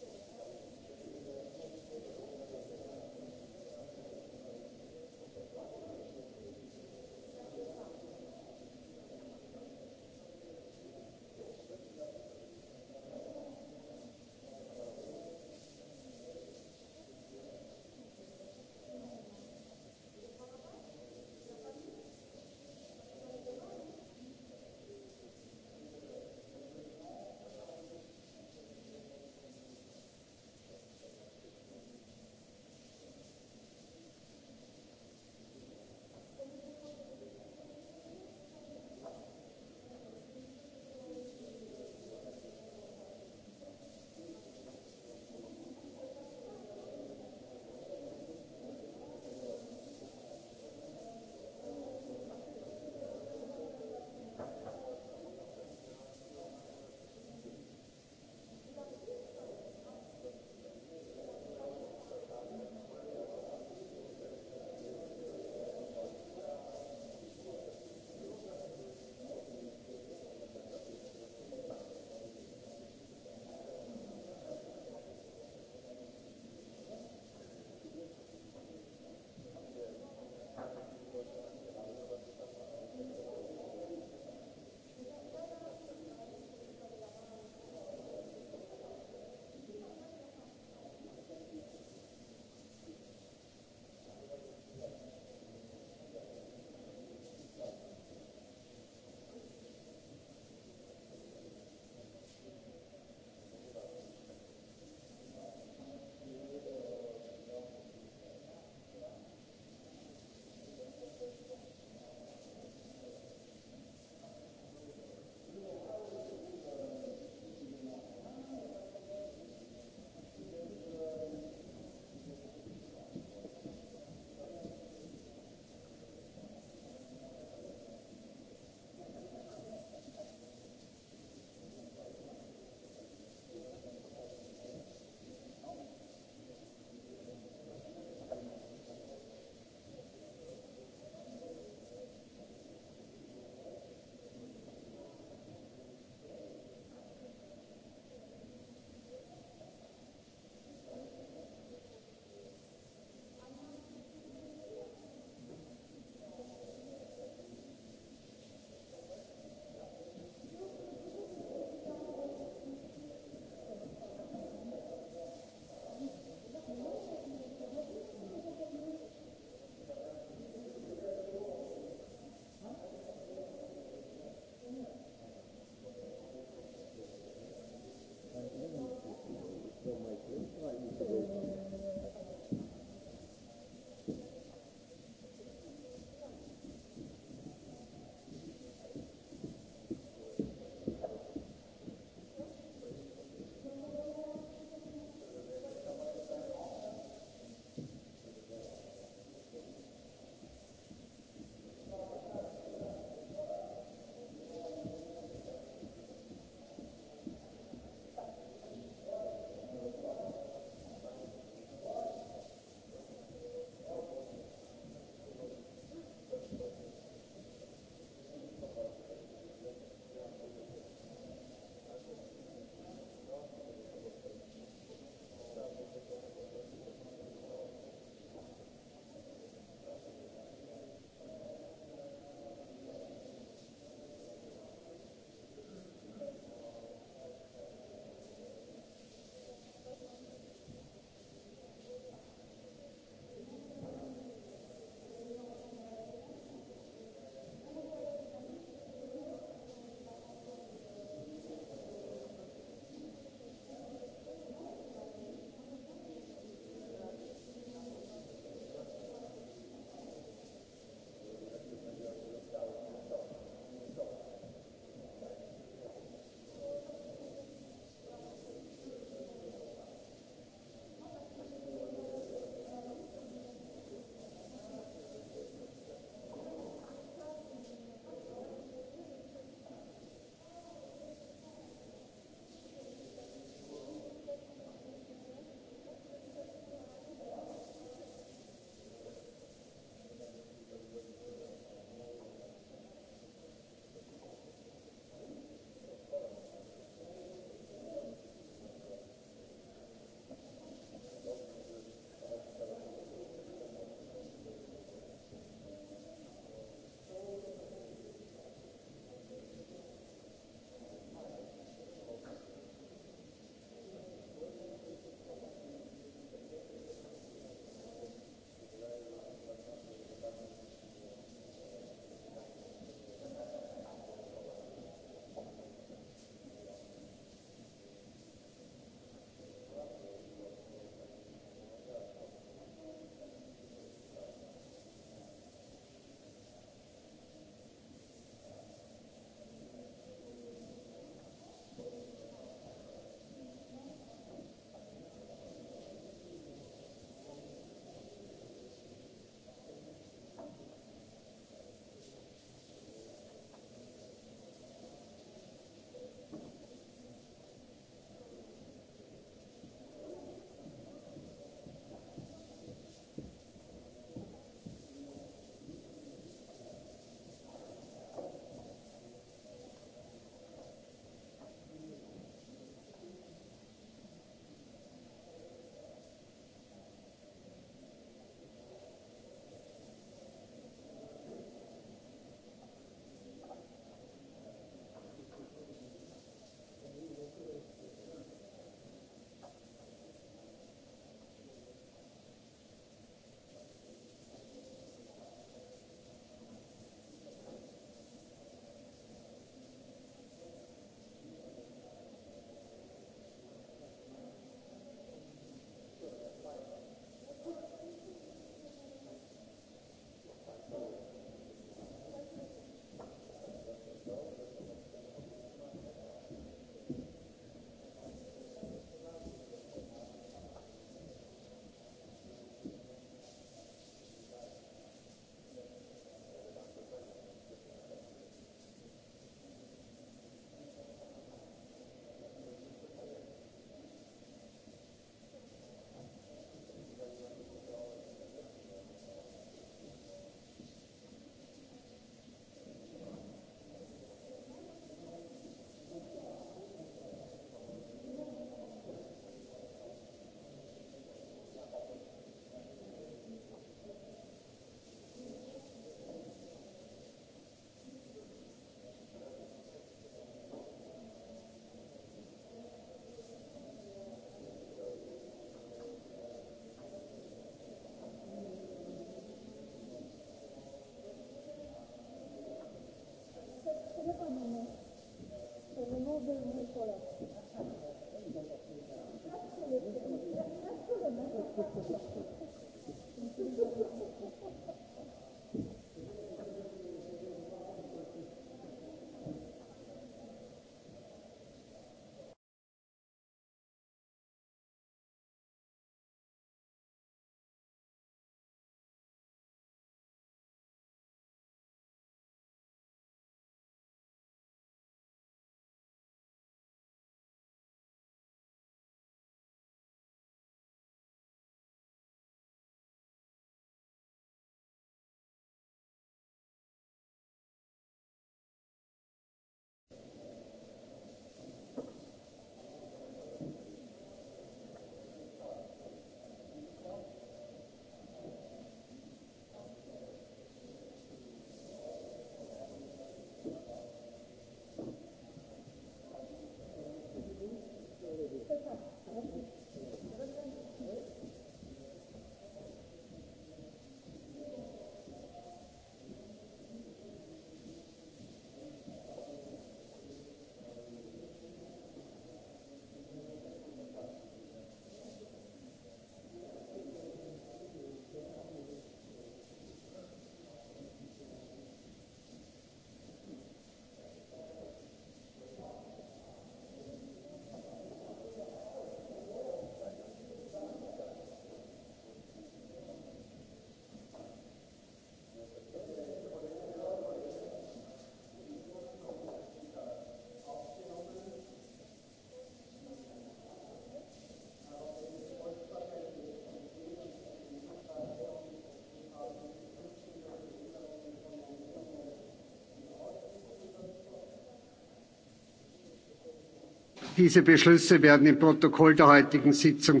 Diese Beschlüsse werden im Protokoll der heutigen Sitzung.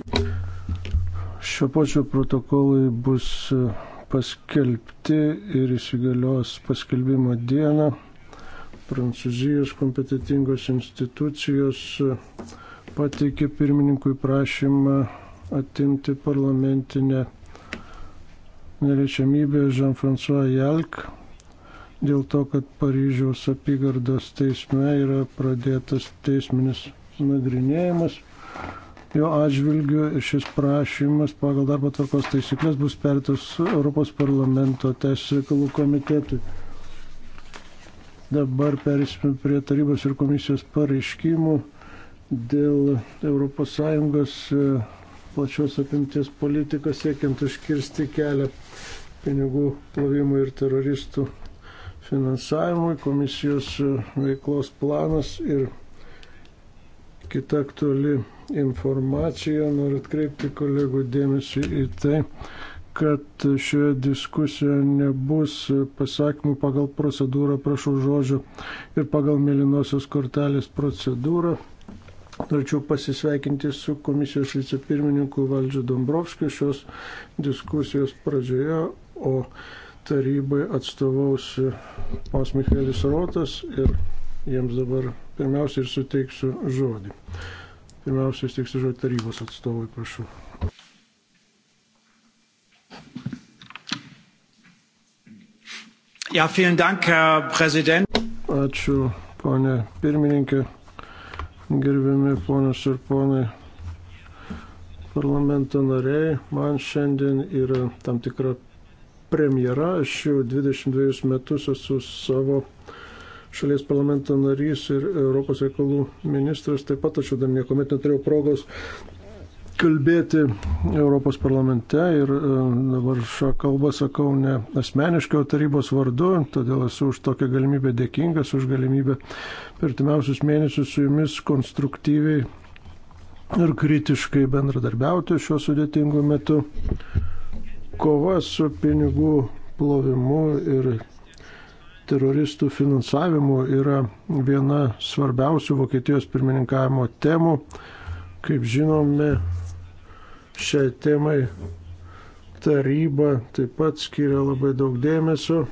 Šio pačio protokolai bus e, paskelbti ir įsigalios paskelbimo dieną. Prancūzijos kompetitingos institucijos e, pateikė pirmininkui prašymą atimti parlamentinę neliečiamybę Jean-François Jalk dėl to, kad Paryžiaus apygardos teisme yra pradėtas teisminis nagrinėjimas jo atžvilgiu šis prašymas pagal darbo tvarkos taisyklės bus pertas Europos parlamento teisės reikalų komitetui. Dabar perėsime prie tarybos ir komisijos pareiškimų dėl ES e, plačios apimties politikos siekiant užkirsti kelią pinigų plovimui ir teroristų finansavimui. Komisijos e, veiklos planas ir kita aktuali informacija. Noriu atkreipti kolegų dėmesį į tai, kad šioje diskusijoje nebus pasakymų pagal procedūrą, prašau žodžio, ir pagal mėlynosios kortelės procedūrą. Norėčiau pasisveikinti su komisijos vicepirmininku Valdžiu Dombrovskiu šios diskusijos pradžioje, o tarybai atstovaus pas Michaelis Rotas ir jiems dabar pirmiausia ir suteiksiu žodį. Pirmiausia, suteiksiu žodį tarybos atstovui, prašau. Ja, vielen Dank, Herr Präsident. Ačiū, ponė pirmininkė, gerbiami ponas ir ponai parlamento nariai. Man šiandien yra tam tikra premjera. Aš jau 22 metus esu savo uh, šalies parlamento narys ir Europos reikalų ministras taip pat, tačiau dar niekuomet neturėjau progos kalbėti Europos parlamente ir e, dabar šią kalbą sakau ne asmeniškai, o tarybos vardu, todėl esu už tokią galimybę dėkingas, už galimybę per timiausius mėnesius su jumis konstruktyviai ir kritiškai bendradarbiauti šiuo sudėtingu metu. Kova su pinigų plovimu ir teroristų finansavimu yra viena svarbiausių Vokietijos pirmininkavimo temų. Kaip žinome, šiai temai taryba taip pat skiria labai daug dėmesio.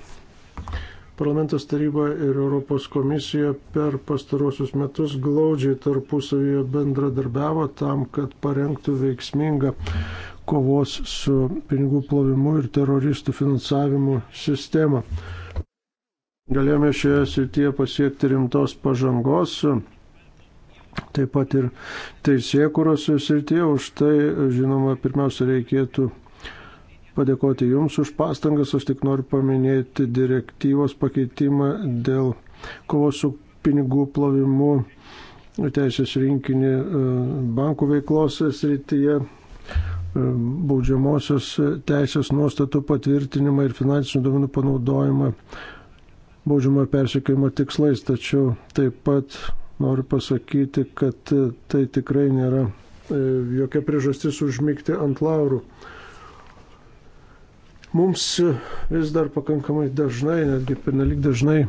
Parlamentas taryba ir Europos komisija per pastarosius metus glaudžiai tarpusavyje bendradarbiavo tam, kad parengtų veiksmingą kovos su pinigų plovimu ir teroristų finansavimu sistemą. Galėjome šioje srityje pasiekti rimtos pažangos, taip pat ir teisėkuros srityje. Už tai, žinoma, pirmiausia reikėtų padėkoti Jums už pastangas. Aš tik noriu paminėti direktyvos pakeitimą dėl kovos su pinigų plovimu teisės rinkinį e, bankų veiklos srityje, e, baudžiamosios teisės nuostatų patvirtinimą ir finansinių duomenų panaudojimą baudžiamo persikėjimo tikslais, tačiau taip pat noriu pasakyti, kad tai tikrai nėra e, jokia priežastis užmygti ant laurų. Mums vis dar pakankamai dažnai, netgi pernelik dažnai,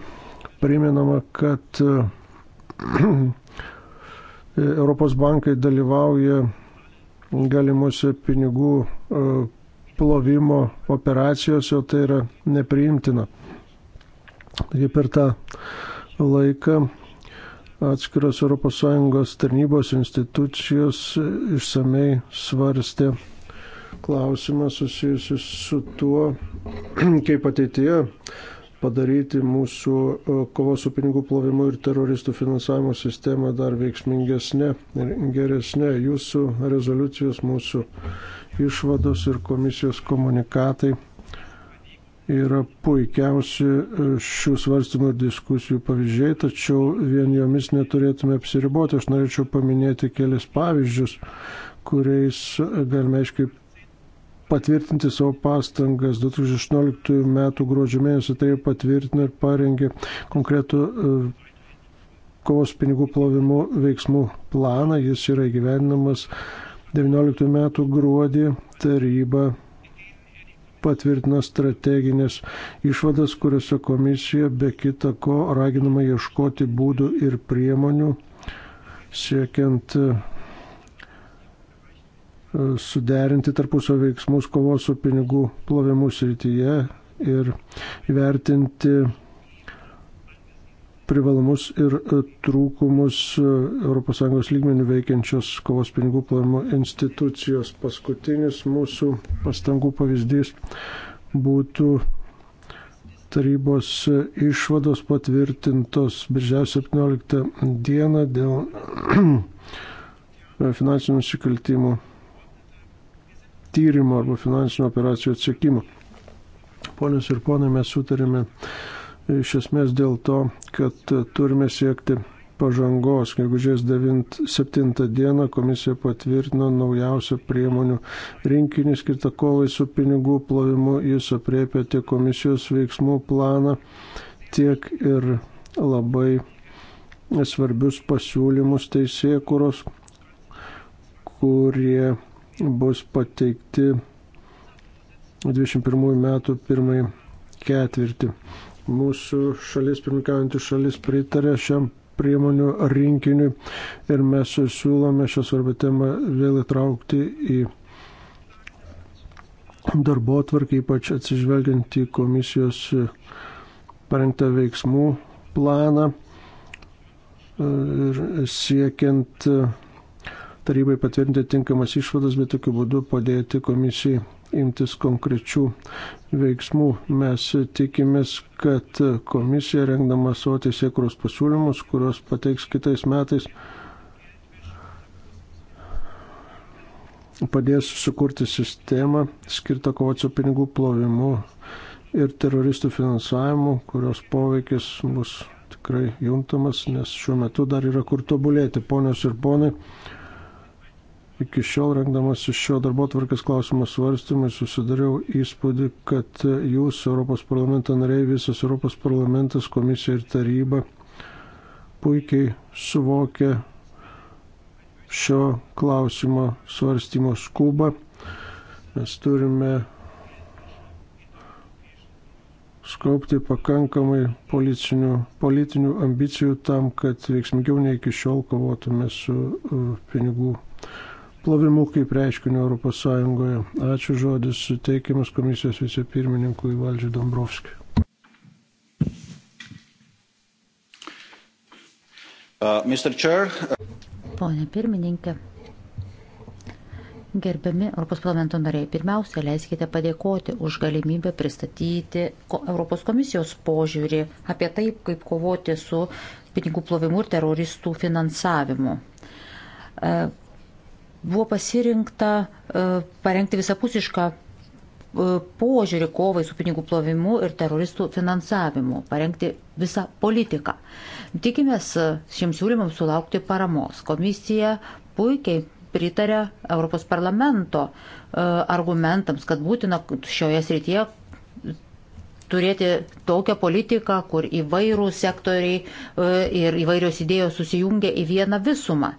priminama, kad e, Europos bankai dalyvauja galimuose pinigų e, plovimo operacijose, o tai yra nepriimtina. Taigi per tą laiką atskiros ES tarnybos institucijos išsamei svarstė klausimą susijusiu su tuo, kaip ateityje padaryti mūsų e, kovos su pinigų plovimu ir teroristų finansavimo sistemą dar veiksmingesnė ir geresnė. Jūsų rezoliucijos, mūsų išvados ir komisijos komunikatai yra puikiausi e, šių svarstymų ir diskusijų pavyzdžiai, tačiau vien jomis neturėtume apsiriboti. Aš norėčiau paminėti kelis pavyzdžius, kuriais e, galime aiškiai patvirtinti savo pastangas. 2018 m. gruodžio mėnesį tai patvirtino ir parengė konkretų e, kovos pinigų plovimų veiksmų planą. Jis yra įgyvendinamas 19 m. gruodį taryba patvirtino strateginės išvadas, kuriuose komisija be kita ko raginama ieškoti būdų ir priemonių siekiant e, suderinti tarpusio veiksmus kovos su pinigų plovimu srityje ir įvertinti privalumus ir e, trūkumus e, ES lygmenių veikiančios kovos pinigų plovimo institucijos. Paskutinis mūsų pastangų pavyzdys būtų tarybos e, išvados patvirtintos birželio 17 dieną dėl finansinių nusikaltimų tyrimo arba finansinių operacijų atsiekimo. Ponios ir ponai, mes sutarėme iš esmės dėl to, kad turime siekti pažangos. Gegužės 7 dieną komisija patvirtino naujausią priemonių rinkinį skirtą kovai su pinigų plovimu. Jis apriepia tiek komisijos veiksmų planą, tiek ir labai svarbius pasiūlymus teisėkuros, kurie bus pateikti 21 metų pirmai ketvirtį. Mūsų šalis, pirmininkaujantį šalis, pritarė šiam priemonių rinkiniui ir mes siūlome šią svarbę temą vėl įtraukti į darbo atvarkį, ypač atsižvelgiant į komisijos parengtą veiksmų planą e, ir siekiant tarybai patvirtinti tinkamas išvadas, bet tokiu būdu padėti komisijai imtis konkrečių veiksmų. Mes tikimės, kad komisija rengdama savo teisėkros pasiūlymus, kuriuos pateiks kitais metais, padės sukurti sistemą skirtą kovoti su pinigų plovimu ir teroristų finansavimu, kurios poveikis bus tikrai juntamas, nes šiuo metu dar yra kur tobulėti, ponios ir ponai iki šiol rengdamasis šio darbo tvarkės klausimo svarstymui susidariau įspūdį, kad jūs, Europos parlamento nariai, visas Europos parlamentas, komisija ir taryba puikiai suvokia šio klausimo svarstymo skubą. Mes turime skaupti pakankamai politinių, politinių ambicijų tam, kad veiksmingiau nei iki šiol kovotume su uh, pinigų plovimu kaip reiškiniu Europos Sąjungoje. Ačiū žodis suteikiamas komisijos vicepirmininkui Valdžiu Dombrovskiu. Uh, uh, Pone pirmininkė, gerbiami Europos parlamento nariai, pirmiausia, leiskite padėkoti už galimybę pristatyti Europos komisijos požiūrį apie taip, kaip kovoti su pinigų plovimu ir teroristų finansavimu uh, Buvo pasirinkta e, parengti visapusišką e, požiūrį kovai su pinigų plovimu ir teroristų finansavimu, parengti visą politiką. Tikimės e, šiems siūlymams sulaukti paramos. Komisija puikiai pritarė Europos parlamento argumentams, kad būtina šioje srityje turėti tokią politiką, kur įvairių sektoriai e, ir įvairios idėjos susijungia į vieną visumą.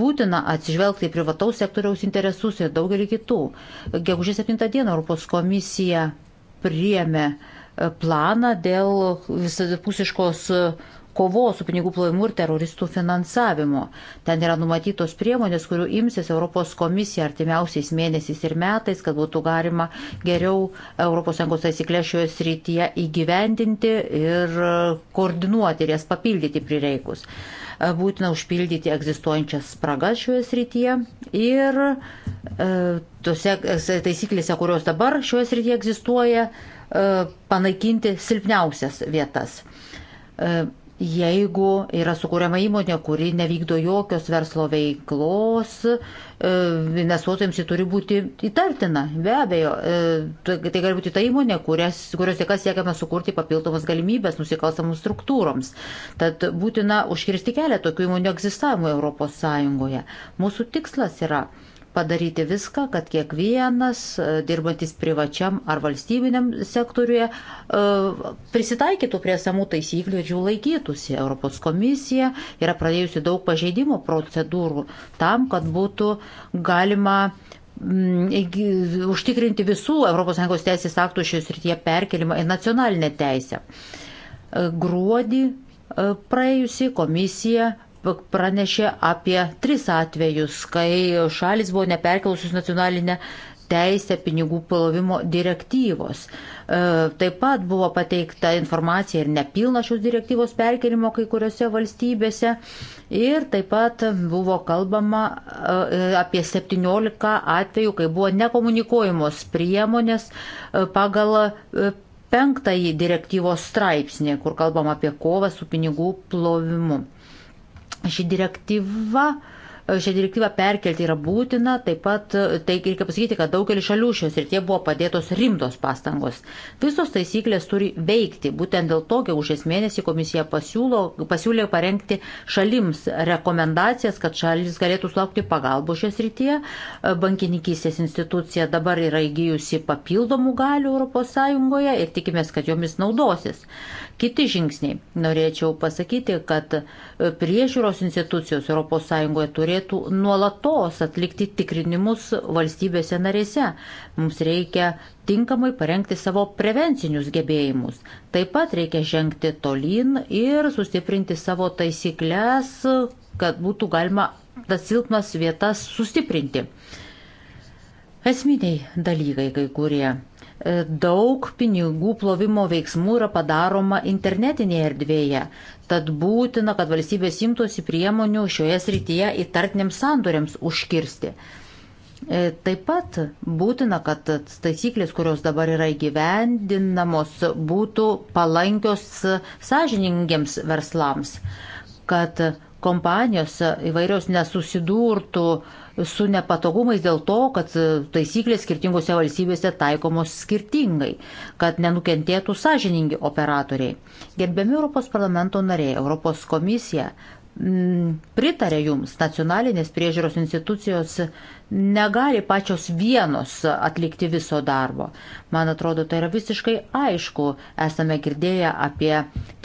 Būtina atsižvelgti į privataus sektoriaus interesus ir daugelį kitų. Gegužės 7 dieną Europos komisija priėmė e, planą dėl visapusiškos kovos su pinigų plovimu ir teroristų finansavimu. Ten yra numatytos priemonės, kurių imsis Europos komisija artimiausiais mėnesiais ir metais, kad būtų galima geriau ES taisyklės šioje srityje įgyvendinti ir koordinuoti ir jas papildyti prireikus. Būtina užpildyti egzistuojančias spragas šioje srityje ir e, tose taisyklėse, kurios dabar šioje srityje egzistuoja, e, panaikinti silpniausias vietas. E, jeigu yra sukūriama įmonė, kuri nevykdo jokios verslo veiklos, e, investuotojams ji turi būti įtartina. Be abejo, e, tai gali būti ta įmonė, kurias, kurios dėka siekiame sukurti papildomas galimybės nusikalstamoms struktūroms. Tad būtina užkirsti kelią tokių įmonių egzistavimui ES. Mūsų tikslas yra padaryti viską, kad kiekvienas e, dirbantis privačiam ar valstybiniam sektoriuje e, prisitaikytų prie samų taisyklių ir jų laikytųsi. Europos komisija yra pradėjusi daug pažeidimo procedūrų tam, kad būtų galima mm, užtikrinti visų ES teisės aktų šioje srityje perkelimą į nacionalinę teisę. E, gruodį praėjusi komisija pranešė apie tris atvejus, kai šalis buvo neperkelusius nacionalinę teisę pinigų plovimo direktyvos. E, taip pat buvo pateikta informacija ir nepilna šios direktyvos perkelimo kai kuriuose valstybėse. Ir taip pat buvo kalbama e, apie 17 atvejų, kai buvo nekomunikuojamos priemonės e, pagal penktąjį direktyvos straipsnį, kur kalbam apie kovą su pinigų plovimu. Ši direktyva šią direktyvą perkelti yra būtina, taip pat e, tai reikia pasakyti, kad daugelį šalių šios srityje buvo padėtos rimtos pastangos. Visos taisyklės turi veikti, būtent dėl to, kiek už šias mėnesį komisija pasiūlo, pasiūlė parengti šalims rekomendacijas, kad šalis galėtų sulaukti pagalbų šios srityje. E, Bankininkysės institucija dabar yra įgyjusi papildomų galių ES ir tikimės, kad jomis naudosis. Kiti žingsniai. Norėčiau pasakyti, kad e, priežiūros institucijos ES turėtų nuolatos atlikti tikrinimus valstybėse narėse. Mums reikia tinkamai parengti savo prevencinius gebėjimus. Taip pat reikia žengti tolyn ir sustiprinti savo taisyklės, kad būtų galima tas silpnas vietas sustiprinti. Esminiai dalykai kai kurie E, daug pinigų plovimo veiksmų yra padaroma internetinėje erdvėje. Tad būtina, kad valstybės imtųsi priemonių šioje srityje įtartiniams sandoriams užkirsti. E, taip pat būtina, kad taisyklės, kurios dabar yra įgyvendinamos, būtų palankios sąžiningiams verslams, kad kompanijos įvairios nesusidurtų uh, su nepatogumais dėl to, kad taisyklės skirtingose valstybėse taikomos skirtingai, kad nenukentėtų sąžiningi operatoriai. Gerbiami Europos parlamento nariai, Europos komisija pritarė jums, nacionalinės priežiūros institucijos negali pačios vienos atlikti viso darbo. Man atrodo, tai yra visiškai aišku. Esame girdėję apie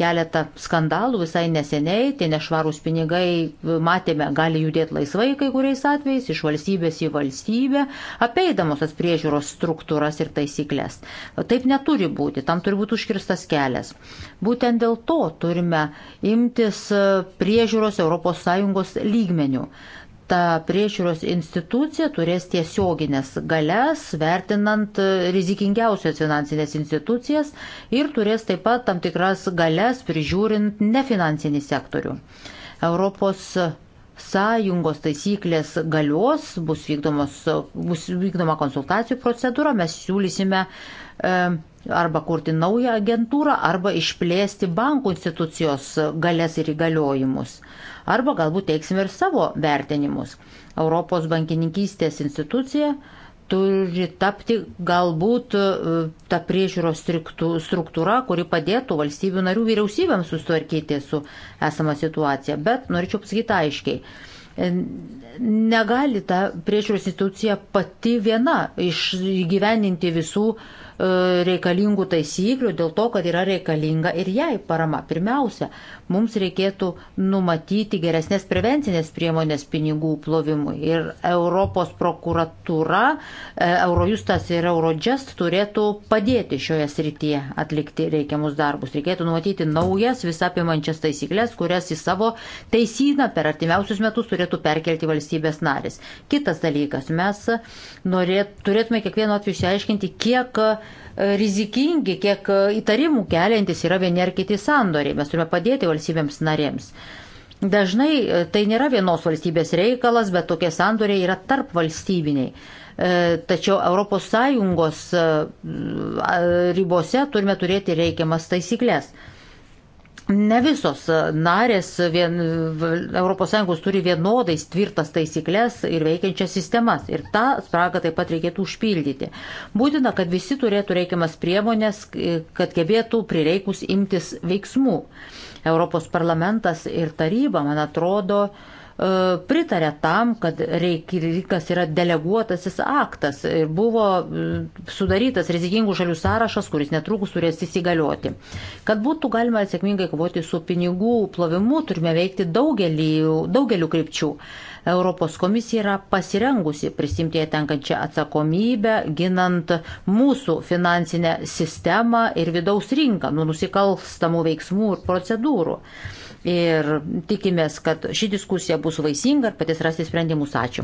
keletą skandalų visai neseniai, tie nešvarūs pinigai, matėme, gali judėti laisvai kai kuriais atvejais, iš valstybės į valstybę, apeidamos tas priežiūros struktūras ir taisyklės. Taip neturi būti, tam turi būti užkirstas kelias. Būtent dėl to turime imtis priežiūros ES lygmenių ta priežiūros institucija turės tiesioginės galias, vertinant rizikingiausias finansinės institucijas ir turės taip pat tam tikras galias prižiūrint nefinansinį sektorių. Europos sąjungos taisyklės galios, bus, vykdomos, bus vykdoma konsultacijų procedūra, mes siūlysime e, arba kurti naują agentūrą, arba išplėsti bankų institucijos galės ir įgaliojimus. E, arba galbūt teiksime ir savo vertinimus. Europos bankininkystės institucija turi tapti galbūt e, ta priežiūros struktūra, kuri padėtų valstybių narių vyriausybėms sustvarkyti su esama situacija. Bet norėčiau pasakyti aiškiai, e, negali ta priežiūros institucija pati viena išgyveninti visų e, reikalingų taisyklių dėl to, kad yra reikalinga ir jai parama. Pirmiausia, mums reikėtų numatyti geresnės prevencinės priemonės pinigų plovimui. Ir Europos prokuratūra, e, Eurojustas ir Eurodžest turėtų padėti šioje srityje atlikti reikiamus darbus. Reikėtų numatyti naujas visapimančias taisyklės, kurias į savo teisyną per artimiausius metus turėtų perkelti valstybės narės. Kitas dalykas, mes norėt, turėtume kiekvienu atveju išsiaiškinti, kiek e, rizikingi, kiek įtarimų keliantis yra vieni ar kiti sandoriai. Mes turime padėti valstybės valstybėms narėms. Dažnai e, tai nėra vienos valstybės reikalas, bet tokie sandoriai yra tarp valstybiniai. E, tačiau ES e, ribose turime turėti reikiamas taisyklės. Ne visos narės vien, ES turi vienodai tvirtas taisyklės ir veikiančias sistemas. Ir tą spragą taip pat reikėtų užpildyti. Būtina, kad visi turėtų reikiamas priemonės, kad gebėtų prireikus imtis veiksmų. Uh, Europos parlamentas ir taryba, man atrodo, E, pritarė tam, kad reikirikas yra deleguotasis aktas ir buvo e, sudarytas rizikingų šalių sąrašas, kuris netrukus turės įsigalioti. Kad būtų galima sėkmingai kovoti su pinigų plovimu, turime veikti daugelį, daugelių krypčių. Europos komisija yra pasirengusi prisimti ją tenkančią atsakomybę, ginant mūsų finansinę sistemą ir vidaus rinką nuo nusikalstamų veiksmų ir procedūrų ir tikimės, kad ši diskusija bus vaisinga ir patys rasti sprendimus. Ačiū.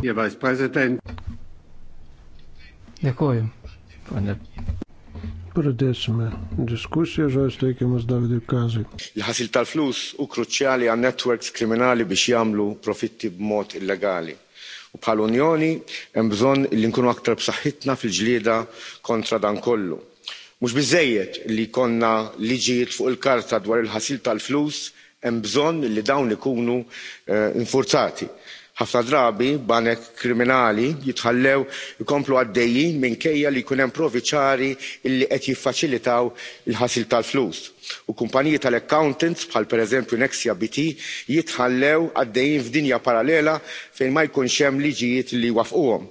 Dėkuoju. Pane. Pradėsime diskusiją, žodis teikiamas Davidui Kazui. L-ħasil tal-flus u kruċjali għan networks kriminali biex jamlu profitti b'mod illegali. U bħal Unjoni hemm bżonn li nkunu aktar b'saħħitna fil-ġlieda kontra dan kollu. Mhux biżejjed li konna liġijiet fuq il-karta dwar il-ħasil tal-flus hemm bżonn li dawn ikunu infurzati. Eh, ħafna drabi banek kriminali jitħallew ikomplu għaddejjin minkejja li jkun hemm provi ċari li qed jiffaċilitaw il-ħasil tal-flus u kumpaniji tal accountants bħal pereżempju nexia bt jitħallew għaddejjin f'dinja parallela fejn ma jkunx hemm liġijiet li jwaffquhom.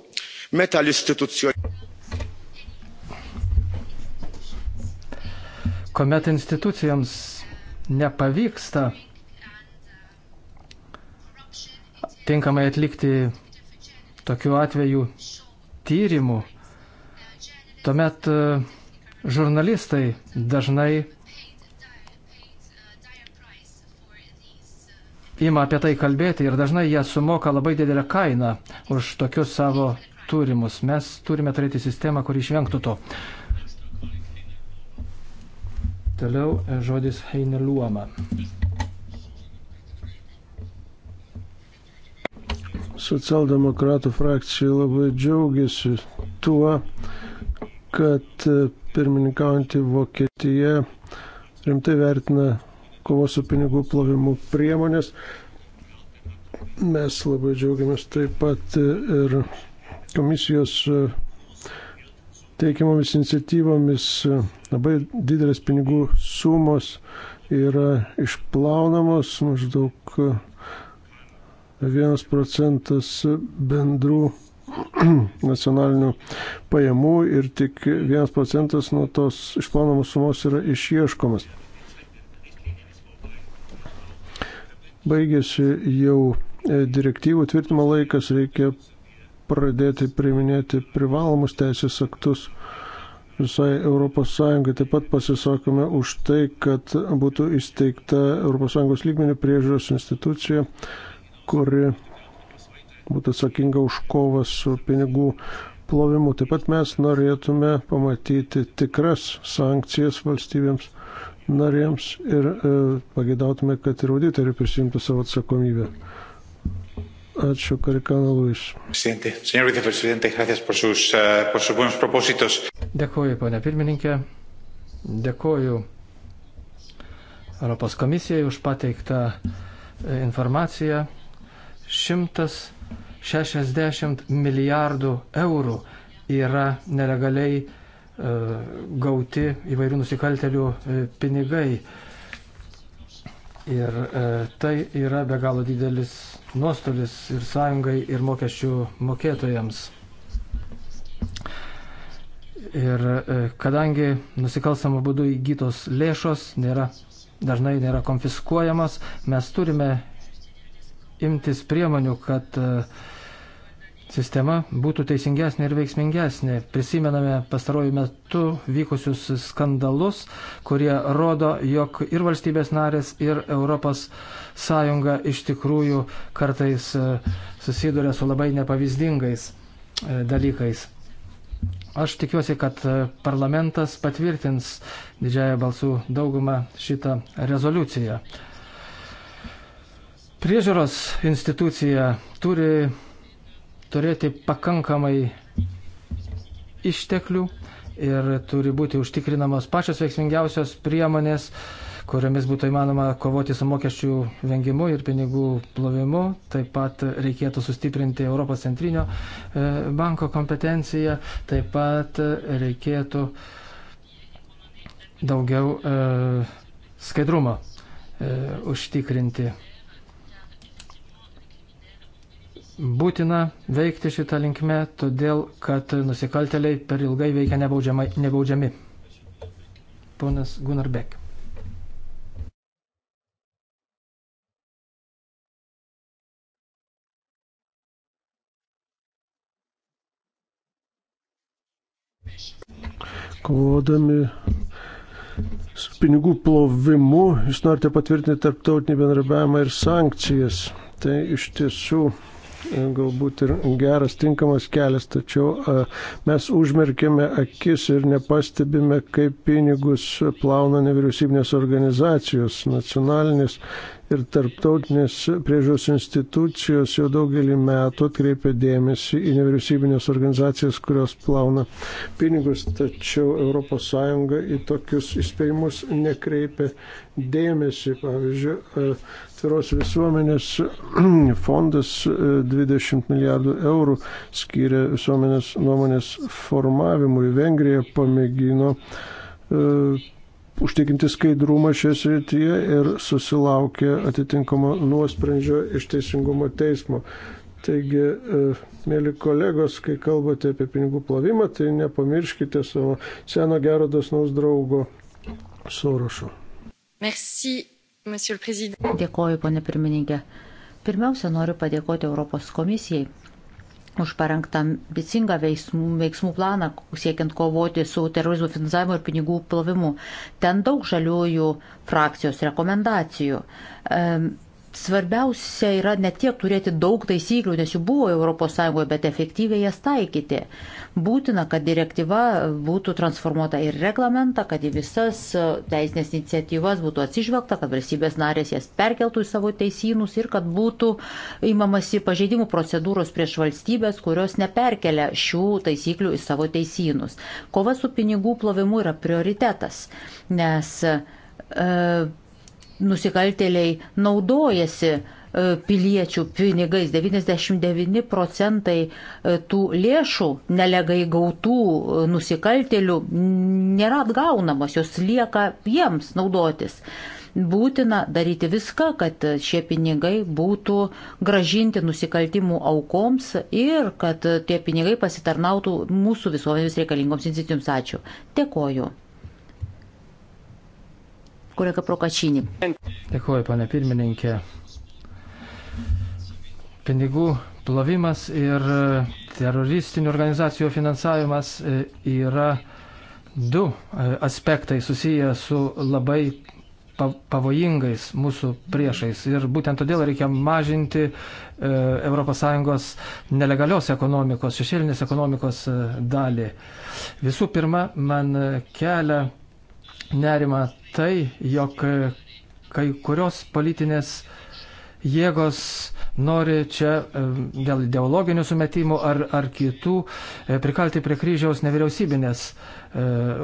meta l-istituzzjonijiet Kuomet institucijoms nepavyksta tinkamai atlikti tokių atvejų tyrimų, tuomet e, žurnalistai dažnai ima apie tai kalbėti ir dažnai jie sumoka labai didelę kainą už tokius savo turimus. Mes turime turėti sistemą, kuri išvengtų to. Toliau e, žodis Heineluoma. Socialdemokratų frakcija labai džiaugiasi tuo, kad e, pirmininkaujantį Vokietiją rimtai vertina kovos su pinigų plovimu priemonės. Mes labai džiaugiamės taip pat e, ir komisijos teikiamomis iniciatyvomis labai didelės pinigų sumos yra išplaunamos maždaug 1 e, procentas bendrų nacionalinių pajamų ir tik 1 procentas nuo tos išplaunamos sumos yra išieškomas. Baigėsi jau e, direktyvų tvirtimo laikas, reikia pradėti priiminėti privalomus teisės aktus visai ES. Taip pat pasisakome už tai, kad būtų įsteigta ES lygmenių priežiūros institucija, kuri būtų atsakinga už kovą su pinigų plovimu. Taip pat mes norėtume pamatyti tikras sankcijas valstybėms narėms ir e, pagėdautume, kad ir auditoriai prisimtų savo atsakomybę. Ačiū, Karikana Luis. Eh, Dėkuoju, ponia pirmininkė. Dėkuoju Europos komisijai už pateiktą e, informaciją. 160 milijardų eurų yra nelegaliai e, gauti įvairių nusikaltelių e, pinigai. Ir tai yra be galo didelis nuostolis ir sąjungai, ir mokesčių mokėtojams. Ir e, kadangi nusikalstamo būdu įgytos lėšos nėra, dažnai nėra konfiskuojamas, mes turime imtis priemonių, kad uh, sistema būtų teisingesnė ir veiksmingesnė. Prisimename pastarojų metų vykusius skandalus, kurie rodo, jog ir valstybės narės, ir Europos Sąjunga iš tikrųjų kartais e, susiduria su labai nepavyzdingais e, dalykais. Aš tikiuosi, kad e, parlamentas patvirtins didžiąją balsų daugumą šitą rezoliuciją. Priežiūros institucija turi turėti pakankamai išteklių ir turi būti užtikrinamos pačios veiksmingiausios priemonės, kuriomis būtų įmanoma kovoti su mokesčių vengimu ir pinigų plovimu. Taip pat reikėtų sustiprinti Europos centrinio e, banko kompetenciją, taip pat reikėtų daugiau e, skaidrumo e, užtikrinti. Būtina veikti šitą linkmę, todėl kad nusikalteliai per ilgai veikia nebaudžiami. Ponas Gunarbek. Kovodami su pinigų plovimu, jūs norite patvirtinti tarptautinį bendrabiavimą ir sankcijas. Tai iš tiesų galbūt ir geras, tinkamas kelias, tačiau mes užmerkėme akis ir nepastebime, kaip pinigus plauna nevyriausybinės organizacijos, nacionalinės ir tarptautinės priežiūros institucijos jau daugelį metų atkreipia dėmesį į nevyriausybinės organizacijas, kurios plauna pinigus, tačiau ES į tokius įspėjimus nekreipia dėmesį. Pavyzdžiui, e, Tviros visuomenės fondas 20 e, milijardų eurų skiria visuomenės nuomonės formavimui. Vengrija pamėgino e, užtikrinti skaidrumą šioje srityje ir susilaukė atitinkamo nuosprendžio iš Teisingumo teismo. Taigi, e, mėly kolegos, kai kalbate apie pinigų plovimą, tai nepamirškite savo seno gero dosnaus draugo Sorošo. Merci, Dėkoju, ponė pirmininkė. Pirmiausia, noriu padėkoti Europos komisijai už parengtą ambicingą veiksmų, veiksmų planą, siekiant kovoti su terorizmo finansavimu ir pinigų plovimu. Ten daug žaliųjų frakcijos rekomendacijų. Svarbiausia yra ne tiek turėti daug taisyklių, nes jų buvo ES, bet efektyviai jas taikyti. Būtina, kad direktyva būtų transformuota ir reglamentą, kad į visas e, teisinės iniciatyvas būtų atsižvelgta, kad valstybės narės jas perkeltų į savo teisynus ir kad būtų įmamasi pažeidimų procedūros prieš valstybės, kurios neperkelia šių taisyklių į savo teisynus. Kova su pinigų plovimu yra prioritetas, nes e, nusikaltėliai naudojasi e, piliečių pinigais. 99 procentai e, tų lėšų nelegai gautų e, nusikaltėlių nėra atgaunamos, jos lieka jiems naudotis. Būtina daryti viską, kad šie pinigai būtų gražinti nusikaltimų aukoms ir kad tie pinigai pasitarnautų mūsų visuomenės reikalingoms institucijoms. Ačiū. Dėkoju kolega Prokačinį. Dėkuoju, pane pirmininkė. Pinigų plovimas ir e, teroristinių organizacijų finansavimas e, yra du e, aspektai susiję su labai pavojingais mūsų priešais. Ir būtent todėl reikia mažinti ES nelegalios ekonomikos, šešėlinės ekonomikos dalį. Visų pirma, man kelia nerima tai, jog kai kurios politinės jėgos nori čia e, dėl ideologinių sumetimų ar, ar kitų e, prikalti prie kryžiaus nevyriausybinės e,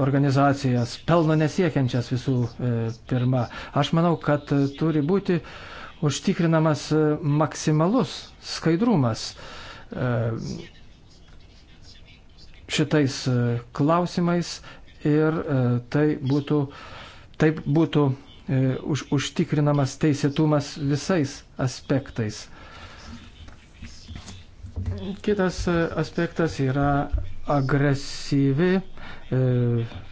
organizacijas, pelno nesiekiančias visų pirma. Aš manau, kad turi būti užtikrinamas maksimalus skaidrumas šitais klausimais ir e, tai būtų, taip būtų e, už, užtikrinamas teisėtumas visais aspektais. Kitas e, aspektas yra agresyvi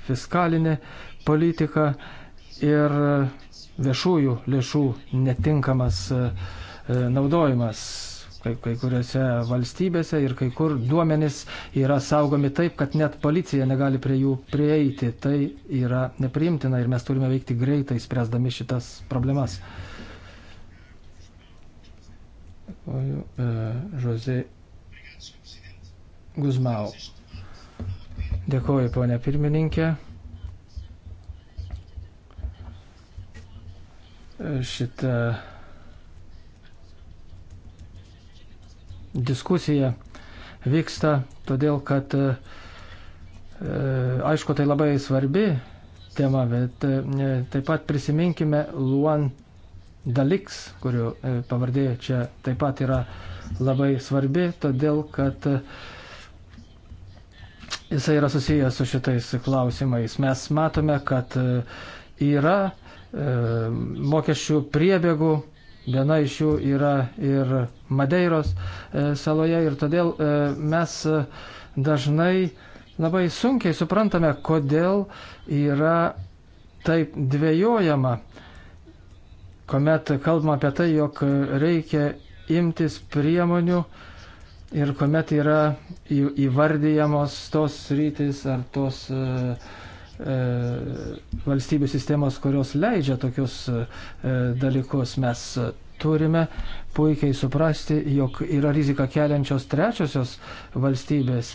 fiskalinė politika ir viešųjų lėšų netinkamas naudojimas kai, kai kuriuose valstybėse ir kai kur duomenys yra saugomi taip, kad net policija negali prie jų prieiti. Tai yra nepriimtina ir mes turime veikti greitai, spręsdami šitas problemas. Dėkuoju, Žozė e, Guzmau. Dėkuoju, ponė pirmininkė. Šitą diskusija vyksta, todėl kad, e, aišku, tai labai svarbi tema, bet e, taip pat prisiminkime Luan Daliks, kurio e, pavardė čia taip pat yra labai svarbi, todėl kad jisai yra susijęs su šitais klausimais. Mes matome, kad yra mokesčių priebėgų Viena iš jų yra ir Madeiros e, saloje ir todėl e, mes e, dažnai labai sunkiai suprantame, kodėl yra taip dvėjojama, kuomet kalbama apie tai, jog reikia imtis priemonių ir kuomet yra įvardyjamos tos rytis ar tos uh, E, valstybių sistemos, kurios leidžia tokius e, dalykus. Mes turime puikiai suprasti, jog yra rizika keliančios trečiosios valstybės.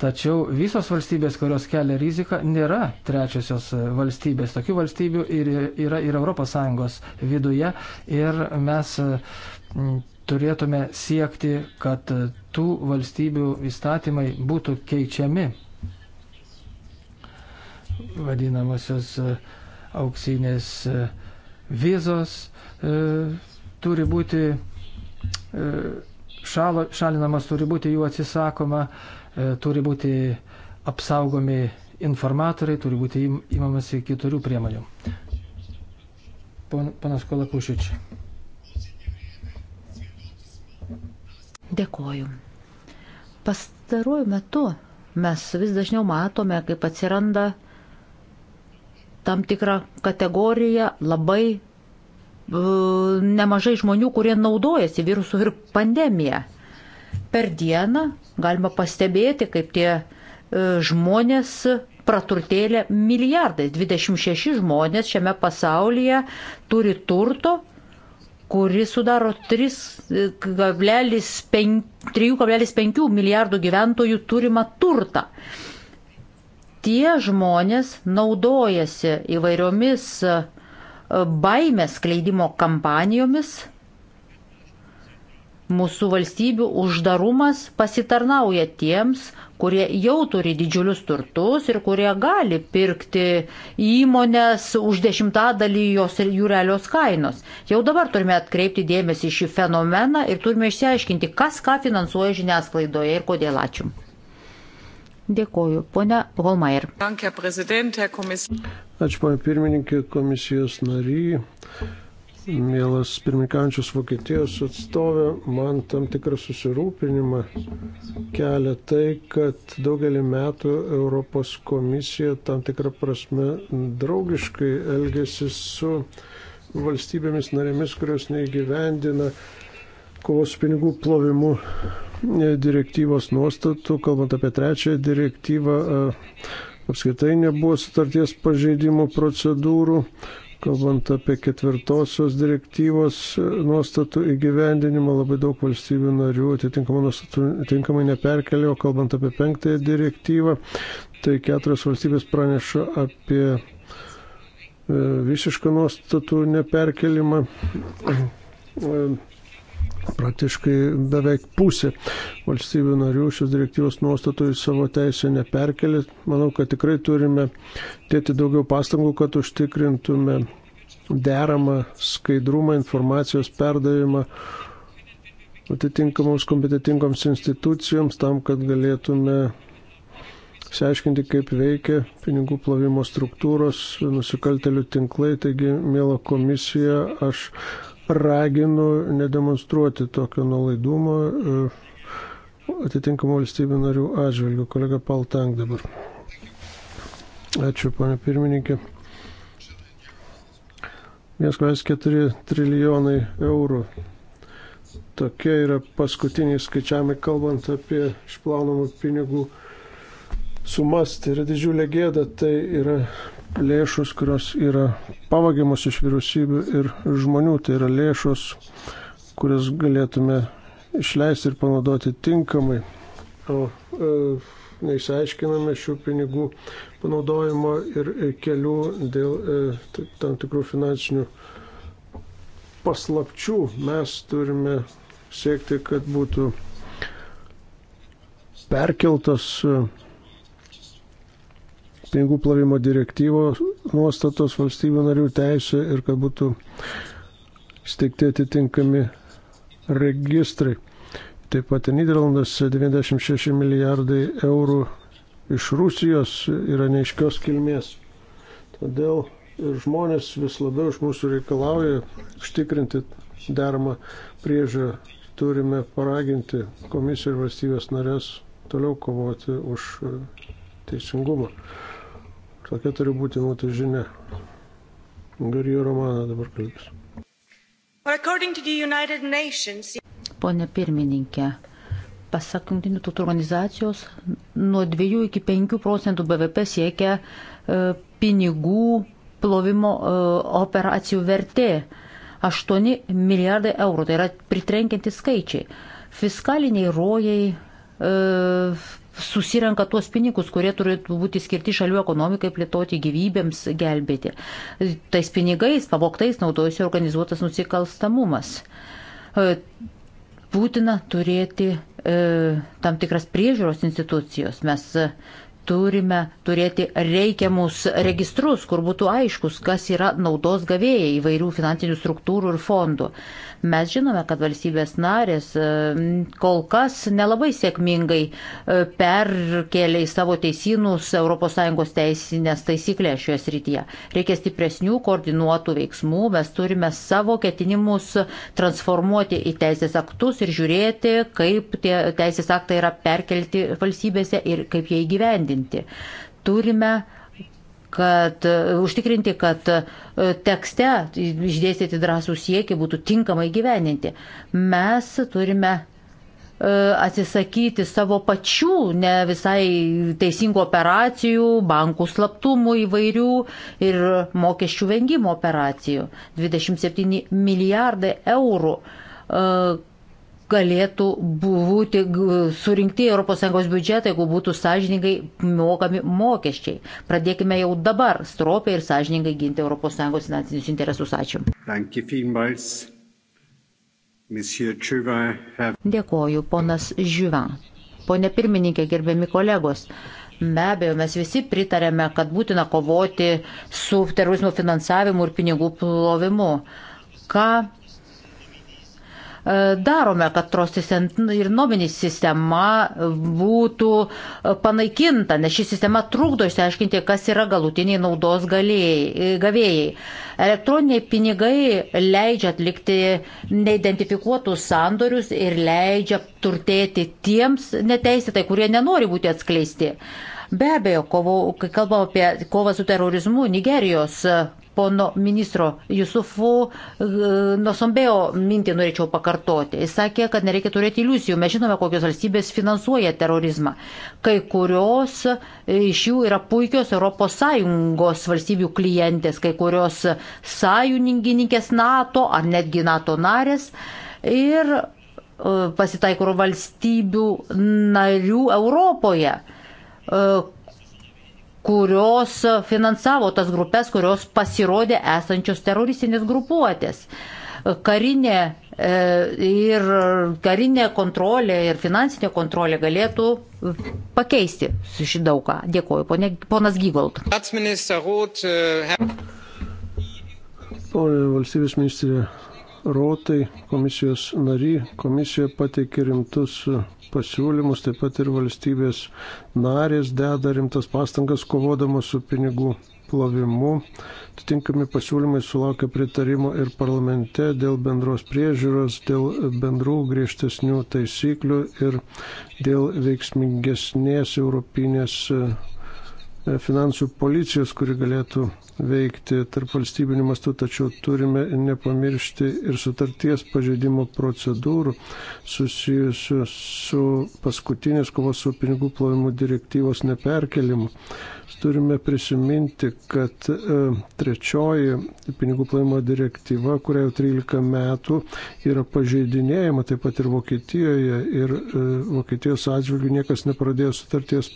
Tačiau visos valstybės, kurios kelia riziką, nėra trečiosios valstybės. Tokių valstybių ir, yra ir ES viduje. Ir mes e, turėtume siekti, kad tų valstybių įstatymai būtų keičiami vadinamosios e, auksinės e, vizos e, turi būti šalo, šalinamas, turi būti jų atsisakoma, turi būti apsaugomi informatoriai, turi būti įmamasi kitų priemonių. Panas Kolakušič. Dėkoju. Pastaruoju metu mes vis dažniau matome, kaip atsiranda tam tikrą kategoriją labai e, nemažai žmonių, kurie naudojasi virusu ir pandemija. Per dieną galima pastebėti, kaip tie e, žmonės praturtėlė milijardais. 26 žmonės šiame pasaulyje turi turto, kuris sudaro 3,5 e, milijardų gyventojų turimą turtą tie žmonės naudojasi įvairiomis e, baimės kleidimo kampanijomis. Mūsų valstybių uždarumas pasitarnauja tiems, kurie jau turi didžiulius turtus ir kurie gali pirkti įmonės už dešimtadalį jos ir jų realios kainos. Jau dabar turime atkreipti dėmesį šį fenomeną ir turime išsiaiškinti, kas ką finansuoja žiniasklaidoje ir kodėl ačiū. Dėkoju, ponia Holmeier. Ačiū, ponia pirmininkė, komisijos nary. Mielas pirmininkančios Vokietijos atstovė, man tam tikrą susirūpinimą kelia tai, kad daugelį metų Europos komisija tam tikrą prasme draugiškai elgesi su valstybėmis narėmis, kurios neįgyvendina kovos pinigų plovimu direktyvos nuostatų, kalbant apie trečiąją direktyvą, e, apskritai nebuvo sutarties pažeidimo procedūrų, kalbant apie ketvirtosios direktyvos e, nuostatų įgyvendinimą, labai daug valstybių narių atitinkamai, nuostatų, atitinkamai neperkelio, kalbant apie penktąją direktyvą, tai keturios valstybės praneša apie e, visišką nuostatų neperkelimą. Praktiškai beveik pusė valstybių narių šios direktyvos nuostatų į savo teisę neperkelė. Manau, kad tikrai turime dėti daugiau pastangų, kad užtikrintume deramą skaidrumą, informacijos perdavimą atitinkamoms kompetitingoms institucijoms tam, kad galėtume Seiškinti, kaip veikia pinigų plovimo struktūros, nusikaltelių tinklai. Taigi, mėlo komisija, aš raginu nedemonstruoti tokio nulaidumo e, atitinkamų valstybių narių atžvilgių. Kolega Paltank dabar. Ačiū, pane pirmininkė. 1,4 trilijonai eurų. Tokie yra paskutiniai skaičiami, kalbant apie išplaunamų pinigų sumas. Tai yra didžiulė gėda, tai yra lėšos, kurios yra pavagiamos iš vyriausybių ir žmonių, tai yra lėšos, kurias galėtume išleisti ir panaudoti tinkamai. O e, neišsiaiškiname šių pinigų panaudojimo ir kelių dėl e, tam tikrų finansinių paslapčių. Mes turime siekti, kad būtų perkeltas e, pinigų plovimo direktyvos nuostatos valstybių narių teisė ir kad būtų steigti atitinkami registrai. Taip pat Niderlandas 96 milijardai eurų iš Rusijos yra neiškios kilmės. Todėl ir žmonės vis labiau iš mūsų reikalauja užtikrinti deramą priežiūrą. Turime paraginti komisiją ir valstybės narės toliau kovoti už teisingumą. Tokia turi būti mūsų žinia. Garijo Romano dabar kalbės. Pone pirmininkė, pasak Junktinių tautų organizacijos, nuo 2 iki 5 procentų BVP siekia e, pinigų plovimo e, operacijų vertė. 8 milijardai eurų, tai yra pritrenkianti skaičiai. Fiskaliniai rojai e, susirenka tuos pinigus, kurie turėtų būti skirti šalių ekonomikai plėtoti gyvybėms gelbėti. Tais pinigais, pavoktais naudojasi organizuotas nusikalstamumas. E, Būtina turėti e, tam tikras priežiūros institucijos. Mes e, turime turėti reikiamus registrus, kur būtų aiškus, kas yra naudos gavėjai įvairių finansinių struktūrų ir fondų. Mes žinome, kad valstybės narės e, kol kas nelabai sėkmingai e, perkėlė į savo teisinus ES teisinės taisyklės šioje srityje. Reikia stipresnių koordinuotų veiksmų, mes turime savo ketinimus transformuoti į teisės aktus ir žiūrėti, kaip tie teisės aktai yra perkelti valstybėse ir kaip jie įgyvendinti. Turime uh, kad e, užtikrinti, kad e, tekste išdėstyti drąsų siekį būtų tinkamai gyveninti. Mes turime e, atsisakyti savo pačių ne visai teisingų operacijų, bankų slaptumų įvairių ir mokesčių vengimo operacijų. 27 milijardai eurų galėtų būti surinkti ES biudžetą, jeigu būtų sąžiningai mokami mokesčiai. Pradėkime jau dabar stropiai ir sąžiningai ginti ES finansinius interesus. Ačiū. Dėkoju, ponas Žiuvan. Pone pirmininkė, gerbiami kolegos. Be abejo, mes visi pritarėme, kad būtina kovoti su terorizmo finansavimu ir pinigų plovimu. Ką E, darome, kad trostis ir nominis sistema būtų e, panaikinta, nes ši sistema trukdo išsiaiškinti, kas yra galutiniai naudos galėjai, e, gavėjai. Elektroniniai pinigai leidžia atlikti neidentifikuotus sandorius ir leidžia turtėti tiems neteisėtai, kurie nenori būti atskleisti. Be abejo, kovo, kai kalbam apie kovą su terorizmu, Nigerijos pono ministro Jusufu e, Nosombeo mintį norėčiau pakartoti. Jis sakė, kad nereikia turėti iliuzijų. Mes žinome, kokios valstybės finansuoja terorizmą. Kai kurios e, iš jų yra puikios ES valstybių klientės, kai kurios sąjungininkės NATO ar netgi NATO narės. Ir e, pasitaiko valstybių narių Europoje kurios finansavo tas grupės, kurios pasirodė esančios teroristinės grupuotės. Karinė e, ir karinė kontrolė ir finansinė kontrolė galėtų pakeisti šį daugą. Dėkuoju, ponė, ponas Gygold. E, Pone valstybės ministrė Rotai, komisijos nary, komisija pateikė rimtus pasiūlymus, taip pat ir valstybės narės deda rimtas pastangas kovodamos su pinigų plovimu. Atitinkami pasiūlymai sulaukia pritarimo ir parlamente dėl bendros priežiūros, dėl bendrų griežtesnių taisyklių ir dėl veiksmingesnės europinės finansų policijos, kuri galėtų veikti tarp valstybinių mastų, tačiau turime nepamiršti ir sutarties pažeidimo procedūrų susijusių su paskutinės kovos su pinigų plovimu direktyvos neperkelimu. Turime prisiminti, kad e, trečioji pinigų plovimo direktyva, kuria jau 13 metų yra pažeidinėjama, taip pat ir Vokietijoje, ir e, Vokietijos atžvilgių niekas nepradėjo sutarties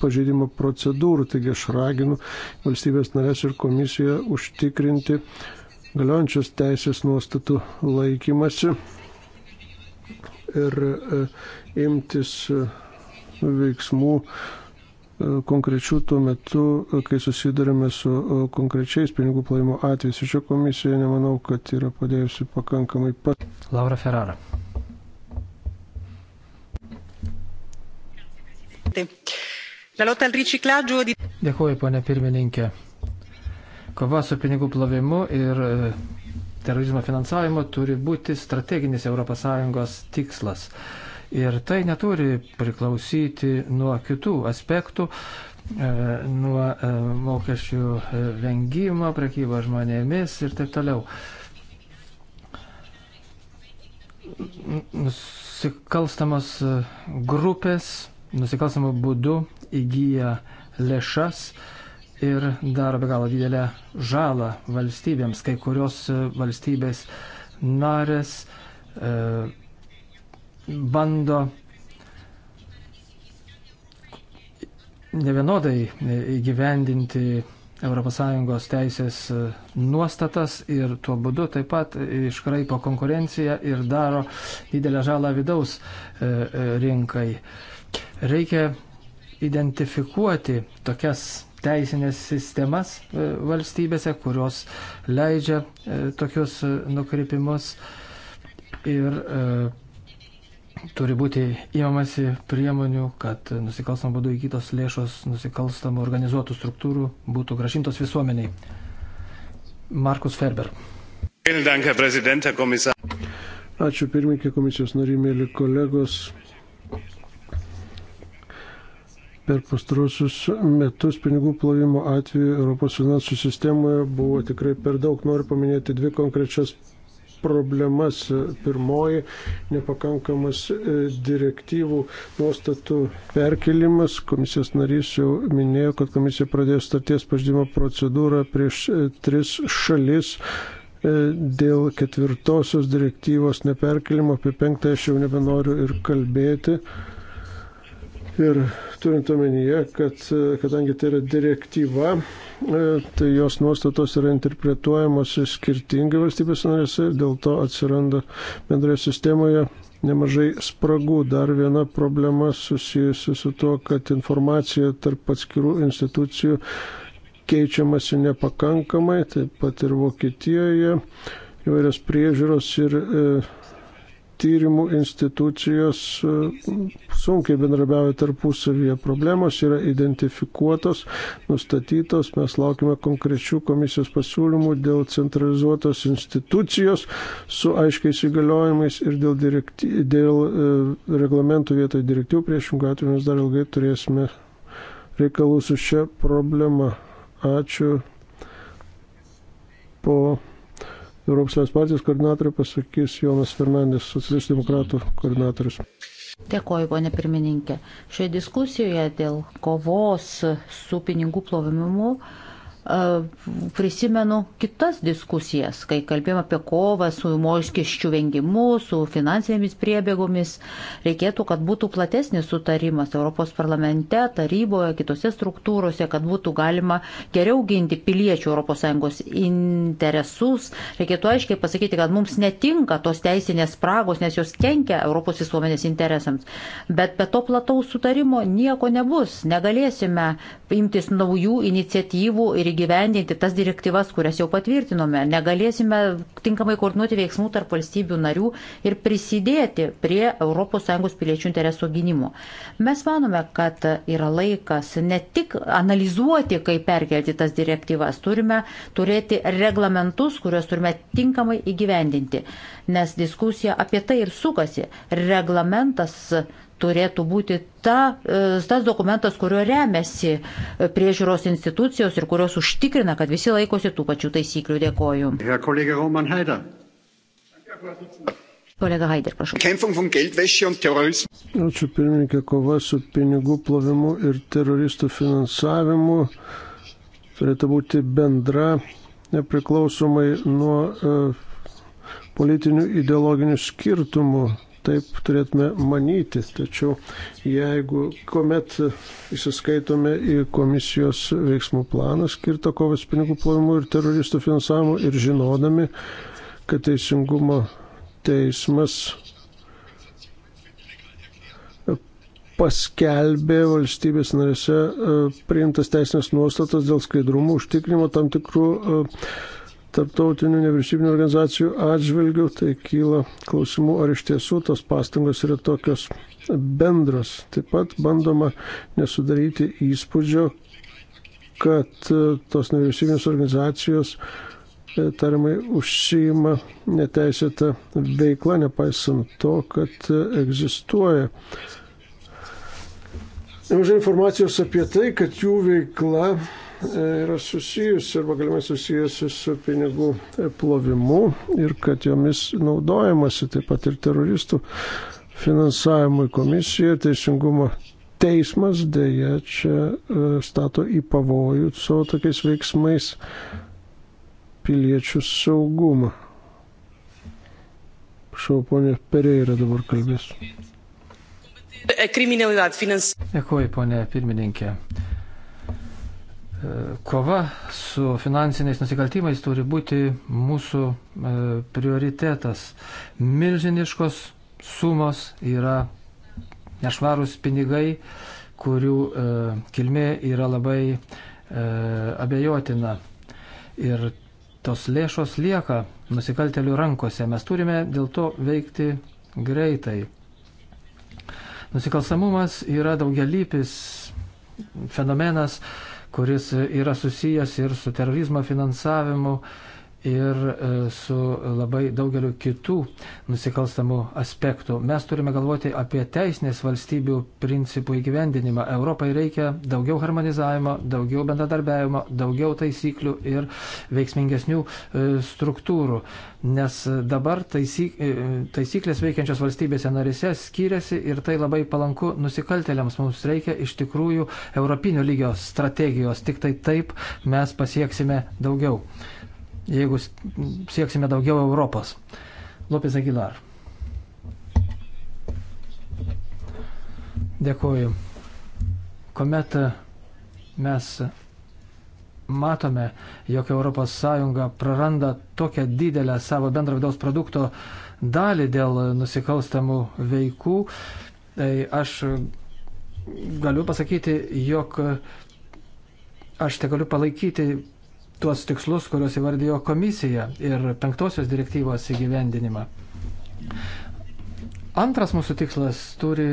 pažeidimo procedūrų. Taigi aš raginu valstybės narės ir komisiją užtikrinti galiojančios teisės nuostatų laikymasi ir e, imtis e, veiksmų e, konkrečių tuo metu, kai susidurime su konkrečiais pinigų plovimo atvejais. Šio komisija nemanau, kad yra padėjusi pakankamai pat. Laura Ferrara. Taip. Dėkuoju, ponė pirmininkė. Kova su pinigų plovimu ir e, terorizmo finansavimo turi būti strateginis ES tikslas. Ir tai neturi priklausyti nuo kitų aspektų, e, nuo e, mokesčių vengimo, prekybo žmonėmis ir taip toliau. Nusikalstamos grupės nusikalstamų būdų įgyja lėšas ir daro be galo didelę žalą valstybėms. Kai kurios valstybės narės e, bando nevienodai įgyvendinti ES teisės nuostatas ir tuo būdu taip pat iškraipo konkurenciją ir daro didelę žalą vidaus e, e, rinkai. Reikia identifikuoti tokias teisinės sistemas e, valstybėse, kurios leidžia e, tokius e, nukreipimus ir turi būti įmamasi priemonių, kad nusikalstamų būdų įgytos lėšos nusikalstamų organizuotų struktūrų būtų gražintos visuomeniai. Markus Ferber. Ačiū pirmininkė komisijos nariai, mėly kolegos. Per pastarosius metus pinigų plovimo atveju Europos finansų sistemoje buvo tikrai per daug. Noriu paminėti dvi konkrečias problemas. Pirmoji - nepakankamas e, direktyvų nuostatų perkelimas. Komisijos narys jau minėjo, kad komisija pradėjo starties pažydimo procedūrą prieš e, tris šalis. E, dėl ketvirtosios direktyvos neperkelimo apie penktąją aš jau nebenoriu ir kalbėti. Ir turint omenyje, kad kadangi tai yra direktyva, e, tai jos nuostatos yra interpretuojamos skirtingai valstybės narėse ir dėl to atsiranda bendroje sistemoje nemažai spragų. Dar viena problema susijusi su tuo, kad informacija tarp atskirų institucijų keičiamasi nepakankamai, taip pat ir Vokietijoje įvairios priežiūros ir e, tyrimų institucijos e, sunkiai bendrabiauja tarpusavyje. Problemos yra identifikuotos, nustatytos, mes laukime konkrečių komisijos pasiūlymų dėl centralizuotos institucijos su aiškiais įgaliojimais ir dėl, direkty, dėl e, reglamentų vietoj direktyvų, priešingų atveju mes dar ilgai turėsime reikalų su šia problema. Ačiū po Europos Liaudės partijos koordinatorė pasakys Jonas Fernandės, socialistų demokratų koordinatorius. Dėkoju, ponė pirmininkė. Šioje diskusijoje dėl kovos su pinigų plovimu uh, prisimenu kitas diskusijas, kai kalbėjome apie kovą su mokesčių vengimu, su finansinėmis priebėgomis. Reikėtų, kad būtų platesnis sutarimas Europos parlamente, taryboje, kitose struktūrose, kad būtų galima geriau ginti piliečių ES interesus. Reikėtų aiškiai pasakyti, kad mums netinka tos teisinės spragos, nes jos kenkia Europos visuomenės interesams. Bet be to plataus sutarimo nieko nebus. Negalėsime imtis naujų iniciatyvų ir įgyvendinti tas direktyvas, kurias jau patvirtinome. Negalėsime tinkamai koordinuoti veiksmų tarp valstybių narių ir prisidėti prie ES piliečių interesų gynimo. Mes manome, kad yra laikas ne tik analizuoti, kaip perkelti tas direktyvas, turime turėti reglamentus, kuriuos turime tinkamai įgyvendinti, nes diskusija apie tai ir sukasi. Reglamentas turėtų būti ta, e, tas dokumentas, kuriuo remiasi e, priežiūros institucijos ir kurios užtikrina, kad visi laikosi tų pačių taisyklių. Dėkoju. Kolega Haider, prašau. Ačiū pirmininkė, kova su pinigų plovimu ir teroristų finansavimu turėtų būti bendra, nepriklausomai nuo uh, politinių ideologinių skirtumų taip turėtume manyti. Tačiau jeigu, kuomet įsiskaitome į komisijos veiksmų planą skirtą kovas pinigų plovimu ir teroristų finansavimu ir žinodami, kad teisingumo teismas paskelbė valstybės narėse e, priimtas teisinės nuostatas dėl skaidrumo užtikrinimo tam tikrų uh, tarptautinių nevyriausybinio organizacijų atžvilgių, tai kyla klausimų, ar iš tiesų tos pastangos yra tokios bendros. Taip pat bandoma nesudaryti įspūdžio, kad e, tos nevyriausybinės organizacijos e, tariamai užsijima neteisėta veikla, nepaisant to, kad e, egzistuoja. Nemažai informacijos apie tai, kad jų veikla yra susijusi arba galimai susijusi su pinigų plovimu ir kad jomis naudojamasi taip pat ir teroristų finansavimui komisija, teisingumo teismas dėja čia e, stato į pavojų savo tokiais veiksmais piliečių saugumą. Prašau, ponė Pereira dabar kalbės. Dėkuoju, ponė pirmininkė kova su finansiniais nusikaltimais turi būti mūsų e, prioritetas. Milžiniškos sumos yra nešvarūs pinigai, kurių e, kilmė yra labai e, abejotina. Ir tos lėšos lieka nusikaltelių rankose. Mes turime dėl to veikti greitai. Nusikalstamumas yra daugialypis fenomenas, kuris yra susijęs ir su terorizmo finansavimu, ir e, su labai daugeliu kitų nusikalstamų aspektų. Mes turime galvoti apie teisinės valstybių principų įgyvendinimą. Europai reikia daugiau harmonizavimo, daugiau bendradarbiavimo, daugiau taisyklių ir veiksmingesnių e, struktūrų. Nes dabar taisyk, e, taisyklės veikiančios valstybėse narise skiriasi ir tai labai palanku nusikaltėliams. Mums reikia iš tikrųjų europinio lygio strategijos. Tik tai taip mes pasieksime daugiau jeigu sieksime daugiau Europos. Lopis Aguilar. Dėkuoju. Komet e, mes matome, jog ES praranda tokią didelę savo bendro vidaus produkto dalį dėl nusikalstamų veikų, tai aš galiu pasakyti, jog aš te galiu palaikyti tuos tikslus, kuriuos įvardijo komisija ir penktosios direktyvos įgyvendinimą. Antras mūsų tikslas turi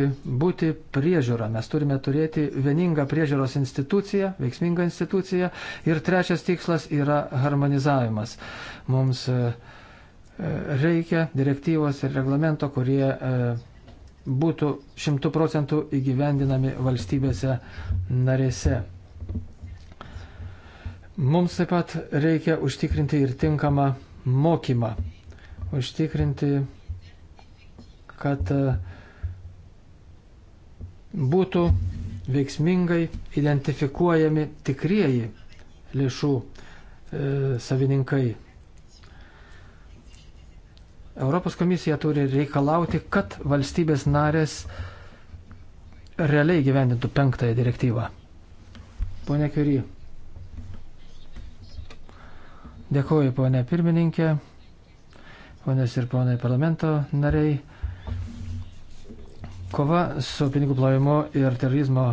būti priežiūra. Mes turime turėti vieningą priežiūros instituciją, veiksmingą instituciją. Ir trečias tikslas yra harmonizavimas. Mums e, e, reikia direktyvos ir reglamento, kurie e, būtų šimtų procentų įgyvendinami valstybėse narėse. Mums taip pat reikia užtikrinti ir tinkamą mokymą. Užtikrinti, kad e, būtų veiksmingai identifikuojami tikrieji lėšų e, savininkai. Europos komisija turi reikalauti, kad valstybės narės realiai gyvendintų penktąją direktyvą. Pone Kiury. Dėkuoju, ponė pirmininkė, ponės ir ponai parlamento nariai. Kova su pinigų plovimu ir terorizmo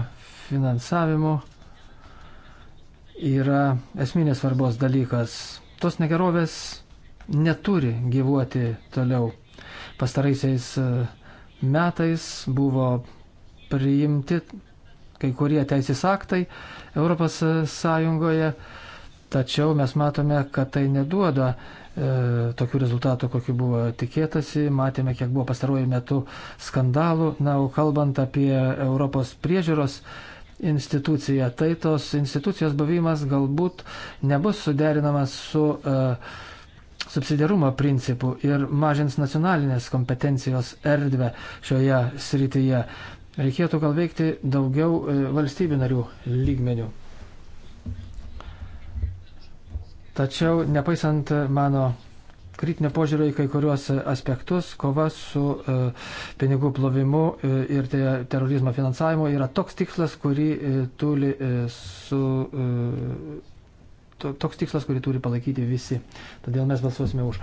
finansavimu yra esminės svarbos dalykas. Tos negerovės neturi gyvuoti toliau. Pastaraisiais e, metais buvo priimti kai kurie teisės aktai Europos Sąjungoje Tačiau mes matome, kad tai neduoda e, tokių rezultatų, kokiu buvo tikėtasi. Matėme, kiek buvo pastaruoju metu skandalų. Na, o kalbant apie Europos priežiūros instituciją, tai tos institucijos buvimas galbūt nebus suderinamas su e, subsidiarumo principu ir mažins nacionalinės kompetencijos erdvę šioje srityje. Reikėtų gal veikti daugiau e, valstybių narių lygmenių. Tačiau, nepaisant mano kritinio požiūrio į kai kuriuos aspektus, kova su e, pinigų plovimu e, ir te, terorizmo finansavimu yra toks tikslas, kurį e, turi e, su. E, to, Toks tikslas, kurį turi palaikyti visi. Todėl mes balsuosime už.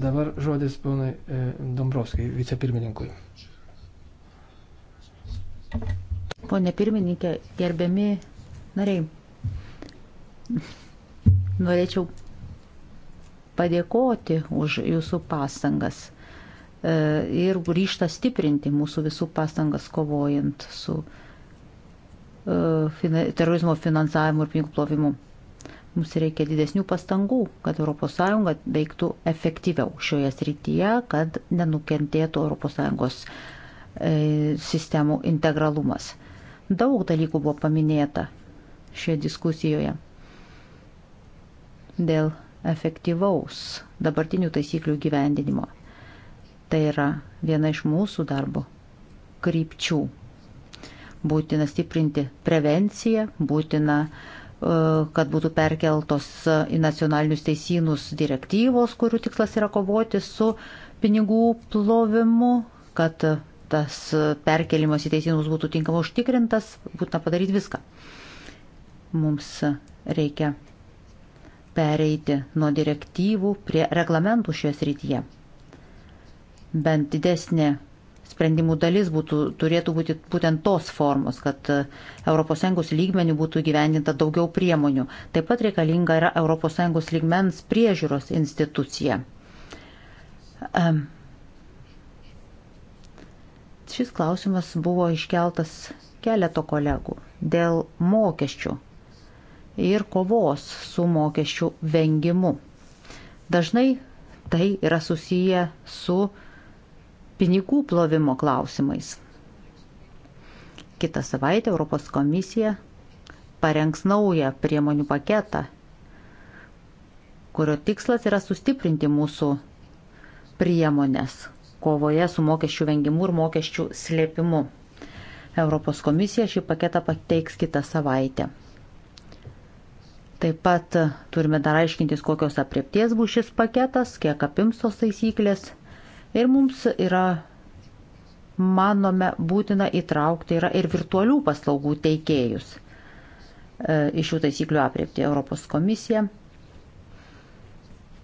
Dabar žodis ponui e, Dombrovskijai, vicepirmininkui. Pone pirmininkė, gerbiami nariai, norėčiau padėkoti už jūsų pastangas e, ir ryštą stiprinti mūsų visų pastangas kovojant su e, terorizmo finansavimu ir pinigų plovimu. Mums reikia didesnių pastangų, kad ES veiktų efektyviau šioje srityje, kad nenukentėtų ES E, sistemų integralumas. Daug dalykų buvo paminėta šioje diskusijoje dėl efektyvaus dabartinių taisyklių gyvendinimo. Tai yra viena iš mūsų darbo krypčių. Būtina stiprinti prevenciją, būtina, e, kad būtų perkeltos į nacionalinius teisynus direktyvos, kurių tikslas yra kovoti su pinigų plovimu, kad tas perkelimas į teisinus būtų tinkamai užtikrintas, būtina padaryti viską. Mums reikia pereiti nuo direktyvų prie reglamentų šioje srityje. Bent didesnė sprendimų dalis būtų, turėtų būti būtent tos formos, kad ES lygmenių būtų gyvendinta daugiau priemonių. Taip pat reikalinga yra ES lygmens priežiūros institucija. Šis klausimas buvo iškeltas keleto kolegų dėl mokesčių ir kovos su mokesčių vengimu. Dažnai tai yra susiję su pinigų plovimo klausimais. Kita savaitė Europos komisija parengs naują priemonių paketą, kurio tikslas yra sustiprinti mūsų priemonės kovoje su mokesčių vengimu ir mokesčių slėpimu. Europos komisija šį paketą pateiks kitą savaitę. Taip pat turime dar aiškintis, kokios apriepties bus šis paketas, kiek apims tos taisyklės. Ir mums yra, manome, būtina įtraukti yra ir virtualių paslaugų teikėjus. E, iš jų taisyklių apriepti Europos komisija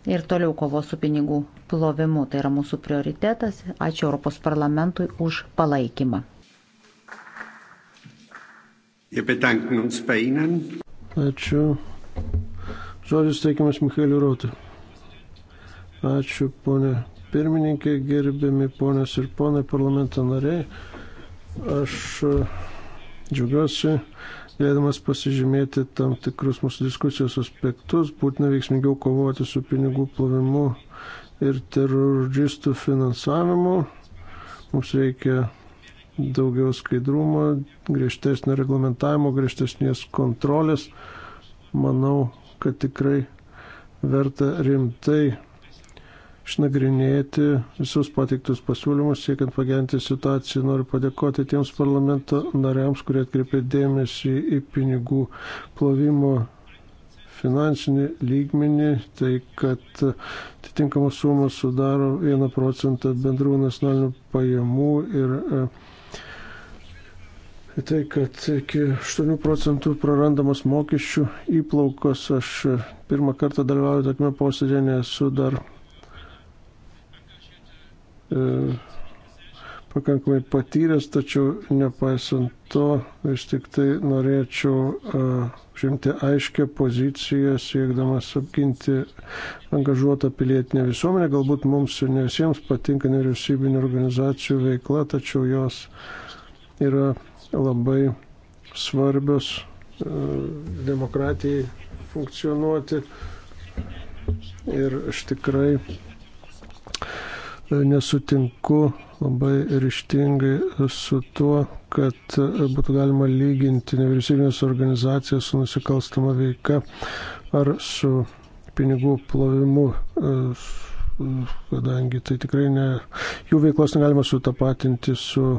ir toliau kovos su pinigų plovimu. Tai yra mūsų prioritetas. Ačiū Europos parlamentui už palaikymą. Ačiū. Žodis teikiamas Michaeliu Rautui. Ačiū, ponė pirmininkė, gerbiami ponės ir ponai parlamento nariai. Aš e, džiugiuosi Norėdamas pasižymėti tam tikrus mūsų diskusijos aspektus, būtina veiksmingiau kovoti su pinigų plovimu ir teroristų finansavimu. Mums reikia daugiau skaidrumo, griežtesnio reglamentavimo, griežtesnės kontrolės. Manau, kad tikrai verta rimtai išnagrinėti visus pateiktus pasiūlymus, siekiant pagerinti situaciją. Noriu padėkoti tiems parlamento nariams, kurie atkreipė dėmesį į pinigų plovimo finansinį lygmenį, tai kad atitinkamos sumos sudaro 1 procentą bendrų nacionalinių pajamų ir e, tai, kad iki 8 procentų prarandamos mokesčių įplaukos. Aš pirmą kartą dalyvauju tokiame posėdėje, nesu dar E, pakankamai patyręs, tačiau nepaisant to, vis tik tai norėčiau e, žimti aiškę poziciją, siekdamas apginti angažuotą pilietinę visuomenę. Galbūt mums ne visiems patinka nevyriausybinio organizacijų veikla, tačiau jos yra labai svarbios e, demokratijai funkcionuoti. Ir aš tikrai nesutinku labai ryštingai su tuo, kad būtų galima lyginti nevyriausybinės organizacijas su nusikalstama veika ar su pinigų plovimu, e, kadangi tai tikrai ne, jų veiklos negalima sutapatinti su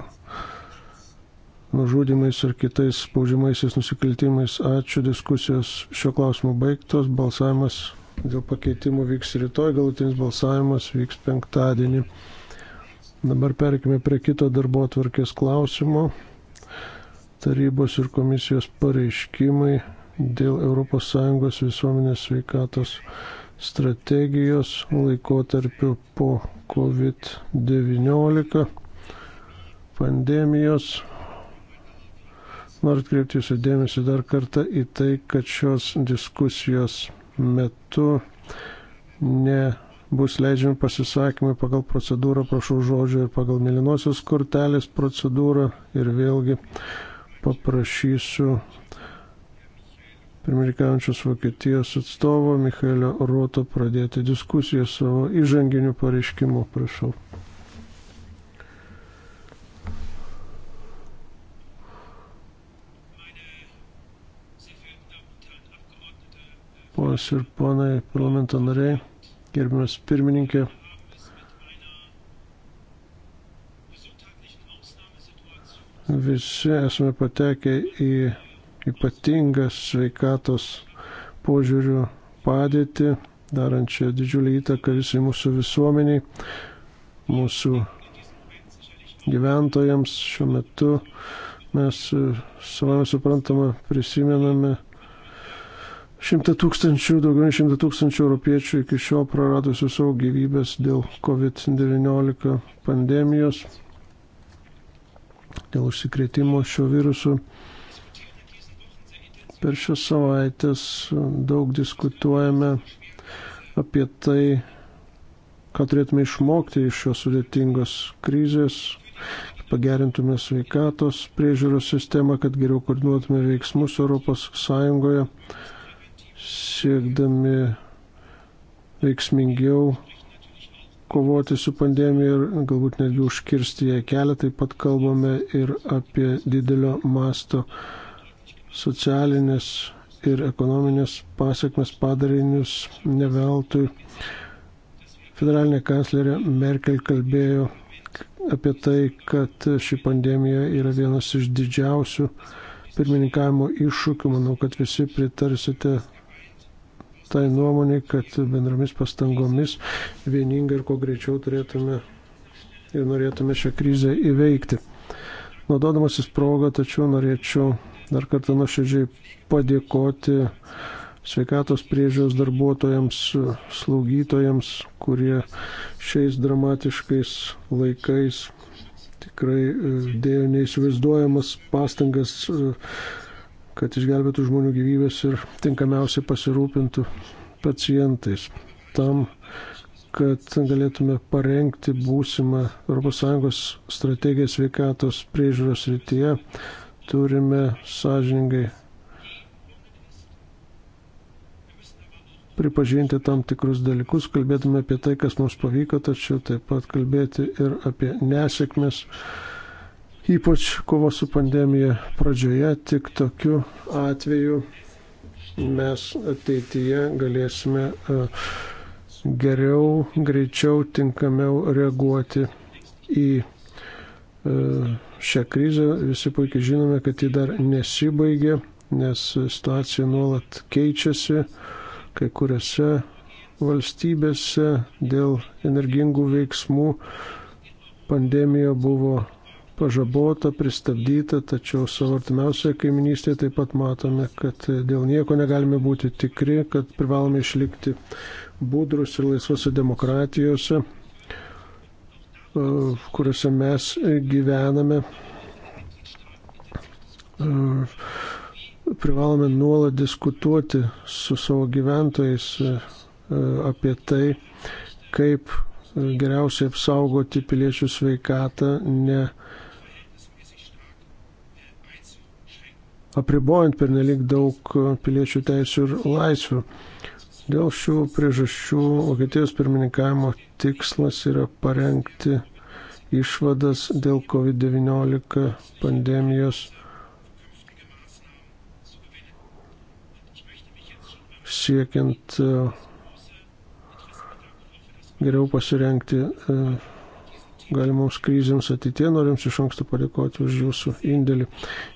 nužudimais ar kitais spaudžiamaisiais nusikaltimais. Ačiū, diskusijos šio klausimo baigtos, balsavimas dėl pakeitimų vyks rytoj, galutinis balsavimas vyks penktadienį. Dabar perkime prie kito darbo atvarkės klausimo. Tarybos ir komisijos pareiškimai dėl ES visuomenės sveikatos strategijos laikotarpiu po COVID-19 pandemijos. Noriu atkreipti jūsų dėmesį dar kartą į tai, kad šios diskusijos metu nebus leidžiami pasisakymai pagal procedūrą, prašau žodžio ir pagal mėlynosios kortelės procedūrą ir vėlgi paprašysiu pirmininkaujančios Vokietijos atstovo Michaelio Roto pradėti diskusiją savo įžanginiu pareiškimu, prašau. ponas ir ponai parlamento nariai, gerbiamas pirmininkė. Visi esame patekę į ypatingas sveikatos požiūrių padėtį, darančią didžiulį įtaką visai mūsų visuomeniai, mūsų gyventojams šiuo metu mes savai suprantama prisimename Šimta tūkstančių, daugiau nei šimta tūkstančių europiečių iki šiol praradusių savo gyvybės dėl COVID-19 pandemijos, dėl užsikrėtimo šio virusu. Per šias savaitės daug diskutuojame apie tai, ką turėtume išmokti iš šios sudėtingos krizės, pagerintume sveikatos priežiūros sistemą, kad geriau koordinuotume veiksmus ES siekdami veiksmingiau kovoti su pandemija ir galbūt netgi užkirsti ją kelią. Taip pat kalbame ir apie didelio masto socialinės ir ekonominės pasiekmes padarinius neveltui. Federalinė kanclerė Merkel kalbėjo apie tai, kad ši pandemija yra vienas iš didžiausių pirmininkavimo iššūkių. Manau, kad visi pritarsite tai nuomonė, kad bendromis pastangomis vieningai ir kuo greičiau turėtume ir norėtume šią krizę įveikti. Naudodamasis progą, tačiau norėčiau dar kartą nuoširdžiai padėkoti sveikatos priežiūros darbuotojams, slaugytojams, kurie šiais dramatiškais laikais tikrai e, dėjo neįsivaizduojamas pastangas e, kad išgelbėtų žmonių gyvybės ir tinkamiausiai pasirūpintų pacientais. Tam, kad galėtume parengti būsimą ES strategiją sveikatos priežiūros rytyje, turime sąžiningai pripažinti tam tikrus dalykus, kalbėtume apie tai, kas mums pavyko, tačiau taip pat kalbėti ir apie nesėkmes Ypač kovo su pandemija pradžioje tik tokiu atveju mes ateityje galėsime e, geriau, greičiau, tinkamiau reaguoti į e, šią krizę. Visi puikiai žinome, kad ji dar nesibaigė, nes situacija nuolat keičiasi kai kuriuose valstybėse dėl energingų veiksmų pandemija buvo pažabota, pristabdyta, tačiau savo artimiausioje kaiminystėje taip pat matome, kad dėl nieko negalime būti tikri, kad privalome išlikti budrus ir laisvose demokratijose, e, kuriuose mes gyvename. E, privalome nuolat diskutuoti su savo gyventojais e, apie tai, kaip geriausiai apsaugoti piliečių sveikatą, ne apribojant per nelik daug piliečių teisų ir laisvių. Dėl šių priežasčių Vokietijos pirmininkavimo tikslas yra parengti išvadas dėl COVID-19 pandemijos siekiant uh, geriau pasirengti uh, galimoms krizėms ateitie. Norim iš anksto padėkoti už jūsų indėlį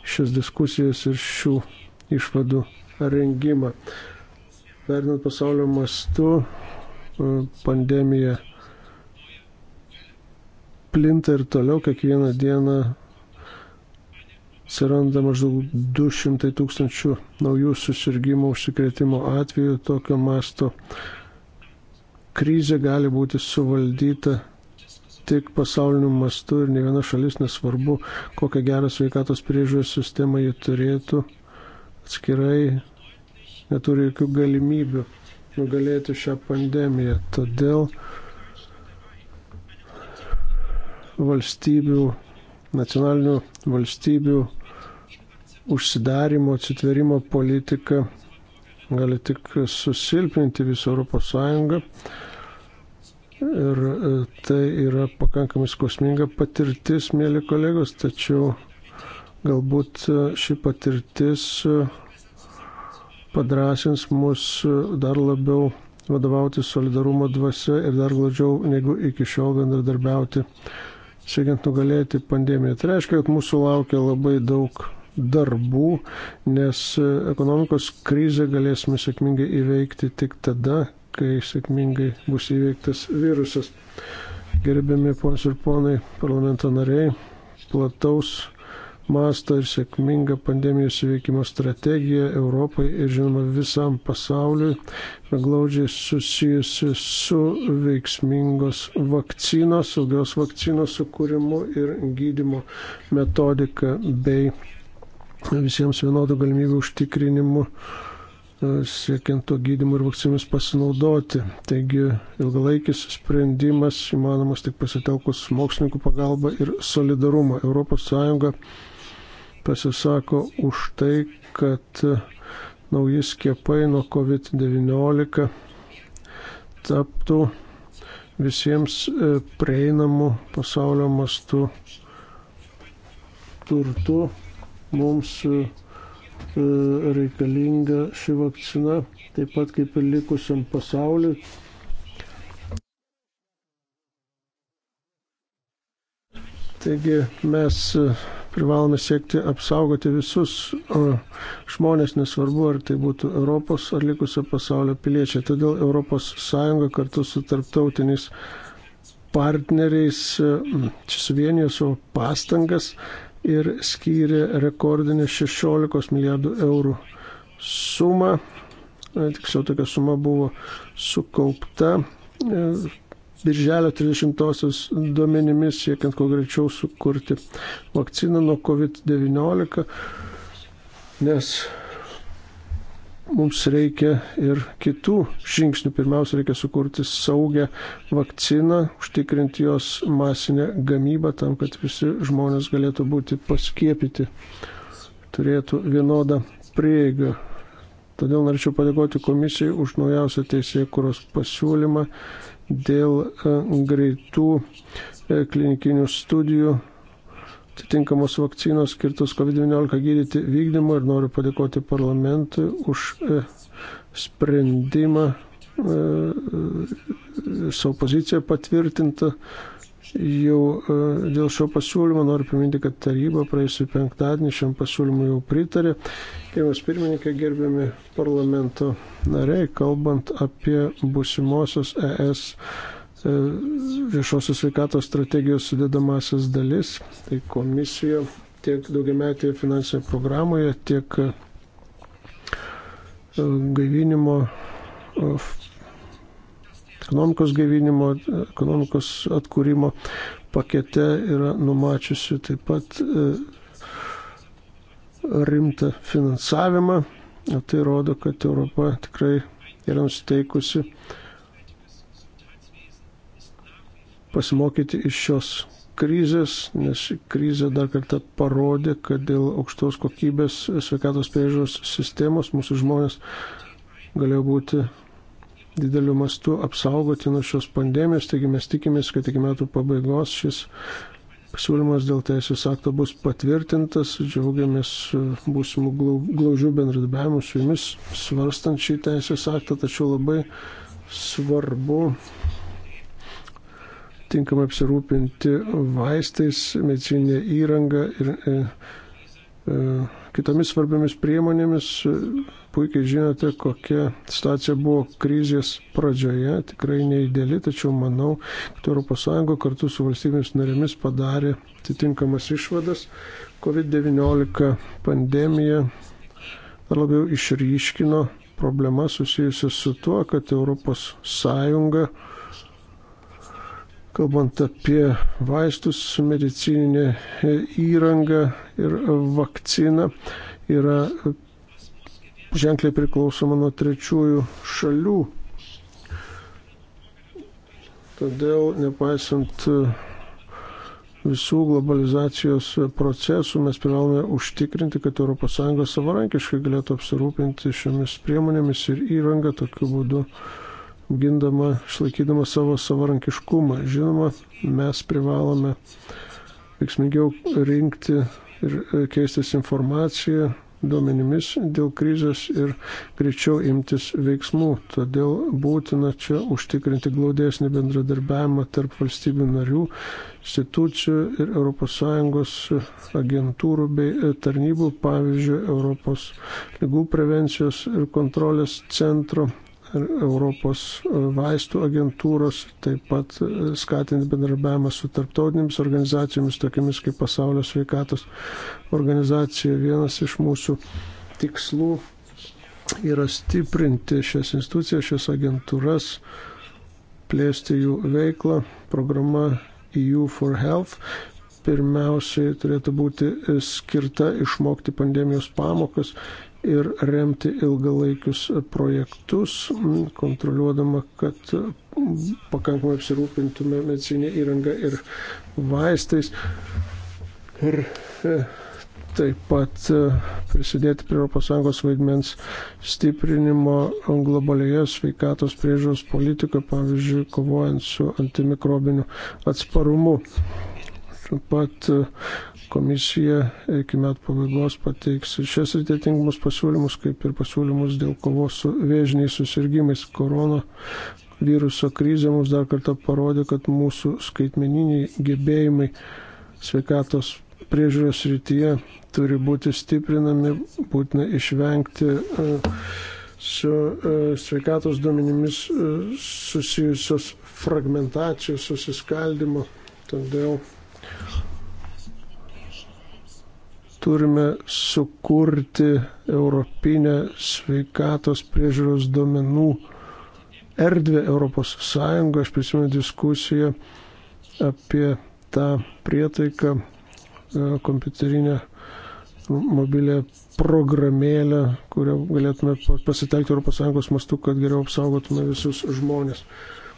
šias diskusijas ir šių išvadų rengimą. Vertinant pasaulio mastu, e, pandemija plinta ir toliau kiekvieną dieną atsiranda maždaug 200 tūkstančių naujų susirgymo užsikrėtimo atvejų tokio masto krizė gali būti suvaldyta tik pasauliniu mastu ir ne viena šalis, nesvarbu, kokią gerą sveikatos priežiūros sistemą jie turėtų, atskirai neturi jokių galimybių nugalėti šią pandemiją. Todėl valstybių, nacionalinių valstybių užsidarimo, atsitverimo politika gali tik susilpninti visą Europos Sąjungą Ir e, tai yra pakankamai skausminga patirtis, mėly kolegos, tačiau galbūt e, ši patirtis e, padrasins mus dar labiau vadovauti solidarumo dvasia ir dar glaudžiau negu iki šiol bendradarbiauti, siekiant nugalėti pandemiją. Tai reiškia, kad mūsų laukia labai daug darbų, nes ekonomikos krizę galėsime sėkmingai įveikti tik tada, kai sėkmingai bus įveiktas virusas. Gerbiami pons ir ponai, parlamento nariai, plataus mastą ir sėkmingą pandemijos įveikimo strategiją Europai ir žinoma visam pasauliui glaudžiai susijusi su veiksmingos vakcinos, saugios vakcinos sukūrimu ir gydimo metodika bei visiems vienodų galimybių užtikrinimu siekiant to gydimo ir vakcinomis pasinaudoti. Taigi ilgalaikis sprendimas įmanomas tik pasitelkus mokslininkų pagalbą ir solidarumą. ES pasisako už tai, kad nauji skiepai nuo COVID-19 taptų visiems e, prieinamų pasaulio mastų turtų mums e, E, reikalinga ši vakcina, taip pat kaip ir likusiam pasauliu. Taigi mes e, privalome siekti apsaugoti visus žmonės, nesvarbu, ar tai būtų Europos ar likusio pasaulio piliečiai. Todėl ES kartu su tarptautiniais partneriais e, suvienijo savo pastangas ir skyrė rekordinę 16 milijardų eurų sumą. E, tiksliau tokia suma buvo sukaupta e, Birželio 30-osios duomenimis, siekiant kuo greičiau sukurti vakciną nuo COVID-19, nes mums reikia ir kitų žingsnių. Pirmiausia, reikia sukurti saugę vakciną, užtikrinti jos masinę gamybą tam, kad visi žmonės galėtų būti paskiepyti, turėtų vienodą prieigą. Todėl norėčiau padėkoti komisijai už naujausią teisėjų kuros pasiūlymą dėl e, greitų e, klinikinių studijų atitinkamos vakcinos skirtos COVID-19 gydyti vykdymo ir noriu padėkoti parlamentui už e, sprendimą, e, savo poziciją patvirtintą. Jau e, dėl šio pasiūlymo noriu priminti, kad taryba praėjusiu penktadienį šiam pasiūlymui jau pritarė. Gerbiamas pirmininkė, gerbiami parlamento nariai, kalbant apie busimosios ES E, viešosios sveikatos strategijos sudėdamasis dalis. Tai komisija tiek daugiametėje finansinėje programoje, tiek e, gaivinimo, e, ekonomikos gaivinimo, ekonomikos atkūrimo pakete yra numačiusi taip pat rimtą finansavimą. Tai rodo, kad Europa tikrai yra nusteikusi uh, pasimokyti iš šios krizės, nes krizė dar kartą parodė, kad dėl aukštos kokybės sveikatos priežiūros sistemos mūsų žmonės galėjo būti dideliu mastu apsaugoti nuo šios pandemijos, taigi mes tikimės, kad iki metų pabaigos šis pasiūlymas dėl teisės akto bus patvirtintas, džiaugiamės būsimų glaužių bendradarbiavimų su jumis svarstant šį teisės aktą, tačiau labai svarbu tinkamai apsirūpinti vaistais, medicinė įranga ir e, e, kitomis svarbiamis priemonėmis. Puikiai žinote, kokia situacija buvo krizės pradžioje, tikrai neįdėli, tačiau manau, kad ES kartu su valstybėmis narėmis padarė atitinkamas išvadas. COVID-19 pandemija dar labiau išryškino problemas susijusias su tuo, kad ES kalbant apie vaistus, medicininę įrangą ir vakciną, yra ženkliai priklausoma nuo trečiųjų šalių. Todėl, nepaisant visų globalizacijos procesų, mes privalome užtikrinti, kad ES savarankiškai galėtų apsirūpinti šiomis priemonėmis ir įrangą tokiu būdu gindama, išlaikydama savo savarankiškumą. Žinoma, mes privalome veiksmingiau rinkti ir e, keistis informaciją, duomenimis dėl krizės ir greičiau imtis veiksmų. Todėl būtina čia užtikrinti glaudesnį bendradarbiavimą tarp valstybių narių, institucijų ir ES agentūrų bei e, tarnybų, pavyzdžiui, Europos lygų prevencijos ir kontrolės centro Europos vaistų agentūros, taip pat e, skatinti bendradarbiavimą su tarptautinėmis organizacijomis, tokiamis kaip Pasaulio sveikatos organizacija. Vienas iš mūsų tikslų yra stiprinti šias institucijas, šias agentūras, plėsti jų veiklą. Programa EU for Health pirmiausiai turėtų būti e, skirta išmokti pandemijos pamokas ir remti ilgalaikius projektus, kontroliuodama, kad pakankamai apsirūpintume medicinė įranga ir vaistais. Ir e, taip pat e, prisidėti prie ES vaidmens stiprinimo globalioje sveikatos priežiūros politikoje, pavyzdžiui, kovojant su antimikrobiniu atsparumu. Taip pat e, komisija iki metų pabaigos pateiks šias atitinkamus pasiūlymus, kaip ir pasiūlymus dėl kovos su vėžiniais susirgymais korona. Viruso krizė mums dar kartą parodė, kad mūsų skaitmeniniai gebėjimai sveikatos priežiūros rytyje turi būti stiprinami, būtina išvengti e, su e, sveikatos duomenimis susijusios fragmentacijos, susiskaldimo. Todėl turime sukurti Europinę sveikatos priežiūros domenų erdvę Europos Sąjungą. Aš prisimenu diskusiją apie tą prietaiką e, kompiuterinę mobilę programėlę, kurią galėtume pasitelkti ES mastu, kad geriau apsaugotume visus žmonės.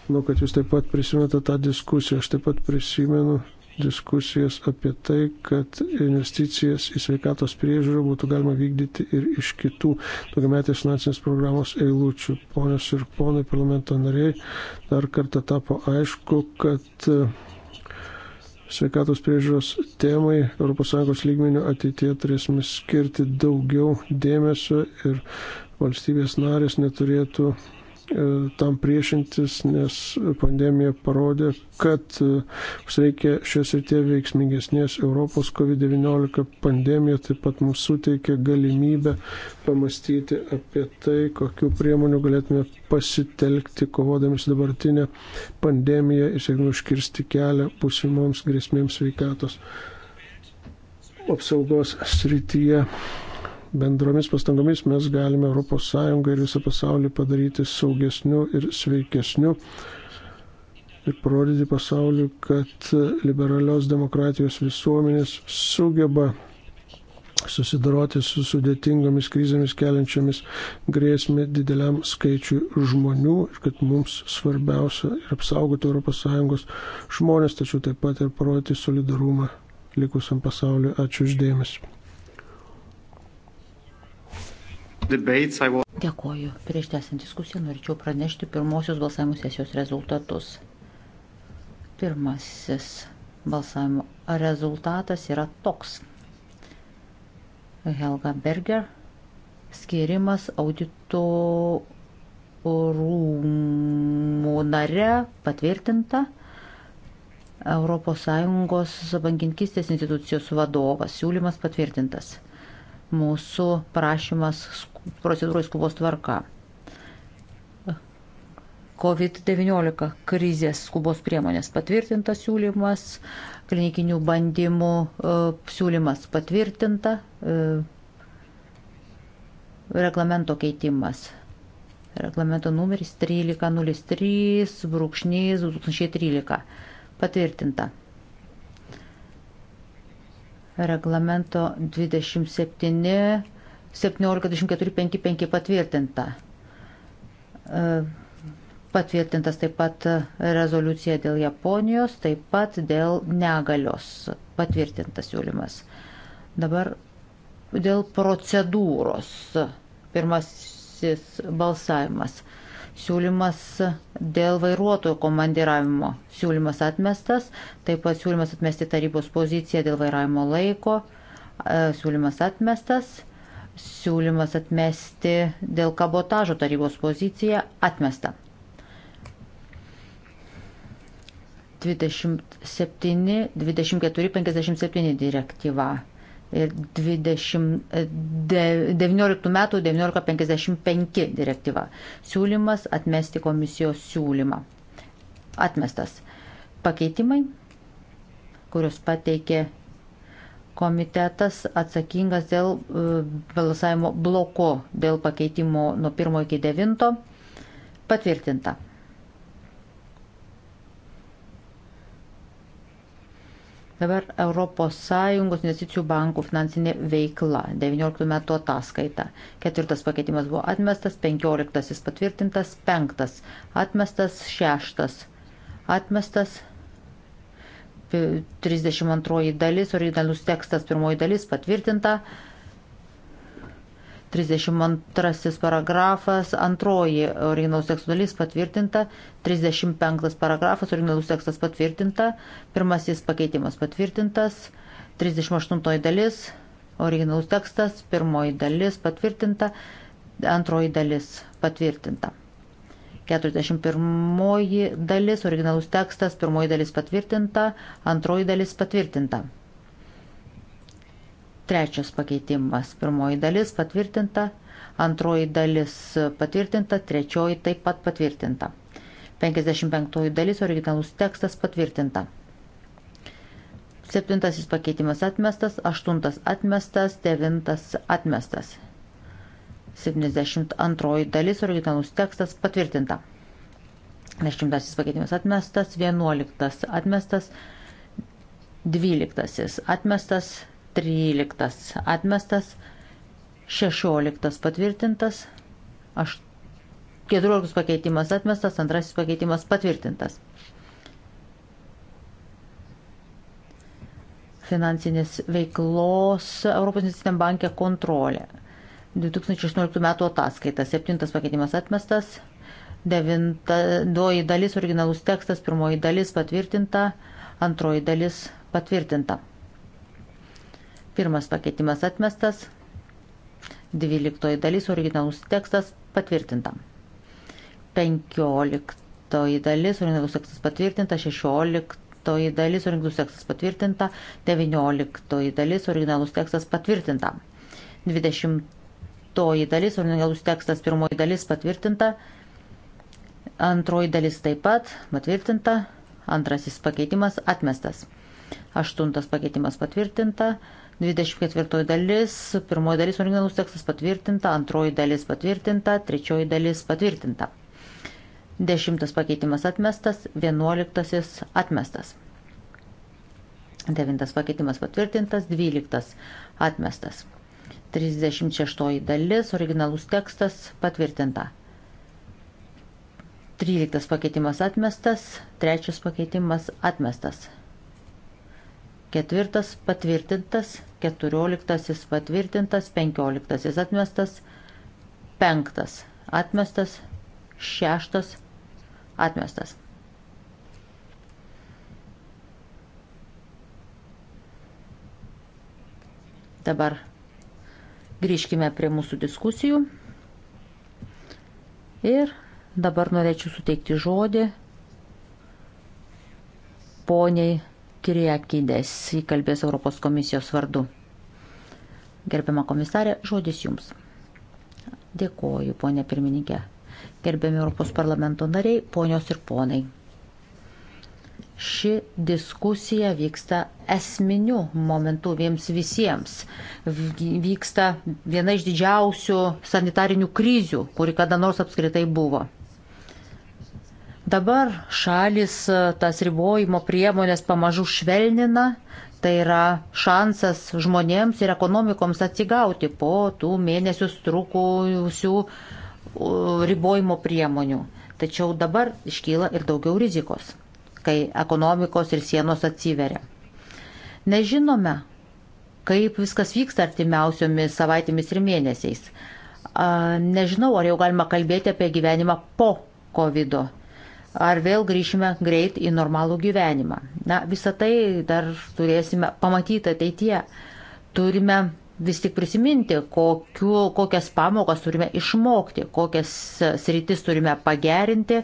Manau, kad jūs taip pat prisimenate tą diskusiją, aš taip pat prisimenu diskusijas apie tai, kad investicijas į sveikatos priežiūrą būtų galima vykdyti ir iš kitų daugiametės finansinės programos eilučių. Ponios ir ponai parlamento nariai, dar kartą tapo aišku, kad e, sveikatos priežiūros temai ES lygmenių ateitie turėsime skirti daugiau dėmesio ir valstybės narės neturėtų E, tam priešintis, nes pandemija parodė, kad e, mums reikia šios ir tie veiksmingesnės Europos COVID-19 pandemija taip pat mums suteikia galimybę pamastyti apie tai, kokiu priemonių galėtume pasitelkti, kovodami su dabartinė pandemija ir siekdami užkirsti kelią pusimoms grėsmėms sveikatos apsaugos srityje bendromis pastangomis mes galime ES ir visą pasaulį padaryti saugesniu ir sveikesniu ir parodyti pasauliu, kad liberalios demokratijos visuomenės sugeba susidoroti su sudėtingomis krizėmis keliančiomis grėsmė dideliam skaičiui žmonių ir kad mums svarbiausia ir apsaugoti ES žmonės, tačiau taip pat ir parodyti solidarumą likusiam pasauliu. Ačiū uždėmesi. Dėkoju. Prieš tęsiant diskusiją norėčiau pranešti pirmosios balsavimo sesijos rezultatus. Pirmasis balsavimo rezultatas yra toks. Helga Berger skirimas audito rūmų nare patvirtinta. ES bankininkistės institucijos vadovas siūlymas patvirtintas. Mūsų prašymas procedūros skubos tvarka. COVID-19 krizės skubos priemonės patvirtintas siūlymas, klinikinių bandymų e, siūlymas patvirtinta, e, reglamento keitimas. Reglamento numeris 1303 brūkšnys 2013 patvirtinta. Reglamento 27 17.24.55 patvirtinta. E, patvirtintas taip pat rezoliucija dėl Japonijos, taip pat dėl negalios patvirtintas siūlymas. Dabar dėl procedūros. Pirmasis balsavimas. Siūlymas dėl vairuotojo komandiravimo. Siūlymas atmestas. Taip pat siūlymas atmesti tarybos poziciją dėl vairavimo laiko. E, siūlymas atmestas siūlymas atmesti dėl kabotažo tarybos poziciją atmesta. 27, 24, 57 direktyva ir 19 metų 1955 direktyva. Siūlymas atmesti komisijos siūlymą. Atmestas. Pakeitimai, kurios pateikė komitetas atsakingas dėl e, balsavimo bloko, dėl pakeitimo nuo 1 iki 9 patvirtinta. Dabar ES investicijų bankų finansinė veikla, 19 metų ataskaita. Ketvirtas pakeitimas buvo atmestas, 15 patvirtintas, 5 atmestas, 6 atmestas, 32 dalis, originalus tekstas pirmoji dalis patvirtinta. 32 paragrafas, antroji originalus tekstų dalis patvirtinta, 35 paragrafas, originalus tekstas patvirtinta, pirmasis pakeitimas patvirtintas, 38 dalis, originalus tekstas, pirmoji dalis patvirtinta, antroji dalis patvirtinta. 41 dalis, originalus tekstas, pirmoji dalis patvirtinta, antroji dalis patvirtinta. Trečias pakeitimas, pirmoji dalis patvirtinta, antroji dalis patvirtinta, trečioji taip pat patvirtinta. 55 dalis, originalus tekstas patvirtinta. Septintasis pakeitimas atmestas, aštuntas atmestas, devintas atmestas. 72 dalis originalus tekstas patvirtinta. 10 pakeitimas atmestas, 11 atmestas, 12 atmestas, 13 atmestas, 16 patvirtintas, 14 pakeitimas atmestas, 2 pakeitimas patvirtintas. Finansinės veiklos Europos Nesitėm bankė kontrolė. 2018 metų ataskaita. Septintas pakeitimas atmestas. Devintoji dalis originalus tekstas, pirmoji dalis patvirtinta, antroji dalis patvirtinta. Pirmas pakeitimas atmestas, dvyliktoji dalis originalus tekstas patvirtinta. Penkioliktoji dalis originalus tekstas patvirtinta, šešioliktoji dalis originalus tekstas patvirtinta, devynioliktoji dalis originalus tekstas patvirtinta. Dvidešimt Penktoji dalis, originalus tekstas, pirmoji dalis patvirtinta, antroji dalis taip pat patvirtinta, antrasis pakeitimas atmestas, aštuntas pakeitimas patvirtinta, 24 dalis, pirmoji dalis originalus tekstas patvirtinta, antroji dalis patvirtinta, trečioji dalis patvirtinta. Dešimtas pakeitimas atmestas, vienuoliktasis atmestas. Devintas pakeitimas patvirtintas, dvyliktas atmestas. 36 dalis, originalus tekstas patvirtinta. 13 pakeitimas atmestas, 3 pakeitimas atmestas. 4 patvirtintas, 14 patvirtintas, 15 atmestas, 5 atmestas, 6 atmestas. Dabar Grįžkime prie mūsų diskusijų. Ir dabar norėčiau suteikti žodį poniai Kiriakidės, įkalbės Europos komisijos vardu. Gerbiama komisarė, žodis jums. Dėkoju, ponė pirmininkė. Gerbiami Europos parlamento nariai, ponios ir ponai ši diskusija vyksta esminiu momentu jiems visiems. Vyksta viena iš didžiausių sanitarinių krizių, kuri kada nors apskritai buvo. Dabar šalis e, tas ribojimo priemonės pamažu švelnina, tai yra šansas žmonėms ir ekonomikoms atsigauti po tų mėnesius trukusių ribojimo priemonių. Tačiau dabar iškyla ir daugiau rizikos kai ekonomikos ir sienos atsiveria. Nežinome, kaip viskas vyksta artimiausiomis savaitėmis ir mėnesiais. Nežinau, ar jau galima kalbėti apie gyvenimą po COVID. -o. Ar vėl grįšime greit į normalų gyvenimą. Na, visą tai dar turėsime pamatyti ateityje. Turime vis tik prisiminti, kokiu, kokias pamokas turime išmokti, kokias sritis turime pagerinti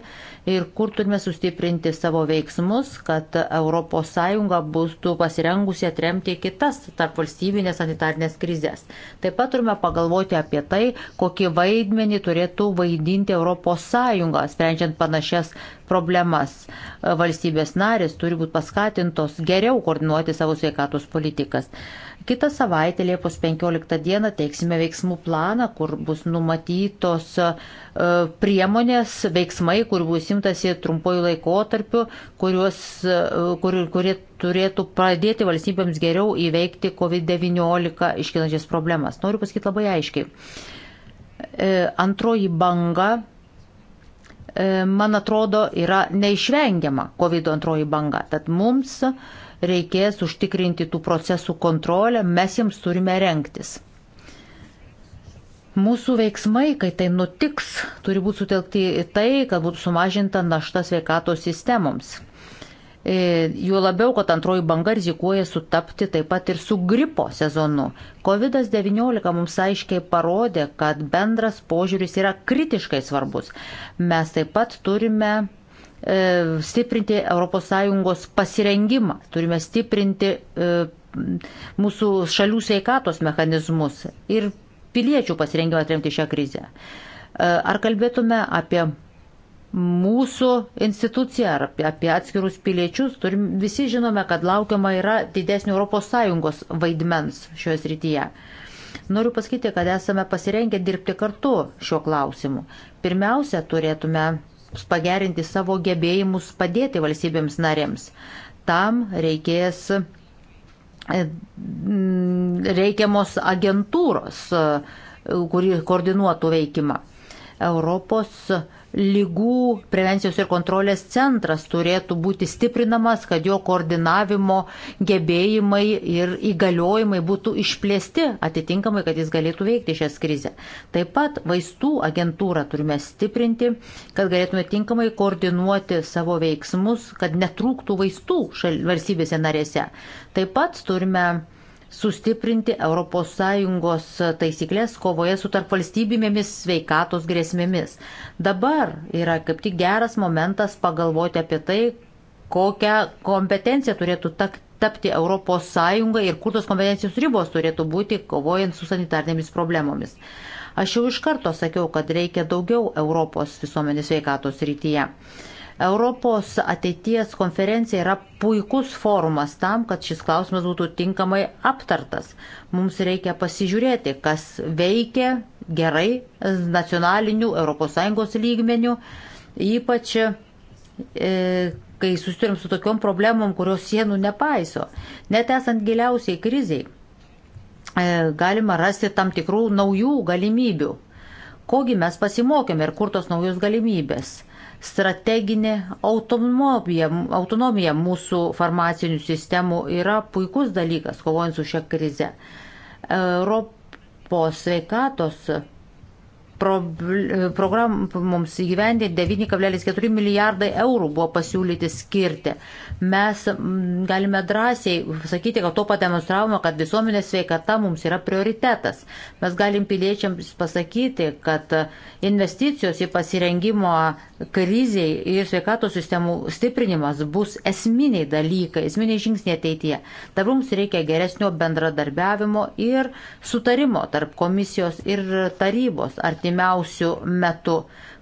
ir kur turime sustiprinti savo veiksmus, kad ES būtų pasirengusi atremti kitas tarp valstybinės sanitarnės krizės. Taip pat turime pagalvoti apie tai, kokį vaidmenį turėtų vaidinti ES, sprendžiant panašias problemas. Valstybės narės turi būti paskatintos geriau koordinuoti savo sveikatos politikas. Kita savaitė, Liepos 15 dieną, teiksime veiksmų planą, kur bus numatytos e, priemonės, veiksmai, kur bus imtasi trumpojų laikotarpių, kuriuos, e, kur, kurie turėtų pradėti valstybėms geriau įveikti COVID-19 iškilančias problemas. Noriu pasakyti labai aiškiai. E, antroji banga man atrodo, yra neišvengiama COVID antroji banga. Tad mums reikės užtikrinti tų procesų kontrolę, mes jiems turime renktis. Mūsų veiksmai, kai tai nutiks, turi būti sutelkti į tai, kad būtų sumažinta našta sveikatos sistemoms. E, juo labiau, kad antroji banga rizikuoja sutapti taip pat ir su gripo sezonu. COVID-19 mums aiškiai parodė, kad bendras požiūris yra kritiškai svarbus. Mes taip pat turime E, stiprinti ES pasirengimą, turime stiprinti e, mūsų šalių sveikatos mechanizmus ir piliečių pasirengimą atremti šią krizę. E, ar kalbėtume apie mūsų instituciją ar apie, apie atskirus piliečius, turim, visi žinome, kad laukiama yra didesnio ES vaidmens šioje srityje. Noriu pasakyti, kad esame pasirengę dirbti kartu šiuo klausimu. Pirmiausia, turėtume pagerinti savo gebėjimus padėti valstybėms narėms. Tam reikės e, reikiamos agentūros, e, kuri koordinuotų veikimą. Europos lygų prevencijos ir kontrolės centras turėtų būti stiprinamas, kad jo koordinavimo gebėjimai ir įgaliojimai būtų išplėsti atitinkamai, kad jis galėtų veikti šias krizę. Taip pat vaistų agentūrą turime stiprinti, kad galėtume tinkamai koordinuoti savo veiksmus, kad netrūktų vaistų valstybėse narėse. Taip pat turime sustiprinti ES taisyklės kovoje su tarpvalstybinėmis sveikatos grėsmėmis. Dabar yra kaip tik geras momentas pagalvoti apie tai, kokią kompetenciją turėtų tapti ES ir kur tos kompetencijos ribos turėtų būti kovojant su sanitarnėmis problemomis. Aš jau iš karto sakiau, kad reikia daugiau Europos visuomenės sveikatos rytyje. Europos ateities konferencija yra puikus forumas tam, kad šis klausimas būtų tinkamai aptartas. Mums reikia pasižiūrėti, kas veikia gerai nacionalinių ES lygmenių, ypač e, kai susiturim su tokiom problemom, kurios sienų nepaiso. Net esant giliausiai kriziai, e, galima rasti tam tikrų naujų galimybių. Kogi mes pasimokėme ir kur tos naujos galimybės strateginė autonomija, autonomija mūsų farmacinių sistemų yra puikus dalykas, kovojant su šia krize. Europos sveikatos programoms įgyvendinti 9,4 milijardai eurų buvo pasiūlyti skirti. Mes galime drąsiai sakyti, kad to pademonstravome, kad visuomenės sveikata mums yra prioritetas. Mes galim piliečiams pasakyti, kad investicijos į pasirengimo kriziai ir sveikatos sistemų stiprinimas bus esminiai dalykai, esminiai žingsniai ateityje. Dar mums reikia geresnio bendradarbiavimo ir sutarimo tarp komisijos ir tarybos. Artim artimiausių metų,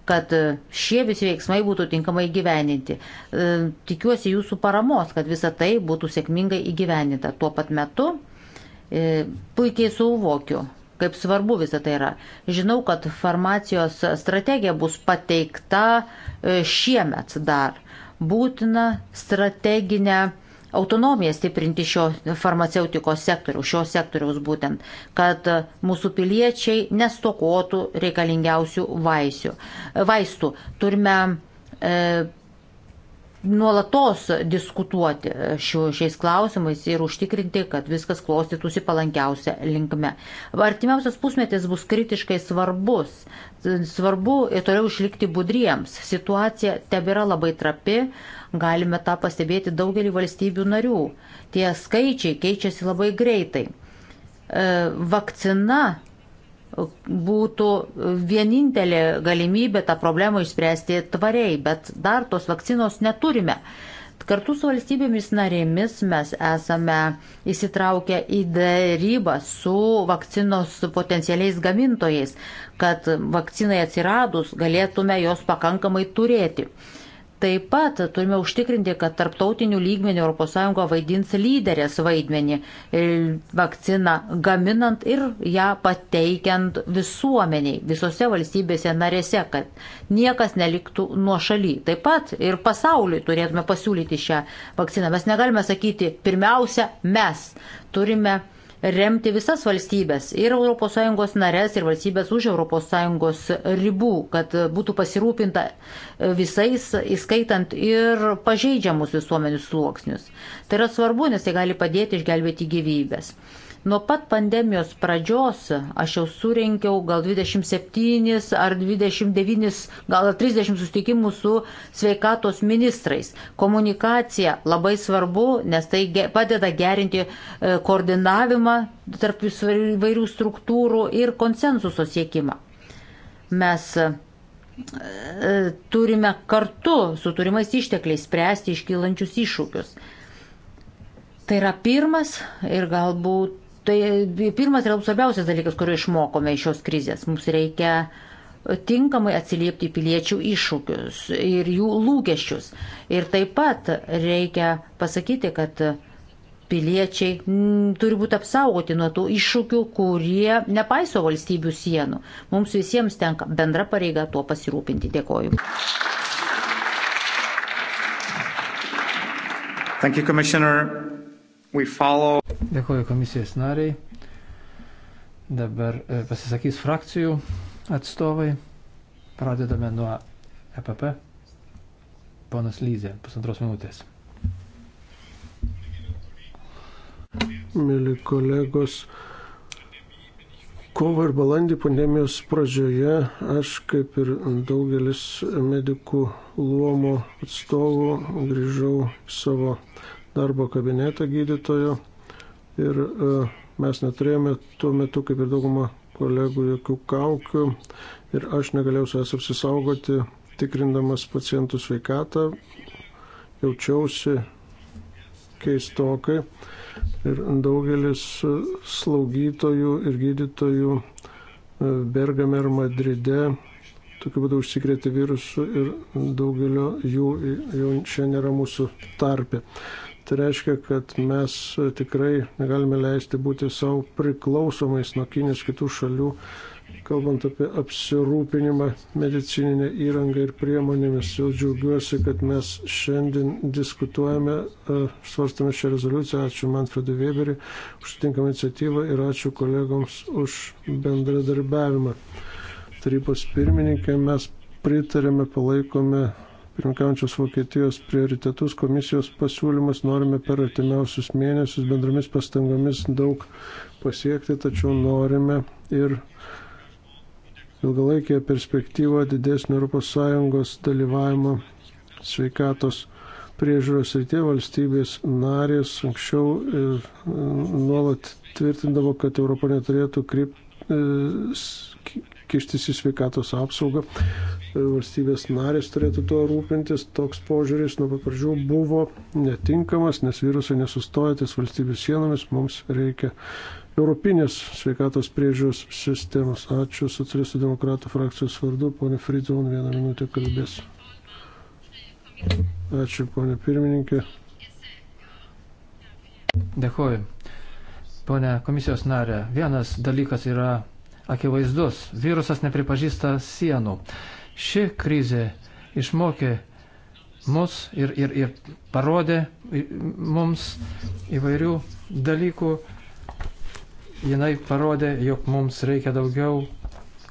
kad šie visi veiksmai būtų tinkamai įgyveninti. E, tikiuosi jūsų paramos, kad visa tai būtų sėkmingai įgyveninta. Tuo pat metu e, puikiai suvokiu, kaip svarbu visą tai yra. Žinau, kad farmacijos strategija bus pateikta e, šiemet dar. Būtina strateginę autonomiją stiprinti šio farmaceutikos sektoriaus, šio sektoriaus būtent, kad mūsų piliečiai nestokotų reikalingiausių vaisių. vaistų. Turime e, nuolatos diskutuoti šiu, šiais klausimais ir užtikrinti, kad viskas klostytųsi palankiausia linkme. Artimiausias pusmetis bus kritiškai svarbus svarbu ir toliau išlikti budriems. Situacija tebėra labai trapi, galime tą pastebėti daugelį valstybių narių. Tie skaičiai keičiasi labai greitai. E, vakcina būtų vienintelė galimybė tą problemą išspręsti tvariai, bet dar tos vakcinos neturime. Kartu su valstybėmis narėmis mes esame įsitraukę į dėrybą su vakcinos potencialiais gamintojais, kad vakcinai atsiradus galėtume jos pakankamai turėti. Taip pat turime užtikrinti, kad tarptautinių lygmenių ES vaidins lyderės vaidmenį e, vakciną gaminant ir ją pateikiant visuomeniai visose valstybėse narėse, kad niekas neliktų nuo šaly. Taip pat ir pasauliui turėtume pasiūlyti šią vakciną. Mes negalime sakyti, pirmiausia, mes turime remti visas valstybės ir ES narės, ir valstybės už ES ribų, kad būtų pasirūpinta e, visais, įskaitant ir pažeidžiamus visuomenių sluoksnius. Tai yra svarbu, nes tai gali padėti išgelbėti gyvybės. Nuo pat pandemijos pradžios aš jau surinkiau gal 27 ar 29, gal 30 susitikimų su sveikatos ministrais. Komunikacija labai svarbu, nes tai padeda gerinti e, koordinavimą tarp įvairių struktūrų ir konsensuso siekimą. Mes e, e, turime kartu su turimais ištekliais spręsti iškylančius iššūkius. Tai yra pirmas ir galbūt Tai e, pirmas ir svarbiausias dalykas, kurio išmokome iš šios krizės. Mums reikia tinkamai atsiliepti piliečių iššūkius ir jų lūkesčius. Ir taip pat reikia pasakyti, kad piliečiai m, turi būti apsaugoti nuo tų iššūkių, kurie nepaiso valstybių sienų. Mums visiems tenka bendra pareiga tuo pasirūpinti. Dėkoju. You, follow... Dėkuoju komisijos nariai. Dabar e, pasisakys frakcijų atstovai. Pradedame nuo EPP. Ponas Lyzė, pusantros minutės. Mėly kolegos, kovo ir balandį pandemijos pradžioje aš kaip ir daugelis medikų luomo atstovų grįžau į savo darbo kabinetą gydytojo ir e, mes neturėjome tuo metu, kaip ir dauguma kolegų, jokių kaukių ir aš negalėjau savęs apsisaugoti, tikrindamas pacientų sveikatą, jaučiausi keistokai ir daugelis slaugytojų ir gydytojų e, Bergame ir Madride tokiu būdu užsikrėtė virusu ir daugelio jų jau šiandien yra mūsų tarpė. Tai reiškia, kad mes tikrai negalime leisti būti savo priklausomais nuo Kinijos kitų šalių, kalbant apie apsirūpinimą medicininę įrangą ir priemonėmis. Jau džiaugiuosi, kad mes šiandien diskutuojame, e, svarstame šią rezoliuciją. Ačiū Manfredui Weberiui už tinkamą iniciatyvą ir ačiū kolegoms už bendradarbiavimą. Tarybos pirmininkė, mes pritarėme, palaikome pirmkiaujančios Vokietijos prioritetus, komisijos pasiūlymus norime per artimiausius mėnesius bendromis pastangomis daug pasiekti, tačiau norime ir ilgalaikėje perspektyvoje didesnio ES dalyvavimo sveikatos priežiūros rytie valstybės narės anksčiau e, nuolat tvirtindavo, kad Europa neturėtų krypti e, kištis į sveikatos apsaugą. Valstybės narės turėtų tuo rūpintis. Toks požiūris nuo papradžių buvo netinkamas, nes virusai nesustoja ties valstybės sienomis. Mums reikia Europinės sveikatos priežiūros sistemos. Ačiū socialistų demokratų frakcijos vardu. Pone Fridon, vieną minutę kalbės. Ačiū, ponė pirmininkė. Dėkuoju. Pone komisijos narė, vienas dalykas yra akivaizdus. Virusas nepripažįsta sienų. Ši krizė išmokė mus ir, ir, ir parodė mums įvairių dalykų. Jinai parodė, jog mums reikia daugiau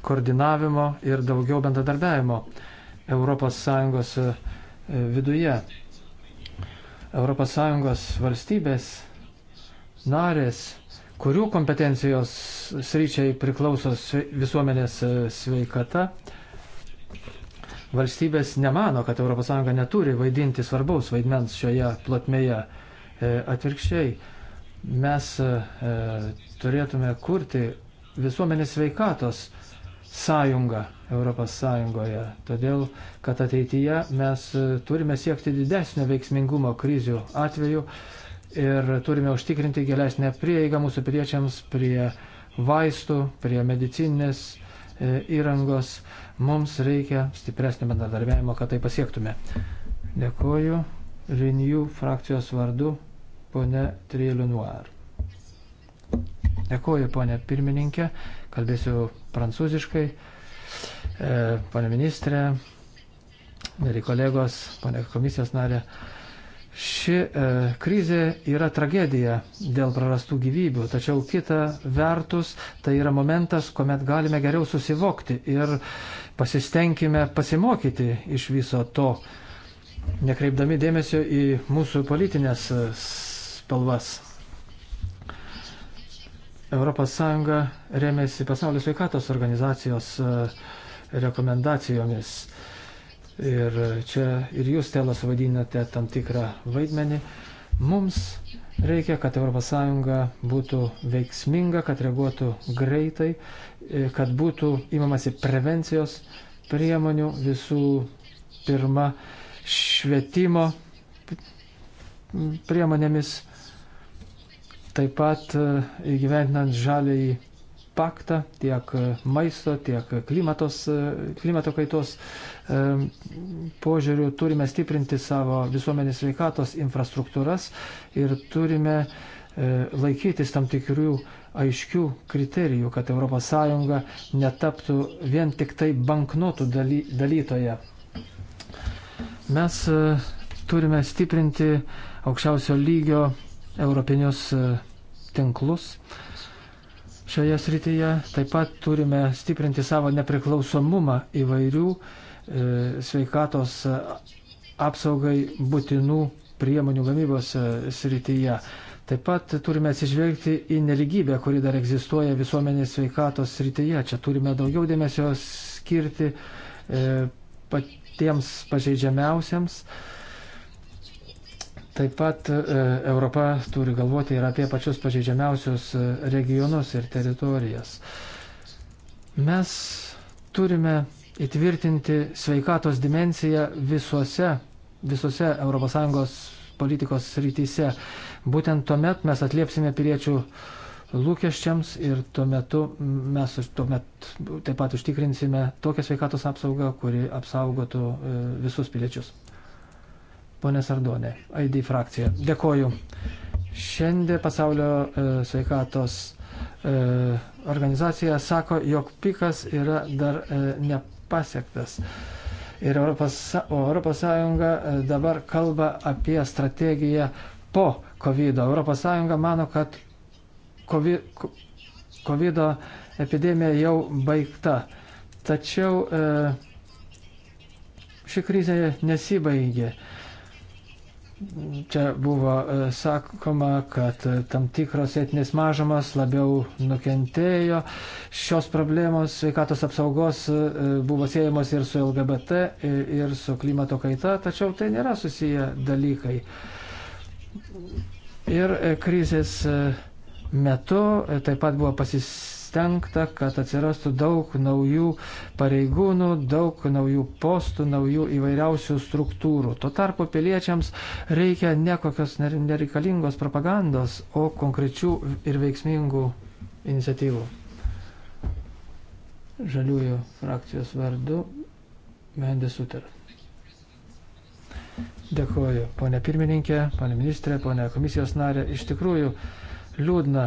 koordinavimo ir daugiau bendradarbiavimo ES e, viduje. ES valstybės narės kurių kompetencijos sryčiai priklauso visuomenės e, sveikata, valstybės nemano, kad ES neturi vaidinti svarbaus vaidmens šioje plotmėje. E, atvirkščiai, mes e, turėtume kurti visuomenės sveikatos sąjungą ES. Todėl, kad ateityje mes turime siekti didesnio veiksmingumo krizių atveju ir turime užtikrinti gilesnę prieigą mūsų piliečiams prie vaistų, prie medicinės e, įrangos. Mums reikia stipresnio bendradarbiavimo, kad tai pasiektume. Dėkoju Renew frakcijos vardu, ponė Trielinuar. Dėkoju, ponė pirmininkė, kalbėsiu prancūziškai. E, pone ministrė, mėly kolegos, ponė komisijos narė. Ši e, krizė yra tragedija dėl prarastų gyvybių, tačiau kita vertus tai yra momentas, kuomet galime geriau susivokti ir pasistengime pasimokyti iš viso to, nekreipdami dėmesio į mūsų politinės e, spalvas. ES remiasi Pasaulio sveikatos organizacijos e, rekomendacijomis. E, ir čia ir jūs, Telas, vadinate tam tikrą vaidmenį. Mums reikia, kad ES būtų veiksminga, kad reaguotų greitai, e, kad būtų įmamasi prevencijos priemonių visų pirma švietimo priemonėmis, taip pat e, įgyventinant žaliai paktą, tiek e, maisto, tiek e, klimatos, e, klimato kaitos požiūrių. Turime stiprinti savo visuomenės veikatos infrastruktūras ir turime laikytis tam tikrių aiškių kriterijų, kad ES netaptų vien tik tai banknotų daly, dalytoje. Mes turime stiprinti aukščiausio lygio europinius tinklus šioje srityje. Taip pat turime stiprinti savo nepriklausomumą įvairių e, sveikatos apsaugai būtinų priemonių gamybos e, srityje. Taip pat turime atsižvelgti į neligybę, kuri dar egzistuoja visuomenės sveikatos srityje. Čia turime daugiau dėmesio skirti e, patiems pažeidžiamiausiams. E, Taip pat e, Europa turi galvoti ir apie pačius pažeidžiamiausius e, regionus ir teritorijas. Mes turime įtvirtinti sveikatos dimenciją visuose, visuose ES politikos rytise. Būtent tuomet mes atliepsime piliečių lūkesčiams ir tuo metu mes tuomet taip pat užtikrinsime tokią sveikatos apsaugą, kuri apsaugotų e, visus piliečius. Pone Sardonė, ID frakcija. Dėkoju. Šiandien pasaulio e, sveikatos e, organizacija sako, jog pikas yra dar e, nepasiektas. Ir Europos, o Europos Sąjunga e, dabar kalba apie strategiją po COVID. -o. Europos Sąjunga mano, kad COVID epidemija jau baigta. Tačiau e, ši krizė nesibaigė. E, Čia buvo e, sakoma, kad e, tam tikros etinės mažumas labiau nukentėjo. Šios problemos sveikatos apsaugos e, buvo siejamos ir su LGBT, ir su klimato kaita, tačiau tai nėra susiję dalykai. Ir krizės metu taip pat buvo pasisakyti užtenkta, kad atsirastų daug naujų pareigūnų, daug naujų postų, naujų įvairiausių struktūrų. Tuo tarpu piliečiams reikia ne kokios nereikalingos propagandos, o konkrečių ir veiksmingų iniciatyvų. Žaliųjų frakcijos vardu Mendes Suter. Dėkuoju, ponė pirmininkė, ponė ministrė, ponė komisijos narė. Iš tikrųjų, liūdna,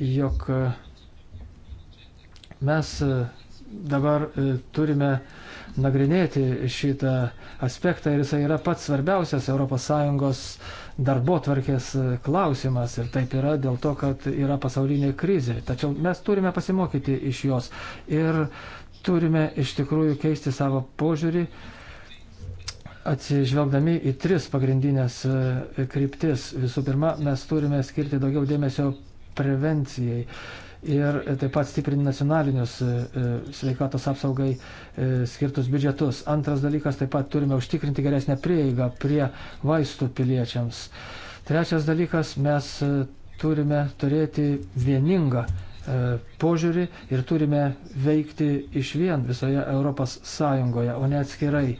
jog Mes e, dabar e, turime nagrinėti šitą aspektą ir jisai yra pats svarbiausias ES darbo tvarkės e, klausimas ir taip yra dėl to, kad yra pasaulinė krizė. Tačiau mes turime pasimokyti iš jos ir turime iš tikrųjų keisti savo požiūrį atsižvelgdami į tris pagrindinės kryptis. Visų pirma, mes turime skirti daugiau dėmesio prevencijai ir taip pat stiprinti nacionalinius e, e, sveikatos apsaugai e, skirtus biudžetus. Antras dalykas, taip pat turime užtikrinti geresnę prieigą prie vaistų piliečiams. Trečias dalykas, mes turime turėti vieningą požiūrį ir turime veikti iš vien visoje Europos Sąjungoje, o ne atskirai.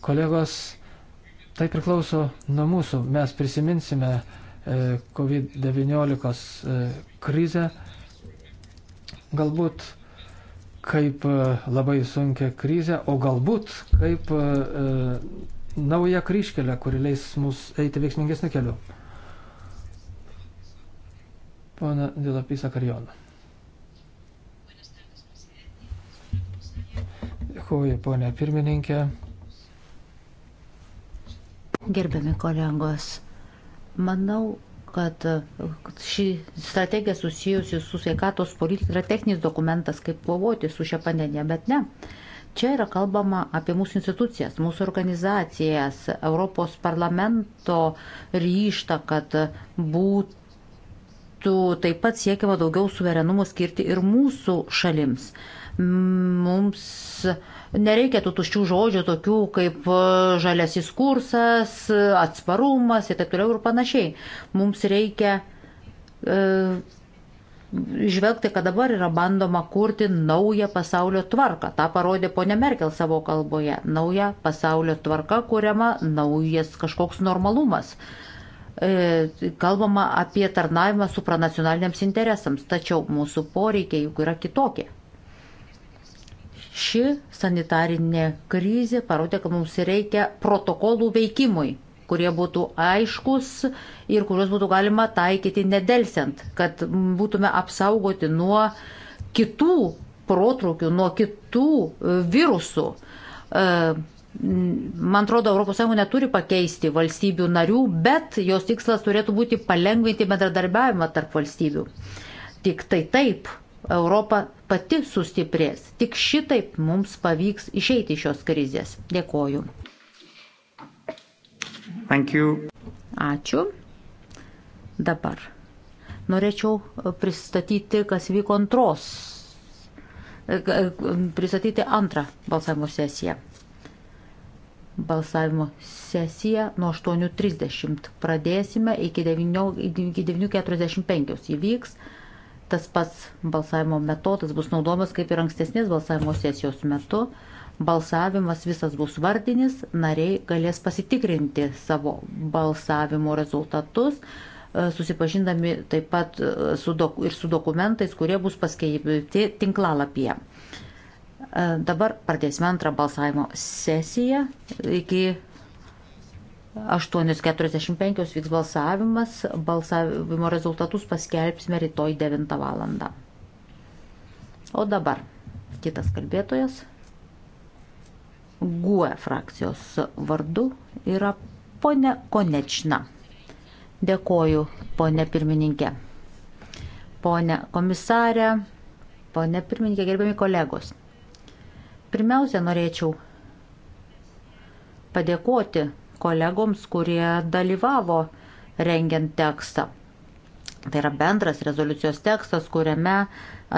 Kolegos, tai priklauso nuo mūsų. Mes prisiminsime COVID-19 krizę galbūt kaip e, labai sunkia krizė, o galbūt kaip e, e naują kryškelę, kuri leis mus eiti veiksmingesnį keliu. Pana Dilapisa Karjona. Dėkuoju, ponė pirmininkė. Gerbiami kolegos, manau, kad ši strategija susijusi su sveikatos politika yra techninis dokumentas, kaip kovoti su šia pandemija, bet ne. Čia yra kalbama apie mūsų institucijas, mūsų organizacijas, Europos parlamento ryštą, kad būtų taip pat siekiama daugiau suverenumo skirti ir mūsų šalims. Mums uh, Nereikia tų tuščių žodžių, tokių kaip e, žaliasis kursas, e, atsparumas ir taip toliau ir panašiai. Mums reikia e, žvelgti, kad dabar yra bandoma kurti naują pasaulio tvarką. Ta parodė ponė Merkel savo kalboje. Nauja pasaulio tvarka kuriama naujas kažkoks normalumas. E, kalbama apie tarnavimą supranacionaliniams interesams, tačiau mūsų poreikiai juk yra kitokie. Ši sanitarinė krizė parodė, kad mums reikia protokolų veikimui, kurie būtų aiškus ir kuriuos būtų galima taikyti nedelsiant, kad būtume apsaugoti nuo kitų protrukių, nuo kitų e, virusų. E, man atrodo, ES neturi pakeisti valstybių narių, bet jos tikslas turėtų būti palengvinti bendradarbiavimą tarp valstybių. Tik tai taip Europa pati sustiprės. Tik šitaip mums pavyks išeiti iš šios krizės. Dėkoju. Ačiū. Dabar norėčiau pristatyti, kas vyko antros, e, pristatyti antrą balsavimo sesiją. Balsavimo sesiją nuo 8.30 pradėsime iki 9.45 įvyks. 9 Tas pats balsavimo metodas bus naudojamas kaip ir ankstesnės balsavimo sesijos metu. Balsavimas visas bus vardinis, nariai galės pasitikrinti savo balsavimo rezultatus, e, susipažindami taip pat e, su doku, ir su dokumentais, kurie bus paskelbti tinklalapyje. E, dabar pradėsime antrą balsavimo sesiją. Iki 8.45 vyks balsavimas, balsavimo rezultatus paskelbsime rytoj 9 val. O dabar kitas kalbėtojas GUE frakcijos vardu yra ponė Konečna. Dėkoju, ponė pirmininkė. Ponė komisarė, ponė pirmininkė, gerbiami kolegos. Pirmiausia, norėčiau padėkoti kolegoms, kurie dalyvavo rengiant tekstą. Tai yra bendras rezoliucijos tekstas, kuriame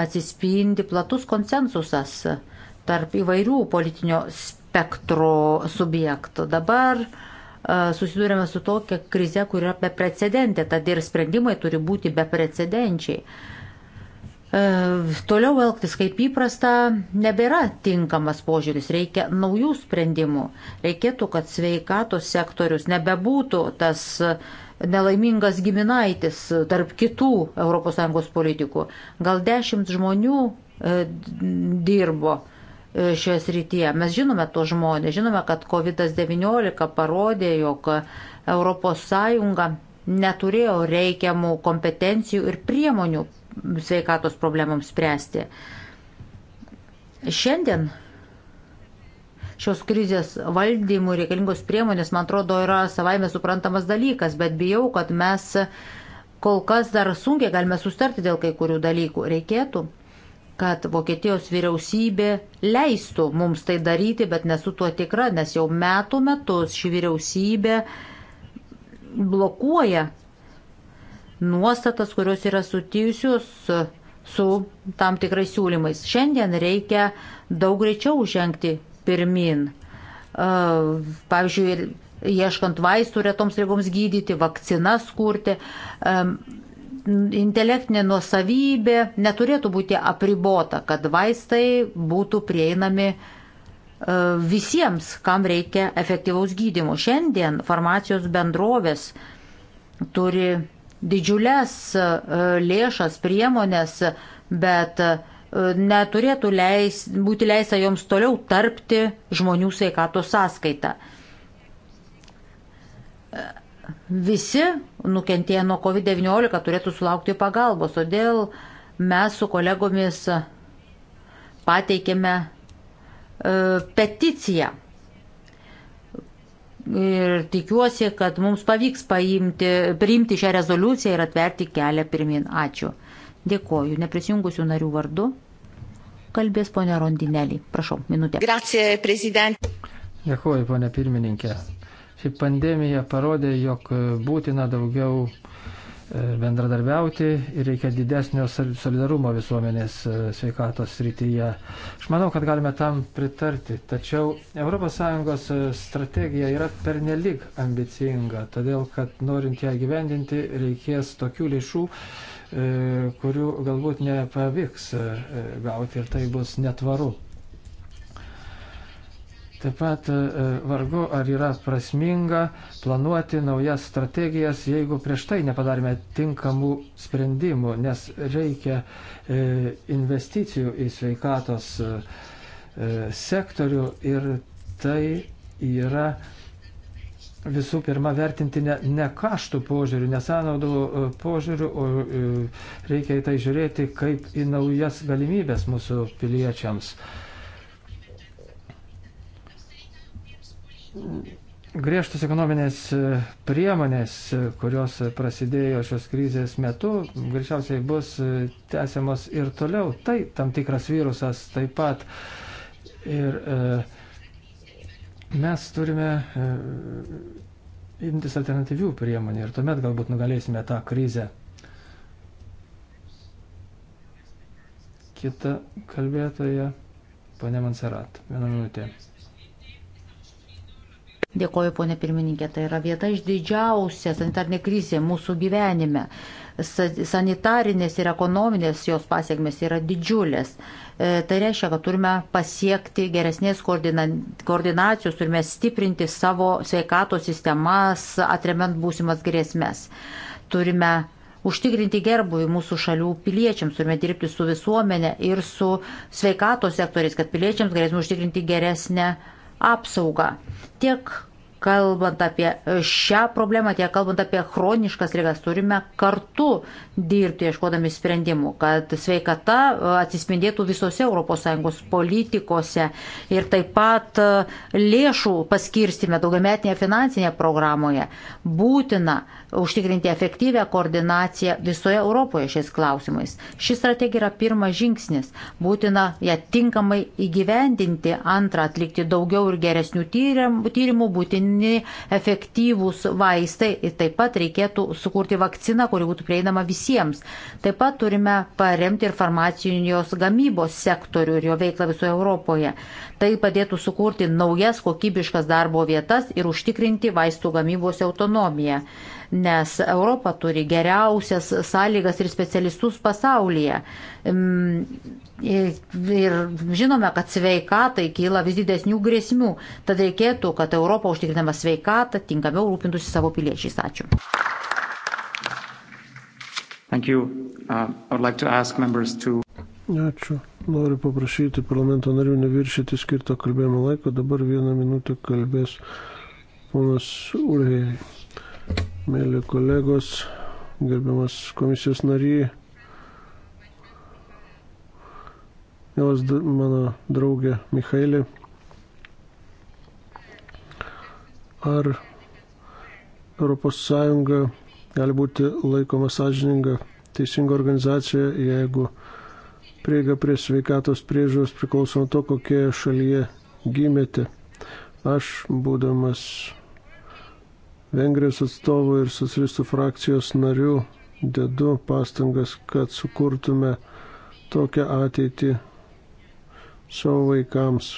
atsispindi platus konsensusas tarp įvairių politinio spektro subjektų. Dabar e, susidūrėme su tokia krize, kur yra beprecedentė, tad ir sprendimai turi būti beprecedenčiai. E, toliau elgtis kaip įprasta nebėra tinkamas požiūris, reikia naujų sprendimų. Reikėtų, kad sveikatos sektorius nebebūtų tas nelaimingas giminaitis tarp kitų ES politikų. Gal dešimt žmonių e, dirbo e, šioje srityje. Mes žinome to žmonės, žinome, kad COVID-19 parodė, jog ES neturėjo reikiamų kompetencijų ir priemonių sveikatos problemams spręsti. Šiandien šios krizės valdymų reikalingos priemonės, man atrodo, yra savaime suprantamas dalykas, bet bijau, kad mes kol kas dar sunkiai galime sustarti dėl kai kurių dalykų. Reikėtų, kad Vokietijos vyriausybė leistų mums tai daryti, bet nesu tuo tikra, nes jau metų metus ši vyriausybė blokuoja nuostatas, kurios yra sutijusios su tam tikrais siūlymais. Šiandien reikia daug greičiau žengti pirmin. Pavyzdžiui, ieškant vaistų retoms lygoms gydyti, vakcinas kurti. Intelektinė nuosavybė neturėtų būti apribota, kad vaistai būtų prieinami visiems, kam reikia efektyvaus gydimo. Šiandien farmacijos bendrovės turi didžiulės e, lėšas, priemonės, bet e, neturėtų leis, būti leista joms toliau tarpti žmonių sveikatos sąskaitą. Visi nukentėję nuo COVID-19 turėtų sulaukti pagalbos, todėl mes su kolegomis pateikėme e, peticiją ir tikiuosi, kad mums pavyks paimti, priimti šią rezoliuciją ir atverti kelią pirmin. Ačiū. Dėkoju. Neprisijungusių narių vardu kalbės ponia Rondinelį. Prašau, minutė. Grazie, prezident. Dėkoju, ponia pirmininkė. Ši pandemija parodė, jog būtina daugiau E, bendradarbiauti ir reikia didesnio solidarumo visuomenės e, sveikatos srityje. Aš manau, kad galime tam pritarti, tačiau ES e, strategija yra pernelik ambicinga, todėl kad norint ją gyvendinti reikės tokių lėšų, kurių galbūt nepavyks gauti ir tai bus netvaru. Taip pat e, vargu, ar yra prasminga planuoti naujas strategijas, jeigu prieš tai nepadarėme tinkamų sprendimų, nes reikia e, investicijų į sveikatos e, sektorių ir tai yra visų pirma vertinti ne, ne kaštų požiūrių, nesąnaudų požiūrių, o reikia į tai žiūrėti kaip į naujas galimybės mūsų piliečiams. griežtos ekonominės e, priemonės, e, kurios prasidėjo šios krizės metu, greičiausiai bus e, tęsiamos ir toliau. Tai tam tikras virusas taip pat. Ir e, mes turime e, imtis alternatyvių priemonių ir tuomet galbūt nugalėsime tą krizę. Kita kalbėtoja, ponia Manserat, vieną minutę. Dėkoju, ponė pirmininkė, tai yra vieta iš didžiausia sanitarnė krizė mūsų gyvenime. Sanitarinės ir ekonominės jos pasiekmes yra didžiulės. E, tai reiškia, kad turime pasiekti geresnės koordina, koordinacijos, turime stiprinti savo sveikato sistemas, atremiant būsimas grėsmės. Turime užtikrinti gerbuvį mūsų šalių piliečiams, turime dirbti su visuomenė ir su sveikato sektoriais, kad piliečiams galėsime užtikrinti geresnę apsaugą. Tiek kalbant apie šią problemą, tiek kalbant apie chroniškas lygas, turime kartu dirbti, ieškodami sprendimų, kad sveikata atsispindėtų visose ES politikose ir taip pat lėšų paskirstime daugiametinėje finansinėje programoje. Būtina užtikrinti efektyvę koordinaciją visoje Europoje šiais klausimais. Ši strategija yra pirmas žingsnis. Būtina ją tinkamai įgyvendinti, antrą atlikti daugiau ir geresnių tyrimų, būtin būtini efektyvūs vaistai ir taip pat reikėtų sukurti vakciną, kuri būtų prieinama visiems. Taip pat turime paremti ir farmacijos gamybos sektorių ir jo veiklą visoje Europoje. Tai padėtų sukurti naujas kokybiškas darbo vietas ir užtikrinti vaistų gamybos autonomiją nes Europa turi geriausias sąlygas ir specialistus pasaulyje. Ir žinome, kad sveikatai kyla vis didesnių grėsmių, tad reikėtų, kad Europa užtikrinama sveikatą tinkamiau rūpintųsi savo piliečiais. Ačiū. Uh, like to... Ačiū. Noriu paprašyti parlamento narių neviršyti skirto kalbėjimo laiko. Dabar vieną minutę kalbės ponas Ulėjai mėly kolegos, gerbiamas komisijos nary, mielas mano draugė Michailė. Ar ES gali būti laikoma sąžininga, teisinga organizacija, jeigu prieiga prie sveikatos priežiūros priklauso nuo to, kokie šalyje gimėte. Aš, būdamas Vengrijos atstovų ir socialistų frakcijos narių dedu pastangas, kad sukurtume tokią ateitį savo vaikams,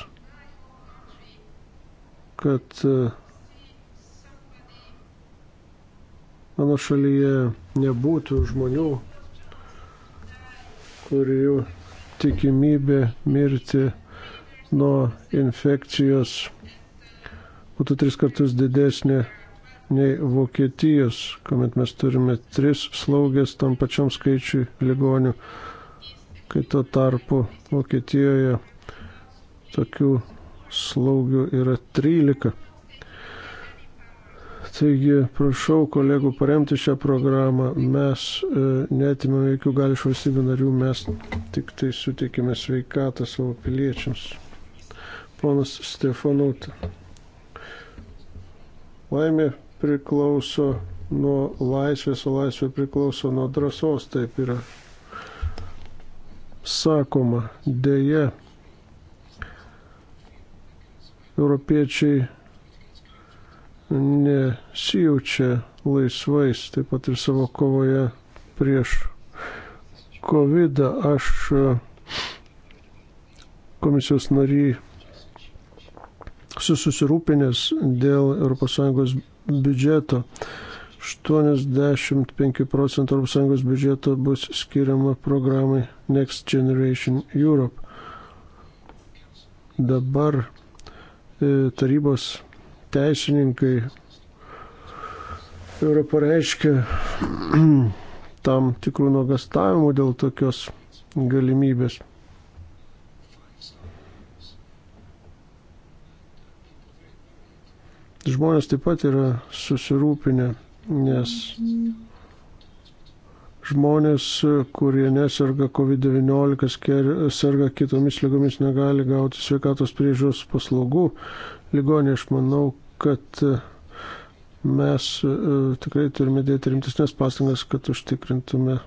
kad e, mano šalyje nebūtų žmonių, kurių tikimybė mirti nuo infekcijos būtų tris kartus didesnė nei Vokietijos, kuomet mes turime tris slaugės tam pačiam skaičiui ligonių, kai tuo tarpu Vokietijoje tokių slaugių yra 13. Taigi prašau kolegų paremti šią programą. Mes e, netimame jokių galių iš valstybių narių, mes tik tai suteikime sveikatą savo piliečiams. Ponas Stefanauta. Laimė priklauso nuo laisvės, o laisvė priklauso nuo drąsos, taip yra sakoma. Deja, europiečiai nesijaučia laisvais, taip pat ir savo kovoje prieš COVID. -ą. Aš komisijos nary susirūpinęs dėl ES biudžeto. 85 procentų ES biudžeto bus skiriama programai Next Generation Europe. Dabar e, tarybos teisininkai yra pareiškę tam tikrų nuogastavimų dėl tokios galimybės. Žmonės taip pat yra susirūpinę, nes žmonės, kurie neserga COVID-19, serga kitomis lygomis, negali gauti sveikatos priežiūros paslaugų. Ligonė, aš manau, kad e, mes e, tikrai turime dėti rimtesnės pastangas, kad užtikrintume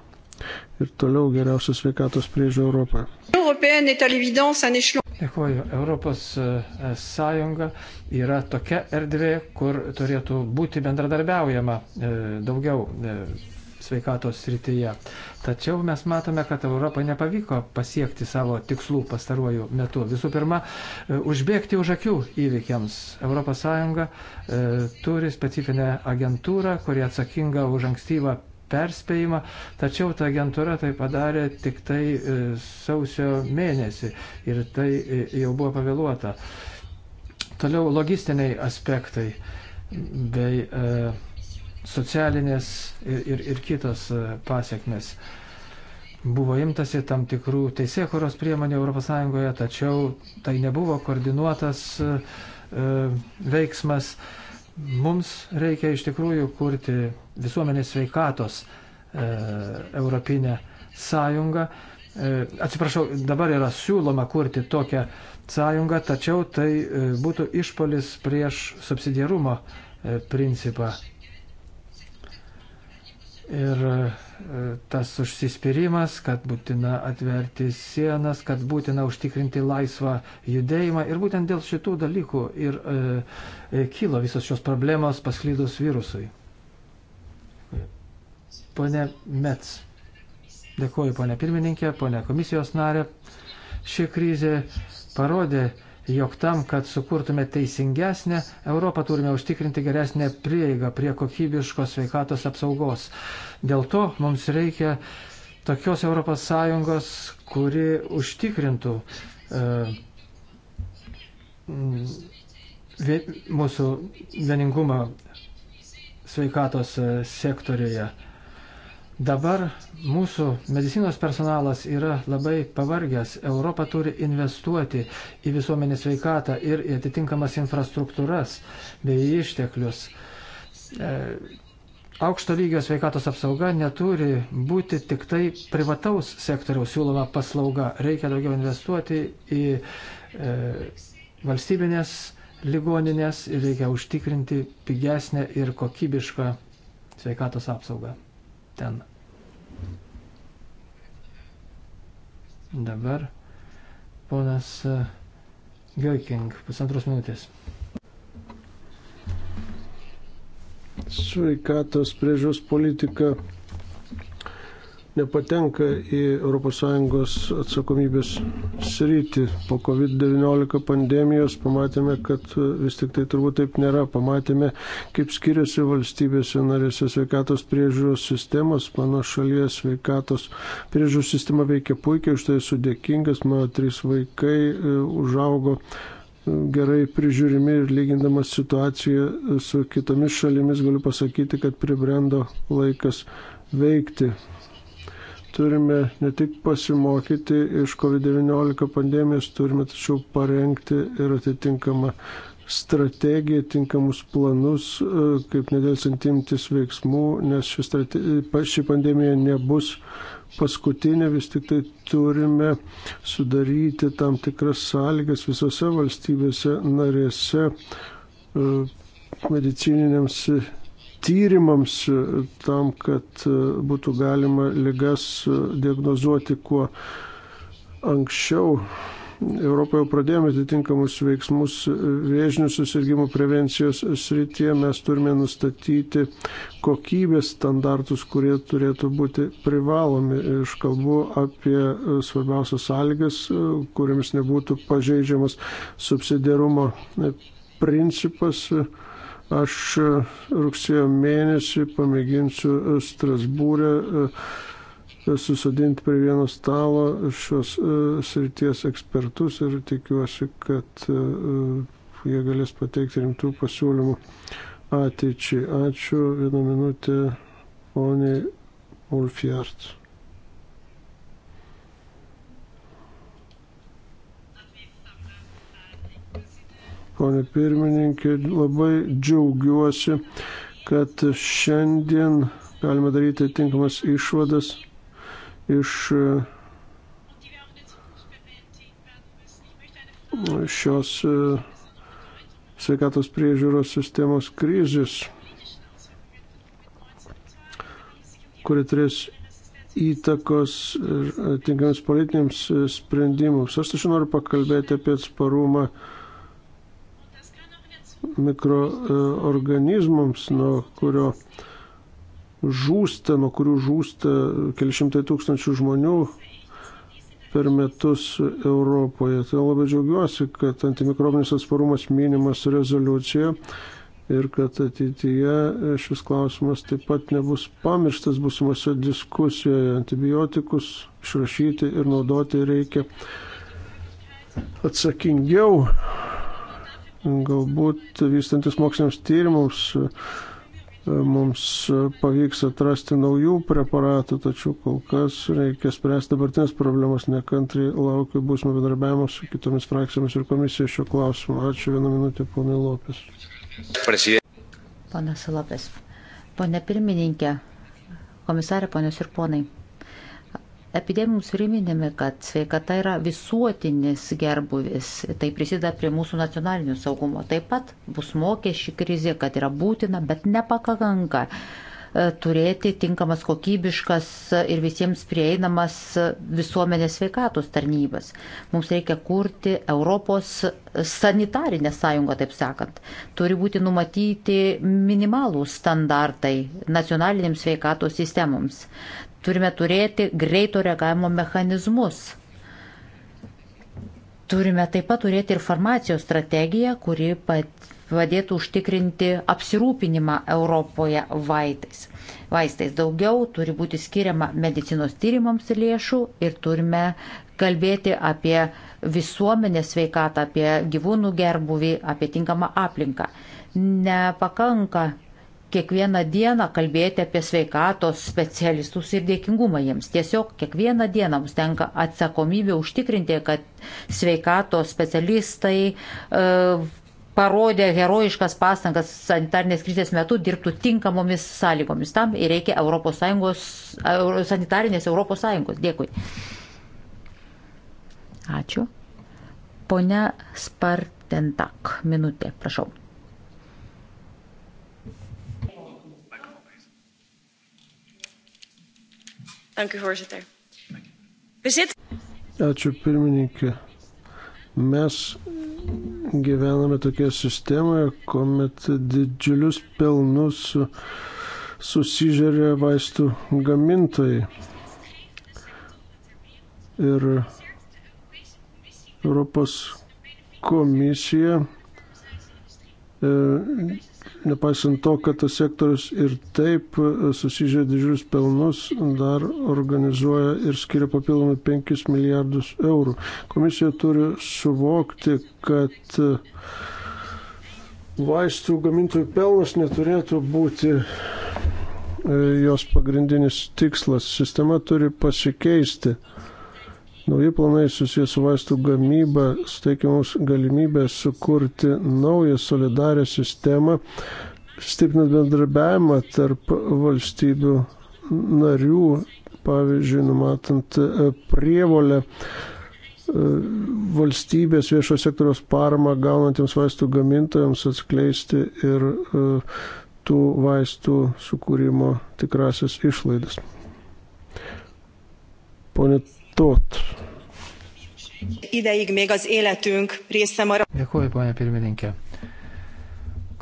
ir toliau geriausios sveikatos priežiūro Europoje. Dėkuoju. Europos e, Sąjunga yra tokia erdvė, kur turėtų būti bendradarbiaujama e, daugiau e, sveikatos srityje. Tačiau mes matome, kad Europai nepavyko pasiekti savo tikslų pastaruoju metu. Visų pirma, užbėgti už akių įvykiams. ES e, turi specifinę agentūrą, kuri atsakinga už ankstyvą perspėjimą, tačiau ta agentūra tai padarė tik tai e, sausio mėnesį ir tai e, jau buvo pavėluota. Toliau logistiniai aspektai bei e, socialinės ir, ir, ir kitos pasiekmes. Buvo imtasi tam tikrų teisėkuros priemonių ES, tačiau tai nebuvo koordinuotas veiksmas. E, Mums reikia iš tikrųjų kurti visuomenės sveikatos e, Europinę sąjungą. E, atsiprašau, dabar yra siūloma kurti tokią sąjungą, tačiau tai e, būtų išpolis prieš subsidiarumo e, principą. Ir e, tas užsispyrimas, kad būtina atverti sienas, kad būtina užtikrinti laisvą judėjimą. Ir būtent dėl šitų dalykų ir e, e kilo visos šios problemos pasklydus virusui. Pone Mets. Dėkuoju, pone pirmininkė, pone komisijos narė. Ši krizė parodė, jog tam, kad sukurtume teisingesnę Europą, turime užtikrinti geresnę prieigą prie kokybiškos sveikatos apsaugos. Dėl to mums reikia tokios ES, kuri užtikrintų e, vė, mūsų vieningumą sveikatos e, sektoriuje. Dabar mūsų medicinos personalas yra labai pavargęs. Europa turi investuoti į visuomenės veikatą ir į atitinkamas infrastruktūras bei išteklius. E, aukšto lygio sveikatos apsauga neturi būti tik tai privataus sektoriaus siūloma paslauga. Reikia daugiau investuoti į e, valstybinės ligoninės ir reikia užtikrinti pigesnę ir kokybišką sveikatos apsaugą ten. Dabar ponas e, Gioking, pusantros minutės. Sveikatos priežiūros politika nepatenka į ES atsakomybės sritį. Po COVID-19 pandemijos pamatėme, kad vis tik tai turbūt taip nėra. Pamatėme, kaip skiriasi valstybėse narėse sveikatos priežiūros sistemos. Mano šalyje sveikatos priežiūros sistema veikia puikiai, už tai esu dėkingas. Mano trys vaikai e, užaugo e, gerai prižiūrimi ir lygindamas situaciją su kitomis šalimis galiu pasakyti, kad pribrendo laikas veikti turime ne tik pasimokyti iš COVID-19 pandemijos, turime tačiau parengti ir atitinkamą strategiją, tinkamus planus, e, kaip nedėlsant imtis veiksmų, nes ši, strate... ši pandemija nebus paskutinė, vis tik tai turime sudaryti tam tikras sąlygas visose valstybėse narėse e, medicininiams tyrimams e, tam, kad e, būtų galima ligas e, diagnozuoti kuo anksčiau. Europoje pradėjome atitinkamus veiksmus vėžinių susirgymų prevencijos srityje. Mes turime nustatyti kokybės standartus, kurie turėtų būti privalomi. Aš kalbu apie svarbiausias sąlygas, kuriamis nebūtų pažeidžiamas subsidiarumo principas. Aš e, rugsėjo mėnesį pamėginsiu e, Strasbūrę e, susadinti prie vieno stalo šios srities ekspertus ir tikiuosi, kad jie galės pateikti rimtų pasiūlymų ateičiai. Ačiū. Vieną minutę, poniai Ulfjart. ponė pirmininkė. Labai džiaugiuosi, kad šiandien galime daryti tinkamas išvadas iš šios e, sveikatos priežiūros sistemos krizės, kuri turės įtakos e, tinkamiems politiniams e, sprendimams. Aš tačiau noriu pakalbėti apie atsparumą mikroorganizmams, nuo kurio žūsta, nuo kurių žūsta kelišimtai tūkstančių žmonių per metus Europoje. Tai labai džiaugiuosi, kad antimikrobinis atsparumas minimas rezoliucijoje ir kad ateityje šis klausimas taip pat nebus pamirštas busimose diskusijoje. Antibiotikus išrašyti ir naudoti reikia atsakingiau Galbūt vystantis moksliniams tyrimams e, mums pavyks atrasti naujų preparatų, tačiau kol kas reikia spręsti dabartinės problemas. Nekantriai laukiu būsimo bendarbiavimo su kitomis frakcijomis ir komisija šiuo klausimu. Ačiū vieną minutę, ponai Lopės. Panas Lopės. Pone pirmininkė, komisarė, ponios ir ponai. Epidemijoms priminėme, kad sveikata yra visuotinis gerbuvis, tai prisideda prie mūsų nacionalinių saugumo. Taip pat bus mokesčių krizė, kad yra būtina, bet nepakanka e, turėti tinkamas kokybiškas ir visiems prieinamas visuomenės sveikatos tarnybas. Mums reikia kurti Europos sanitarinę sąjungą, taip sakant. Turi būti numatyti minimalų standartai nacionalinėms sveikatos sistemoms. Turime turėti greito reagavimo mechanizmus. Turime taip pat turėti ir farmacijos strategiją, kuri padėtų užtikrinti apsirūpinimą Europoje vaistais. Vaistais daugiau turi būti skiriama medicinos tyrimams lėšų ir turime kalbėti apie visuomenės sveikatą, apie gyvūnų gerbuvį, apie tinkamą aplinką. Nepakanka kiekvieną dieną kalbėti apie sveikatos specialistus ir dėkingumą jiems. Tiesiog kiekvieną dieną mums tenka atsakomybė užtikrinti, kad sveikatos specialistai e, parodė herojiškas pastangas sanitarnės krizės metu dirbtų tinkamomis sąlygomis. Tam ir reikia Europos Sąjungos, sanitarinės Europos Sąjungos. Dėkui. Ačiū. Pone Spartentak, minutė, prašau. Ačiū pirmininkė. Mes gyvename tokioje sistemoje, kuomet didžiulius pelnus susižeria vaistų gamintojai. Ir Europos komisija e, Nepaisant to, kad tas sektorius ir taip e, susižė didžiulius pelnus, dar organizuoja ir skiria papildomai 5 milijardus eurų. Komisija turi suvokti, kad e, vaistų gamintojų pelnas neturėtų būti e, jos pagrindinis tikslas. Sistema turi pasikeisti. Nauji planai susijęs su vaistų gamyba suteikia mums galimybę sukurti naują solidarią sistemą, stiprinant bendrabiavimą tarp valstybių narių, pavyzdžiui, numatant e, prievolę e, valstybės viešo sektoriaus paramą gaunantiems vaistų gamintojams atskleisti ir e, tų vaistų sukūrimo tikrasis išlaidas. Pone todos. Ideig még az életünk része marad. Dėkuoju, ponia pirmininkė.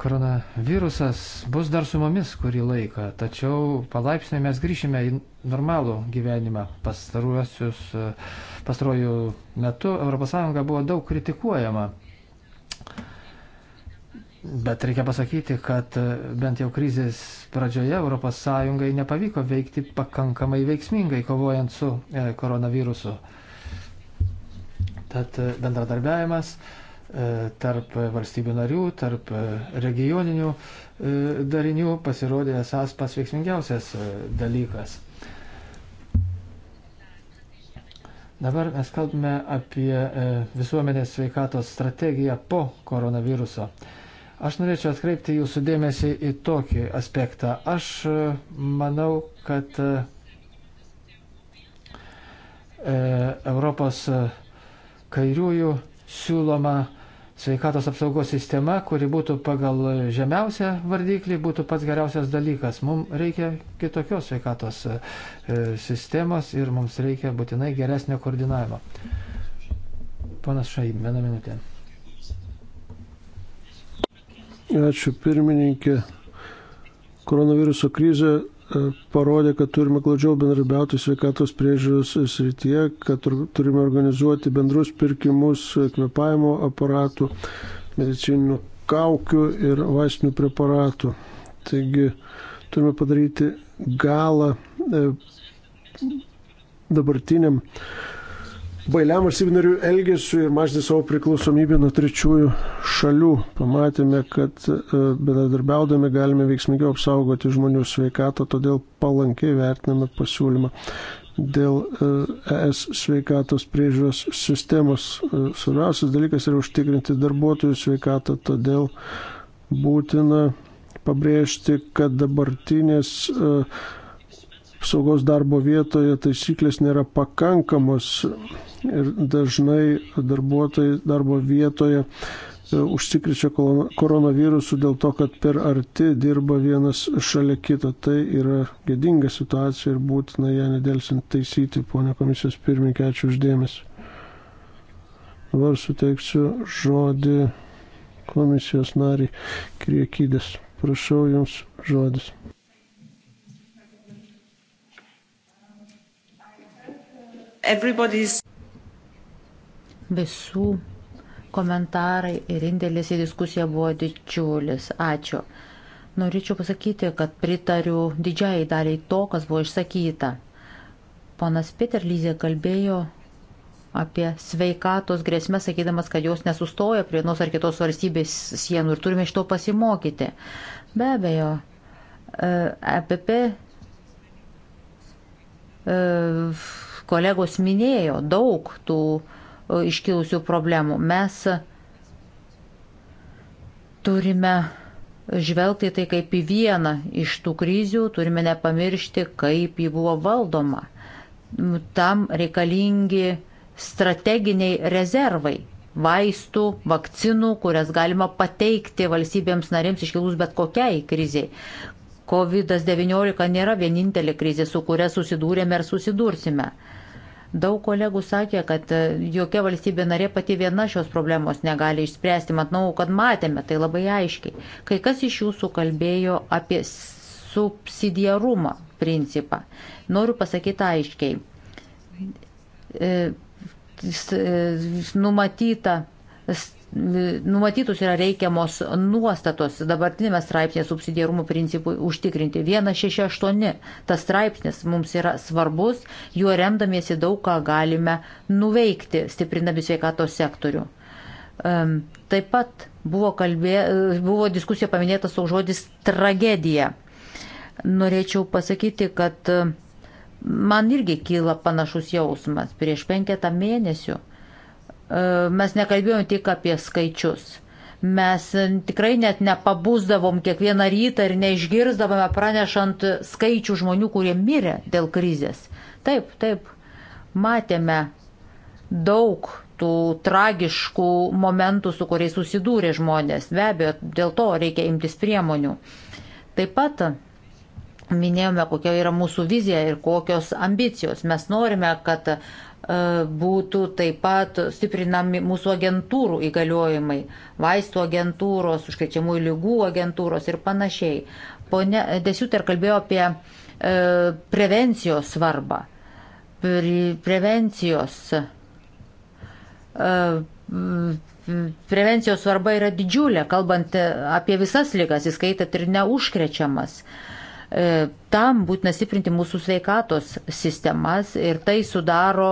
Koronavirusas bus dar su mumis kurį laiką, tačiau palaipsniui mes grįšime į normalų gyvenimą. Pastaruoju metu ES buvo daug kritikuojama Bet reikia pasakyti, kad e, bent jau krizės pradžioje ES nepavyko veikti pakankamai veiksmingai kovojant su e, koronavirusu. Tad e, bendradarbiavimas tarp valstybių narių, tarp regioninių darinių pasirodė esas pas veiksmingiausias dalykas. Dabar mes kalbame apie visuomenės sveikatos strategiją po koronaviruso. Aš norėčiau atkreipti jūsų dėmesį į tokį aspektą. Aš e, manau, kad e, e, Europos kairiųjų siūloma sveikatos apsaugos sistema, kuri būtų pagal žemiausią vardiklį, būtų pats geriausias dalykas. Mums reikia kitokios sveikatos sistemos ir mums reikia būtinai geresnio koordinavimo. Panas Šaim, vieną minutę. Ačiū pirmininkė. Koronaviruso krizė e, parodė, kad turime glaudžiau bendrabiauti sveikatos priežiūros srityje, kad turime organizuoti bendrus pirkimus e, kvepavimo aparatų, medicininių kaukių ir vaistinių preparatų. Taigi turime padaryti galą e, dabartiniam bailiam valstybių narių elgesiu ir mažinti savo priklausomybę nuo trečiųjų šalių. Pamatėme, kad e, bendradarbiaudami galime veiksmingiau apsaugoti žmonių sveikatą, todėl palankiai vertiname pasiūlymą dėl ES e sveikatos priežiūros sistemos. E, svarbiausias dalykas yra užtikrinti darbuotojų sveikatą, todėl būtina pabrėžti, kad dabartinės uh, saugos darbo vietoje taisyklės nėra pakankamos ir dažnai darbuotojai darbo vietoje e, užsikrečia koronavirusu dėl to, kad per arti dirba vienas šalia kito. Tai yra gėdinga situacija ir būtina ją nedėlsint taisyti, ponia komisijos pirmininkė, ačiū uždėmesi. Dabar suteiksiu žodį komisijos nariai Kriekydės. Prašau jums žodis. Everybody's... Visų komentarai ir indėlis į diskusiją buvo didžiulis. Ačiū. Norėčiau pasakyti, kad pritariu didžiai daliai to, kas buvo išsakyta. Ponas Peter Lyzė kalbėjo apie sveikatos grėsmės, sakydamas, kad jos nesustoja prie vienos ar kitos valstybės sienų ir turime iš to pasimokyti. Be abejo, EPP Kolegos minėjo daug tų e, iškilusių problemų. Mes turime žvelgti tai kaip į vieną iš tų krizių, turime nepamiršti, kaip ji buvo valdoma. Tam reikalingi strateginiai rezervai vaistų, vakcinų, kurias galima pateikti valstybėms narėms iškilus bet kokiai kriziai. COVID-19 nėra vienintelė krizė, su kuria susidūrėme ir susidursime. Daug kolegų sakė, kad e, jokia valstybė narė pati viena šios problemos negali išspręsti. Matau, kad matėme tai labai aiškiai. Kai kas iš jūsų kalbėjo apie subsidiarumą principą. Noriu pasakyti aiškiai. E, e numatyta numatytus yra reikiamos nuostatos dabartinėme straipsnėje subsidiarumo principui užtikrinti. 168 tas straipsnis mums yra svarbus, juo remdamiesi daug ką galime nuveikti, stiprindami sveikatos sektorių. Taip pat buvo, kalbė, buvo diskusija paminėtas toks žodis tragedija. Norėčiau pasakyti, kad man irgi kyla panašus jausmas prieš penketą mėnesių E, mes nekalbėjom tik apie skaičius. Mes tikrai net nepabūsdavom kiekvieną rytą ir neišgirdavome pranešant skaičių žmonių, kurie mirė dėl krizės. Taip, taip, matėme daug tų tragiškų momentų, su kuriais susidūrė žmonės. Be abejo, dėl to reikia imtis priemonių. Taip pat minėjome, kokia yra mūsų vizija ir kokios ambicijos. Mes norime, kad būtų taip pat stiprinami mūsų agentūrų įgaliojimai, vaistų agentūros, užkrečiamųjų lygų agentūros ir panašiai. Pone Desiuter kalbėjo apie e, prevencijos svarbą. Pre, prevencijos. E, prevencijos svarba yra didžiulė, kalbant e, apie visas lygas, įskaitant ir neužkrečiamas. E, E, tam būtina stiprinti mūsų sveikatos sistemas ir tai sudaro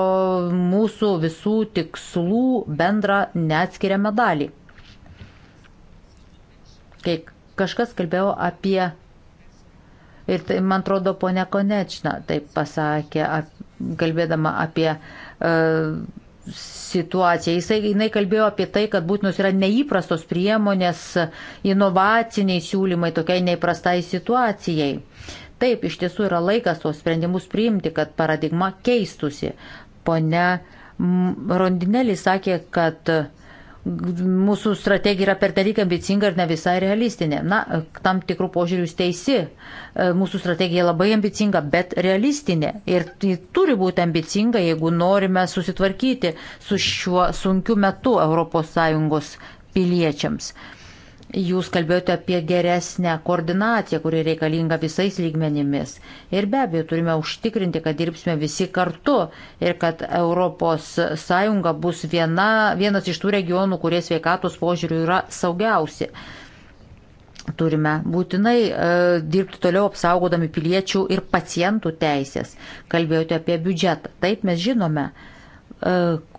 mūsų visų tikslų bendrą neatskiriamą dalį. Kai kažkas kalbėjo apie, ir tai, man atrodo, ponia Konečna taip pasakė, kalbėdama apie uh, situaciją. Jisai, jinai kalbėjo apie tai, kad būtinos yra neįprastos priemonės, inovaciniai siūlymai tokiai neįprastai situacijai. Taip, iš tiesų yra laikas tos sprendimus priimti, kad paradigma keistusi. Pone Rondinelį sakė, kad uh, mūsų strategija yra pernelyg ambicinga ir ne visai realistinė. Na, tam tikrų požiūrių jūs teisi, e, mūsų strategija labai ambicinga, bet realistinė. Ir tai turi būti ambicinga, jeigu norime susitvarkyti su šiuo sunkiu metu ES piliečiams. Jūs kalbėjote apie geresnę koordinaciją, kuri reikalinga visais lygmenimis. Ir be abejo, turime užtikrinti, kad dirbsime visi kartu ir kad ES bus viena, vienas iš tų regionų, kurie sveikatos požiūrių yra saugiausi. Turime būtinai e, dirbti toliau apsaugodami piliečių ir pacientų teisės. Kalbėjote apie biudžetą. Taip mes žinome, E,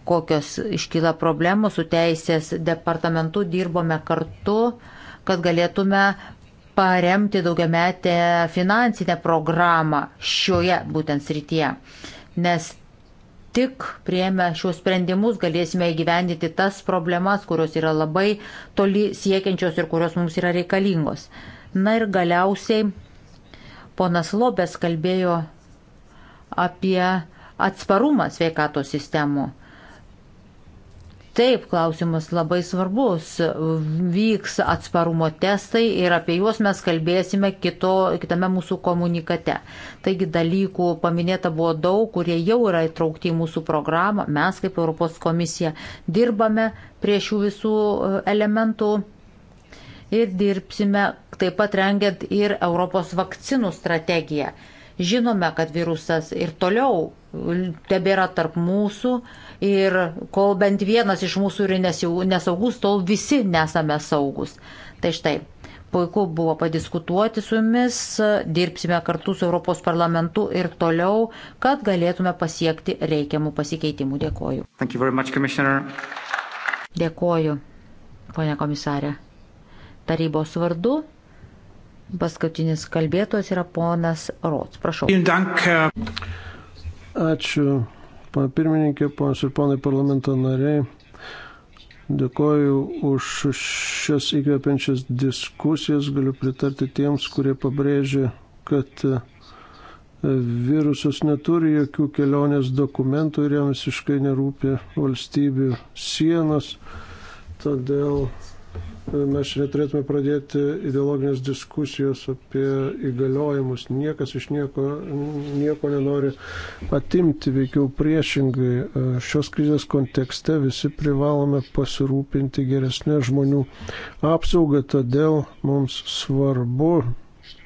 kokios iškyla problemos su teisės departamentu, dirbome kartu, kad galėtume paremti daugiametę finansinę programą šioje būtent srityje. Nes tik prieėmę šios sprendimus galėsime įgyvendyti tas problemas, kurios yra labai toli siekiančios ir kurios mums yra reikalingos. Na ir galiausiai ponas Lobės kalbėjo apie atsparumas sveikatos sistemų. Taip, klausimas labai svarbus. Vyks atsparumo testai ir apie juos mes kalbėsime kito, kitame mūsų komunikate. Taigi dalykų paminėta buvo daug, kurie jau yra įtraukti į mūsų programą. Mes kaip Europos komisija dirbame prie šių visų e, elementų ir dirbsime taip pat rengiant ir Europos vakcinų strategiją. Žinome, kad virusas ir toliau tebėra tarp mūsų ir kol bent vienas iš mūsų yra nesaugus, tol visi nesame saugus. Tai štai, puiku buvo padiskutuoti su jumis, dirbsime kartu su Europos parlamentu ir toliau, kad galėtume pasiekti reikiamų pasikeitimų. Dėkoju. Much, Dėkoju, ponia komisarė. Tarybos vardu. Paskutinis kalbėtojas yra ponas Rots. Prašau. Dank, uh... Ačiū, pana pirmininkė, ponas ir ponai parlamento nariai. Dėkoju už šias įkvepiančias diskusijas. Galiu pritarti tiems, kurie pabrėžia, kad e, virusas neturi jokių kelionės dokumentų ir jam visiškai nerūpi valstybių sienos. Todėl mes šiandien turėtume pradėti ideologinės diskusijos apie įgaliojimus. Niekas iš nieko, nieko nenori atimti, veikiau priešingai. Šios krizės kontekste visi privalome pasirūpinti geresnė žmonių apsauga, todėl mums svarbu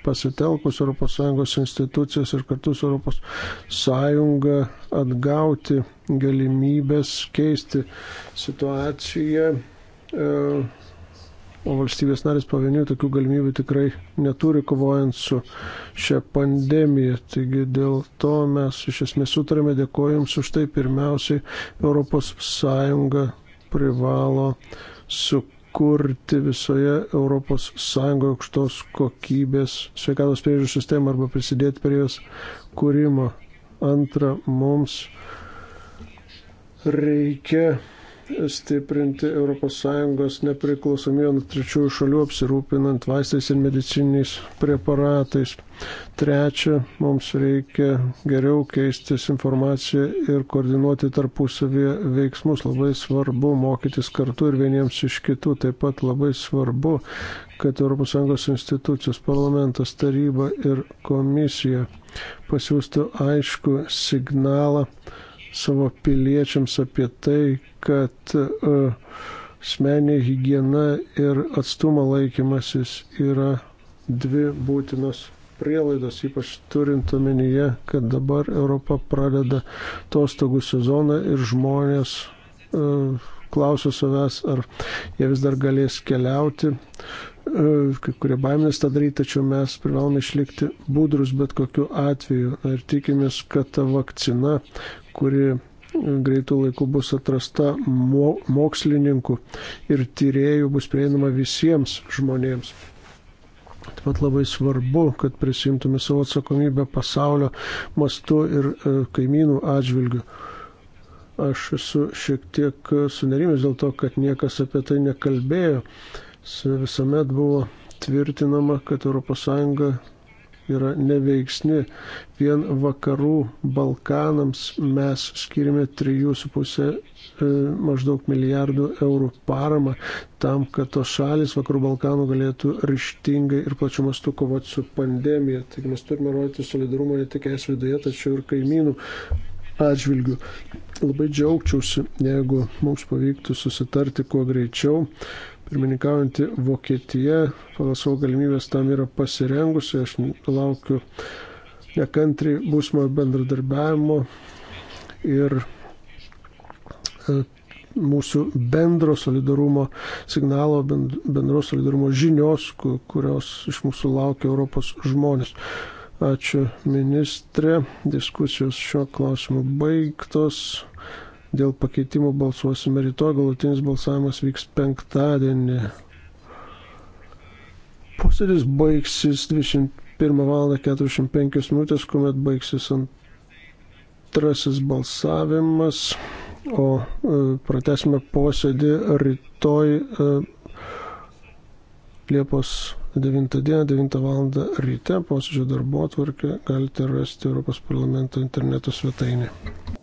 pasitelkus ES institucijas ir kartu su ES atgauti galimybės keisti situaciją. Uh, o valstybės narės pavieniui tokių galimybių tikrai neturi kovojant su šią pandemiją. Taigi dėl to mes iš esmės sutarėme, dėkoju Jums už tai. Pirmiausiai, ES privalo sukurti visoje ES aukštos kokybės sveikatos priežiūros sistemą arba prisidėti prie jos kūrimo. Antra, mums reikia stiprinti ES nepriklausomybę nuo trečiųjų šalių apsirūpinant vaistais ir mediciniais preparatais. Trečia, mums reikia geriau keistis informaciją ir koordinuoti tarpusavį veiksmus. Labai svarbu mokytis kartu ir vieniems iš kitų. Taip pat labai svarbu, kad ES institucijos, parlamentas, taryba ir komisija pasiūstų aišku signalą savo piliečiams apie tai, kad e, asmeninė hygiena ir atstumo laikymasis yra dvi būtinos prielaidos, ypač turint omenyje, kad dabar Europa pradeda atostogų sezoną ir žmonės e, klausia savęs, ar jie vis dar galės keliauti. E, kai kurie baiminės tą daryti, tačiau mes privalome išlikti budrus bet kokiu atveju ir tikimės, kad ta vakcina, kuri e, greitų laikų bus atrasta mo, mokslininkų ir tyriejų, bus prieinama visiems žmonėms. Taip pat labai svarbu, kad prisimtume savo atsakomybę pasaulio mastu ir e, kaimynų atžvilgiu. Aš esu šiek tiek sunerimęs dėl to, kad niekas apie tai nekalbėjo. Visuomet buvo tvirtinama, kad ES yra neveiksni. Vien vakarų Balkanams mes skirime 3,5 e, maždaug milijardų eurų paramą tam, kad tos šalis vakarų Balkanų galėtų ryštingai ir plačiu mastu kovoti su pandemija. Taigi mes turime rodyti solidarumą ne tik es viduje, tačiau ir kaimynų atžvilgių. Labai džiaugčiausi, jeigu mums pavyktų susitarti kuo greičiau Pirmininkaujantį Vokietiją pagal savo galimybės tam yra pasirengusi. Aš laukiu nekantriai būsimo bendradarbiavimo ir e, mūsų bendro solidarumo signalo, bendros solidarumo žinios, kurios iš mūsų laukia Europos žmonės. Ačiū ministrė, diskusijos šio klausimu baigtos. Dėl pakeitimų balsuosime rytoj, galutinis balsavimas vyks penktadienį. Posėdis baigsis 21 val. 45 minutės, kuomet baigsis antrasis balsavimas, o e, pratesime posėdį rytoj e, Liepos 9 dieną, 9 val. ryte. Posėdžio darbo atvarkę galite rasti Europos parlamento interneto svetainėje.